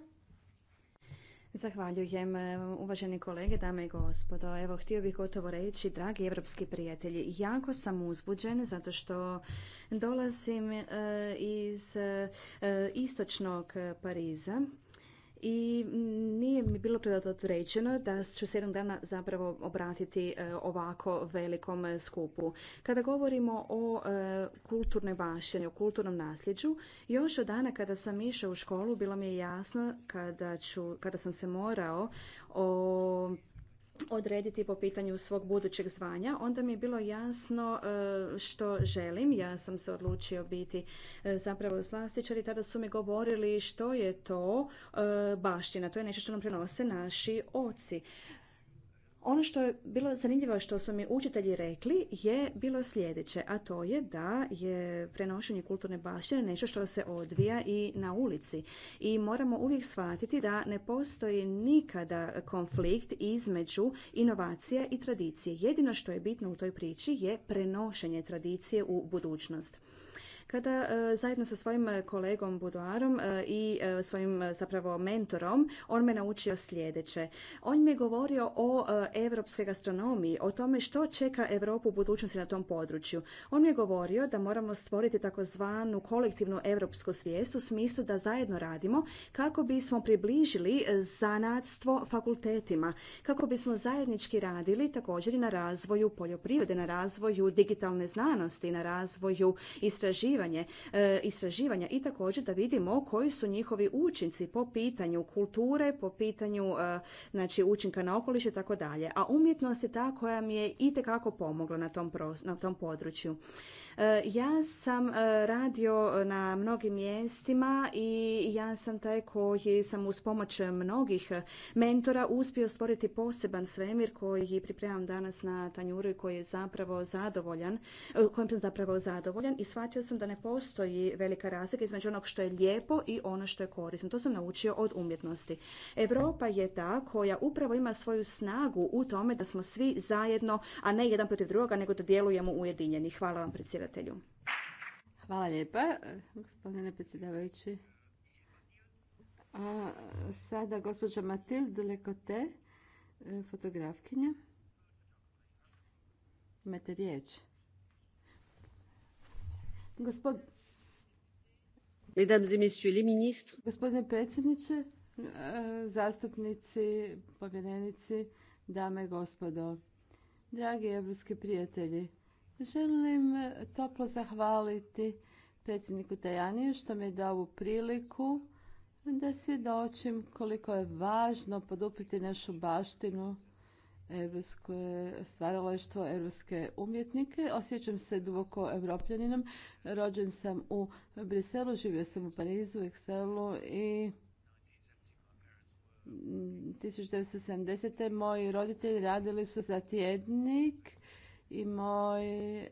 Zahvaljujem e, uvaženi kolege, dame i gospodo. Evo, htio bih gotovo reći, dragi evropski prijatelji, jako sam uzbuđen zato što dolazim e, iz e, istočnog Pariza i nije mi bilo predotrećeno da ću se jednog dana zapravo obratiti e, ovako velikom skupu. Kada govorimo o e, kulturnoj baštini, o kulturnom nasljeđu, još od dana kada sam išao u školu bilo mi je jasno kada, ću, kada sam se morao o odrediti po pitanju svog budućeg zvanja, onda mi je bilo jasno e, što želim. Ja sam se odlučio biti e, zapravo slastičar i tada su mi govorili što je to e, baština. To je nešto što nam prenose naši oci. Ono što je bilo zanimljivo što su mi učitelji rekli je bilo sljedeće, a to je da je prenošenje kulturne baštine nešto što se odvija i na ulici. I moramo uvijek shvatiti da ne postoji nikada konflikt između inovacija i tradicije. Jedino što je bitno u toj priči je prenošenje tradicije u budućnost. Kada e, zajedno sa svojim e, kolegom Buduarom e, i svojim zapravo mentorom, on me naučio sljedeće. On mi je govorio o europskoj gastronomiji, o tome što čeka Europu u budućnosti na tom području. On mi je govorio da moramo stvoriti takozvanu kolektivnu europsku svijest u smislu da zajedno radimo kako bismo približili zanadstvo fakultetima, kako bismo zajednički radili također i na razvoju poljoprivrede, na razvoju digitalne znanosti, na razvoju istraživanja istraživanje, e, istraživanja i također da vidimo koji su njihovi učinci po pitanju kulture, po pitanju e, znači, učinka na okoliš i tako dalje. A umjetnost je ta koja mi je itekako pomogla na tom, na tom području. E, ja sam radio na mnogim mjestima i ja sam taj koji sam uz pomoć mnogih mentora uspio stvoriti poseban svemir koji pripremam danas na tanjuru i koji je zapravo zadovoljan, kojim sam zapravo zadovoljan i shvatio sam da ne postoji velika razlika između onog što je lijepo i ono što je korisno. To sam naučio od umjetnosti. Europa je ta koja upravo ima svoju snagu u tome da smo svi zajedno, a ne jedan protiv drugoga, nego da djelujemo ujedinjeni. Hvala vam predsjedatelju. Hvala lijepa, gospodine predsjedavajući. A sada gospođa Matilde Lekote, e, fotografkinja. Imate riječ. Mesdames et messieurs les ministres. Gospodine predsjedniče, e, zastupnici, povjerenici, dame i gospodo, dragi evropski prijatelji, želim toplo zahvaliti predsjedniku Tajaniju što mi je dao ovu priliku da svjedočim koliko je važno podupiti našu baštinu europsko stvaralaštvo, europske umjetnike. Osjećam se duboko evropljaninom. Rođen sam u Briselu, živio sam u Parizu, u Excelu i 1970. moji roditelji radili su za tjednik i moj e,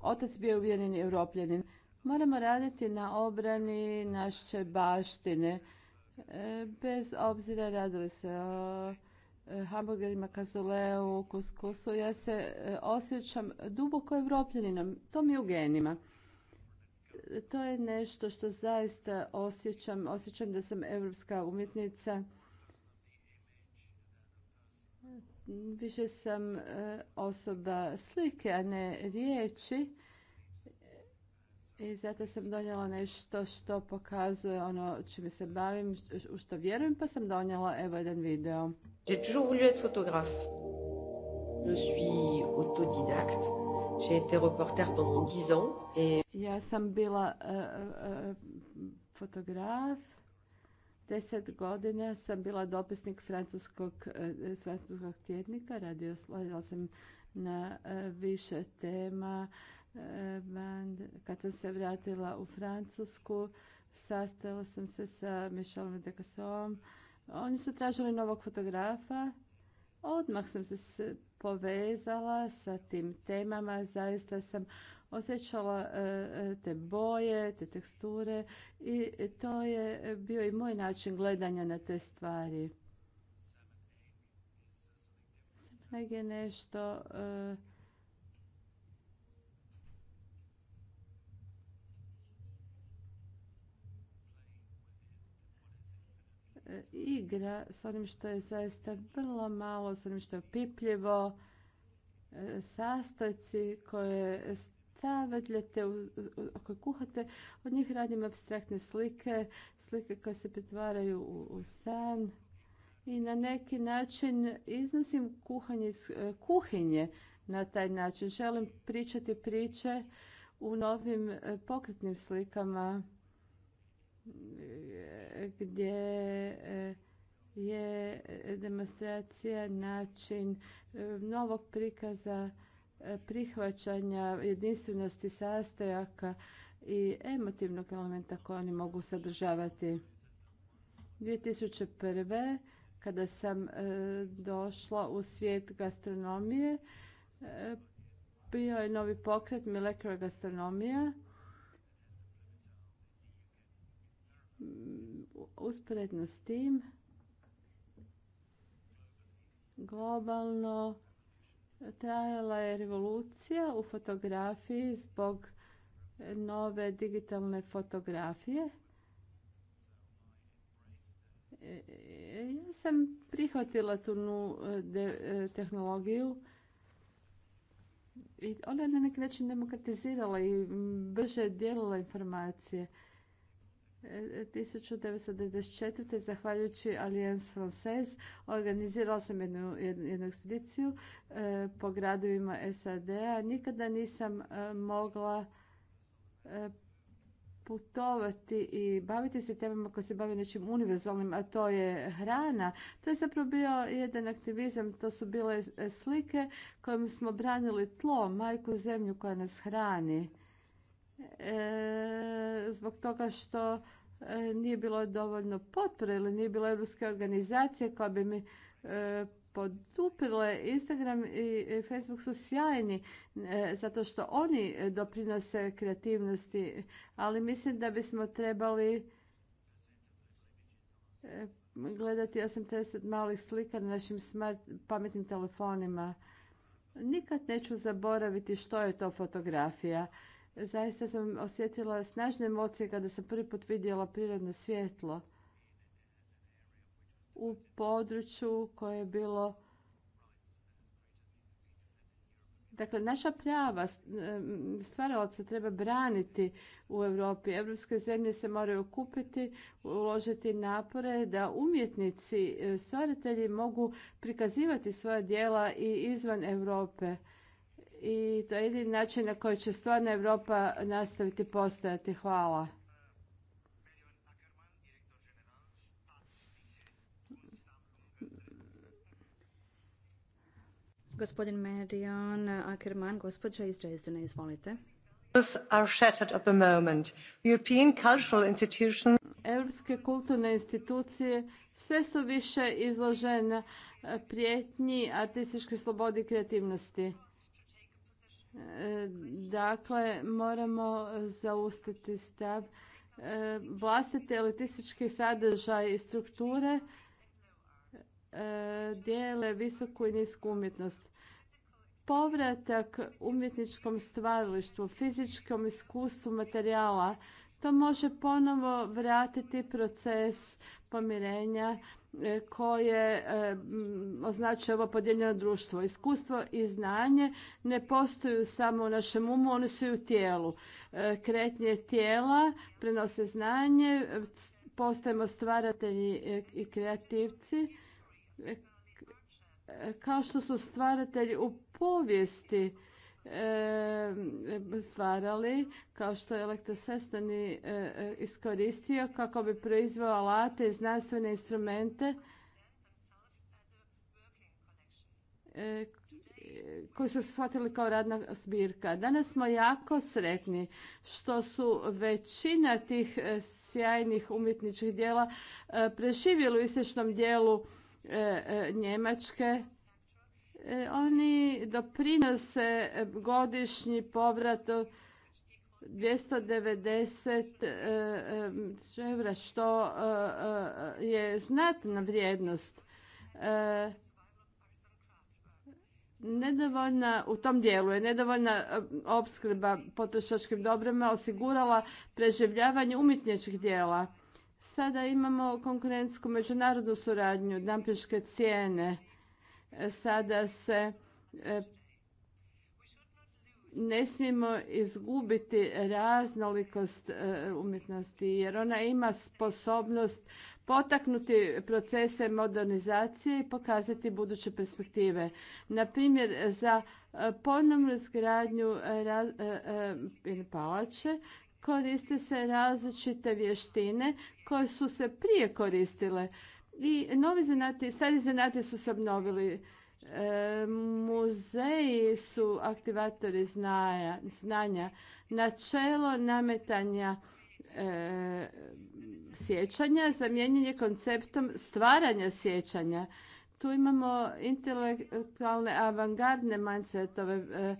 otac bio uvjereni europljanin. Moramo raditi na obrani naše baštine. E, bez obzira radili se o Eh, hamburgerima, kazuleu, kuskusu. Ja se eh, osjećam duboko evropljeninom. To mi je u genima. Eh, to je nešto što zaista osjećam. Osjećam da sam evropska umjetnica. Više sam osoba slike, a ne riječi. I zato sam donijela nešto što pokazuje ono čime se bavim, u što vjerujem, pa sam donijela evo jedan video. J'ai toujours voulu être photographe. Je suis autodidacte. J'ai été reporter pendant 10 ans et ja sam bila uh, uh, fotograf. Deset godina sam bila dopisnik francuskog, uh, francuskog tjednika, radila sam na više tema, kad sam se vratila u Francusku, sastala sam se sa Michelom Cassom. Oni su tražili novog fotografa. Odmah sam se povezala sa tim temama. Zaista sam osjećala e, e, te boje, te teksture i to je bio i moj način gledanja na te stvari. Sameg je nešto e, igra s onim što je zaista vrlo malo, s onim što je pipljivo, e, sastojci koje stavljate, ako kuhate, od njih radim abstraktne slike, slike koje se pretvaraju u, u san i na neki način iznosim kuhanje iz e, kuhinje na taj način. Želim pričati priče u novim e, pokretnim slikama gdje e, je demonstracija način e, novog prikaza e, prihvaćanja jedinstvenosti sastojaka i emotivnog elementa koje oni mogu sadržavati. 2001. kada sam došla u svijet gastronomije, bio je novi pokret Milekra gastronomija. Usporedno s tim, globalno trajala je revolucija u fotografiji zbog nove digitalne fotografije. Ja sam prihvatila tu nu tehnologiju i ona je na neki način demokratizirala i brže dijelila informacije. 1994. zahvaljujući Alliance Française organizirala sam jednu, jednu ekspediciju e, po gradovima SAD-a. Nikada nisam e, mogla e, putovati i baviti se temama koje se bave nečim univerzalnim, a to je hrana. To je zapravo bio jedan aktivizam, to su bile e, slike kojim smo branili tlo, majku zemlju koja nas hrani E, zbog toga što e, nije bilo dovoljno potpore ili nije bilo europske organizacije koja bi mi e, podupile. Instagram i Facebook su sjajni zato što oni doprinose kreativnosti, ali mislim da bismo trebali gledati 80 malih slika na našim smart, pametnim telefonima. Nikad neću zaboraviti što je to fotografija. Zaista sam osjetila snažne emocije kada sam prvi put vidjela prirodno svjetlo u području koje je bilo Dakle, naša prava stvaralaca treba braniti u Europi. Europske zemlje se moraju okupiti, uložiti napore da umjetnici, stvaratelji mogu prikazivati svoja djela i izvan Europe i to je jedin način na koji će stvarno Europa nastaviti postojati. Hvala. Gospodin Marion Ackerman, gospođa iz Dresdena, izvolite. Europske kulturne institucije sve su više izložene prijetnji artističke slobodi i kreativnosti. Dakle, moramo zaustiti stav e, vlastite elitistički sadržaj i strukture e, dijele visoku i nisku umjetnost. Povratak umjetničkom stvaralištvu, fizičkom iskustvu materijala, to može ponovo vratiti proces pomirenja E, koje e, označuje ovo podijeljeno društvo. Iskustvo i znanje ne postoju samo u našem umu, oni su i u tijelu. E, kretnje tijela prenose znanje, postajemo stvaratelji i kreativci. Kao što su stvaratelji u povijesti, E, stvarali kao što je elektrosestani e, iskoristio kako bi proizveo alate i znanstvene instrumente e, koji su se shvatili kao radna zbirka. Danas smo jako sretni što su većina tih sjajnih umjetničkih dijela preživjeli u istočnom dijelu Njemačke E, oni doprinose godišnji povrat 290 e, e, eura, što je znatna vrijednost nedovoljna, u tom dijelu je nedovoljna opskrba potrošačkim dobrima osigurala preživljavanje umjetničkih dijela. Sada imamo konkurentsku međunarodnu suradnju, dampiške cijene, sada se e, ne smijemo izgubiti raznolikost e, umjetnosti jer ona ima sposobnost potaknuti procese modernizacije i pokazati buduće perspektive. Na primjer, za e, ponovnu izgradnju palače koriste se različite vještine koje su se prije koristile i novi zanati, stari zanati su se obnovili. E, muzeji su aktivatori znaja, znanja. Načelo nametanja e, sjećanja zamijenjen je konceptom stvaranja sjećanja. Tu imamo intelektualne avangardne mindsetove e,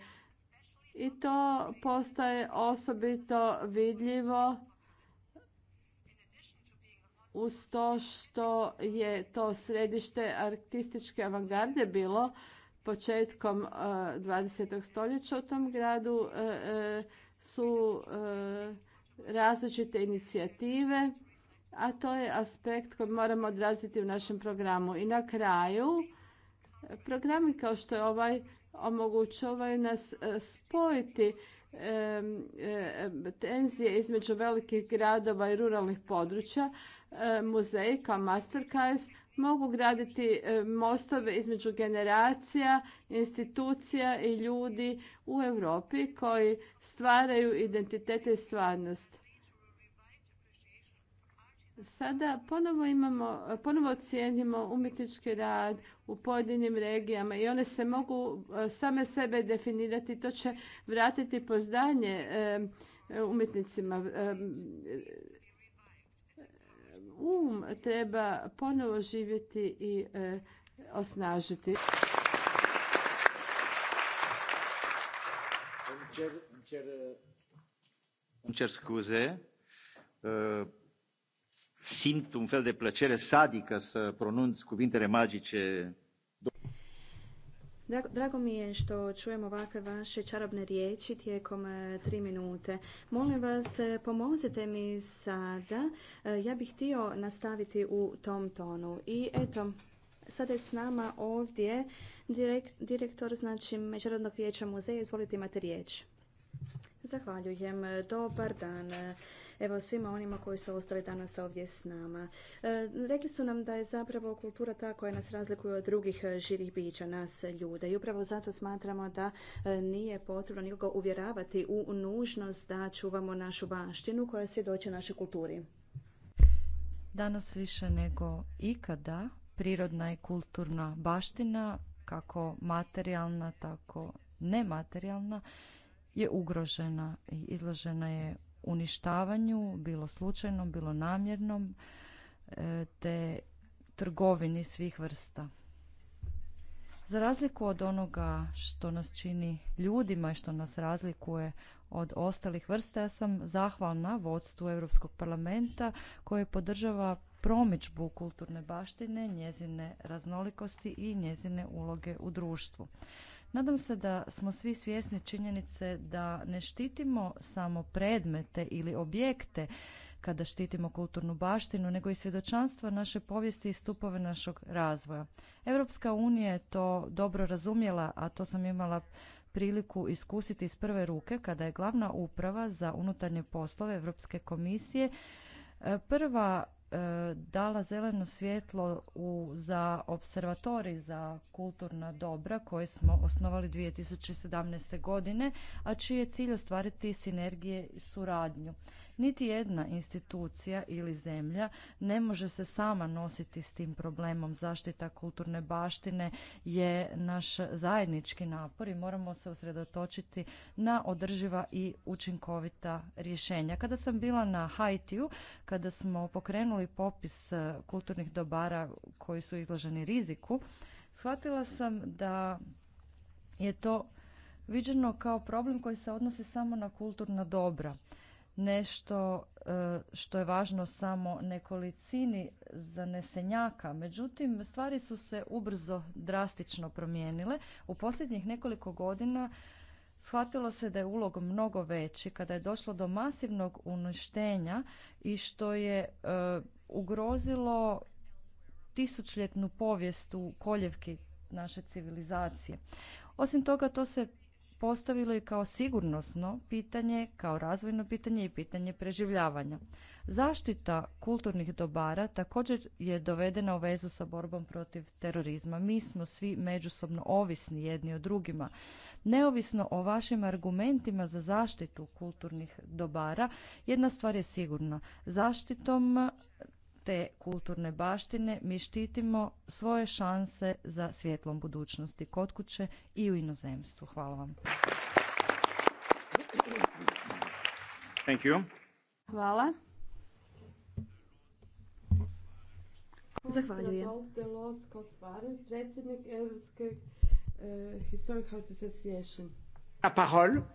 i to postaje osobito vidljivo uz to što je to središte artističke avangarde bilo početkom 20. E, stoljeća u tom gradu e, e, su različite inicijative, a to je aspekt koji moramo odraziti u našem programu. I na kraju, programi kao što je ovaj omogućavaju nas spojiti tenzije između velikih gradova i ruralnih područja, E, muzeji kao Masterclass mogu graditi e, mostove između generacija, institucija i ljudi u Europi koji stvaraju identitet i stvarnost. Sada ponovo imamo, ponovo ocijenimo umjetnički rad u pojedinim regijama i one se mogu e, same sebe definirati. To će vratiti pozdanje umjetnicima um treba ponovo živjeti i e, osnažiti. Îmi cer scuze, e, simt un fel de plăcere sadică să pronunț cuvintele magice Drago mi je što čujem ovakve vaše čarobne riječi tijekom e, tri minute. Molim vas, e, pomozite mi sada. E, ja bih htio nastaviti u tom tonu. I eto, sada je s nama ovdje direktor znači, Međunarodnog vijeća muzeja. Izvolite, imate riječ. Zahvaljujem. Dobar dan evo svima onima koji su ostali danas ovdje s nama. E, rekli su nam da je zapravo kultura ta koja nas razlikuje od drugih e, živih bića, nas ljude. I upravo zato smatramo da e, nije potrebno nikoga uvjeravati u nužnost da čuvamo našu baštinu koja svjedoči našoj kulturi. Danas više nego ikada prirodna i kulturna baština, kako materijalna, tako nematerijalna, je ugrožena i izložena je uništavanju, bilo slučajnom, bilo namjernom, e, te trgovini svih vrsta. Za razliku od onoga što nas čini ljudima i što nas razlikuje od ostalih vrsta, ja sam zahvalna vodstvu Europskog parlamenta koje podržava promičbu kulturne baštine, njezine raznolikosti i njezine uloge u društvu. Nadam se da smo svi svjesni činjenice da ne štitimo samo predmete ili objekte kada štitimo kulturnu baštinu, nego i svjedočanstva naše povijesti i stupove našeg razvoja. Europska unija je to dobro razumjela, a to sam imala priliku iskusiti iz prve ruke kada je glavna uprava za unutarnje poslove Europske komisije e, prva E, dala zeleno svjetlo u, za observatorij za kulturna dobra koje smo osnovali 2017. godine, a čiji je cilj ostvariti sinergije i suradnju. Niti jedna institucija ili zemlja ne može se sama nositi s tim problemom. Zaštita kulturne baštine je naš zajednički napor i moramo se usredotočiti na održiva i učinkovita rješenja. Kada sam bila na Haitiju, kada smo pokrenuli popis e, kulturnih dobara koji su izloženi riziku, shvatila sam da je to viđeno kao problem koji se odnosi samo na kulturna dobra nešto e, što je važno samo nekolicini zanesenjaka. Međutim, stvari su se ubrzo drastično promijenile. U posljednjih nekoliko godina shvatilo se da je ulog mnogo veći kada je došlo do masivnog uništenja i što je e, ugrozilo tisućljetnu povijest u koljevki naše civilizacije. Osim toga, to se postavilo i kao sigurnosno pitanje, kao razvojno pitanje i pitanje preživljavanja. Zaštita kulturnih dobara također je dovedena u vezu sa borbom protiv terorizma. Mi smo svi međusobno ovisni jedni od drugima. Neovisno o vašim argumentima za zaštitu kulturnih dobara, jedna stvar je sigurna. Zaštitom te kulturne baštine mi štitimo svoje šanse za svjetlom budućnosti kod kuće i u inozemstvu. Hvala vam. Thank you. Hvala. Zahvaljujem. predsjednik Europske eh, Historical House Association.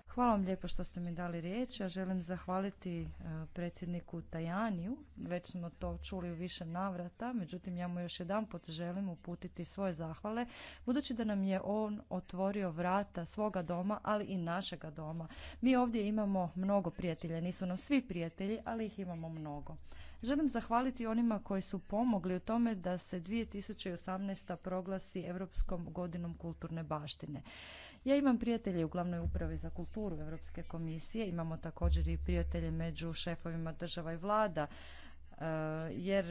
Hvala vam lijepo što ste mi dali riječ. Ja želim zahvaliti e, predsjedniku Tajaniju. Već smo to čuli u više navrata, međutim ja mu još jedan pot želim uputiti svoje zahvale, budući da nam je on otvorio vrata svoga doma, ali i našega doma. Mi ovdje imamo mnogo prijatelja, nisu nam svi prijatelji, ali ih imamo mnogo. Želim zahvaliti onima koji su pomogli u tome da se 2018. proglasi Europskom godinom kulturne baštine. Ja imam prijatelje u glavnoj upravi za kulturu Europske komisije, imamo također i prijatelje među šefovima država i vlada, e, jer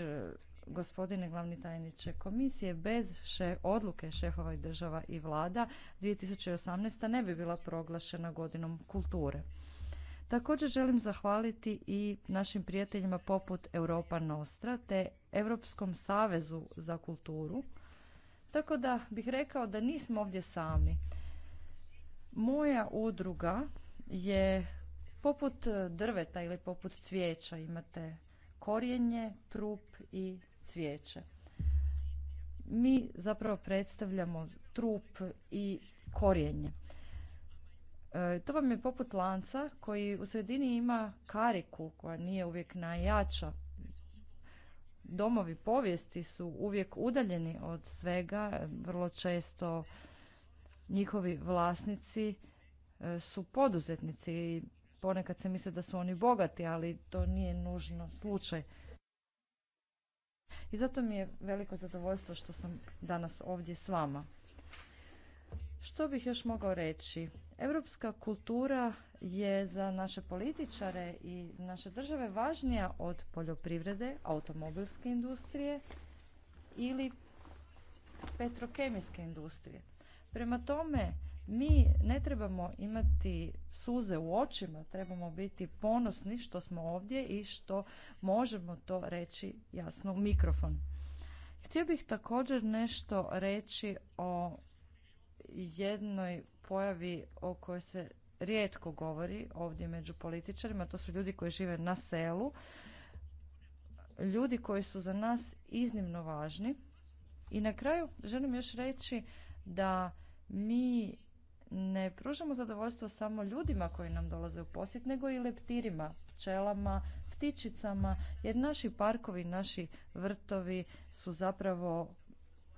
gospodine glavni tajniče komisije, bez še, odluke šefova i država i vlada 2018. ne bi bila proglašena godinom kulture. Također želim zahvaliti i našim prijateljima poput Europa Nostra te Europskom savezu za kulturu. Tako da bih rekao da nismo ovdje sami. Moja udruga je poput drveta ili poput cvijeća. Imate korijenje, trup i cvijeće. Mi zapravo predstavljamo trup i korijenje. E, to vam je poput lanca koji u sredini ima kariku koja nije uvijek najjača. Domovi povijesti su uvijek udaljeni od svega, vrlo često njihovi vlasnici e, su poduzetnici i ponekad se misle da su oni bogati, ali to nije nužno slučaj. I zato mi je veliko zadovoljstvo što sam danas ovdje s vama. Što bih još mogao reći? Europska kultura je za naše političare i naše države važnija od poljoprivrede, automobilske industrije ili petrokemijske industrije. Prema tome, mi ne trebamo imati suze u očima, trebamo biti ponosni što smo ovdje i što možemo to reći jasno u mikrofon. Htio bih također nešto reći o jednoj pojavi o kojoj se rijetko govori ovdje među političarima, to su ljudi koji žive na selu, ljudi koji su za nas iznimno važni. I na kraju želim još reći da mi ne pružamo zadovoljstvo samo ljudima koji nam dolaze u posjet, nego i leptirima, pčelama, ptičicama, jer naši parkovi, naši vrtovi su zapravo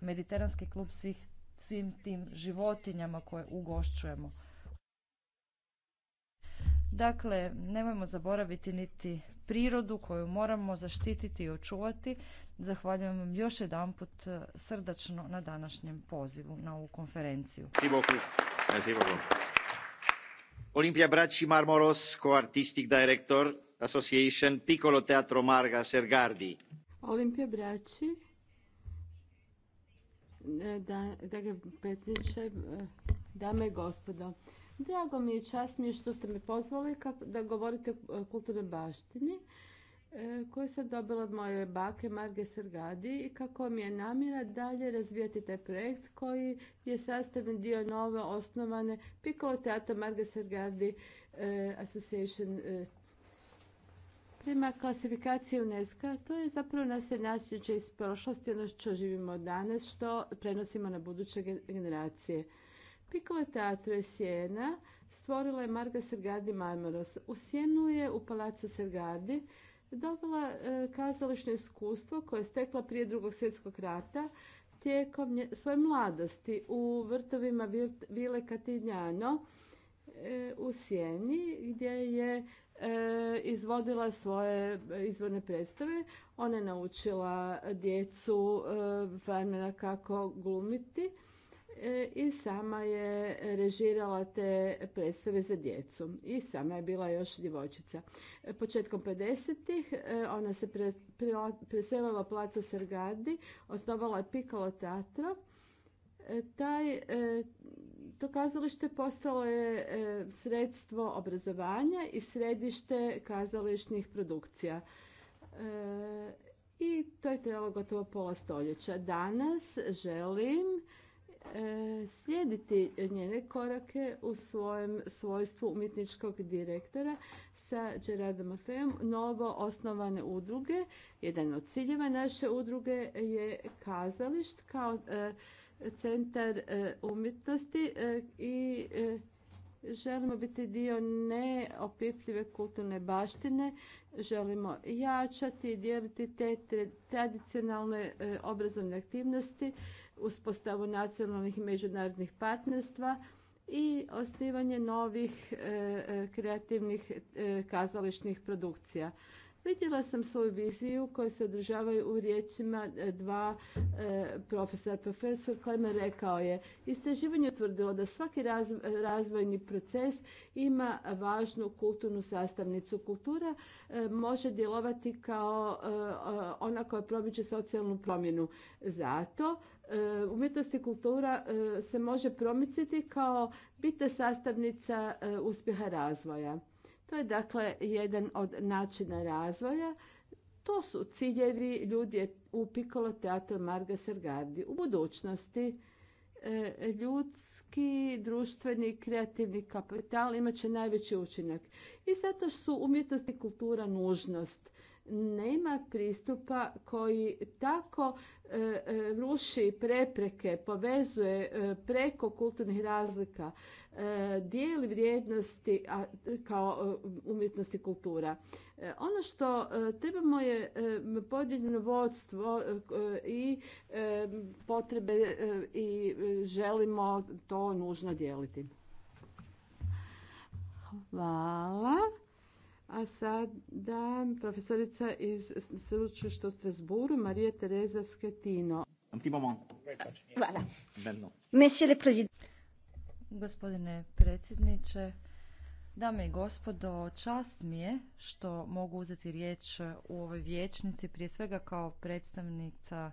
mediteranski klub svih, svim tim životinjama koje ugošćujemo. Dakle, nemojmo zaboraviti niti prirodu koju moramo zaštititi i očuvati. Zahvaljujem vam još jedanput e, srdačno na današnjem pozivu na ovu konferenciju. Olimpia Bracci Marmoros, co-artistic director, Association Piccolo Teatro Marga Sergardi. Olimpija Bracci, e, da, da predsjedniče, e, dame i gospodo. Drago mi je čast što ste me pozvali da govorite o e, kulturnoj baštini e, koju sam dobila od moje bake Marge Sergadi i kako mi je namjera dalje razvijati taj projekt koji je sastavni dio nove osnovane Piccolo Teatro Marge Sergadi e, Association Prema klasifikaciji UNESCO, to je zapravo nas nasljeđe iz prošlosti, ono što živimo danas, što prenosimo na buduće generacije. Piccolo Teatro je Sjena, stvorila je Marga Sergadi Marmaros. U Sjenu je u Palacu Sergadi dobila e, kazališno iskustvo koje je stekla prije drugog svjetskog rata tijekom svoje mladosti u vrtovima Vile Katinjano e, u Sjeni gdje je e, izvodila svoje izvorne predstave. Ona je naučila djecu Farmera kako glumiti E, i sama je režirala te predstave za djecu. I sama je bila još djevojčica. E, početkom 50-ih e, ona se preselila placu Sergadi, osnovala je Piccolo Teatro. Taj, to kazalište postalo je sredstvo obrazovanja i središte kazališnih produkcija i to je trebalo gotovo pola stoljeća. Danas želim E, slijediti njene korake u svojem svojstvu umjetničkog direktora sa Gerardom Maffeom novo osnovane udruge. Jedan od ciljeva naše udruge je kazališt kao e, centar e, umjetnosti i želimo biti dio neopipljive kulturne baštine, želimo jačati i dijeliti te tradicionalne obrazovne aktivnosti uspostavu nacionalnih i međunarodnih partnerstva i osnivanje novih e, e, kreativnih e, kazališnih produkcija. Vidjela sam svoju viziju koja se održavaju u riječima e, dva profesora. Profesor Klemer rekao je, istraživanje utvrdilo da svaki razvojni proces ima važnu kulturnu sastavnicu. Kultura e, može djelovati kao e, ona koja promiče socijalnu promjenu. Zato umjetnost i kultura se može promiciti kao bitna sastavnica uspjeha razvoja. To je dakle jedan od načina razvoja. To su ciljevi ljudi u Piccolo Teatro Marga Sergardi. U budućnosti e, ljudski, društveni, kreativni kapital imat će najveći učinak. I zato su umjetnost i kultura nužnost. Nema pristupa koji tako e, e, ruši prepreke, povezuje preko kulturnih razlika. E, dijeli vrijednosti kao e, umjetnosti kultura. E, ono što trebamo je podijeljeno vodstvo i potrebe i želimo to nužno dijeliti. Hvala. A sada profesorica iz Sveučilišta u Strasburu, Marija Tereza Sketino. Un petit le Gospodine predsjedniče, dame i gospodo, čast mi je što mogu uzeti riječ u ovoj vijećnici, prije svega kao predstavnica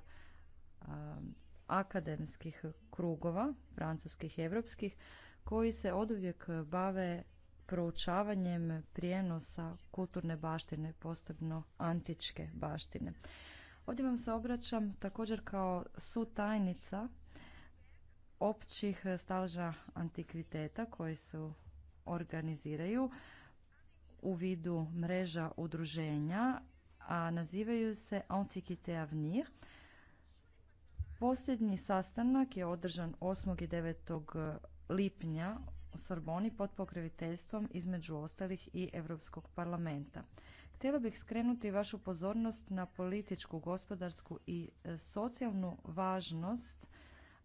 um, akademskih krugova, francuskih i evropskih, koji se oduvijek bave proučavanjem prijenosa kulturne baštine, posebno antičke baštine. Ovdje vam se obraćam također kao tajnica, općih e, staža antikviteta koji se organiziraju u vidu mreža udruženja, a nazivaju se Antiquité Avenir. Posljednji sastanak je održan 8. i 9. E, lipnja u Sorboni pod pokroviteljstvom između ostalih i Europskog parlamenta. Htjela bih skrenuti vašu pozornost na političku, gospodarsku i e, socijalnu važnost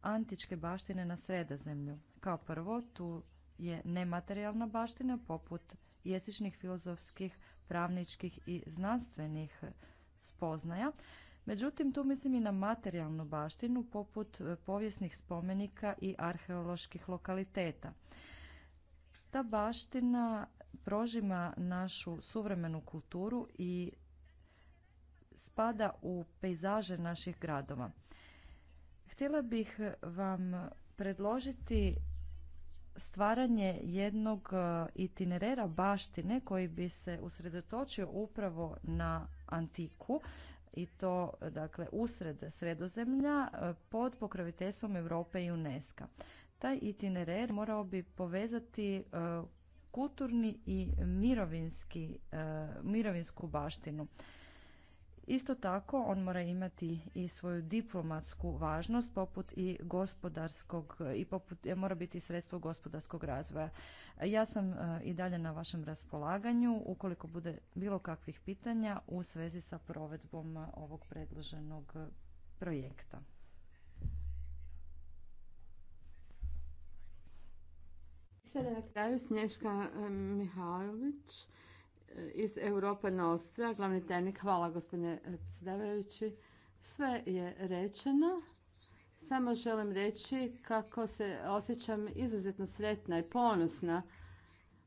antičke baštine na sredozemlju. Kao prvo, tu je nematerijalna baština poput jezičnih, filozofskih, pravničkih i znanstvenih spoznaja. Međutim, tu mislim i na materijalnu baštinu poput e, povijesnih spomenika i arheoloških lokaliteta. Ta baština prožima našu suvremenu kulturu i spada u pejzaže naših gradova. Htjela bih vam predložiti stvaranje jednog e, itinerera baštine koji bi se usredotočio upravo na antiku i to dakle usred sredozemlja e, pod pokroviteljstvom Europe i UNESCO. Taj itinerer morao bi povezati e, kulturni i mirovinski, mirovinsku baštinu. Isto tako, on mora imati i svoju diplomatsku važnost poput i gospodarskog i e, mora biti sredstvo gospodarskog razvoja. Ja sam e, i dalje na vašem raspolaganju ukoliko bude bilo kakvih pitanja u svezi sa provedbom e, ovog predloženog projekta. Sada na kraju Snješka Mihajlović iz Europe Nostra, glavni tajnik. Hvala gospodine predsjedavajući. Sve je rečeno. Samo želim reći kako se osjećam izuzetno sretna i ponosna.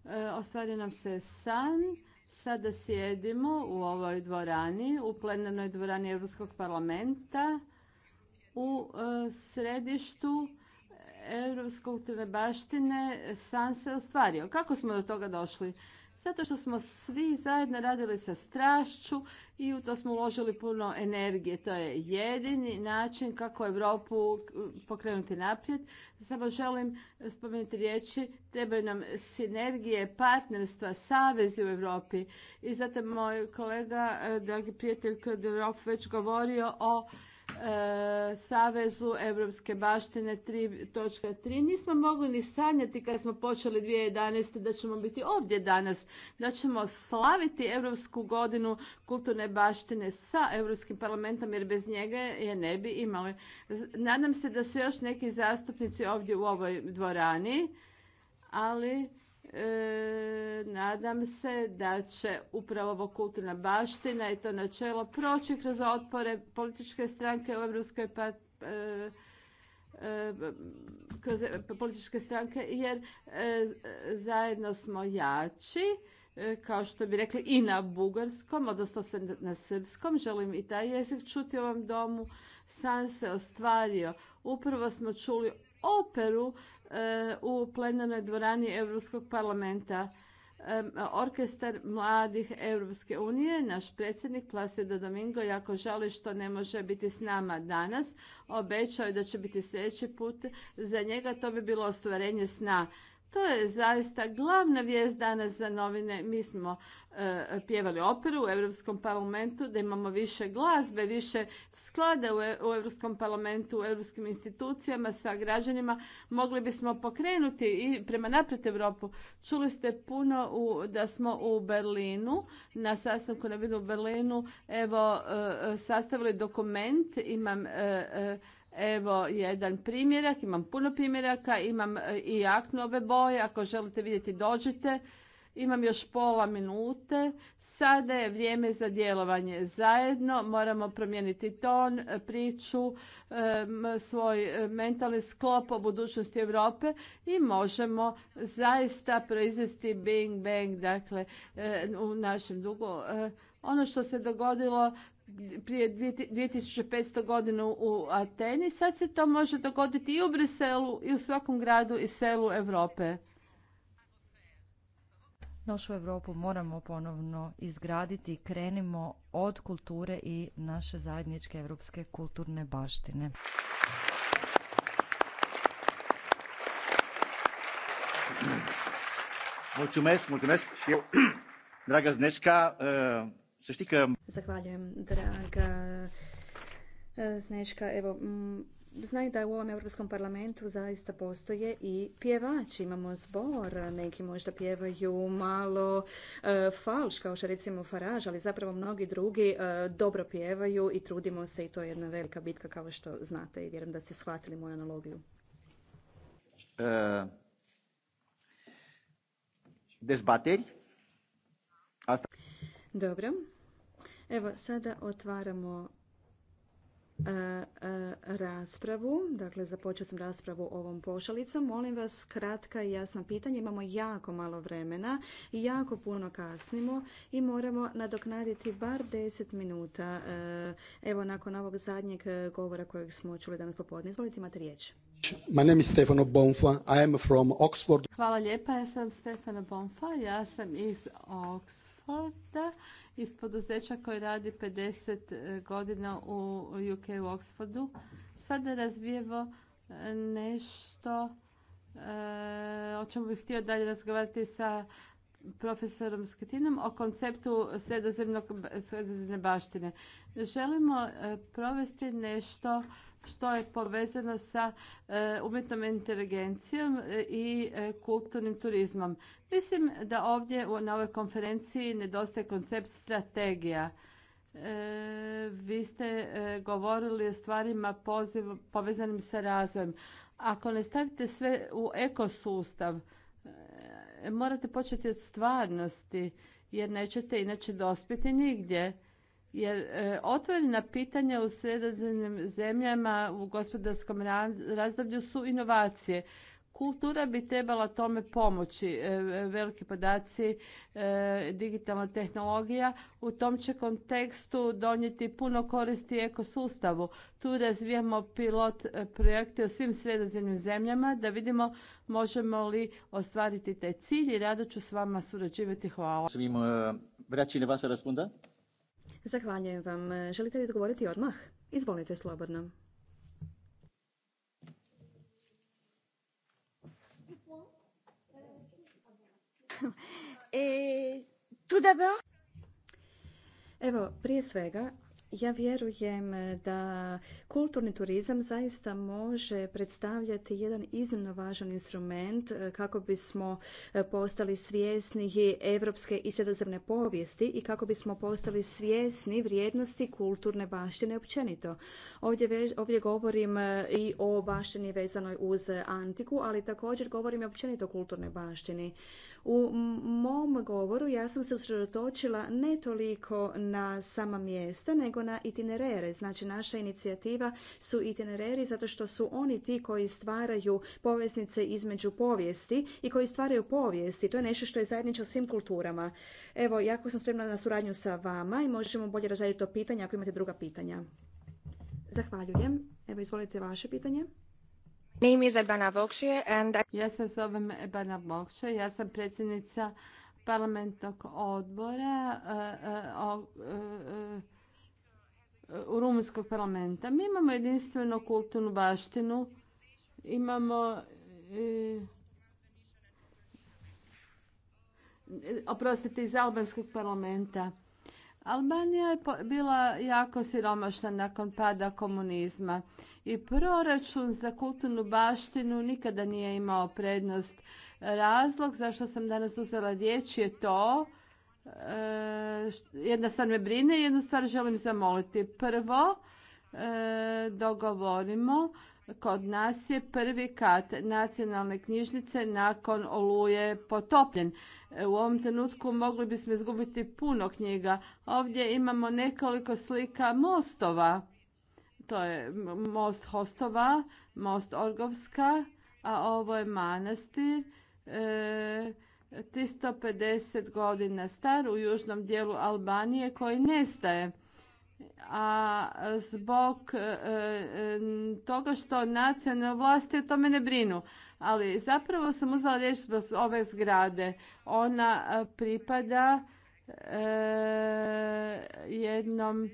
E, ostvario nam se san. Sada sjedimo u ovoj dvorani, u plenarnoj dvorani Europskog parlamenta, u e, središtu Europskog baštine san se ostvario. Kako smo do toga došli? Zato što smo svi zajedno radili sa strašću i u to smo uložili puno energije. To je jedini način kako Europu e, pokrenuti naprijed. Samo želim spomenuti riječi, trebaju nam sinergije, partnerstva, savezi u Europi. I zato moj kolega, e, dragi prijatelj Kodorov, već govorio o E, Savezu Evropske baštine 3.3. Nismo mogli ni sanjati kad smo počeli 2011. da ćemo biti ovdje danas, da ćemo slaviti Europsku godinu kulturne baštine sa Europskim parlamentom jer bez njega je ne bi imali. Nadam se da su još neki zastupnici ovdje u ovoj dvorani, ali E, nadam se da će upravo ovo kulturna baština i to načelo proći kroz otpore političke stranke u Europskoj pa, e, e, kroz političke stranke jer zajedno smo jači kao što bi rekli i na bugarskom, odnosno na srpskom. Želim i taj jezik čuti u ovom domu. San se ostvario. Upravo smo čuli operu u plenarnoj dvorani Europskog parlamenta. Orkestar mladih Europske unije, naš predsjednik Placido Domingo, jako žali što ne može biti s nama danas, obećao je da će biti sljedeći put. Za njega to bi bilo ostvarenje sna to je zaista glavna vijest danas za novine. Mi smo e, pjevali operu u Europskom parlamentu, da imamo više glazbe, više sklada e, u, Europskom parlamentu, u europskim institucijama sa građanima. Mogli bismo pokrenuti i prema naprijed Europu. Čuli ste puno da smo u Berlinu, na sastanku na vidu u Berlinu, evo, e, sastavili dokument, imam Evo jedan primjerak, imam puno primjeraka, imam e, i aknu ove boje, ako želite vidjeti dođite. Imam još pola minute. Sada je vrijeme za djelovanje zajedno. Moramo promijeniti ton, e, priču, svoj e, mentalni sklop o budućnosti Europe i možemo zaista proizvesti bing bang dakle u našem dugu. Ono što se dogodilo prije 2500 godina u Ateni, sad se to može dogoditi i u Briselu i u svakom gradu i selu Europe. Našu Europu moramo ponovno izgraditi, krenimo od kulture i naše zajedničke europske kulturne baštine. Mulțumesc, mulțumesc Zahvaljujem, draga e, Sneška. Evo, znaj da u ovom Europskom parlamentu zaista postoje i pjevači. Imamo zbor, neki možda pjevaju malo e, falš, kao što recimo Faraž, ali zapravo mnogi drugi e, dobro pjevaju i trudimo se i to je jedna velika bitka kao što znate i vjerujem da ste shvatili moju analogiju. Dobro. Evo, sada otvaramo e, e, raspravu. Dakle, započeo sam raspravu ovom pošalicom. Molim vas, kratka i jasna pitanja. Imamo jako malo vremena, i jako puno kasnimo i moramo nadoknaditi bar 10 minuta. E, evo, nakon ovog zadnjeg govora kojeg smo čuli danas popodne. Izvolite, imate riječ. My name is Stefano Bonfa. I am from Oxford. Hvala lijepa, ja sam Stefano Bonfa, ja sam iz Oxford Oxforda, iz poduzeća koje radi 50 e, godina u UK u Oxfordu. Sada razvijemo e, nešto e, o čemu bih htio dalje razgovarati sa profesorom Sketinom o konceptu sredozemne baštine. Želimo provesti nešto što je povezano sa e, umjetnom inteligencijom e, i e, kulturnim turizmom. Mislim da ovdje na ovoj konferenciji nedostaje koncept strategija. Vi ste govorili o stvarima povezanim sa razvojem. Ako ne stavite sve u ekosustav, morate početi od stvarnosti jer nećete inače dospjeti nigdje jer e, otvorena pitanja u sredozemnim zemljama u gospodarskom razdoblju su inovacije. Kultura bi trebala tome pomoći. E, e, veliki podaci, digitalna tehnologija u tom će kontekstu donijeti puno koristi ekosustavu. Tu razvijamo pilot projekte u svim sredozemnim zemljama da vidimo možemo li ostvariti taj cilj i rado ću s vama surađivati. Hvala. Svim, vas Zahvaljujem vam. Želite li odgovoriti odmah? Izvolite slobodno. E, Evo, prije svega ja vjerujem e, da kulturni turizam zaista može predstavljati jedan iznimno važan instrument e, kako bismo e, postali svjesni evropske i sredozemne povijesti i kako bismo postali svjesni vrijednosti kulturne baštine općenito. Ovdje, ovdje govorim i o baštini vezanoj uz antiku, ali također govorim i općenito o kulturnoj baštini. U mom govoru ja sam se usredotočila ne toliko na sama mjesta, nego na itinerere. Znači, naša inicijativa su itinereri zato što su oni ti koji stvaraju poveznice između povijesti i koji stvaraju povijesti. To je nešto što je zajedničko svim kulturama. Evo, jako sam spremna na suradnju sa vama i možemo bolje razraditi to pitanje ako imate druga pitanja. Zahvaljujem. Evo, izvolite vaše pitanje. Ja se zovem Ebana Vokše, ja sam predsjednica parlamentnog odbora u e, e, e, Rumunskog parlamenta. Mi imamo jedinstvenu kulturnu baštinu, imamo oprostite, iz Albanskog parlamenta. Albanija je bila jako siromašna nakon pada komunizma i proračun za kulturnu baštinu nikada nije imao prednost. Razlog zašto sam danas uzela riječ je to, e, jedna stvar me brine, jednu stvar želim zamoliti. Prvo, e, dogovorimo Kod nas je prvi kat nacionalne knjižnice nakon oluje potopljen. E, u ovom trenutku mogli bismo izgubiti puno knjiga. Ovdje imamo nekoliko slika mostova. To je most Hostova, most Orgovska, a ovo je manastir. 350 e, godina star u južnom dijelu Albanije koji nestaje a zbog e, e, toga što nacionalne vlasti o tome ne brinu. Ali zapravo sam uzela riječ zbog ove zgrade. Ona e, pripada jednom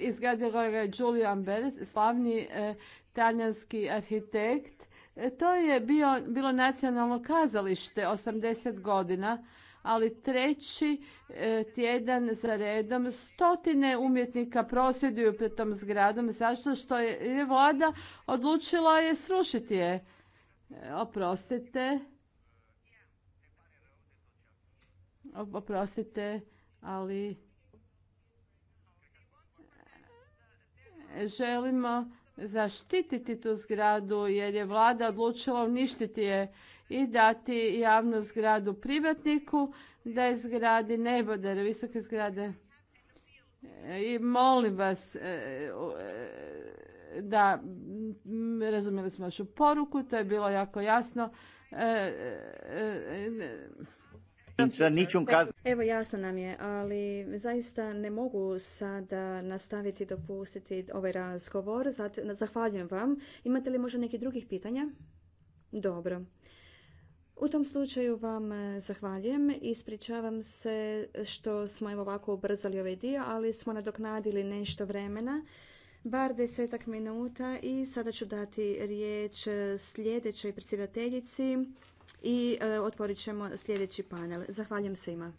izgradila je Giulio Beres, slavni talijanski arhitekt. To je bilo nacionalno kazalište 80 godina ali treći e, tjedan za redom stotine umjetnika prosvjeduju pred tom zgradom. Zašto? Što je vlada odlučila je srušiti je. E, oprostite. Oprostite, ali e, želimo zaštititi tu zgradu jer je vlada odlučila uništiti je i dati javnu zgradu privatniku da je zgradi nebodere, visoke zgrade. I molim vas e, e, da razumjeli smo vašu poruku, to je bilo jako jasno. E, Evo jasno nam je, ali zaista ne mogu sada nastaviti dopustiti ovaj razgovor. Zahvaljujem vam. Imate li možda nekih drugih pitanja? Dobro. U tom slučaju vam e, zahvaljujem i ispričavam se što smo evo ovako ubrzali ovaj dio, ali smo nadoknadili nešto vremena, bar desetak minuta i sada ću dati riječ e, sljedećoj predsjedateljici i e, otvorit ćemo sljedeći panel. Zahvaljujem svima.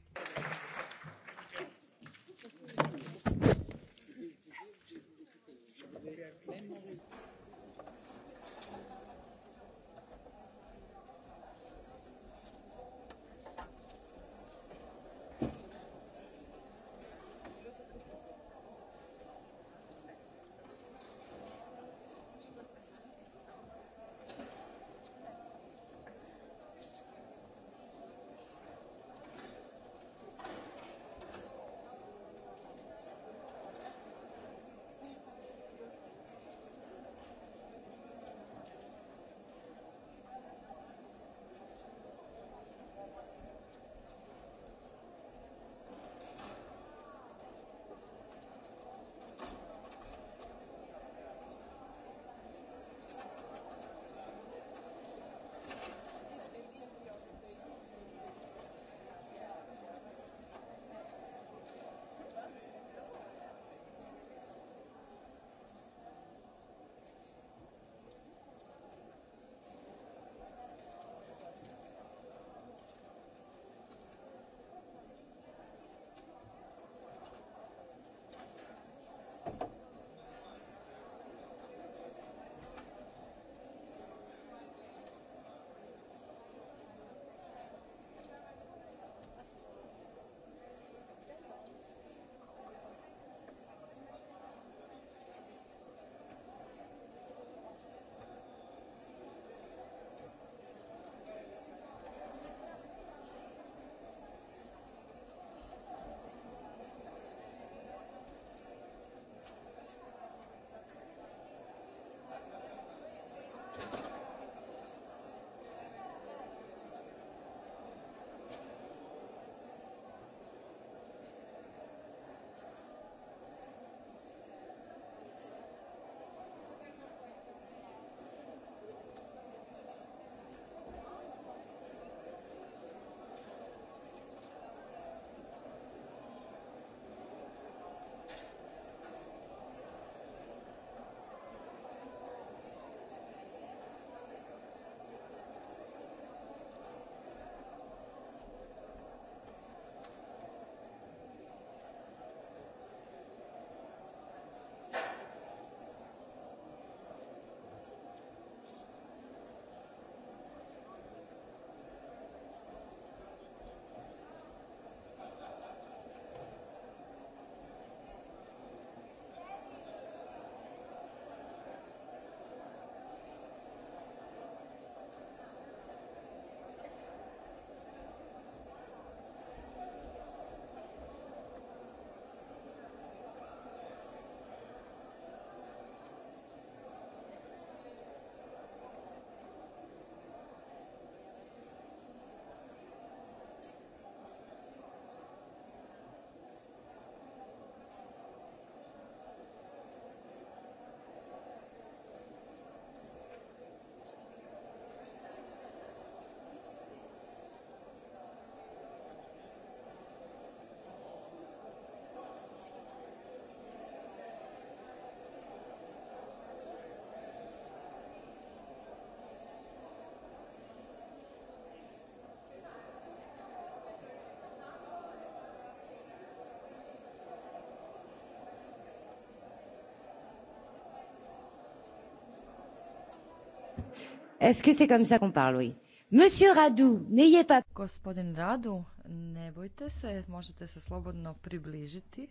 Est-ce que c'est comme ça qu'on parle, oui? Monsieur Radu, n'ayez pas... Gospodin Radu, ne bojte se, možete se slobodno približiti.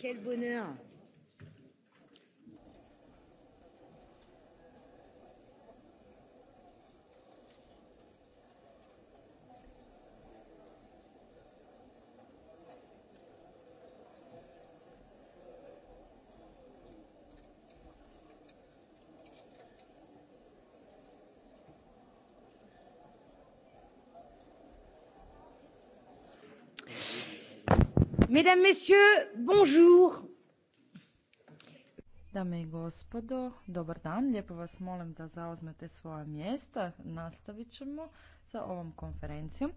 Quel bonheur Mesdames, messieurs, bonjour. Dame i gospodo, dobar dan. Lijepo vas molim da zauzmete svoja mjesta. Nastavit ćemo sa ovom konferencijom.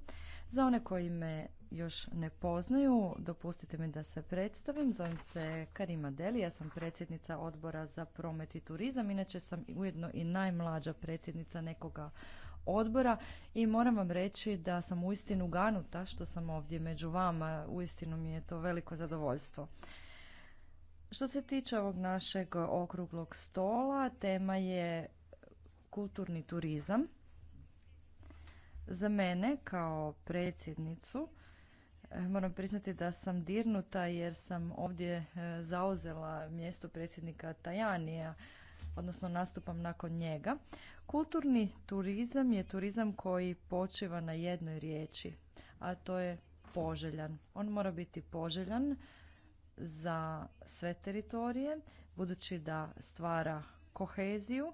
Za one koji me još ne poznaju, dopustite mi da se predstavim. Zovem se Karima Deli, ja sam predsjednica odbora za promet i turizam. Inače sam ujedno i najmlađa predsjednica nekoga odbora i moram vam reći da sam uistinu ganuta što sam ovdje među vama. Uistinu mi je to veliko zadovoljstvo. Što se tiče ovog našeg okruglog stola, tema je kulturni turizam. Za mene kao predsjednicu e, moram priznati da sam dirnuta jer sam ovdje e, zauzela mjesto predsjednika Tajanija, odnosno nastupam nakon njega. Kulturni turizam je turizam koji počiva na jednoj riječi, a to je poželjan. On mora biti poželjan za sve teritorije, budući da stvara koheziju.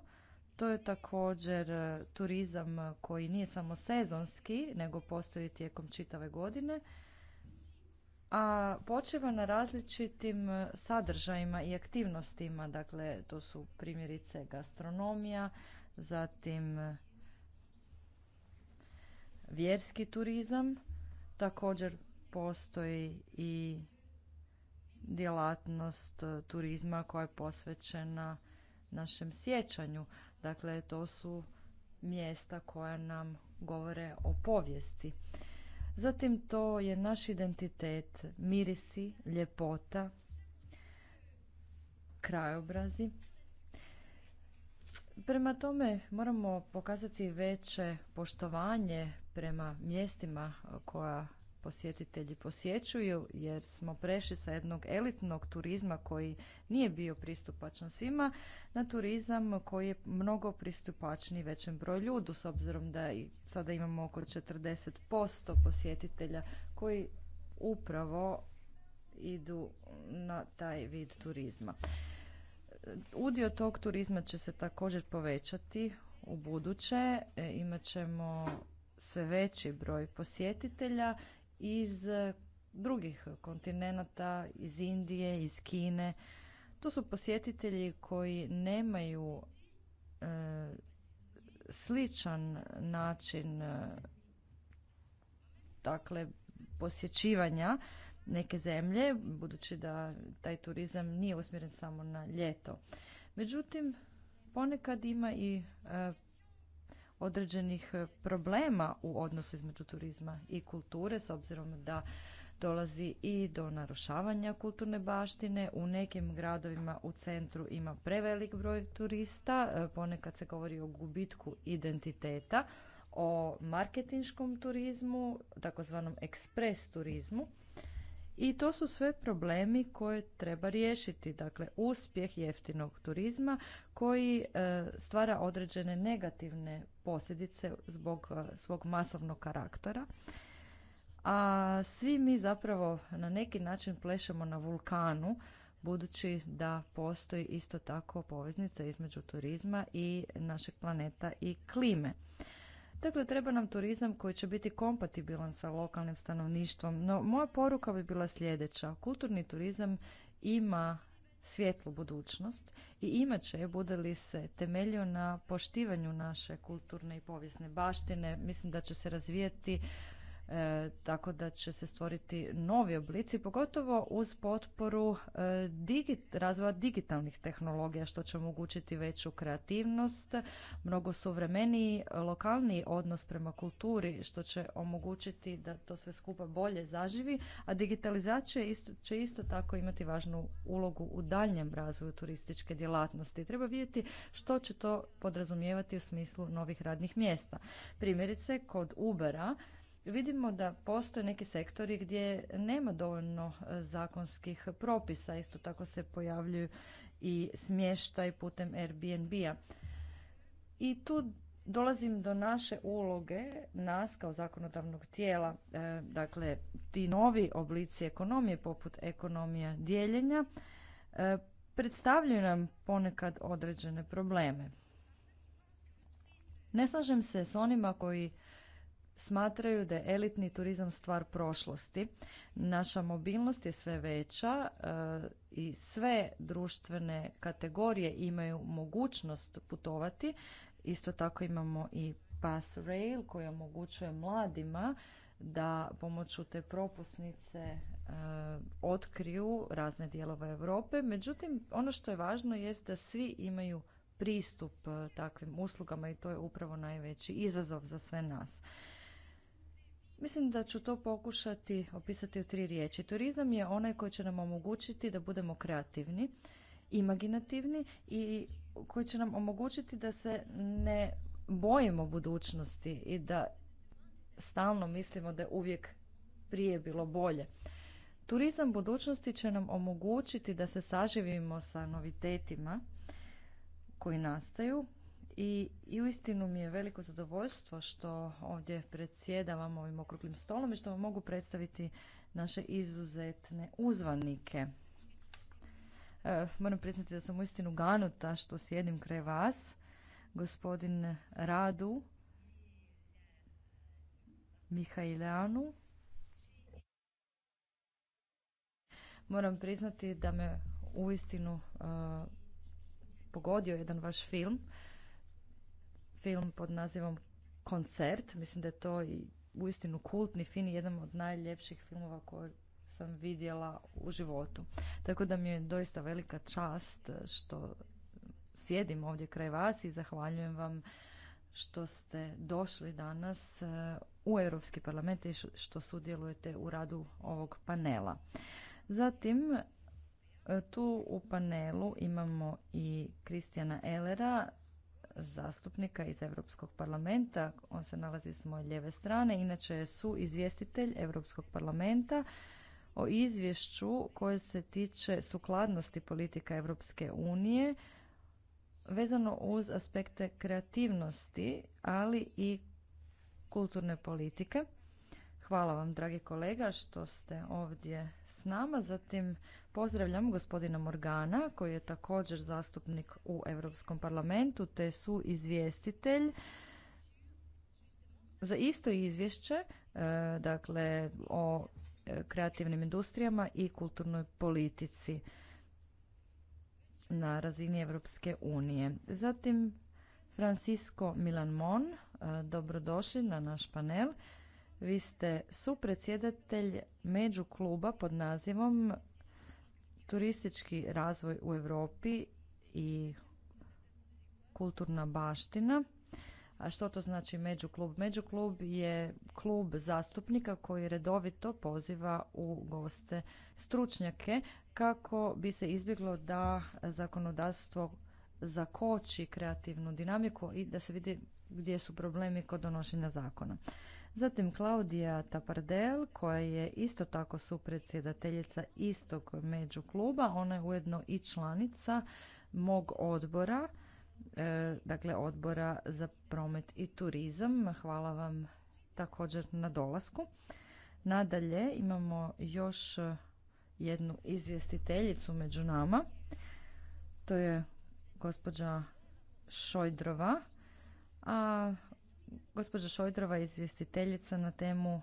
To je također turizam koji nije samo sezonski, nego postoji tijekom čitave godine a počeva na različitim e, sadržajima i aktivnostima. Dakle, to su primjerice gastronomija, zatim e, vjerski turizam, također postoji i djelatnost e, turizma koja je posvećena našem sjećanju. Dakle, to su mjesta koja nam govore o povijesti. Zatim to je naš identitet, mirisi, ljepota, krajobrazi. Prema tome moramo pokazati veće poštovanje prema mjestima koja posjetitelji posjećuju jer smo prešli sa jednog elitnog turizma koji nije bio pristupačan svima na turizam koji je mnogo pristupačniji većem broju ljudi. s obzirom da i sada imamo oko 40% posjetitelja koji upravo idu na taj vid turizma. Udio tog turizma će se također povećati u buduće. E, imat ćemo sve veći broj posjetitelja iz e, drugih kontinenata, iz Indije, iz Kine. To su posjetitelji koji nemaju e, sličan način e, dakle posjećivanja neke zemlje, budući da taj turizam nije usmjeren samo na ljeto. Međutim, ponekad ima i e, određenih e, problema u odnosu između turizma i kulture s obzirom da dolazi i do narušavanja kulturne baštine. U nekim gradovima u centru ima prevelik broj turista, e, ponekad se govori o gubitku identiteta, o marketinškom turizmu, takozvanom ekspres turizmu. I to su sve problemi koje treba riješiti. Dakle, uspjeh jeftinog turizma koji e, stvara određene negativne posljedice zbog e, svog masovnog karaktera. A svi mi zapravo na neki način plešemo na vulkanu budući da postoji isto tako poveznica između turizma i našeg planeta i klime. Dakle, treba nam turizam koji će biti kompatibilan sa lokalnim stanovništvom, no moja poruka bi bila sljedeća. Kulturni turizam ima svjetlu budućnost i imat će je bude li se temeljio na poštivanju naše kulturne i povijesne baštine. Mislim da će se razvijati e, tako da će se stvoriti novi oblici, pogotovo uz potporu e, razvoja digitalnih tehnologija, što će omogućiti veću kreativnost, mnogo suvremeniji, lokalni odnos prema kulturi, što će omogućiti da to sve skupa bolje zaživi, a digitalizacija isto, će isto tako imati važnu ulogu u daljem razvoju turističke djelatnosti. Treba vidjeti što će to podrazumijevati u smislu novih radnih mjesta. Primjerice, kod Ubera Vidimo da postoje neki sektori gdje nema dovoljno e, zakonskih propisa, isto tako se pojavljuju i smještaj putem Airbnb-a. I tu dolazim do naše uloge, nas kao zakonodavnog tijela, e, dakle ti novi oblici ekonomije poput ekonomija dijeljenja e, predstavljaju nam ponekad određene probleme. Ne slažem se s onima koji smatraju da je elitni turizam stvar prošlosti. Naša mobilnost je sve veća e, i sve društvene kategorije imaju mogućnost putovati. Isto tako imamo i Pass Rail koji omogućuje mladima da pomoću te propusnice e, otkriju razne dijelove Europe. Međutim, ono što je važno jest da svi imaju pristup e, takvim uslugama i to je upravo najveći izazov za sve nas. Mislim da ću to pokušati opisati u tri riječi. Turizam je onaj koji će nam omogućiti da budemo kreativni, imaginativni i koji će nam omogućiti da se ne bojimo budućnosti i da stalno mislimo da je uvijek prije bilo bolje. Turizam budućnosti će nam omogućiti da se saživimo sa novitetima koji nastaju, i, I uistinu mi je veliko zadovoljstvo što ovdje predsjedavam ovim okruglim stolom i što vam mogu predstaviti naše izuzetne uzvanike. E, moram priznati da sam uistinu ganuta što sjedim kraj vas. Gospodin Radu Mihajljanu. Moram priznati da me uistinu e, pogodio jedan vaš film film pod nazivom Koncert. Mislim da je to i uistinu kultni film i jedan od najljepših filmova koje sam vidjela u životu. Tako da mi je doista velika čast e, što sjedim ovdje kraj vas i zahvaljujem vam što ste došli danas e, u Europski parlament i što sudjelujete u radu ovog panela. Zatim e, tu u panelu imamo i Kristijana Elera, zastupnika iz Europskog parlamenta. On se nalazi s moje lijeve strane. Inače je su izvjestitelj Europskog parlamenta o izvješću koje se tiče sukladnosti politika Europske unije vezano uz aspekte kreativnosti, ali i kulturne politike. Hvala vam, dragi kolega, što ste ovdje s nama. Zatim pozdravljam gospodina Morgana koji je također zastupnik u Europskom parlamentu te su izvjestitelj za isto izvješće, e, dakle o e, kreativnim industrijama i kulturnoj politici na razini Europske unije. Zatim Francisco Milan Mon, e, dobrodošli na naš panel. Vi ste supredsjedatelj među kluba pod nazivom Turistički razvoj u Europi i kulturna baština. A što to znači među međuklub? Međuklub je klub zastupnika koji redovito poziva u goste stručnjake kako bi se izbjeglo da zakonodavstvo zakoči kreativnu dinamiku i da se vidi gdje su problemi kod donošenja zakona. Zatim Klaudija Tapardel koja je isto tako supredsjedateljica istog među kluba. ona je ujedno i članica mog odbora, e, dakle odbora za promet i turizam. Hvala vam također na dolasku. Nadalje imamo još jednu izvjestiteljicu među nama. To je gospođa Šojdrova. A Gospođa Šojdrova je izvjestiteljica na temu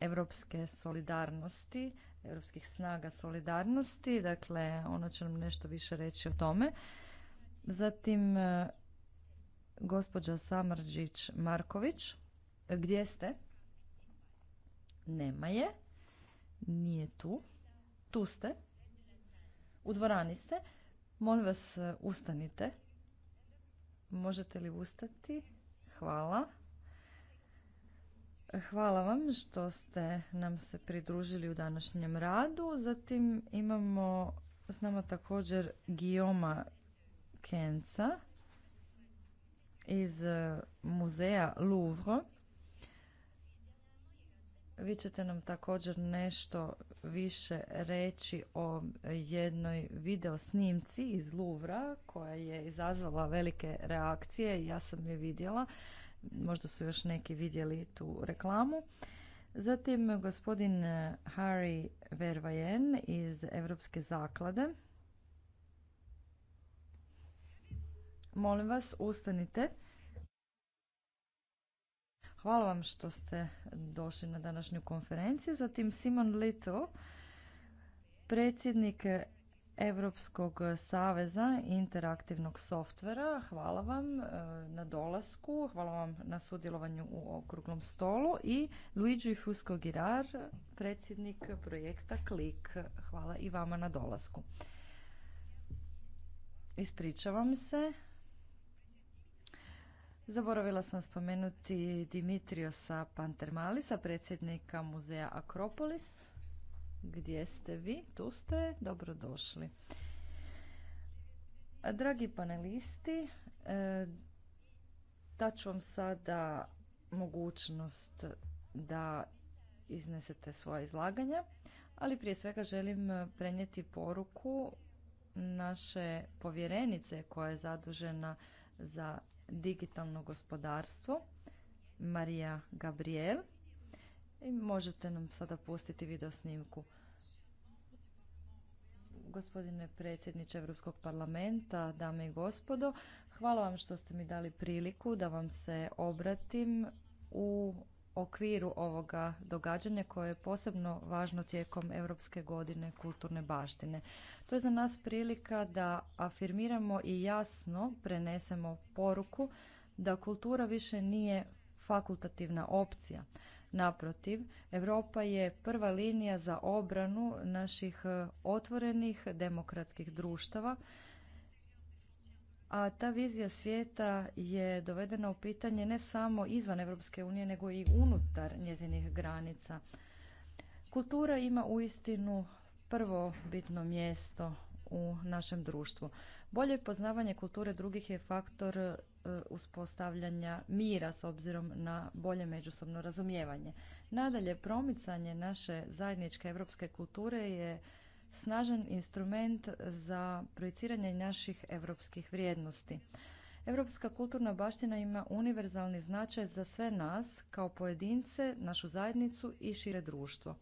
europske solidarnosti, europskih snaga solidarnosti, dakle ona će nam nešto više reći o tome. Zatim e, gospođa Samarđić Marković, gdje ste? Nema je. Nije tu. Tu ste. U dvorani ste. Molim vas, e, ustanite. Možete li ustati? Hvala. Hvala vam što ste nam se pridružili u današnjem radu. Zatim imamo s nama također Gioma Kenca iz muzeja Louvre vi ćete nam također nešto više reći o jednoj video snimci iz Luvra koja je izazvala velike reakcije. Ja sam je vidjela. Možda su još neki vidjeli tu reklamu. Zatim gospodin Harry Vervajen iz Evropske zaklade. Molim vas, ustanite. Hvala vam što ste došli na današnju konferenciju. Zatim Simon Lito, predsjednik Europskog saveza interaktivnog softvera. Hvala vam e, na dolasku, hvala vam na sudjelovanju u okruglom stolu i Luigi Fusco Girar, predsjednik projekta Klik. Hvala i vama na dolasku. Ispričavam se. Zaboravila sam spomenuti Dimitriosa Pantermalisa, predsjednika muzeja Akropolis. Gdje ste vi? Tu ste. Dobrodošli. Dragi panelisti, e, daću vam sada mogućnost da iznesete svoje izlaganja, ali prije svega želim prenijeti poruku naše povjerenice koja je zadužena za digitalno gospodarstvo, Marija Gabriel. I možete nam sada pustiti video snimku. Gospodine predsjedniče Europskog parlamenta, dame i gospodo, hvala vam što ste mi dali priliku da vam se obratim u okviru ovoga događanja koje je posebno važno tijekom Europske godine kulturne baštine. To je za nas prilika da afirmiramo i jasno prenesemo poruku da kultura više nije fakultativna opcija. Naprotiv, Europa je prva linija za obranu naših otvorenih demokratskih društava a ta vizija svijeta je dovedena u pitanje ne samo izvan Europske unije nego i unutar njezinih granica. Kultura ima uistinu prvo bitno mjesto u našem društvu. Bolje poznavanje kulture drugih je faktor e, uspostavljanja mira s obzirom na bolje međusobno razumijevanje. Nadalje, promicanje naše zajedničke europske kulture je snažan instrument za projiciranje naših europskih vrijednosti. Europska kulturna baština ima univerzalni značaj za sve nas kao pojedince, našu zajednicu i šire društvo.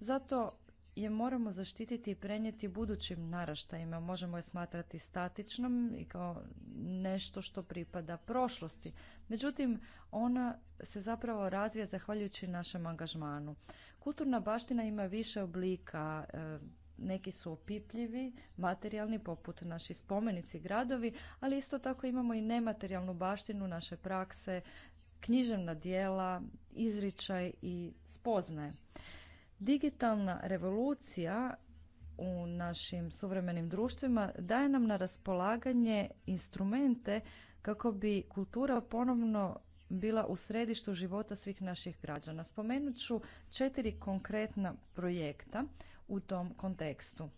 Zato je moramo zaštititi i prenijeti budućim naraštajima. Možemo je smatrati statičnom i kao nešto što pripada prošlosti. Međutim, ona se zapravo razvija zahvaljujući našem angažmanu. Kulturna baština ima više oblika, e, neki su opipljivi, materijalni poput naši spomenici gradovi, ali isto tako imamo i nematerijalnu baštinu naše prakse, književna dijela, izričaj i spoznaje. Digitalna revolucija u našim suvremenim društvima daje nam na raspolaganje instrumente kako bi kultura ponovno bila u središtu života svih naših građana. Spomenut ću četiri konkretna projekta u tom kontekstu.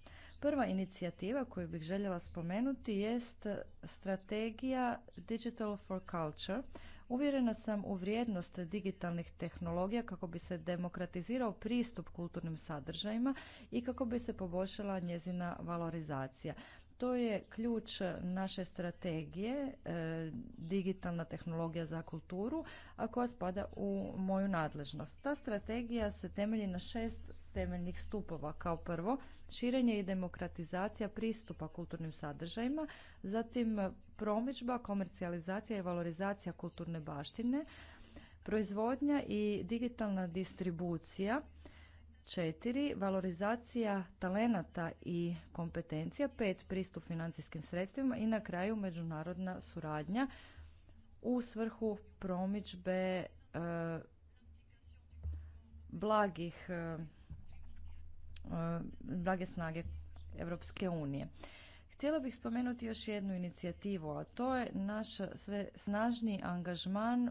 Prva inicijativa koju bih željela spomenuti jest strategija Digital for Culture. Uvjerena sam u vrijednost digitalnih tehnologija kako bi se demokratizirao pristup kulturnim sadržajima i kako bi se poboljšala njezina valorizacija. To je ključ naše strategije, e, digitalna tehnologija za kulturu, a koja spada u moju nadležnost. Ta strategija se temelji na šest temeljnih stupova. Kao prvo, širenje i demokratizacija pristupa kulturnim sadržajima, zatim promidžba, komercijalizacija i valorizacija kulturne baštine, proizvodnja i digitalna distribucija, četiri valorizacija talenata i kompetencija, pet pristup financijskim sredstvima i na kraju međunarodna suradnja u svrhu promidžbe e, blagih e, Eh, blage snage Europske unije. Htjela bih spomenuti još jednu inicijativu, a to je naš sve snažni angažman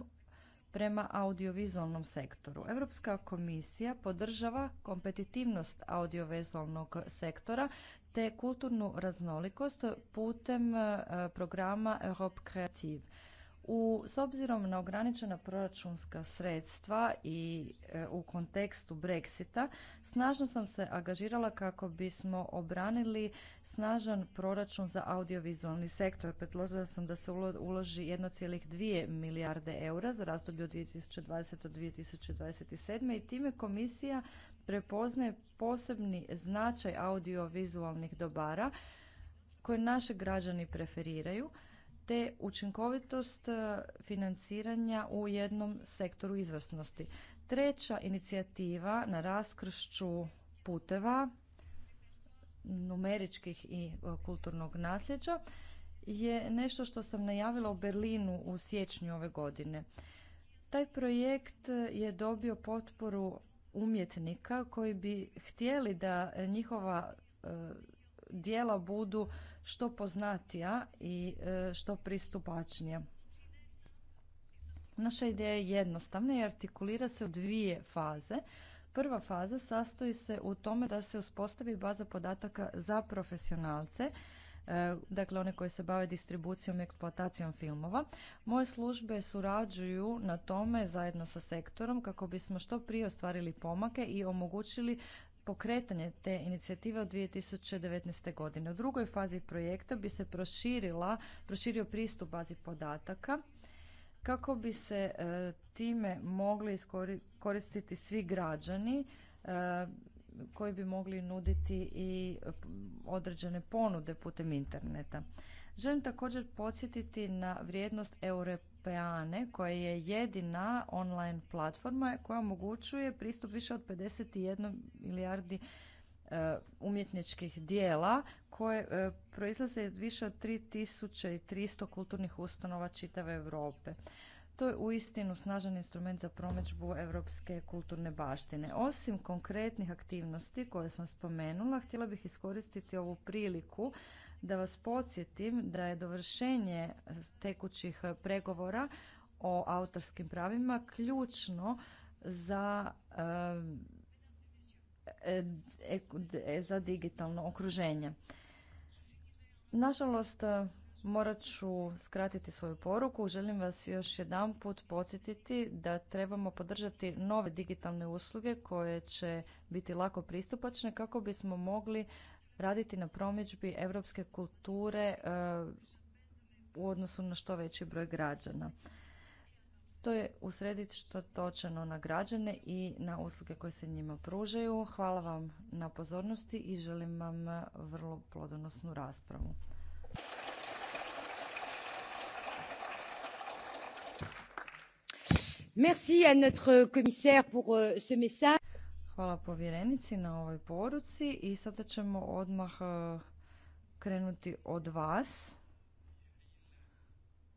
prema audiovizualnom sektoru. Europska komisija podržava kompetitivnost audiovizualnog sektora te kulturnu raznolikost putem eh, programa Europe Creative. U, s obzirom na ograničena proračunska sredstva i e, u kontekstu Brexita, snažno sam se angažirala kako bismo obranili snažan proračun za audiovizualni sektor. Predložila sam da se uloži 1,2 milijarde eura za razdoblje od 2020. do 2027. i time komisija prepoznaje posebni značaj audiovizualnih dobara koje naše građani preferiraju – te učinkovitost e, financiranja u jednom sektoru izvrsnosti. Treća inicijativa na raskršću puteva numeričkih i e, kulturnog nasljeđa je nešto što sam najavila u Berlinu u siječnju ove godine. Taj projekt je dobio potporu umjetnika koji bi htjeli da njihova e, djela budu što poznatija i e, što pristupačnija. Naša ideja je jednostavna i artikulira se u dvije faze. Prva faza sastoji se u tome da se uspostavi baza podataka za profesionalce, e, dakle one koji se bave distribucijom i eksploatacijom filmova. Moje službe surađuju na tome zajedno sa sektorom kako bismo što prije ostvarili pomake i omogućili pokretanje te inicijative od 2019. godine. U drugoj fazi projekta bi se proširila, proširio pristup bazi podataka kako bi se e, time mogli koristiti svi građani e, koji bi mogli nuditi i e, određene ponude putem interneta. Želim također podsjetiti na vrijednost Europeane koja je jedina online platforma koja omogućuje pristup više od 51 milijardi e, umjetničkih dijela koje e, proizlaze iz više od 3300 kulturnih ustanova čitave Europe. To je uistinu snažan instrument za promidžbu europske kulturne baštine. Osim konkretnih aktivnosti koje sam spomenula, htjela bih iskoristiti ovu priliku da vas podsjetim da je dovršenje tekućih pregovora o autorskim pravima ključno za eh, e, za digitalno okruženje. Nažalost, morat ću skratiti svoju poruku. Želim vas još jedan put podsjetiti da trebamo podržati nove digitalne usluge koje će biti lako pristupačne kako bismo mogli raditi na promidžbi europske kulture e, u odnosu na što veći broj građana. To je u što točeno na građane i na usluge koje se njima pružaju. Hvala vam na pozornosti i želim vam vrlo plodonosnu raspravu. Merci à notre commissaire pour euh, ce message. Hvala povjerenici na ovoj poruci i sada ćemo odmah e, krenuti od vas.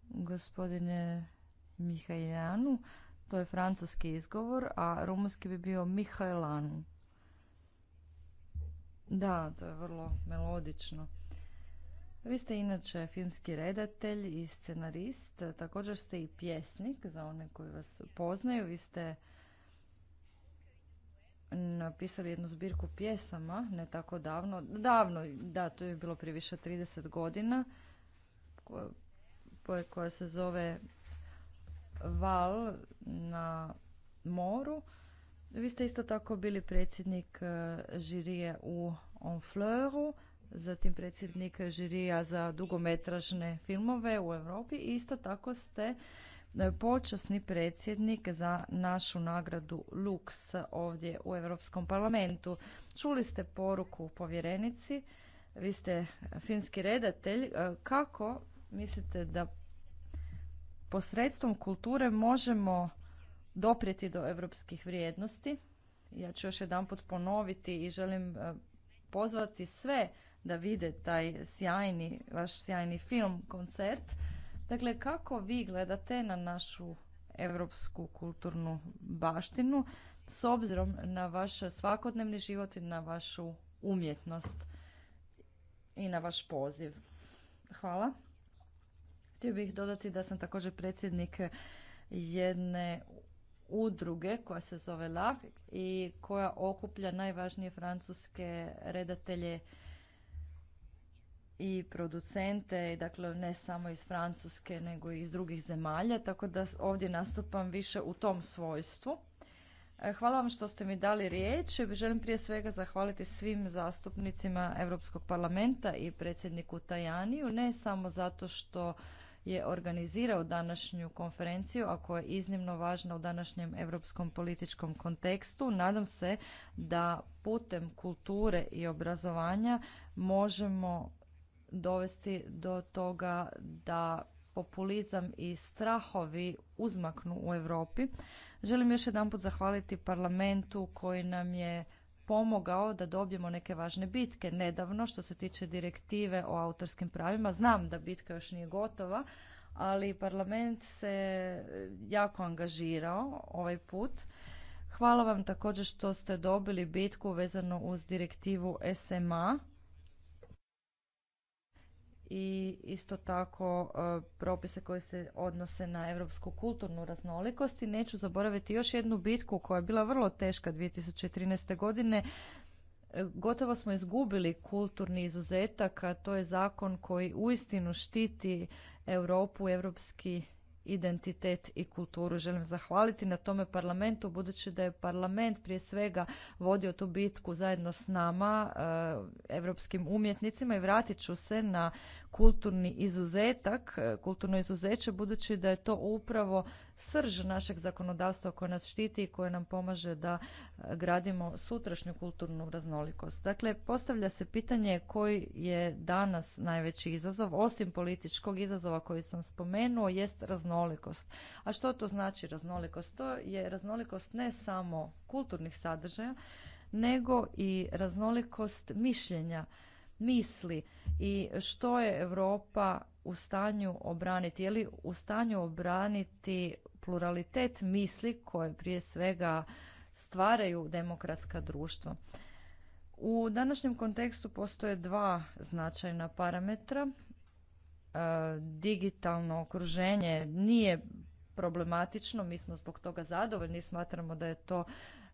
Gospodine Mihajlanu, to je francuski izgovor, a rumunski bi bio Mihajlanu. Da, to je vrlo melodično. Vi ste inače filmski redatelj i scenarist, također ste i pjesnik, za one koji vas poznaju. Vi ste napisali jednu zbirku pjesama, ne tako davno, davno, da, to je bilo prije više 30 godina, koja, koja se zove Val na moru. Vi ste isto tako bili predsjednik e, žirije u Honfleuru, zatim predsjednik žirija za dugometražne filmove u Europi i isto tako ste E, počasni predsjednik za našu nagradu Lux ovdje u Europskom parlamentu. Čuli ste poruku povjerenici, vi ste filmski redatelj. E, kako mislite da posredstvom kulture možemo doprijeti do europskih vrijednosti? Ja ću još jedanput ponoviti i želim e, pozvati sve da vide taj sjajni, vaš sjajni film, koncert Dakle, kako vi gledate na našu europsku kulturnu baštinu s obzirom na vaš svakodnevni život i na vašu umjetnost i na vaš poziv? Hvala. Htio bih dodati da sam također predsjednik jedne udruge koja se zove LAV i koja okuplja najvažnije francuske redatelje i producente, dakle ne samo iz Francuske nego i iz drugih zemalja, tako da ovdje nastupam više u tom svojstvu. E, hvala vam što ste mi dali riječ. Želim prije svega zahvaliti svim zastupnicima Europskog parlamenta i predsjedniku Tajaniju, ne samo zato što je organizirao današnju konferenciju, a koja je iznimno važna u današnjem europskom političkom kontekstu. Nadam se da putem kulture i obrazovanja možemo dovesti do toga da populizam i strahovi uzmaknu u Europi. Želim još jedanput zahvaliti parlamentu koji nam je pomogao da dobijemo neke važne bitke nedavno što se tiče direktive o autorskim pravima. Znam da bitka još nije gotova, ali parlament se jako angažirao ovaj put. Hvala vam također što ste dobili bitku vezano uz direktivu SMA i isto tako e, propise koji se odnose na europsku kulturnu raznolikost i neću zaboraviti još jednu bitku koja je bila vrlo teška 2013. godine e, gotovo smo izgubili kulturni izuzetak a to je zakon koji uistinu štiti Europu, europski identitet i kulturu. Želim zahvaliti na tome parlamentu, budući da je parlament prije svega vodio tu bitku zajedno s nama, europskim eh, umjetnicima i vratit ću se na kulturni izuzetak, e, kulturno izuzeće, budući da je to upravo srž našeg zakonodavstva koje nas štiti i koje nam pomaže da e, gradimo sutrašnju kulturnu raznolikost. Dakle, postavlja se pitanje koji je danas najveći izazov, osim političkog izazova koji sam spomenuo, jest raznolikost. A što to znači raznolikost? To je raznolikost ne samo kulturnih sadržaja, nego i raznolikost mišljenja misli i što je Europa u stanju obraniti. Je li u stanju obraniti pluralitet misli koje prije svega stvaraju demokratska društva. U današnjem kontekstu postoje dva značajna parametra. E, digitalno okruženje nije problematično, mi smo zbog toga zadovoljni, smatramo da je to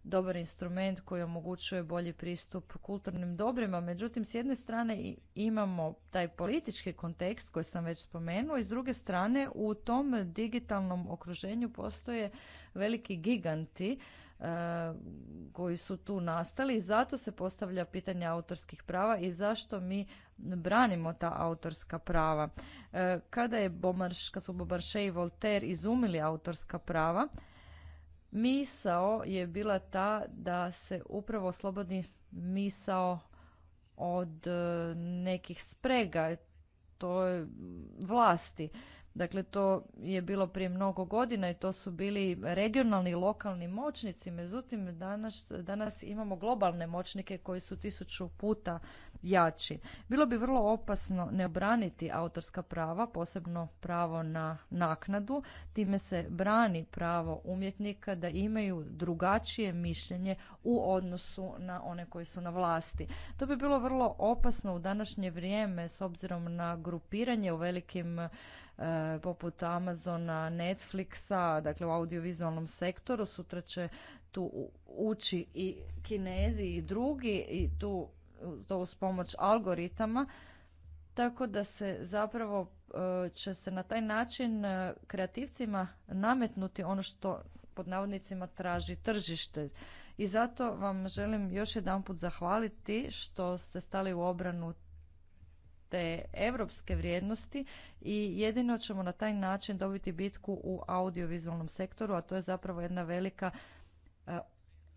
dobar instrument koji omogućuje bolji pristup kulturnim dobrima. Međutim, s jedne strane imamo taj politički kontekst koji sam već spomenuo i s druge strane u tom digitalnom okruženju postoje veliki giganti e, koji su tu nastali i zato se postavlja pitanje autorskih prava i zašto mi branimo ta autorska prava. E, kada, je Bomarš, kad su Bobarše i Voltaire izumili autorska prava, Misao je bila ta da se upravo oslobodi misao od e, nekih sprega, to je vlasti. Dakle, to je bilo prije mnogo godina i to su bili regionalni i lokalni moćnici. Međutim, danas, danas imamo globalne moćnike koji su tisuću puta jači. Bilo bi vrlo opasno ne obraniti autorska prava, posebno pravo na naknadu. Time se brani pravo umjetnika da imaju drugačije mišljenje u odnosu na one koji su na vlasti. To bi bilo vrlo opasno u današnje vrijeme s obzirom na grupiranje u velikim e, poput Amazona, Netflixa, dakle u audiovizualnom sektoru, sutra će tu ući i Kinezi i drugi i tu to uz pomoć algoritama tako da se zapravo e, će se na taj način e, kreativcima nametnuti ono što pod navodnicima traži tržište. I zato vam želim još jedanput zahvaliti što ste stali u obranu te europske vrijednosti i jedino ćemo na taj način dobiti bitku u audiovizualnom sektoru, a to je zapravo jedna velika e,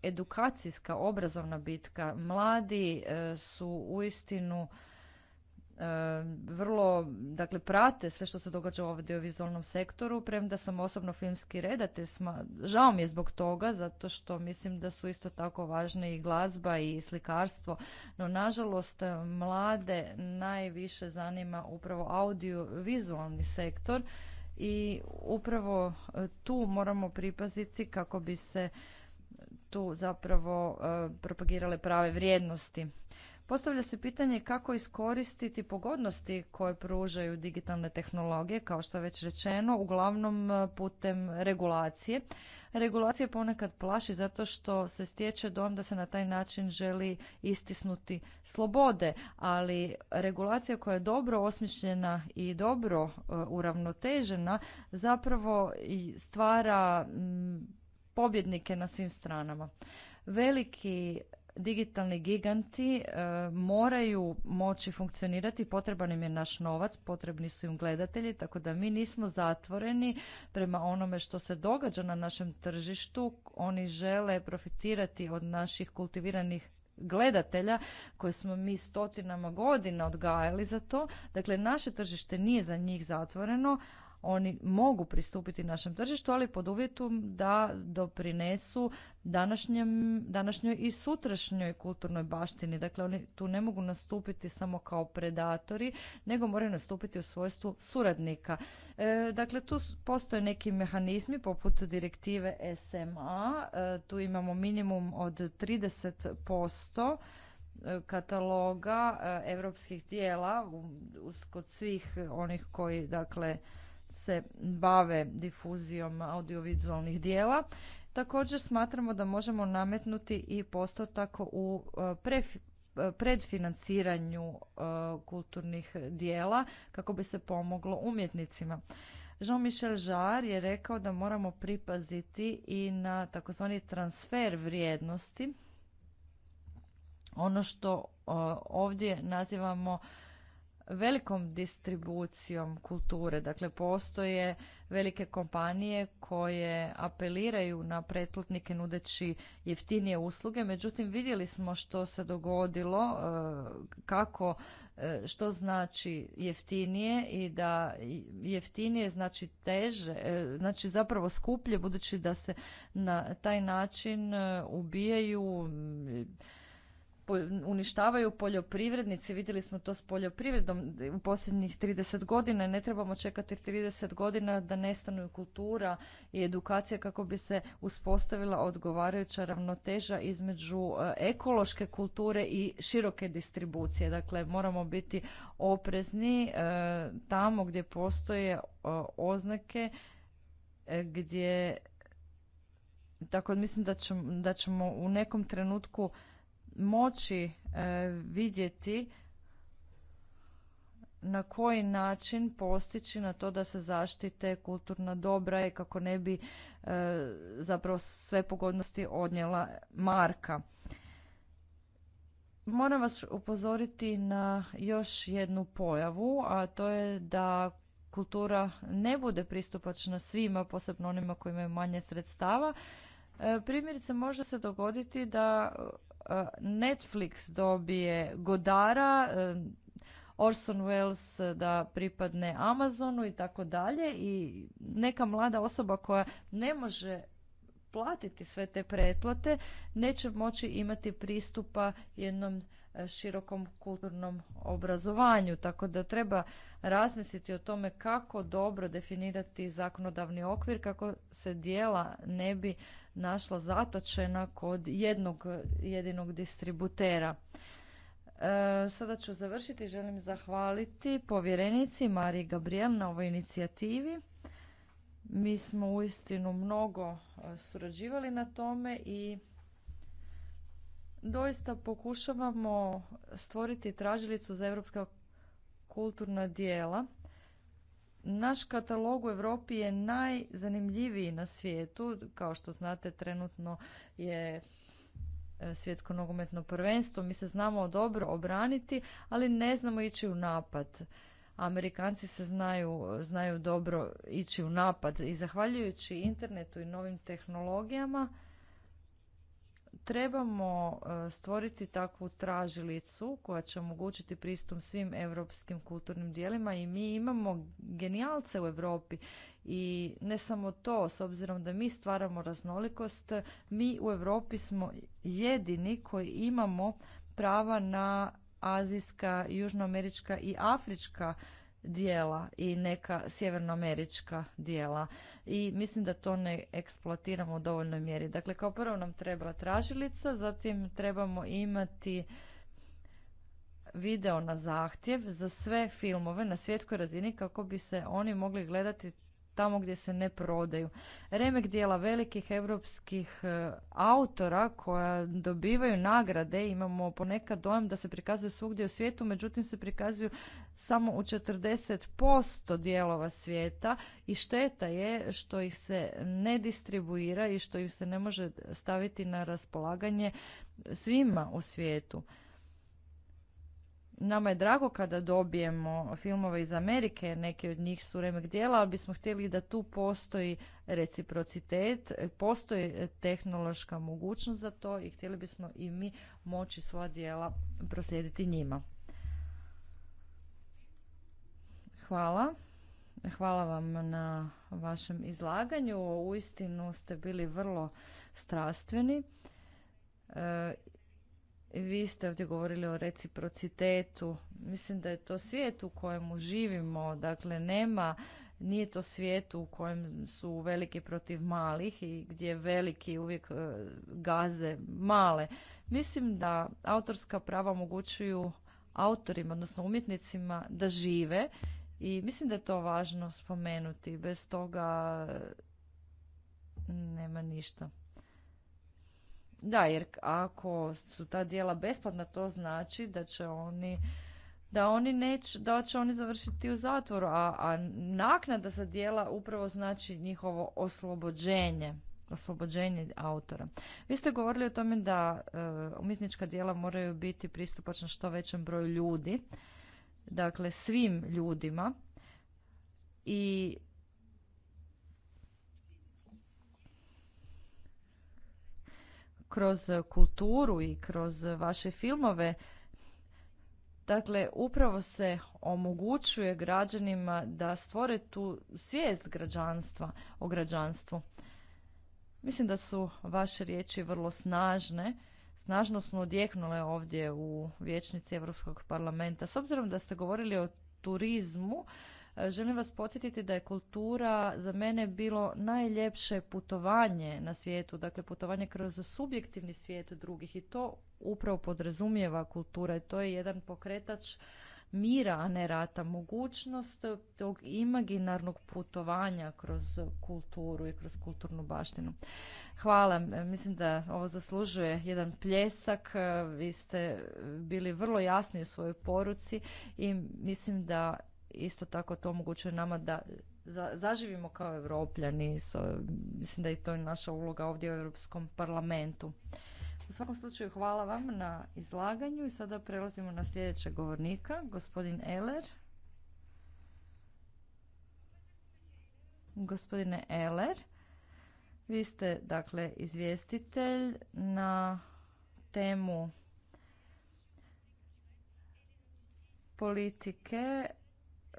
edukacijska, obrazovna bitka. Mladi e, su uistinu e, vrlo, dakle, prate sve što se događa ovdje u vizualnom sektoru, premda sam osobno filmski redatelj, sma, žao mi je zbog toga, zato što mislim da su isto tako važne i glazba i slikarstvo, no nažalost e, mlade najviše zanima upravo audio-vizualni sektor i upravo tu moramo pripaziti kako bi se tu zapravo e, propagirale prave vrijednosti. Postavlja se pitanje kako iskoristiti pogodnosti koje pružaju digitalne tehnologije, kao što je već rečeno, uglavnom e, putem regulacije. Regulacija ponekad plaši zato što se stječe dom da se na taj način želi istisnuti slobode, ali regulacija koja je dobro osmišljena i dobro e, uravnotežena zapravo stvara pobjednike na svim stranama. Veliki digitalni giganti e, moraju moći funkcionirati, potreban im je naš novac, potrebni su im gledatelji, tako da mi nismo zatvoreni prema onome što se događa na našem tržištu. Oni žele profitirati od naših kultiviranih gledatelja koje smo mi stotinama godina odgajali za to. Dakle, naše tržište nije za njih zatvoreno, oni mogu pristupiti našem tržištu, ali pod uvjetom da doprinesu današnjoj i sutrašnjoj kulturnoj baštini. Dakle, oni tu ne mogu nastupiti samo kao predatori, nego moraju nastupiti u svojstvu suradnika. E, dakle, tu postoje neki mehanizmi poput direktive SMA. E, tu imamo minimum od 30% e, kataloga europskih tijela kod svih onih koji dakle se bave difuzijom audiovizualnih dijela. Također smatramo da možemo nametnuti i postotak u e, e, predfinanciranju e, kulturnih dijela kako bi se pomoglo umjetnicima. Jean-Michel Jarre je rekao da moramo pripaziti i na takozvani transfer vrijednosti. Ono što ovdje nazivamo velikom distribucijom kulture. Dakle, postoje velike kompanije koje apeliraju na pretplatnike nudeći jeftinije usluge. Međutim, vidjeli smo što se dogodilo, e, kako, e, što znači jeftinije i da jeftinije znači teže, e, znači zapravo skuplje, budući da se na taj način ubijaju uništavaju poljoprivrednici, vidjeli smo to s poljoprivredom u posljednjih 30 godina, ne trebamo čekati 30 godina da nestanu kultura i edukacija kako bi se uspostavila odgovarajuća ravnoteža između e, ekološke kulture i široke distribucije. Dakle, moramo biti oprezni e, tamo gdje postoje e, oznake gdje tako mislim da da ćemo u nekom trenutku moći e, vidjeti na koji način postići na to da se zaštite kulturna dobra i kako ne bi e, zapravo sve pogodnosti odnijela marka. Moram vas upozoriti na još jednu pojavu, a to je da kultura ne bude pristupačna svima, posebno onima koji imaju manje sredstava. E, primjerice, može se dogoditi da Netflix dobije Godara, eh, Orson Welles da pripadne Amazonu i tako dalje i neka mlada osoba koja ne može platiti sve te pretplate neće moći imati pristupa jednom eh, širokom kulturnom obrazovanju. Tako da treba razmisliti o tome kako dobro definirati zakonodavni okvir kako se dijela ne bi našla zatočena kod jednog jedinog distributera. E, sada ću završiti. Želim zahvaliti povjerenici Mariji Gabriel na ovoj inicijativi. Mi smo uistinu mnogo e, surađivali na tome i doista pokušavamo stvoriti tražilicu za evropska kulturna dijela naš katalog u Europi je najzanimljiviji na svijetu. Kao što znate, trenutno je e, svjetsko nogometno prvenstvo. Mi se znamo dobro obraniti, ali ne znamo ići u napad. Amerikanci se znaju, znaju dobro ići u napad i zahvaljujući internetu i novim tehnologijama trebamo e, stvoriti takvu tražilicu koja će omogućiti pristup svim europskim kulturnim dijelima i mi imamo genijalce u Europi i ne samo to, s obzirom da mi stvaramo raznolikost, mi u Europi smo jedini koji imamo prava na azijska, južnoamerička i afrička dijela i neka sjevernoamerička dijela i mislim da to ne eksploatiramo u dovoljnoj mjeri. Dakle, kao prvo nam treba tražilica, zatim trebamo imati video na zahtjev za sve filmove na svjetskoj razini kako bi se oni mogli gledati tamo gdje se ne prodaju. Remek dijela velikih europskih e, autora koja dobivaju nagrade, imamo ponekad dojam da se prikazuju svugdje u svijetu, međutim se prikazuju samo u 40% dijelova svijeta i šteta je što ih se ne distribuira i što ih se ne može staviti na raspolaganje svima u svijetu. Nama je drago kada dobijemo filmove iz Amerike, neke od njih su remek dijela, ali bismo htjeli da tu postoji reciprocitet, postoji tehnološka mogućnost za to i htjeli bismo i mi moći svoja dijela proslijediti njima. Hvala. Hvala vam na vašem izlaganju. Uistinu ste bili vrlo strastveni. E, vi ste ovdje govorili o reciprocitetu. Mislim da je to svijet u kojemu živimo. Dakle, nema, nije to svijet u kojem su veliki protiv malih i gdje veliki uvijek e, gaze male. Mislim da autorska prava omogućuju autorima, odnosno umjetnicima da žive i mislim da je to važno spomenuti. Bez toga e, nema ništa. Da, jer ako su ta dijela besplatna, to znači da će oni da oni neće da će oni završiti u zatvoru, a, a naknada za dijela upravo znači njihovo oslobođenje oslobođenje autora. Vi ste govorili o tome da e, umjetnička dijela moraju biti pristupačna što većem broju ljudi, dakle svim ljudima i kroz kulturu i kroz vaše filmove Dakle, upravo se omogućuje građanima da stvore tu svijest građanstva o građanstvu. Mislim da su vaše riječi vrlo snažne. Snažno su odjeknule ovdje u vijećnici Europskog parlamenta. S obzirom da ste govorili o turizmu, Želim vas podsjetiti da je kultura za mene bilo najljepše putovanje na svijetu, dakle putovanje kroz subjektivni svijet drugih i to upravo podrazumijeva kultura i to je jedan pokretač mira, a ne rata, mogućnost tog imaginarnog putovanja kroz kulturu i kroz kulturnu baštinu. Hvala, mislim da ovo zaslužuje jedan pljesak, vi ste bili vrlo jasni u svojoj poruci i mislim da isto tako to omogućuje nama da zaživimo kao evropljani. Mislim da je to naša uloga ovdje u Europskom parlamentu. U svakom slučaju hvala vam na izlaganju i sada prelazimo na sljedećeg govornika, gospodin Eller. Gospodine Eller, vi ste dakle izvjestitelj na temu politike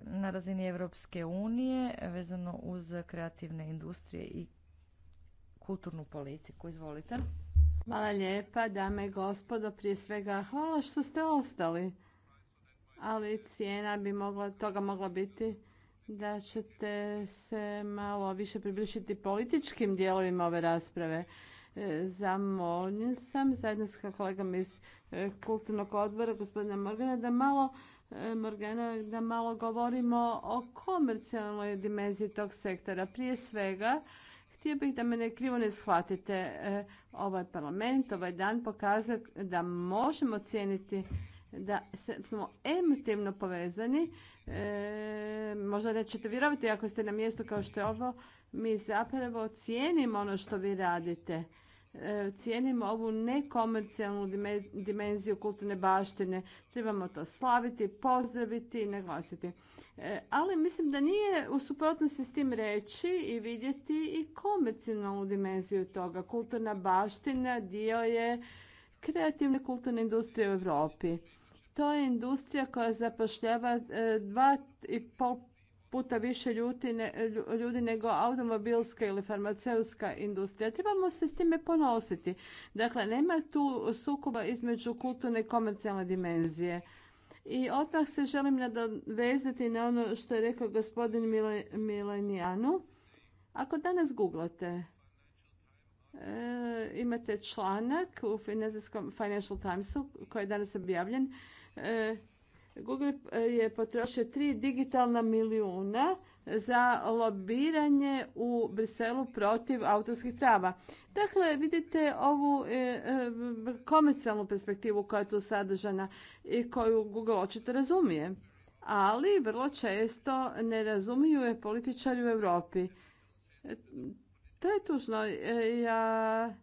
na razini Europske unije vezano uz kreativne industrije i kulturnu politiku. Izvolite. Hvala lijepa, dame i gospodo. Prije svega hvala što ste ostali. Ali cijena bi mogla, toga mogla biti da ćete se malo više približiti političkim dijelovima ove rasprave. E, Zamolim sam zajedno sa kolegom iz e, kulturnog odbora, gospodina Morgana, da malo Morgana da malo govorimo o komercijalnoj dimenziji tog sektora. Prije svega, htio bih da me ne krivo ne shvatite. E, ovaj parlament, ovaj dan pokazuje da možemo cijeniti da smo emotivno povezani. E, možda nećete vjerovati ako ste na mjestu kao što je ovo. Mi zapravo cijenimo ono što vi radite. E, cijenimo ovu nekomercijalnu dimenziju kulturne baštine. Trebamo to slaviti, pozdraviti i naglasiti. E, ali mislim da nije u suprotnosti s tim reći i vidjeti i komercijalnu dimenziju toga. Kulturna baština dio je kreativne kulturne industrije u Europi. To je industrija koja zapošljava 2,5 e, puta više ljudi nego automobilska ili farmaceutska industrija. Trebamo se s time ponositi. Dakle, nema tu sukoba između kulturne i komercijalne dimenzije. I odmah se želim nadovezati na ono što je rekao gospodin Milenijanu. Ako danas googlate, e, imate članak u Financial Timesu koji je danas objavljen, e, Google e, je potrošio tri digitalna milijuna za lobiranje u Briselu protiv autorskih prava. Dakle, vidite ovu e, e, komercijalnu perspektivu koja je tu sadržana i koju Google očito razumije. Ali vrlo često ne razumiju je političari u Europi. To je tužno. Ja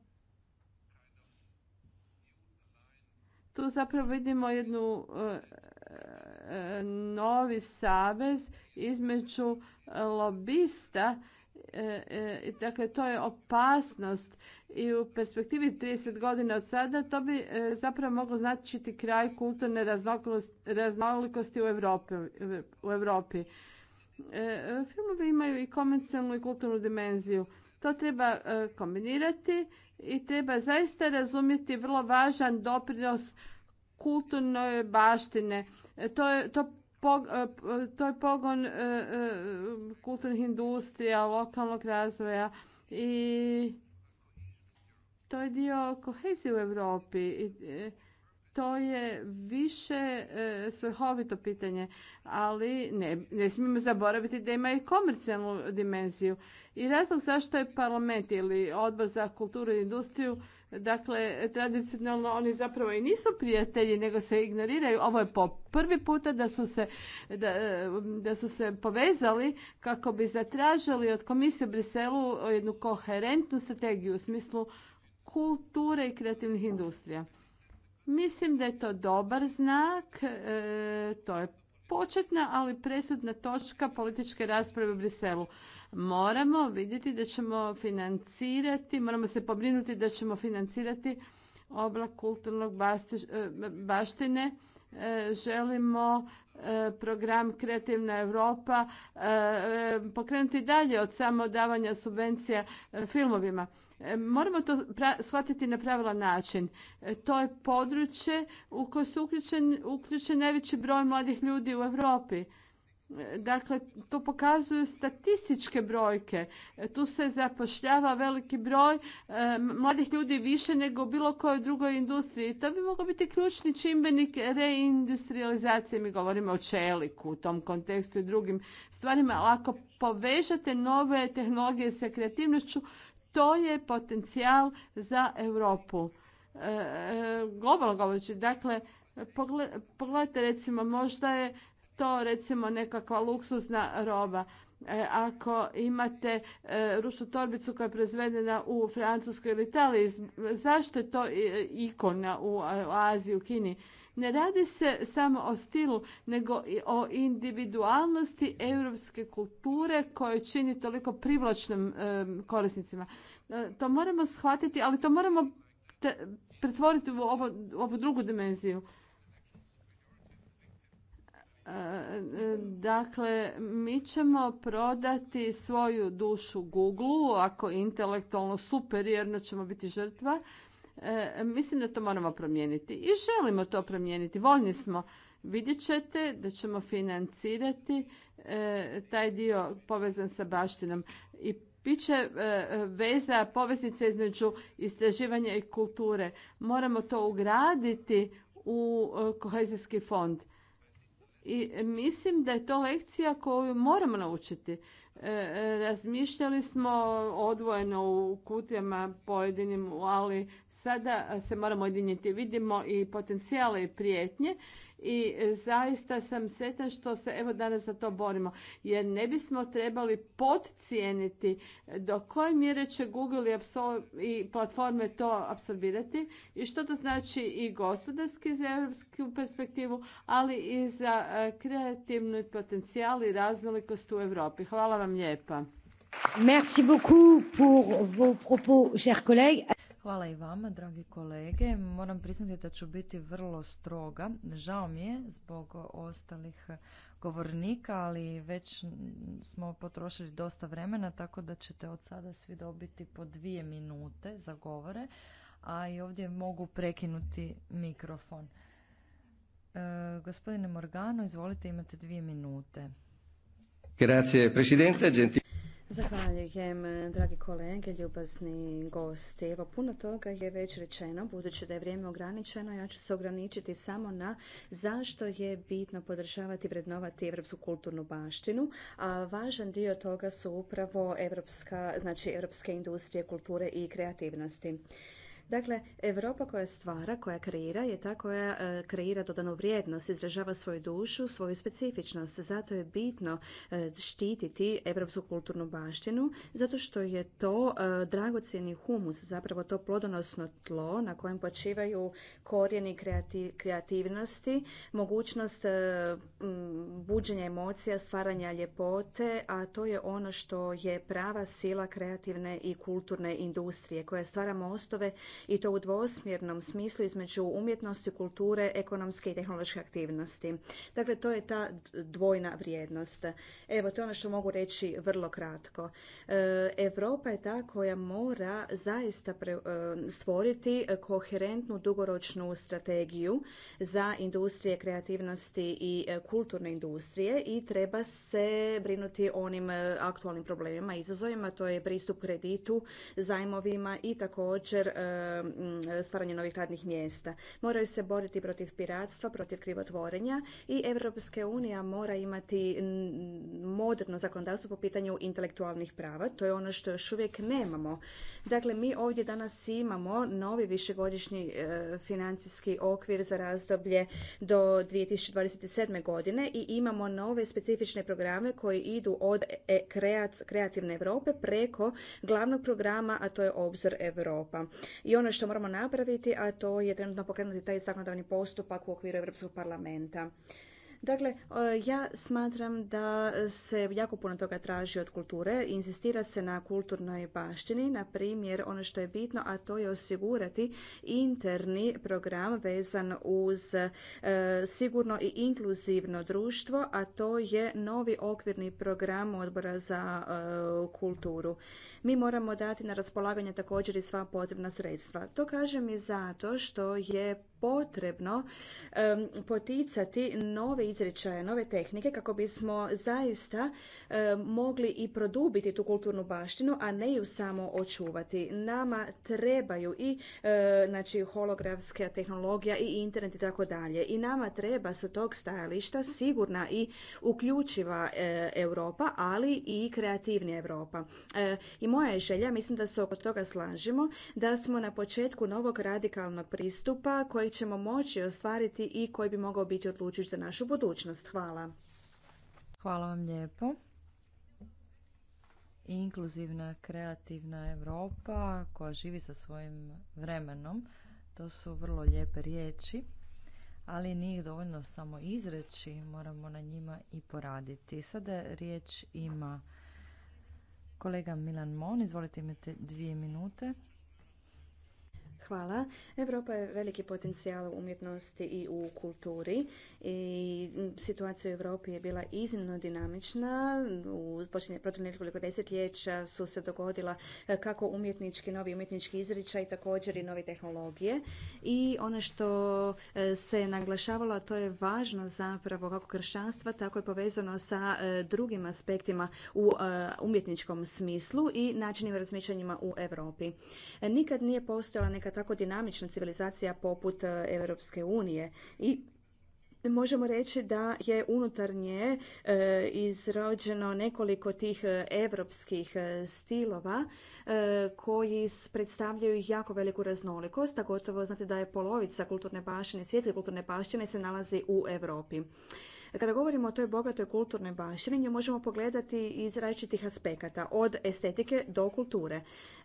tu zapravo vidimo jednu novi savez između lobista e, e, dakle to je opasnost i u perspektivi 30 godina od sada to bi e, zapravo moglo značiti kraj kulturne raznolikosti u Europi. U Europi. Filmovi imaju i komercijalnu i kulturnu dimenziju. To treba kombinirati i treba zaista razumjeti vrlo važan doprinos kulturne baštine. E, to je, to e, to je pogon e, kulturnih industrija, lokalnog razvoja i to je dio kohezije u Europi. To je više svrhovito pitanje, ali ne, ne smijemo zaboraviti da ima i komercijalnu dimenziju. I razlog zašto je parlament ili odbor za kulturu i industriju Dakle, tradicionalno oni zapravo i nisu prijatelji, nego se ignoriraju. Ovo je po prvi puta da su se, da, da su se povezali kako bi zatražili od komisije Briselu jednu koherentnu strategiju u smislu kulture i kreativnih industrija. Mislim da je to dobar znak, e, to je početna, ali presudna točka političke rasprave u Briselu. Moramo vidjeti da ćemo financirati, moramo se pobrinuti da ćemo financirati oblak kulturnog e, baštine. E, želimo e, program Kreativna Europa pokrenuti dalje od samo davanja subvencija filmovima. E, moramo to shvatiti na pravilan način. E, to je područje u koje su uključen, najveći broj mladih ljudi u Europi. E, dakle, to pokazuju statističke brojke. Tu se zapošljava veliki broj mladih ljudi više nego u bilo kojoj drugoj industriji. To bi mogao biti ključni čimbenik reindustrializacije. Mi govorimo o čeliku u tom kontekstu i drugim stvarima, ali ako povežate nove tehnologije sa kreativnošću, to je potencijal za Europu. E, e, globalno govoreći, dakle, pogledajte recimo, možda je to recimo nekakva luksuzna roba. E, ako imate ručnu torbicu koja je proizvedena u Francuskoj ili Italiji, zašto je to ikona u Aziji, u Kini? Ne radi se samo o stilu, nego i o individualnosti europske kulture koje čini toliko privlačnim korisnicima. E, to moramo shvatiti, ali to moramo pretvoriti u ovu, drugu dimenziju. E, e, dakle, mi ćemo prodati svoju dušu Google, ako intelektualno superiorno ćemo biti žrtva, E, mislim da to moramo promijeniti i želimo to promijeniti, voljni smo. Vidjet ćete da ćemo financirati e, taj dio povezan sa baštinom i bit će e, veza, poveznice između istraživanja i kulture. Moramo to ugraditi u kohezijski fond. I mislim da je to lekcija koju moramo naučiti. E, e, razmišljali smo odvojeno u kutijama pojedinim, ali sada se moramo jediniti. Vidimo i potencijale i prijetnje i zaista sam sretna što se evo danas za to borimo. Jer ne bismo trebali podcijeniti do koje mjere će Google i platforme to apsorbirati i što to znači i gospodarski za europsku perspektivu, ali i za e, kreativni potencijal i raznolikost u Europi. Hvala vam lijepa. Merci beaucoup pour vos propos, chers collègues. Hvala i vama, dragi kolege. Moram priznati da ću biti vrlo stroga. Žao mi je zbog ostalih govornika, ali već smo potrošili dosta vremena, tako da ćete od sada svi dobiti po dvije minute za govore, a i ovdje mogu prekinuti mikrofon. E, gospodine Morgano, izvolite, imate dvije minute. Grazie, presidente. Zahvaljujem, dragi kolege, ljubazni gosti. Evo, puno toga je već rečeno, budući da je vrijeme ograničeno, ja ću se ograničiti samo na zašto je bitno podržavati i vrednovati evropsku kulturnu baštinu, a važan dio toga su upravo evropska, znači evropske industrije kulture i kreativnosti. Dakle, Europa koja stvara, koja kreira je ta koja e, kreira dodanu vrijednost, izražava svoju dušu, svoju specifičnost. Zato je bitno e, štititi europsku kulturnu baštinu, zato što je to e, dragocjeni humus, zapravo to plodonosno tlo na kojem počivaju korijeni kreativnosti, mogućnost buđenja emocija, stvaranja ljepote, a to je ono što je prava sila kreativne i kulturne industrije koja stvara mostove i to u dvosmjernom smislu između umjetnosti, kulture, ekonomske i tehnološke aktivnosti. Dakle, to je ta dvojna vrijednost. Evo, to je ono što mogu reći vrlo kratko. Europa je ta koja mora zaista e, stvoriti koherentnu dugoročnu strategiju za industrije kreativnosti i e, kulturne industrije i treba se brinuti o onim e, aktualnim problemima i izazovima, to je pristup kreditu, zajmovima i također E, stvaranje novih radnih mjesta. Moraju se boriti protiv piratstva, protiv krivotvorenja i Evropska unija mora imati moderno zakonodavstvo po pitanju intelektualnih prava. To je ono što još uvijek nemamo. Dakle, mi ovdje danas imamo novi višegodišnji e, financijski okvir za razdoblje do 2027. godine i imamo nove specifične programe koji idu od e, kreativne Europe preko glavnog programa, a to je Obzor Europa. I ono što moramo napraviti, a to je trenutno pokrenuti taj zakonodavni postupak u okviru Europskog parlamenta. Dakle, e, ja smatram da se jako puno toga traži od kulture, insistira se na kulturnoj baštini, na primjer ono što je bitno, a to je osigurati interni program vezan uz e, sigurno i inkluzivno društvo, a to je novi okvirni program odbora za e, kulturu mi moramo dati na raspolaganje također i sva potrebna sredstva. To kažem i zato što je potrebno poticati nove izričaje, nove tehnike kako bismo zaista mogli i produbiti tu kulturnu baštinu, a ne ju samo očuvati. Nama trebaju i e, znači, holografska tehnologija i internet i tako dalje. I nama treba sa tog stajališta sigurna i uključiva e, Europa, ali i kreativnija Europa. E, I moja je želja, mislim da se oko toga slažemo, da smo na početku novog radikalnog pristupa koji ćemo moći ostvariti i koji bi mogao biti odlučujući za našu budućnost. Hvala. Hvala vam lijepo. Inkluzivna, kreativna Europa koja živi sa svojim vremenom. To su vrlo lijepe riječi, ali nije dovoljno samo izreći, moramo na njima i poraditi. Sada riječ ima Kolega Milan Mon, izvolite imate dvije minute. Hvala. Europa je veliki potencijal u umjetnosti i u kulturi i situacija u Europi je bila iznimno dinamična. U protiv nekoliko desetljeća su se dogodila e, kako umjetnički, novi umjetnički izričaj, također i nove tehnologije. I ono što e, se naglašavalo, a to je važno zapravo kako kršćanstva, tako je povezano sa e, drugim aspektima u umjetničkom smislu i načinima razmišljanjima u Europi. Nikad nije postojala neka tako dinamična civilizacija poput Europske unije i možemo reći da je unutarnje nje e, izrođeno nekoliko tih europskih e, stilova e, koji predstavljaju jako veliku raznolikost, a gotovo znate da je polovica kulturne baštine, svjetske kulturne baštine se nalazi u Europi. E, kada govorimo o toj bogatoj kulturnoj baštini, nju možemo pogledati iz različitih aspekata, od estetike do kulture.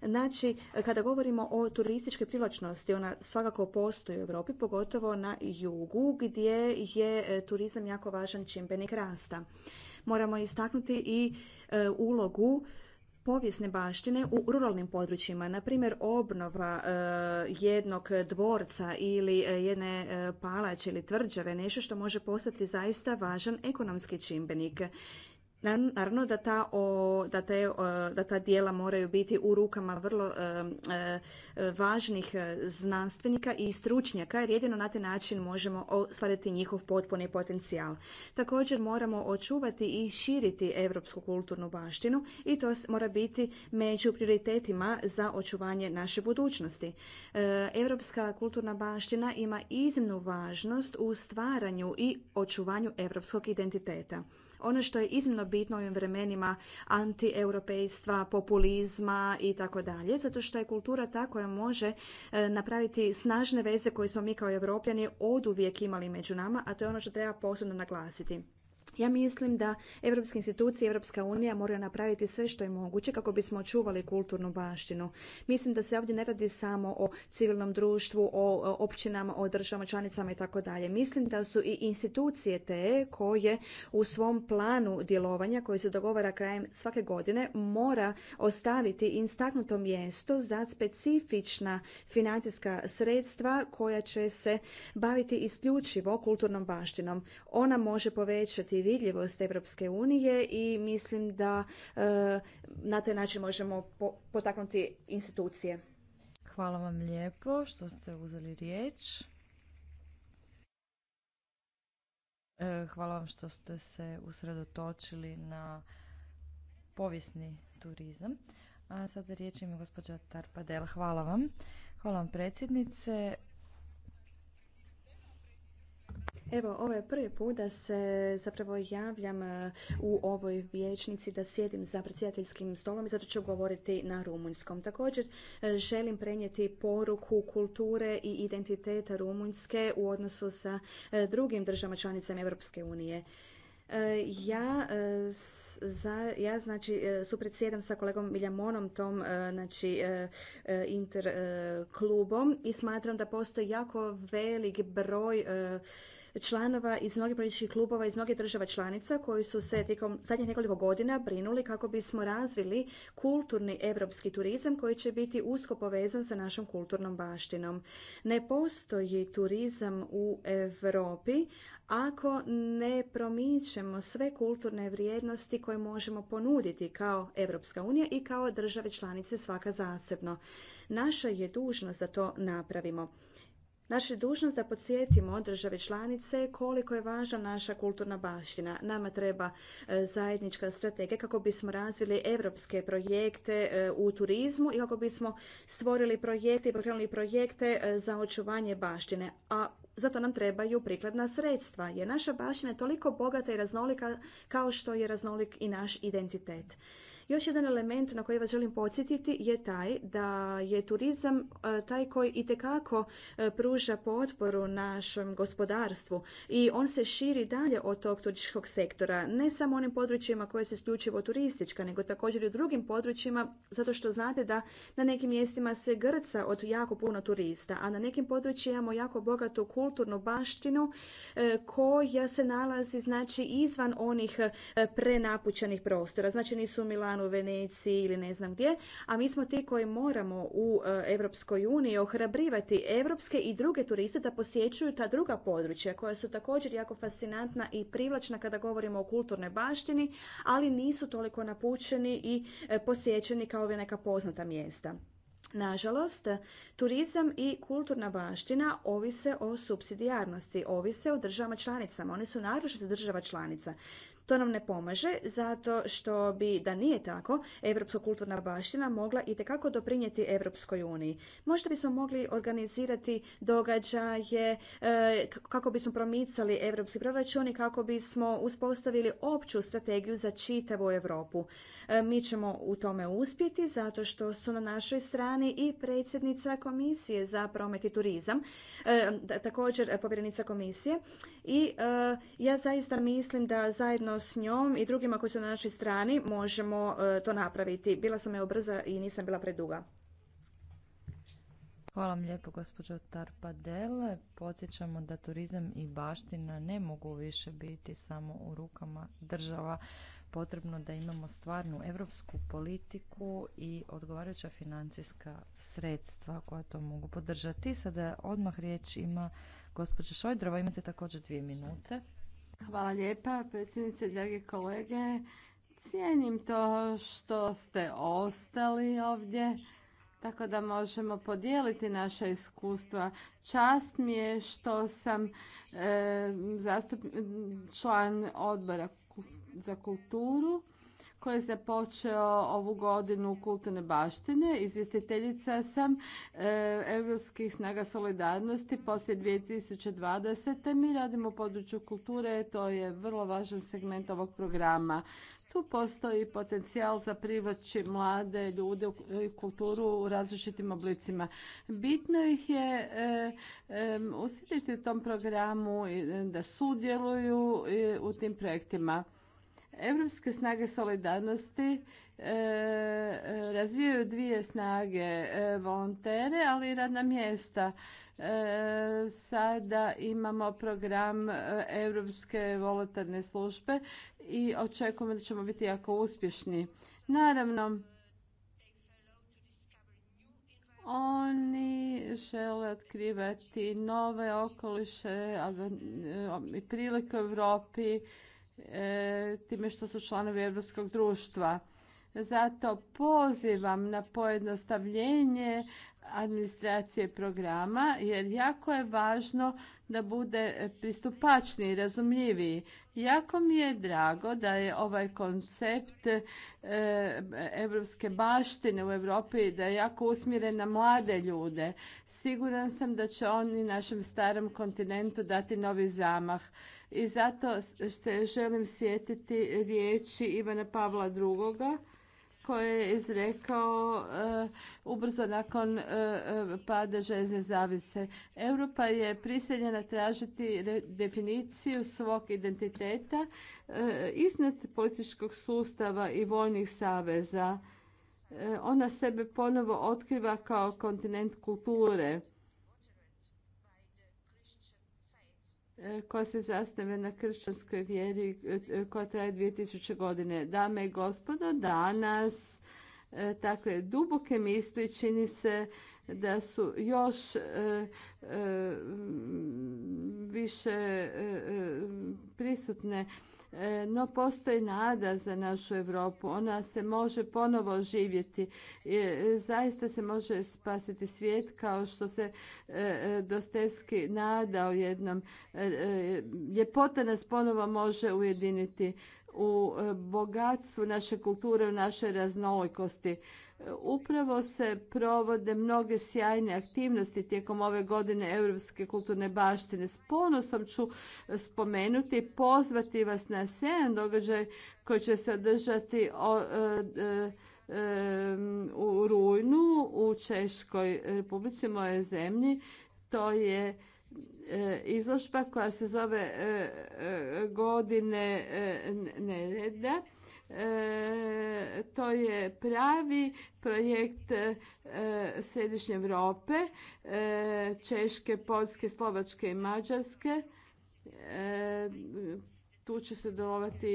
Znači, e, kada govorimo o turističkoj privlačnosti, ona svakako postoji u Europi, pogotovo na jugu, gdje je e, turizam jako važan čimbenik rasta. Moramo istaknuti i ulogu povijesne baštine u ruralnim područjima. Na primjer, obnova e, jednog dvorca ili e, jedne e, palače ili tvrđave, nešto što može postati zaista važan ekonomski čimbenik. Naravno da ta, o, da, ta dijela moraju biti u rukama vrlo e, e, važnih e, znanstvenika i stručnjaka jer jedino na taj način možemo ostvariti njihov potpuni potencijal. Također moramo očuvati i širiti europsku kulturnu baštinu i to mora biti među prioritetima za očuvanje naše budućnosti. Europska kulturna baština ima iznimnu važnost u stvaranju i očuvanju europskog identiteta ono što je iznimno bitno u ovim vremenima antieuropejstva, populizma i tako dalje, zato što je kultura ta koja može e, napraviti snažne veze koje smo mi kao europljani oduvijek imali među nama, a to je ono što treba posebno naglasiti. Ja mislim da europske institucije i Evropska unija moraju napraviti sve što je moguće kako bismo očuvali kulturnu baštinu. Mislim da se ovdje ne radi samo o civilnom društvu, o općinama, o državama članicama i tako dalje. Mislim da su i institucije te koje u svom planu djelovanja koji se dogovara krajem svake godine mora ostaviti instaknuto mjesto za specifična financijska sredstva koja će se baviti isključivo kulturnom baštinom. Ona može povećati vidljivost Europske unije i mislim da e, na taj način možemo potaknuti institucije. Hvala vam lijepo što ste uzeli riječ. E, hvala vam što ste se usredotočili na povijesni turizam. A sada riječ ima gospođa Tarpadel. Hvala vam. Hvala vam predsjednice. Evo, ovo je prvi put da se zapravo javljam e, u ovoj vijećnici da sjedim za predsjedateljskim stolom i zato ću govoriti na rumunjskom. Također e, želim prenijeti poruku kulture i identiteta Rumunjske u odnosu sa e, drugim državama članicama Europske unije. Ja, za, ja znači supredsjedam sa kolegom Miljamonom tom znači interklubom i smatram da postoji jako velik broj članova iz mnogih političkih klubova, iz mnogih država članica koji su se tijekom zadnjih nekoliko godina brinuli kako bismo razvili kulturni europski turizam koji će biti usko povezan sa našom kulturnom baštinom. Ne postoji turizam u Europi ako ne promičemo sve kulturne vrijednosti koje možemo ponuditi kao Europska unija i kao države članice svaka zasebno. Naša je dužnost da to napravimo. Naša je dužnost da podsjetimo države članice koliko je važna naša kulturna baština. Nama treba e, zajednička strategija kako bismo razvili europske projekte e, u turizmu i kako bismo stvorili projekte i pokrenuli projekte e, za očuvanje baštine. A zato nam trebaju prikladna sredstva, jer naša baština je toliko bogata i raznolika kao što je raznolik i naš identitet. Još jedan element na koji vas želim podsjetiti je taj da je turizam e, taj koji itekako e, pruža potporu našem gospodarstvu i on se širi dalje od tog turističkog sektora, ne samo onim područjima koje su isključivo turistička, nego također i u drugim područjima, zato što znate da na nekim mjestima se grca od jako puno turista, a na nekim područjima imamo jako bogatu kulturnu baštinu e, koja se nalazi znači izvan onih prenapućenih prostora. Znači nisu u Milanu, Veneciji ili ne znam gdje, a mi smo ti koji moramo u Europskoj uniji ohrabrivati europske i druge turiste da posjećuju ta druga područja koja su također jako fascinantna i privlačna kada govorimo o kulturnoj baštini, ali nisu toliko napućeni i e, posjećeni kao ove neka poznata mjesta. Nažalost, turizam i kulturna baština ovise o subsidijarnosti, ovise o državama članicama. Oni su naročito država članica. To nam ne pomaže zato što bi, da nije tako, Evropska kulturna baština mogla i tekako doprinijeti Europskoj uniji. Možda bismo mogli organizirati događaje e, kako bismo promicali europski proračun i kako bismo uspostavili opću strategiju za čitavu Europu. E, mi ćemo u tome uspjeti zato što su na našoj strani i predsjednica Komisije za promet i turizam, e, također povjerenica Komisije i ja zaista mislim da zajedno s njom i drugima koji su na našoj strani možemo e, to napraviti. Bila sam je brza i nisam bila preduga. Hvala vam lijepo gospođo Tarpadel. Podsjećamo da turizam i baština ne mogu više biti samo u rukama država. Potrebno da imamo stvarnu europsku politiku i odgovarajuća financijska sredstva koja to mogu podržati. Sada odmah riječ ima gospođa Šojdrova. Imate također dvije minute. Hvala lijepa, predsjednice, dragi kolege. Cijenim to što ste ostali ovdje, tako da možemo podijeliti naša iskustva. Čast mi je što sam eh, član odbora za kulturu koji je započeo ovu godinu kulturne baštine. Izvjestiteljica sam e, Europskih snaga solidarnosti poslije 2020. Mi radimo u području kulture, to je vrlo važan segment ovog programa. Tu postoji potencijal za privlači mlade ljude u kulturu u različitim oblicima. Bitno ih je usjetiti e, e, u tom programu da sudjeluju u tim projektima. Europske snage solidarnosti e, razvijaju dvije snage, e, volontere, ali i radna mjesta. E, sada imamo program Europske volontarne službe i očekujemo da ćemo biti jako uspješni. Naravno, oni žele otkrivati nove okoliše i prilike u Europi E, time što su članovi Europskog društva. Zato pozivam na pojednostavljenje administracije programa jer jako je važno da bude pristupačniji i razumljiviji. Jako mi je drago da je ovaj koncept europske baštine u Europi da je jako usmjeren na mlade ljude. Siguran sam da će oni našem starom kontinentu dati novi zamah. I zato se želim sjetiti riječi Ivana Pavla II koje je izrekao e, ubrzo nakon e, e, pada žezne Europa je prisiljena tražiti definiciju svog identiteta iznad političkog sustava i vojnih saveza. Ona sebe ponovo otkriva kao kontinent kulture E, koja se zastave na kršćanskoj vjeri e, e, koja traje 2000 godine. Dame i gospodo, danas takve duboke misli čini se da su još više prisutne E, no postoji nada za našu Europu. Ona se može ponovo živjeti. E, zaista se može spasiti svijet kao što se e, Dostevski nadao jednom. Ljepota nas ponovo može ujediniti u bogatstvu naše kulture, u našoj raznolikosti. Upravo se provode mnoge sjajne aktivnosti tijekom ove godine Europske kulturne baštine. S ponosom ću spomenuti i pozvati vas na sjajan događaj koji će se održati e, e, u Rujnu u Češkoj republici, moje zemlji. To je e, izložba koja se zove Godine nereda E, to je pravi projekt e, Središnje Europe, e, Češke, Polske, Slovačke i Mađarske. Tu će se dolovati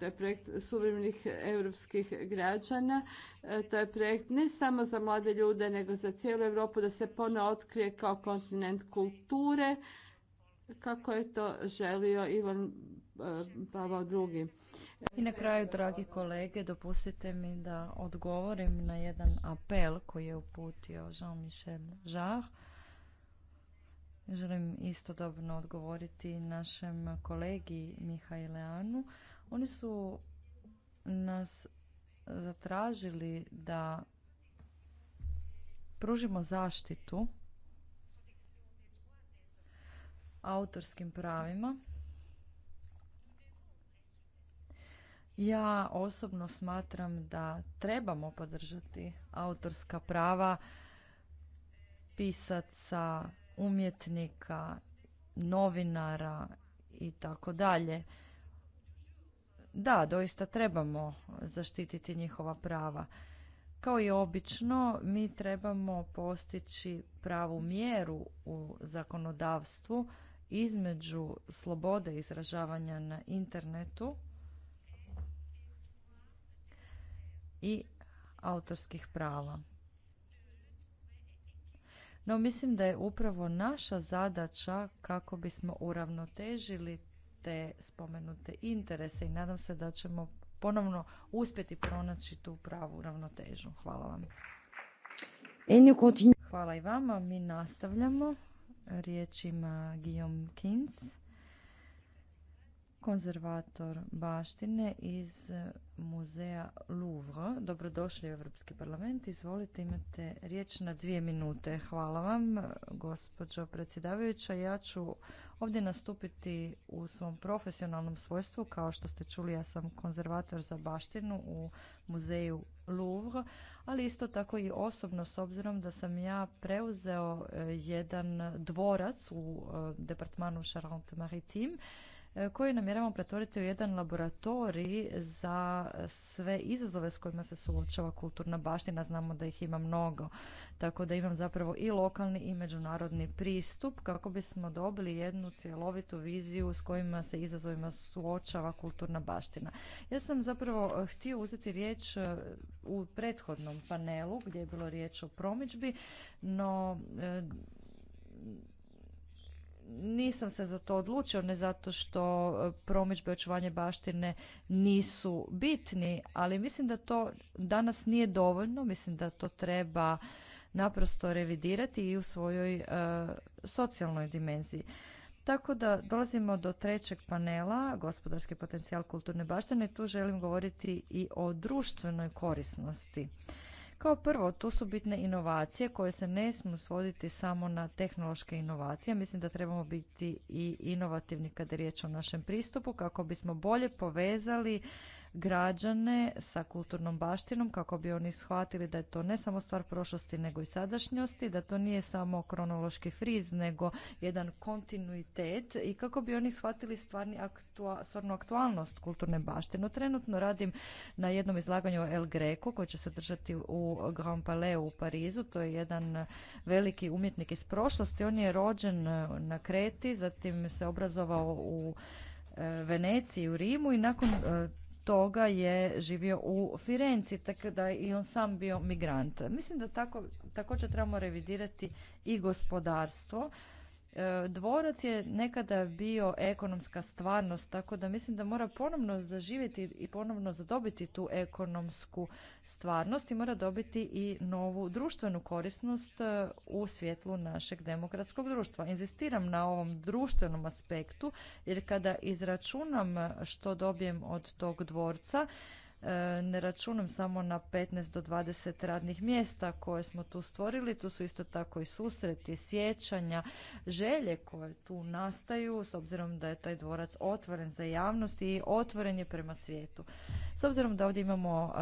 je projekt suvremenih europskih građana. To je projekt ne samo za mlade ljude, nego za cijelu Europu da se ponovno otkrije kao kontinent kulture, kako je to želio Ivan Pavao II i na kraju, dragi kolege, dopustite mi da odgovorim na jedan apel koji je uputio Jean-Michel Jarre. Želim istodobno odgovoriti našem kolegi Mihajleanu. Oni su nas zatražili da pružimo zaštitu autorskim pravima Ja osobno smatram da trebamo podržati autorska prava pisaca, umjetnika, novinara i tako dalje. Da, doista trebamo zaštititi njihova prava. Kao i obično, mi trebamo postići pravu mjeru u zakonodavstvu između slobode izražavanja na internetu i autorskih prava. No mislim da je upravo naša zadaća kako bismo uravnotežili te spomenute interese i nadam se da ćemo ponovno uspjeti pronaći tu pravu ravnotežu. Hvala vam. Hvala i vama. Mi nastavljamo. Riječ ima Guillaume Kins konzervator baštine iz muzeja Louvre. Dobrodošli u Europski parlament. Izvolite, imate riječ na dvije minute. Hvala vam, gospođo predsjedavajuća. Ja ću ovdje nastupiti u svom profesionalnom svojstvu. Kao što ste čuli, ja sam konzervator za baštinu u muzeju Louvre, ali isto tako i osobno s obzirom da sam ja preuzeo eh, jedan dvorac u eh, departmanu Charente Maritime E, koji namjeravamo pretvoriti u jedan laboratorij za sve izazove s kojima se suočava kulturna baština. Znamo da ih ima mnogo, tako da imam zapravo i lokalni i međunarodni pristup kako bismo dobili jednu cjelovitu viziju s kojima se izazovima suočava kulturna baština. Ja sam zapravo e, htio uzeti riječ e, u prethodnom panelu gdje je bilo riječ o promidžbi, no nisam se za to odlučio, ne zato što e, promičbe očuvanje baštine nisu bitni, ali mislim da to danas nije dovoljno, mislim da to treba naprosto revidirati i u svojoj e, socijalnoj dimenziji. Tako da dolazimo do trećeg panela, gospodarski potencijal kulturne baštine. Tu želim govoriti i o društvenoj korisnosti. Kao prvo, tu su bitne inovacije koje se ne smiju svoditi samo na tehnološke inovacije. Mislim da trebamo biti i inovativni kada je riječ o našem pristupu kako bismo bolje povezali građane sa kulturnom baštinom kako bi oni shvatili da je to ne samo stvar prošlosti nego i sadašnjosti, da to nije samo kronološki friz nego jedan kontinuitet i kako bi oni shvatili stvarni aktua, stvarnu aktualnost kulturne baštine. Trenutno radim na jednom izlaganju o El Greco koje će se držati u Grand Palais u Parizu. To je jedan veliki umjetnik iz prošlosti. On je rođen na Kreti, zatim se obrazovao u e, Veneciji, u Rimu i nakon e, toga je živio u Firenci, tako da je i on sam bio migrant. Mislim da tako, također trebamo revidirati i gospodarstvo E, dvorac je nekada bio ekonomska stvarnost, tako da mislim da mora ponovno zaživjeti i ponovno zadobiti tu ekonomsku stvarnost i mora dobiti i novu društvenu korisnost e, u svjetlu našeg demokratskog društva. Inzistiram na ovom društvenom aspektu jer kada izračunam što dobijem od tog dvorca, E, ne računam samo na 15 do 20 radnih mjesta koje smo tu stvorili, tu su isto tako i susreti, sjećanja, želje koje tu nastaju s obzirom da je taj dvorac otvoren za javnost i otvoren je prema svijetu. S obzirom da ovdje imamo e,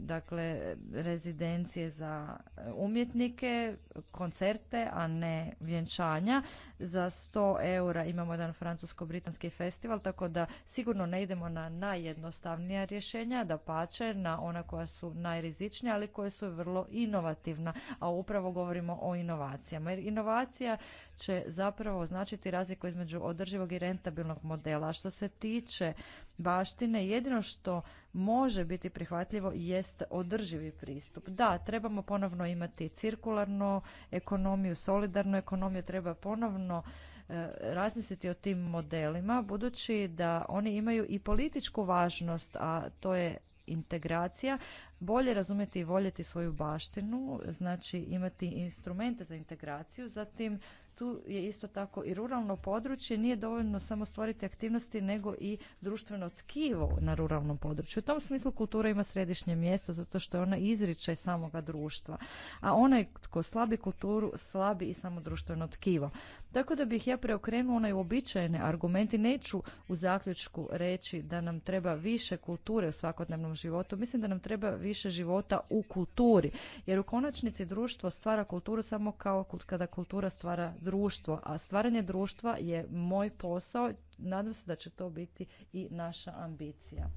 dakle rezidencije za umjetnike, koncerte, a ne vjenčanja. Za 100 eura imamo jedan francusko-britanski festival, tako da sigurno ne idemo na najjednostavnija rješenja rješenja, da pače na ona koja su najrizičnija, ali koja su vrlo inovativna, a upravo govorimo o inovacijama. Jer inovacija će zapravo značiti razliku između održivog i rentabilnog modela. što se tiče baštine, jedino što može biti prihvatljivo jest održivi pristup. Da, trebamo ponovno imati cirkularnu ekonomiju, solidarnu ekonomiju, treba ponovno E, razmisliti o tim modelima budući da oni imaju i političku važnost, a to je integracija, bolje razumjeti i voljeti svoju baštinu, znači imati instrumente za integraciju, zatim tu je isto tako i ruralno područje, nije dovoljno samo stvoriti aktivnosti nego i društveno tkivo na ruralnom području. U tom smislu kultura ima središnje mjesto zato što je ona izričaj samoga društva. A onaj tko slabi kulturu, slabi i samo društveno tkivo. Tako da bih ja preokrenuo onaj uobičajene argumenti. Neću u zaključku reći da nam treba više kulture u svakodnevnom životu. Mislim da nam treba više života u kulturi. Jer u konačnici društvo stvara kulturu samo kao kada kultura stvara društvo društvo, a stvaranje društva je moj posao. Nadam se da će to biti i naša ambicija.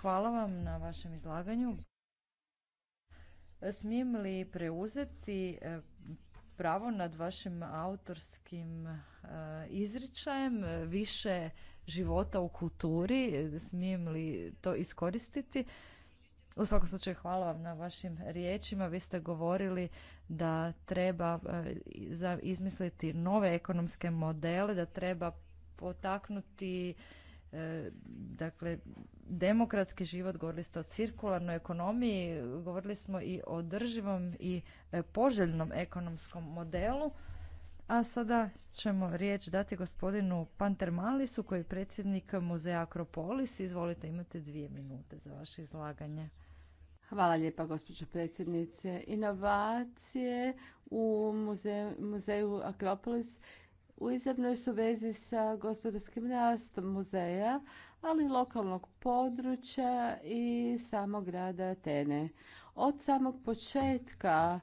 Hvala vam na vašem izlaganju. Smijem li preuzeti e, pravo nad vašim autorskim e, izričajem e, više života u kulturi? Smijem li to iskoristiti? U svakom slučaju hvala vam na vašim riječima. Vi ste govorili da treba e, izmisliti nove ekonomske modele, da treba potaknuti e, dakle demokratski život, govorili ste o cirkularnoj ekonomiji, govorili smo i o drživom i e, poželjnom ekonomskom modelu. A sada ćemo riječ dati gospodinu Panter Malisu, koji je predsjednik muzeja Akropolis. Izvolite, imate dvije minute za vaše izlaganje. Hvala lijepa gospođo predsjednice. Inovacije u muzeju, Akropolis u izravnoj su vezi sa gospodarskim rastom muzeja, ali i lokalnog područja i samog grada Atene. Od samog početka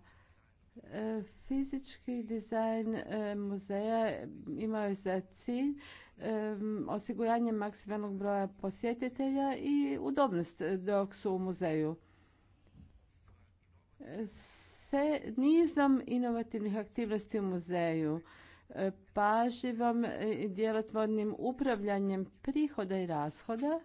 e, fizički dizajn e, muzeja imao je za cilj e, osiguranje maksimalnog broja posjetitelja i udobnost dok su u muzeju se nizom inovativnih aktivnosti u muzeju, e, pažljivom i e, djelotvornim upravljanjem prihoda i rashoda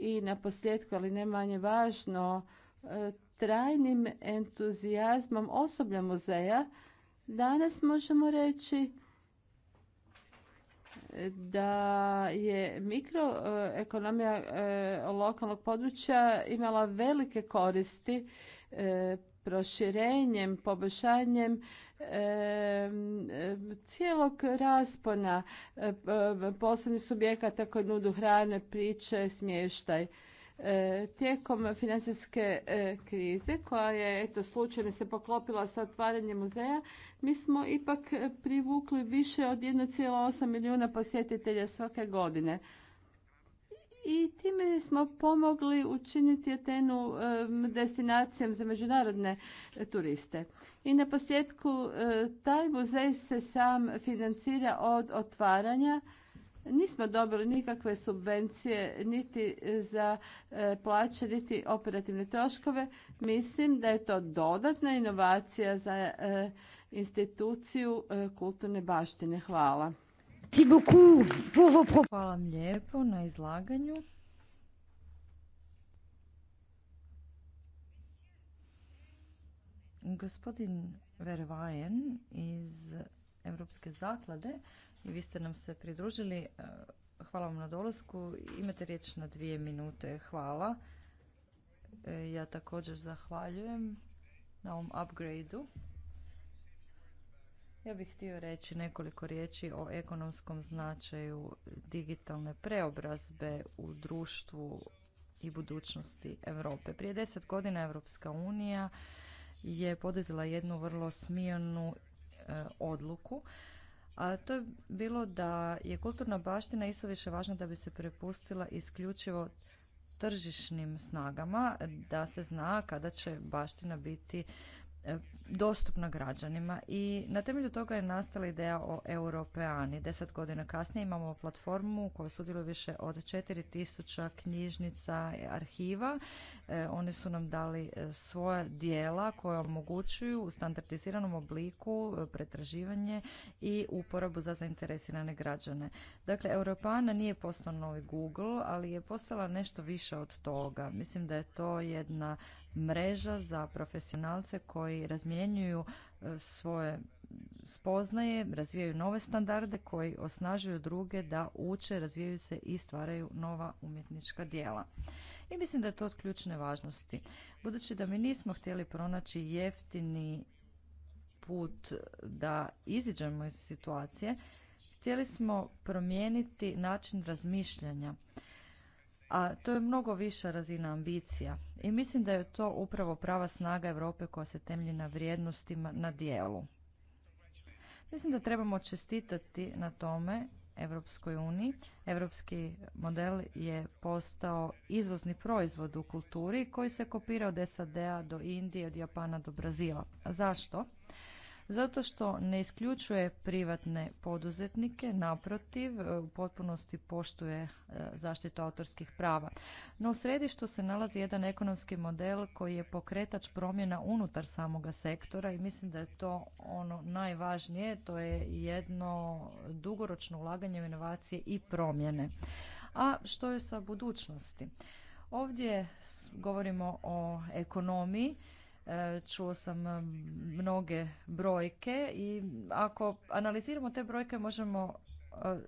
i na posljedku, ali ne manje važno, e, trajnim entuzijazmom osoblja muzeja, danas možemo reći da je mikroekonomija e, e, lokalnog područja imala velike koristi e, proširenjem, poboljšanjem cijelog raspona poslovnih subjekata koji nudu hrane, priče, smještaj. E, tijekom financijske e, krize koja je eto slučajno se poklopila sa otvaranjem muzeja, mi smo ipak privukli više od 1,8 milijuna posjetitelja svake godine. I time smo pomogli učiniti Atenu destinacijom za međunarodne e, turiste. I na posljedku taj muzej se sam financira od otvaranja Nismo dobili nikakve subvencije niti za e, plaće, niti operativne troškove. Mislim da je to dodatna inovacija za e, instituciju e, kulturne baštine. Hvala. Hvala vam lijepo na izlaganju. Gospodin Vervajen iz Europske zaklade i vi ste nam se pridružili. E, hvala vam na dolasku. Imate riječ na dvije minute. Hvala. E, ja također zahvaljujem na ovom upgradeu. Ja bih htio reći nekoliko riječi o ekonomskom značaju digitalne preobrazbe u društvu i budućnosti Europe. Prije deset godina Europska unija je poduzela jednu vrlo smijenu e, odluku a to je bilo da je kulturna baština više važna da bi se prepustila isključivo tržišnim snagama, da se zna kada će baština biti E, dostupna građanima i na temelju toga je nastala ideja o Europeani. Deset godina kasnije imamo platformu u kojoj sudjeluje više od 4000 knjižnica i arhiva. E, oni su nam dali e, svoja dijela koja omogućuju u standardiziranom obliku pretraživanje i uporabu za zainteresirane građane. Dakle, Europeana nije postao novi Google, ali je postala nešto više od toga. Mislim da je to jedna mreža za profesionalce koji razmjenjuju e, svoje spoznaje, razvijaju nove standarde koji osnažuju druge da uče, razvijaju se i stvaraju nova umjetnička djela. I mislim da je to od ključne važnosti. Budući da mi nismo htjeli pronaći jeftini put da iziđemo iz situacije, htjeli smo promijeniti način razmišljanja. A to je mnogo viša razina ambicija. I mislim da je to upravo prava snaga Europe koja se temelji na vrijednostima na dijelu. Mislim da trebamo čestitati na tome Europskoj uniji. Europski model je postao izvozni proizvod u kulturi koji se kopira od SAD-a do Indije, od Japana do Brazila. A zašto? zato što ne isključuje privatne poduzetnike, naprotiv, e, u potpunosti poštuje e, zaštitu autorskih prava. No u središtu se nalazi jedan ekonomski model koji je pokretač promjena unutar samoga sektora i mislim da je to ono najvažnije, to je jedno dugoročno ulaganje u inovacije i promjene. A što je sa budućnosti? Ovdje govorimo o ekonomiji E, čuo sam e, mnoge brojke i ako analiziramo te brojke možemo e,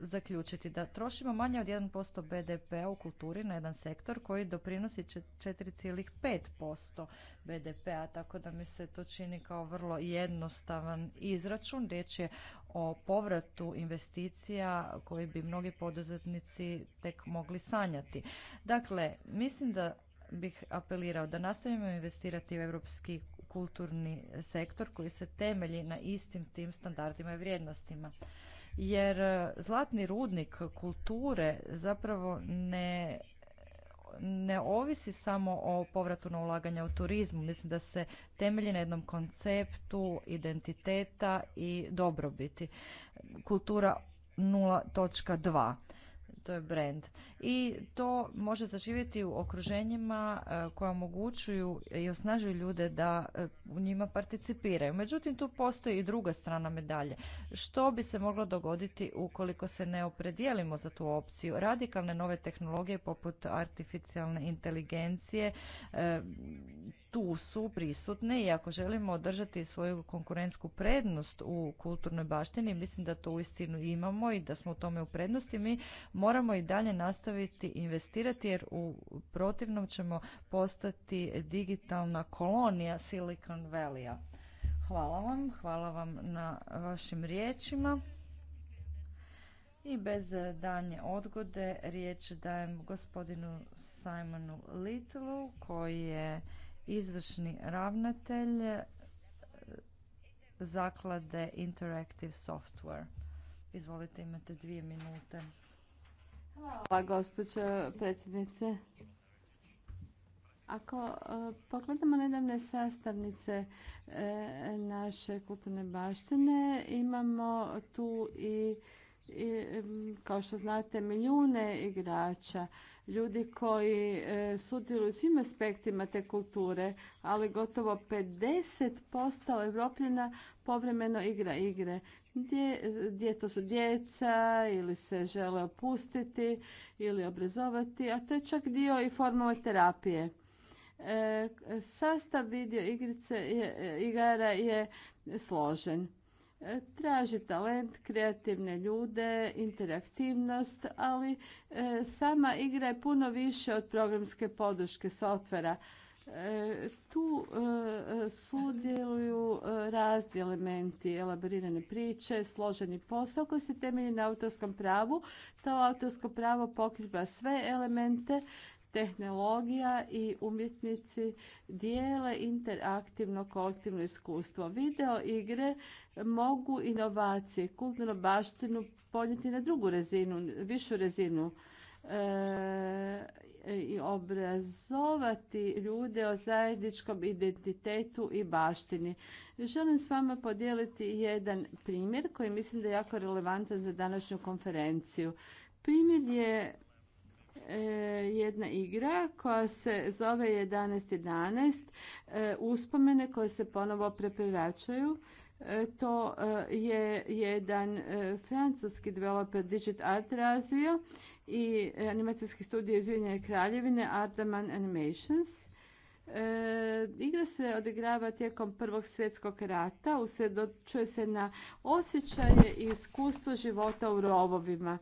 zaključiti da trošimo manje od 1% BDP-a u kulturi na jedan sektor koji doprinosi 4,5% BDP-a, tako da mi se to čini kao vrlo jednostavan izračun. Riječ je o povratu investicija koji bi mnogi poduzetnici tek mogli sanjati. Dakle, mislim da bih apelirao da nastavimo investirati u europski kulturni sektor koji se temelji na istim tim standardima i vrijednostima. Jer e, zlatni rudnik kulture zapravo ne ne ovisi samo o povratu na ulaganja u turizmu. Mislim da se temelji na jednom konceptu identiteta i dobrobiti. Kultura 0.2 to je brand. I to može zaživjeti u okruženjima e, koja omogućuju i osnažuju ljude da e, u njima participiraju. Međutim, tu postoji i druga strana medalje. Što bi se moglo dogoditi ukoliko se ne opredijelimo za tu opciju? Radikalne nove tehnologije poput artificijalne inteligencije, e, tu su prisutne i ako želimo održati svoju konkurentsku prednost u kulturnoj baštini, mislim da to uistinu imamo i da smo u tome u prednosti, mi moramo i dalje nastaviti investirati jer u protivnom ćemo postati digitalna kolonija Silicon Valley. -a. Hvala vam, hvala vam na vašim riječima. I bez danje odgode riječ dajem gospodinu Simonu Littlu koji je izvršni ravnatelj e, zaklade Interactive Software. Izvolite, imate dvije minute. Hvala, gospođo predsjednice. Ako e, pogledamo nedavne sastavnice e, naše kulturne baštine, imamo tu i, i kao što znate milijune igrača ljudi koji e, sudjeluju svim aspektima te kulture, ali gotovo 50% Evropljena povremeno igra igre. Gdje, to su djeca ili se žele opustiti ili obrazovati, a to je čak dio i formule terapije. E, sastav video igrice je, e, igara je složen E, traži talent, kreativne ljude, interaktivnost, ali e, sama igra je puno više od programske podrške softvera. E, tu sudjeluju razni elementi, elaborirane priče, složeni posao koji se temelji na autorskom pravu. To autorsko pravo pokriva sve elemente tehnologija i umjetnici dijele interaktivno kolektivno iskustvo. Video igre mogu inovacije, kulturnu baštinu podnijeti na drugu razinu, višu razinu e, i obrazovati ljude o zajedničkom identitetu i baštini. Želim s vama podijeliti jedan primjer koji mislim da je jako relevantan za današnju konferenciju. Primjer je E, jedna igra koja se zove 11.11. E, uspomene koje se ponovo prepiračaju. E, to je jedan francuski developer Digit Art razvio i animacijski studij iz kraljevine Ardaman Animations. igra se odigrava tijekom Prvog svjetskog rata, usredočuje se na osjećaje i iskustvo života u rovovima.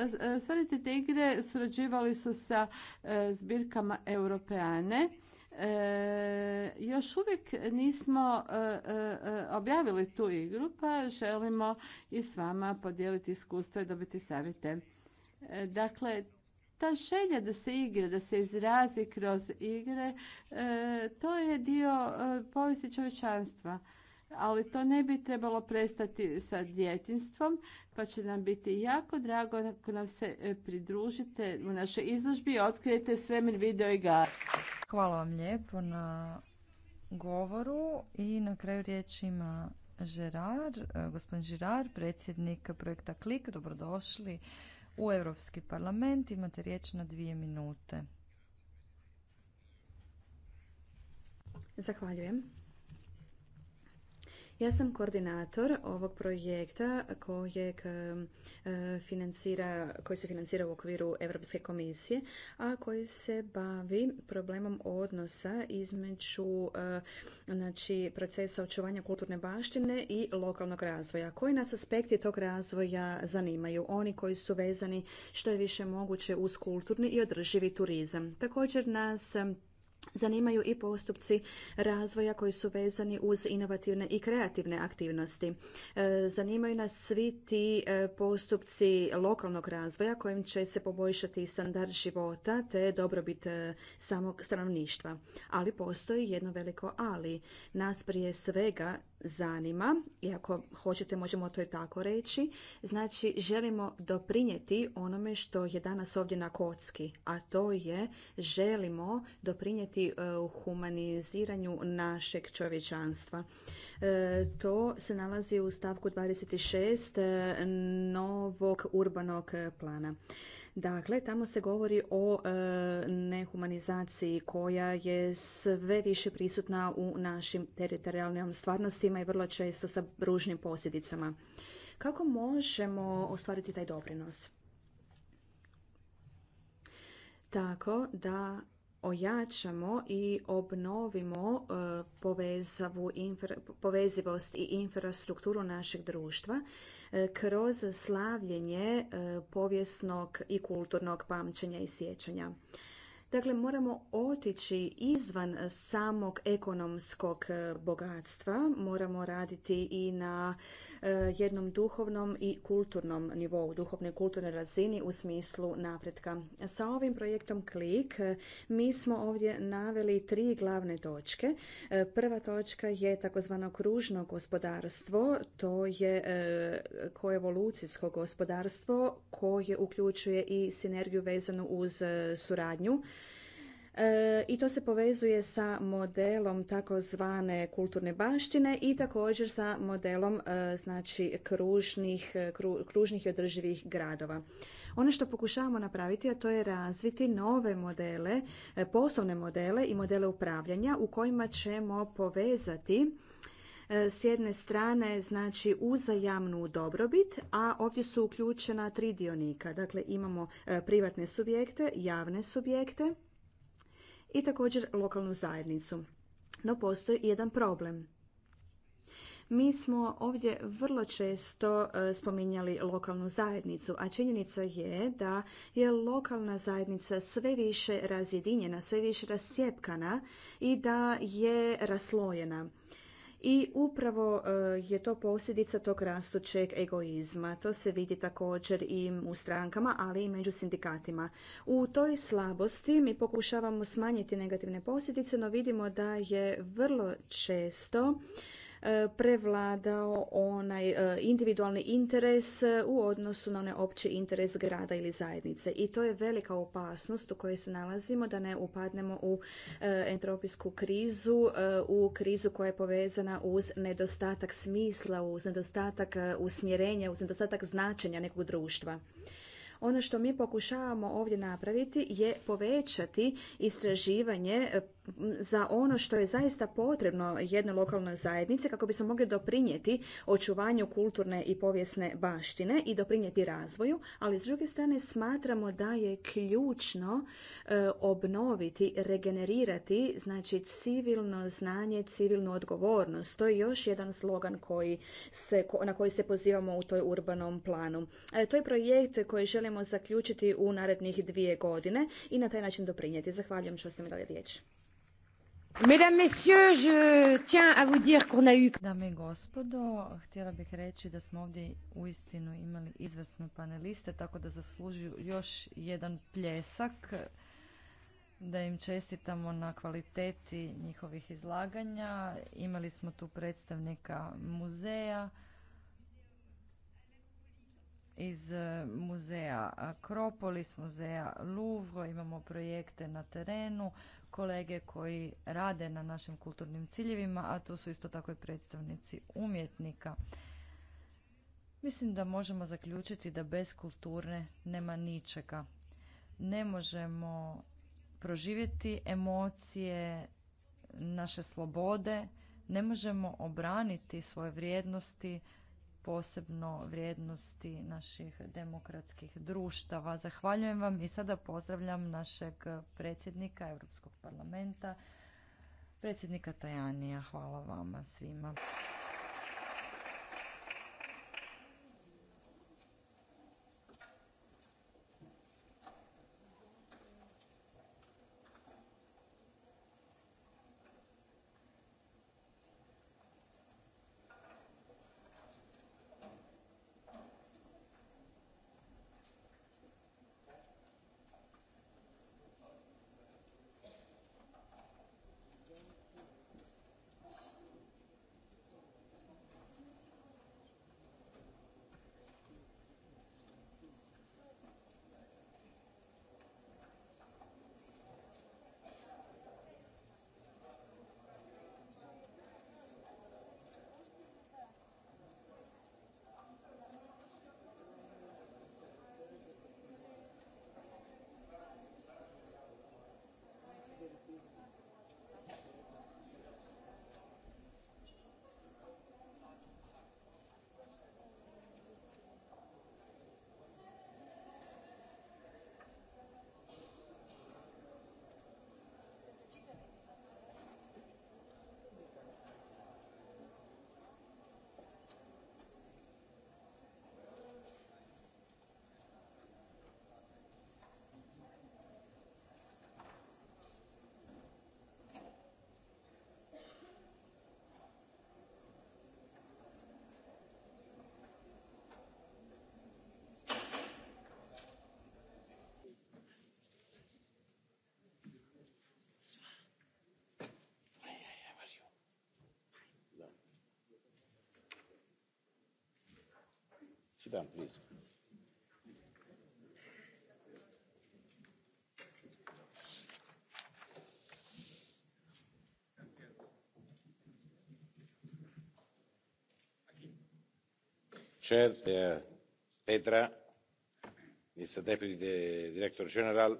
E, e, Stvarite te igre surađivali su sa e, zbirkama Europeane. Još uvijek nismo objavili tu igru, pa želimo i s vama podijeliti iskustvo i dobiti savjete. Dakle, ta želja da se igre, da se izrazi kroz igre, to je dio povijesti čovječanstva ali to ne bi trebalo prestati sa djetinstvom, pa će nam biti jako drago ako nam se e, pridružite u našoj izložbi i otkrijete svemir video igara. Hvala vam lijepo na govoru i na kraju riječ ima e, gospodin Žerar, predsjednik projekta Klik. Dobrodošli u Europski parlament. Imate riječ na dvije minute. Zahvaljujem. Ja sam koordinator ovog projekta kojeg eh, koji se financira u okviru Europske komisije, a koji se bavi problemom odnosa između eh, znači, procesa očuvanja kulturne baštine i lokalnog razvoja. Koji nas aspekti tog razvoja zanimaju? Oni koji su vezani što je više moguće uz kulturni i održivi turizam. Također nas zanimaju i postupci razvoja koji su vezani uz inovativne i kreativne aktivnosti. E, zanimaju nas svi ti e, postupci lokalnog razvoja kojim će se poboljšati standard života te dobrobit e, samog stanovništva. Ali postoji jedno veliko ali. Nas prije svega zanima, i ako hoćete možemo to i tako reći, znači želimo doprinijeti onome što je danas ovdje na kocki, a to je želimo doprinijeti e, humaniziranju našeg čovječanstva. E, to se nalazi u stavku 26 e, novog urbanog plana. Dakle, tamo se govori o e, nehumanizaciji koja je sve više prisutna u našim teritorijalnim stvarnostima i vrlo često sa ružnim posljedicama. Kako možemo ostvariti taj doprinos? Tako da ojačamo i obnovimo e, povezavu, povezivost i infrastrukturu našeg društva E, kroz slavljenje e, povijesnog i kulturnog pamćenja i sjećanja. Dakle, moramo otići izvan samog ekonomskog e, bogatstva, moramo raditi i na E, jednom duhovnom i kulturnom nivou, duhovnoj i kulturnoj razini u smislu napretka. Sa ovim projektom KLIK e, mi smo ovdje naveli tri glavne točke. E, prva točka je takozvano kružno gospodarstvo, to je koevolucijsko gospodarstvo koje uključuje i sinergiju vezanu uz suradnju E, i to se povezuje sa modelom takozvane kulturne baštine i također sa modelom e, znači kružnih, kružnih i održivih gradova. Ono što pokušavamo napraviti, a to je razviti nove modele, e, poslovne modele i modele upravljanja u kojima ćemo povezati s jedne strane znači uzajamnu dobrobit, a ovdje su uključena tri dionika. Dakle, imamo privatne subjekte, javne subjekte i također lokalnu zajednicu. No postoji jedan problem. Mi smo ovdje vrlo često e, spominjali lokalnu zajednicu, a činjenica je da je lokalna zajednica sve više razjedinjena, sve više rascijepkana i da je raslojena i upravo e, je to posljedica tog rastućeg egoizma. To se vidi također i u strankama, ali i među sindikatima. U toj slabosti mi pokušavamo smanjiti negativne posljedice, no vidimo da je vrlo često E, prevladao onaj e, individualni interes e, u odnosu na onaj opći interes grada ili zajednice. I to je velika opasnost u kojoj se nalazimo da ne upadnemo u entropijsku krizu, u krizu koja je povezana uz nedostatak smisla, uz nedostatak usmjerenja, uz nedostatak značenja nekog društva. Ono što mi pokušavamo ovdje napraviti je povećati istraživanje e, za ono što je zaista potrebno jednoj lokalnoj zajednici kako bismo mogli doprinijeti očuvanju kulturne i povijesne baštine i doprinijeti razvoju, ali s druge strane smatramo da je ključno e, obnoviti, regenerirati znači civilno znanje, civilnu odgovornost. To je još jedan slogan koji se, na koji se pozivamo u toj urbanom planu. E, to je projekt koji želi želimo zaključiti u narednih dvije godine i na taj način doprinijeti. Zahvaljujem što ste mi dali riječ. Mesdames, messieurs, je tiens à vous dire qu'on a eu... Dame i gospodo, htjela bih reći da smo ovdje uistinu imali izvrsne paneliste, tako da zaslužuju još jedan pljesak, da im čestitamo na kvaliteti njihovih izlaganja. Imali smo tu predstavnika muzeja, iz e, muzeja Akropolis, muzeja Louvre, imamo projekte na terenu, kolege koji rade na našim kulturnim ciljevima, a tu su isto tako i predstavnici umjetnika. Mislim da možemo zaključiti da bez kulture nema ničega. Ne možemo proživjeti emocije, naše slobode, ne možemo obraniti svoje vrijednosti, posebno vrijednosti naših demokratskih društava. Zahvaljujem vam i sada pozdravljam našeg predsjednika Europskog parlamenta, predsjednika Tajanija. Hvala vama svima. Sit down, please. Chair uh, Petra is the Deputy Director General,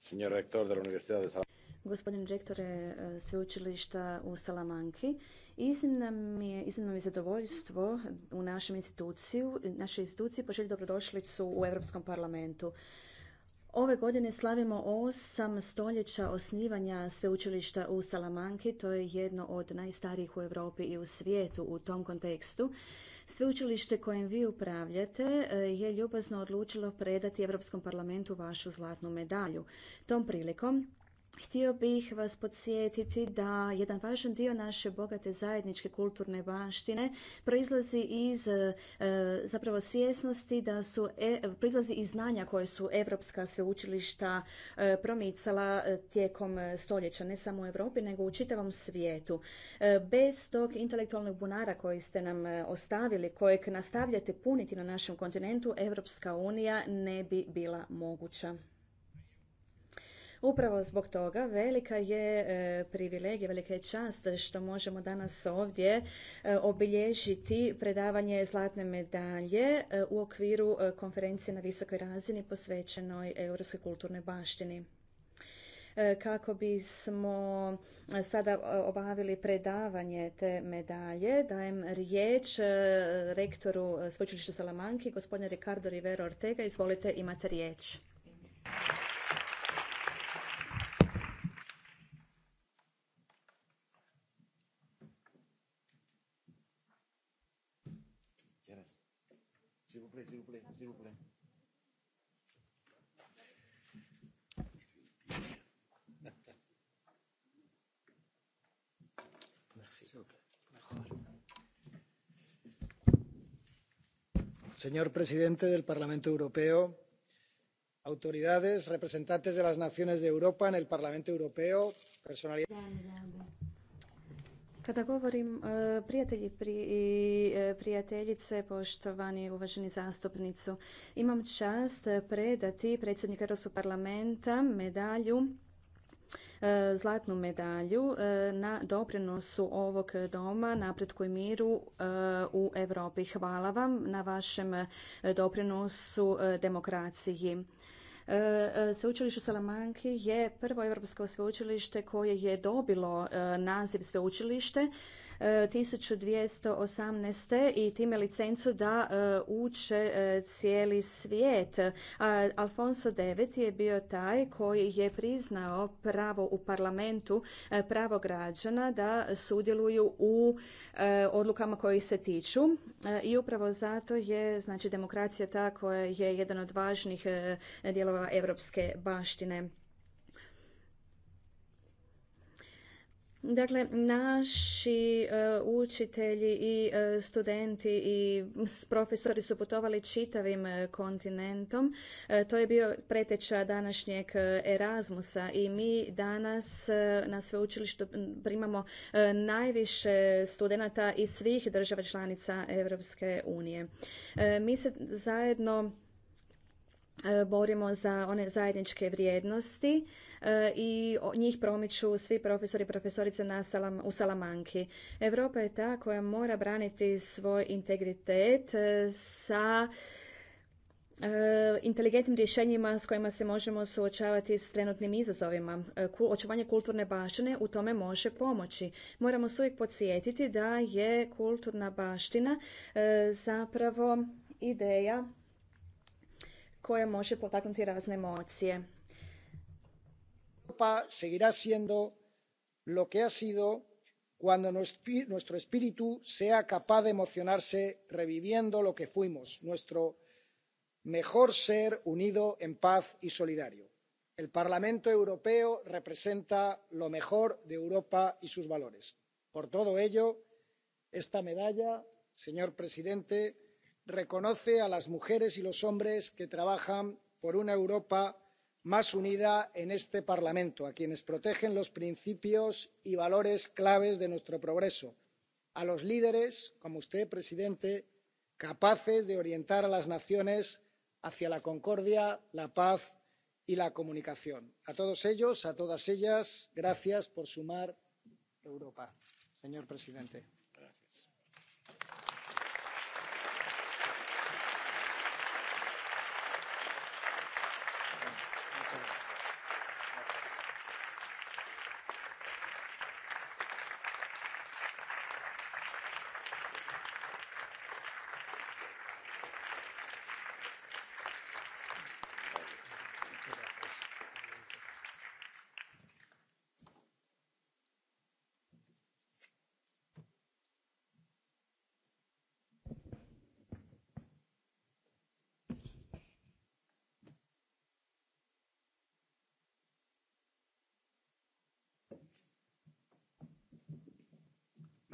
Signor Rector de la Universidad de Salamanca. Gospodin rektore eh, sveučilišta u Salamanki, Iznimno mi je, iznimno zadovoljstvo u našem instituciju, našoj instituciji poželjiti dobrodošlicu u Europskom parlamentu. Ove godine slavimo osam stoljeća osnivanja sveučilišta u Salamanki. To je jedno od najstarijih u Europi i u svijetu u tom kontekstu. Sveučilište kojim vi upravljate eh, je ljubazno odlučilo predati Europskom parlamentu vašu zlatnu medalju. Tom prilikom Htio bih vas podsjetiti da jedan važan dio naše bogate zajedničke kulturne baštine proizlazi iz e, zapravo svjesnosti da su e, proizlazi iz znanja koje su europska sveučilišta e, promicala e, tijekom stoljeća ne samo u Europi nego u čitavom svijetu. Bez tog intelektualnog bunara koji ste nam ostavili, kojeg nastavljate puniti na našem kontinentu, Europska unija ne bi bila moguća. Upravo zbog toga velika je e, privilegija, velika je čast što možemo danas ovdje e, obilježiti predavanje zlatne medalje e, u okviru konferencije na visokoj razini posvećenoj europskoj kulturnoj baštini kako bismo sada obavili predavanje te medalje. Dajem riječ rektoru Sveučilišta Salamanki, gospodine Ricardo Rivero Ortega. Izvolite, imate riječ. Señor presidente del Parlamento Europeo, autoridades, representantes de las naciones de Europa en el Parlamento Europeo, personalidades. Kada govorim e, prijatelji i e, prijateljice, poštovani uvaženi zastupnicu, imam čast predati predsjednika Europskog parlamenta medalju e, zlatnu medalju na doprinosu ovog doma napretku i miru u Europi. Hvala vam na vašem doprinosu demokraciji. E, e, sveučilište Salamanki je prvo evropsko sveučilište koje je dobilo e, naziv sveučilište 1218. i time licencu da e, uče e, cijeli svijet. Alfonso IX je bio taj koji je priznao pravo u parlamentu, e, pravo građana da sudjeluju u odlukama koji se tiču i upravo zato je znači demokracija ta koja je jedan od važnih dijelova europske baštine. Dakle, naši e, učitelji i e, studenti i profesori su putovali čitavim e, kontinentom. To je bio preteča današnjeg Erasmusa i mi danas na sveučilištu primamo najviše studenata iz svih država članica Europske unije. Mi se zajedno E, borimo za one zajedničke vrijednosti e, i njih promiču svi profesori i profesorice u Salamanki. Europa je ta koja mora braniti svoj integritet e, sa inteligentnim rješenjima s kojima se možemo suočavati s trenutnim izazovima. Očuvanje kulturne baštine u tome može pomoći. Moramo se uvijek podsjetiti da je kulturna baština zapravo ideja koja može potaknuti razne emocije. Europa seguirá siendo lo que ha sido cuando nuestro espíritu sea capaz de emocionarse reviviendo lo que fuimos, nuestro mejor ser unido en paz y solidario. El Parlamento Europeo representa lo mejor de Europa y sus valores. Por todo ello, esta medalla, señor presidente, reconoce a las mujeres y los hombres que trabajan por una europa más unida en este parlamento a quienes protegen los principios y valores claves de nuestro progreso a los líderes como usted presidente capaces de orientar a las naciones hacia la concordia la paz y la comunicación. a todos ellos a todas ellas gracias por sumar europa señor presidente.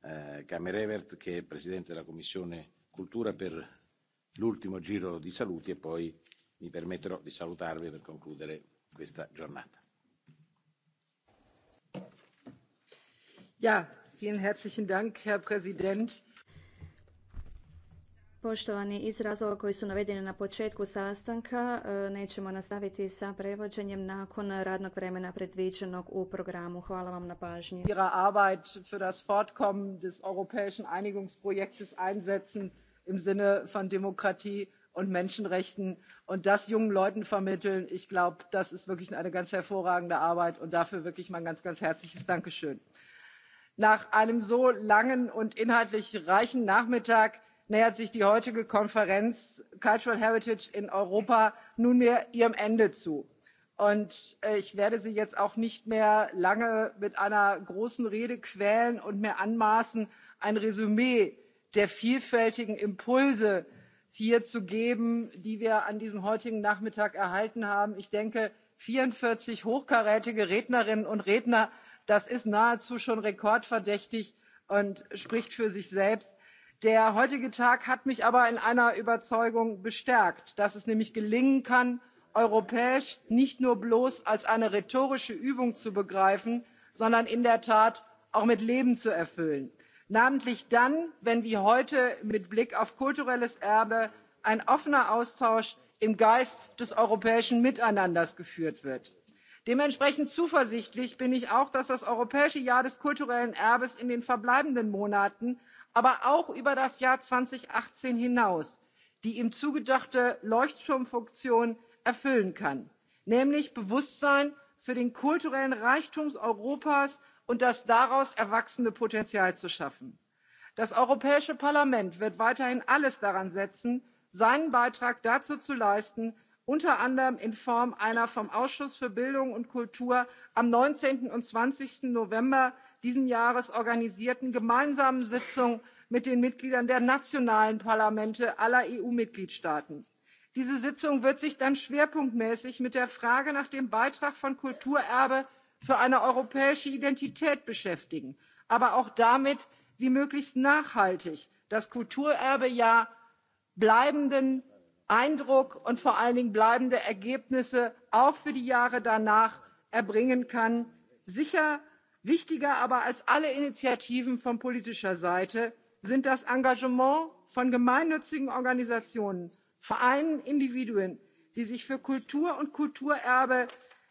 Eh, Evert, che è presidente della Commissione Cultura per l'ultimo giro di saluti e poi mi permetterò di salutarvi per concludere questa giornata. Ja, vielen herzlichen Dank, Herr Präsident. Poštovani, iz razloga koji su navedeni na početku sastanka e, nećemo nastaviti sa prevođenjem nakon radnog vremena predviđenog u programu. Hvala vam na pažnji. Ihre Arbeit für das Fortkommen des europäischen Einigungsprojektes einsetzen im Sinne von Demokratie und Menschenrechten und das jungen Leuten vermitteln. Ich glaube, das ist wirklich eine ganz hervorragende Arbeit und dafür wirklich mein ganz, ganz herzliches Dankeschön. Nach einem so langen und inhaltlich reichen Nachmittag nähert sich die heutige konferenz cultural heritage in europa nunmehr ihrem ende zu und äh, ich werde sie jetzt auch nicht mehr lange mit einer großen rede quälen und mir anmaßen ein resümee der vielfältigen impulse hier zu geben die wir an diesem heutigen nachmittag erhalten haben. ich denke vierundvierzig hochkarätige rednerinnen und redner das ist nahezu schon rekordverdächtig und spricht für sich selbst der heutige tag hat mich aber in einer überzeugung bestärkt dass es nämlich gelingen kann europäisch nicht nur bloß als eine rhetorische übung zu begreifen sondern in der tat auch mit leben zu erfüllen namentlich dann wenn wie heute mit blick auf kulturelles erbe ein offener austausch im geist des europäischen miteinanders geführt wird. dementsprechend zuversichtlich bin ich auch dass das europäische jahr des kulturellen erbes in den verbleibenden monaten aber auch über das jahr zweitausendachtzehn hinaus die ihm zugedachte leuchtturmfunktion erfüllen kann nämlich bewusstsein für den kulturellen reichtum europas und das daraus erwachsene potenzial zu schaffen. das europäische parlament wird weiterhin alles daran setzen seinen beitrag dazu zu leisten unter anderem in form einer vom ausschuss für bildung und kultur am. neunzehn und zwanzig november dieses jahres organisierten gemeinsamen sitzung mit den mitgliedern der nationalen parlamente aller eu mitgliedstaaten. diese sitzung wird sich dann schwerpunktmäßig mit der frage nach dem beitrag von kulturerbe für eine europäische identität beschäftigen aber auch damit wie möglichst nachhaltig das kulturerbe bleibenden eindruck und vor allen dingen bleibende ergebnisse auch für die jahre danach erbringen kann sicher wichtiger aber als alle initiativen von politischer seite sind das engagement von gemeinnützigen organisationen vereinen individuen die sich für kultur und kulturerbe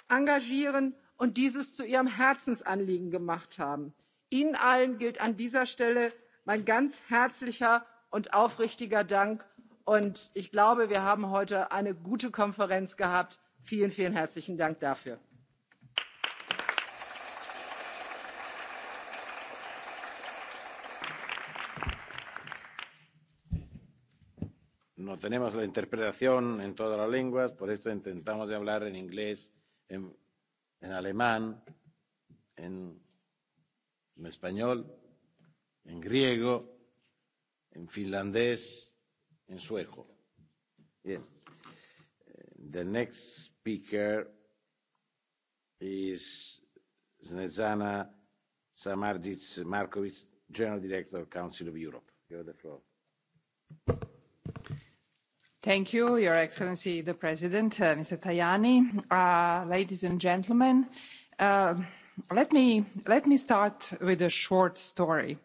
engagieren und dieses zu ihrem herzensanliegen gemacht haben. ihnen allen gilt an dieser stelle mein ganz herzlicher und aufrichtiger dank und ich glaube wir haben heute eine gute konferenz gehabt. vielen vielen herzlichen dank dafür! tenemos la interpretación en todas las lenguas, por eso intentamos de hablar en inglés, en, en alemán, en, en español, en griego, en finlandés, en sueco. Bien. Eh, the next speaker is Snezana Samardzic Markovic, General Director, Council of Europe. You have the floor. Thank you, Your Excellency the President, uh, Mr. Tajani, uh, ladies and gentlemen. Uh, let, me, start with a short story.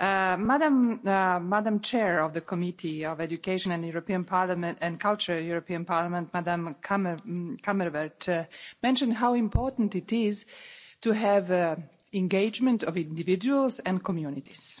Madam, Chair of the Committee on Education and European Parliament and Culture, European Parliament, Madam Kammer, mm, mentioned how important it is to have engagement of individuals and communities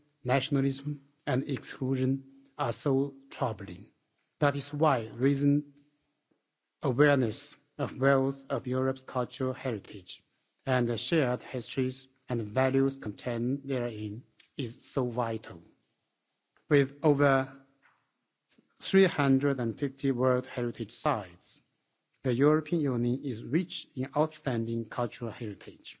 nationalism and exclusion are so troubling. that is why raising awareness of wealth of europe's cultural heritage and the shared histories and values contained therein is so vital. with over three hundred and fifty world heritage sites the european union is rich in outstanding cultural heritage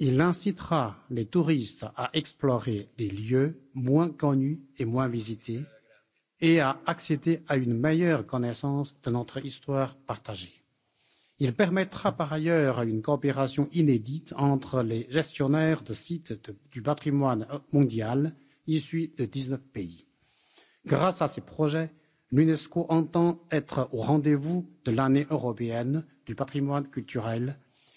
il incitera les touristes à explorer des lieux moins connus et moins visités et à accéder à une meilleure connaissance de notre histoire partagée. il permettra par ailleurs une coopération inédite entre les gestionnaires de sites de, du patrimoine mondial issus de dix neuf pays. grâce à ces projets l'unesco entend être au rendez vous de l'année européenne du patrimoine culturel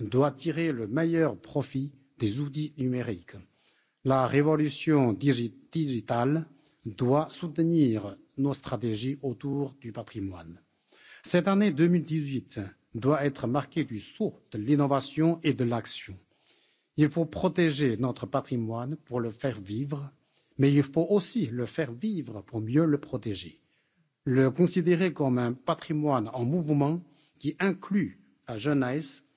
doit tirer le meilleur profit des outils numériques. la révolution digitale doit soutenir nos stratégies autour du patrimoine. cette année deux mille dix huit doit être marquée du saut de l'innovation et de l'action. il faut protéger notre patrimoine pour le faire vivre mais il faut aussi le faire vivre pour mieux le protéger le considérer comme un patrimoine en mouvement qui inclut la jeunesse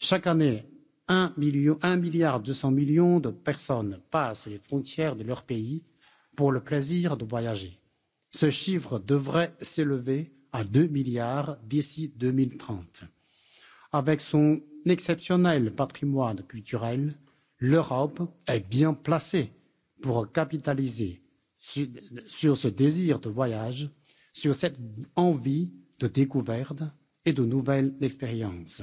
chaque année un milliard deux cents millions de personnes passent les frontières de leur pays pour le plaisir de voyager. ce chiffre devrait s'élever à deux milliards d'ici deux mille trente avec son exceptionnel patrimoine culturel l'europe est bien placée pour capitaliser sur ce désir de voyage sur cette envie de découverte et de nouvelles expériences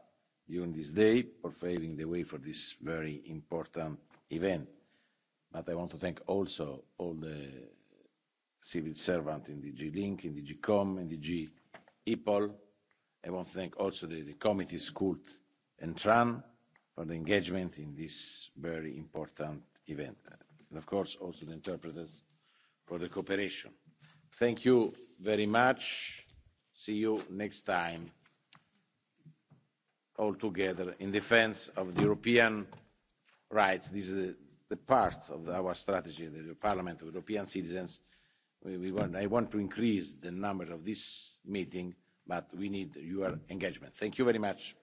during this day for paving the way for this very important event. But I want to thank also all the civil servants in DG Link, in DG Com, in DG EPOL. I want to thank also the, the committees Kult and Tran for the engagement in this very important event. And of course also the interpreters for the cooperation. Thank you very much. See you next time all together in defence of the European rights. This is the, part of our strategy, the Parliament of European citizens. I want to increase the number of this meeting, but we need your engagement. Thank you very much.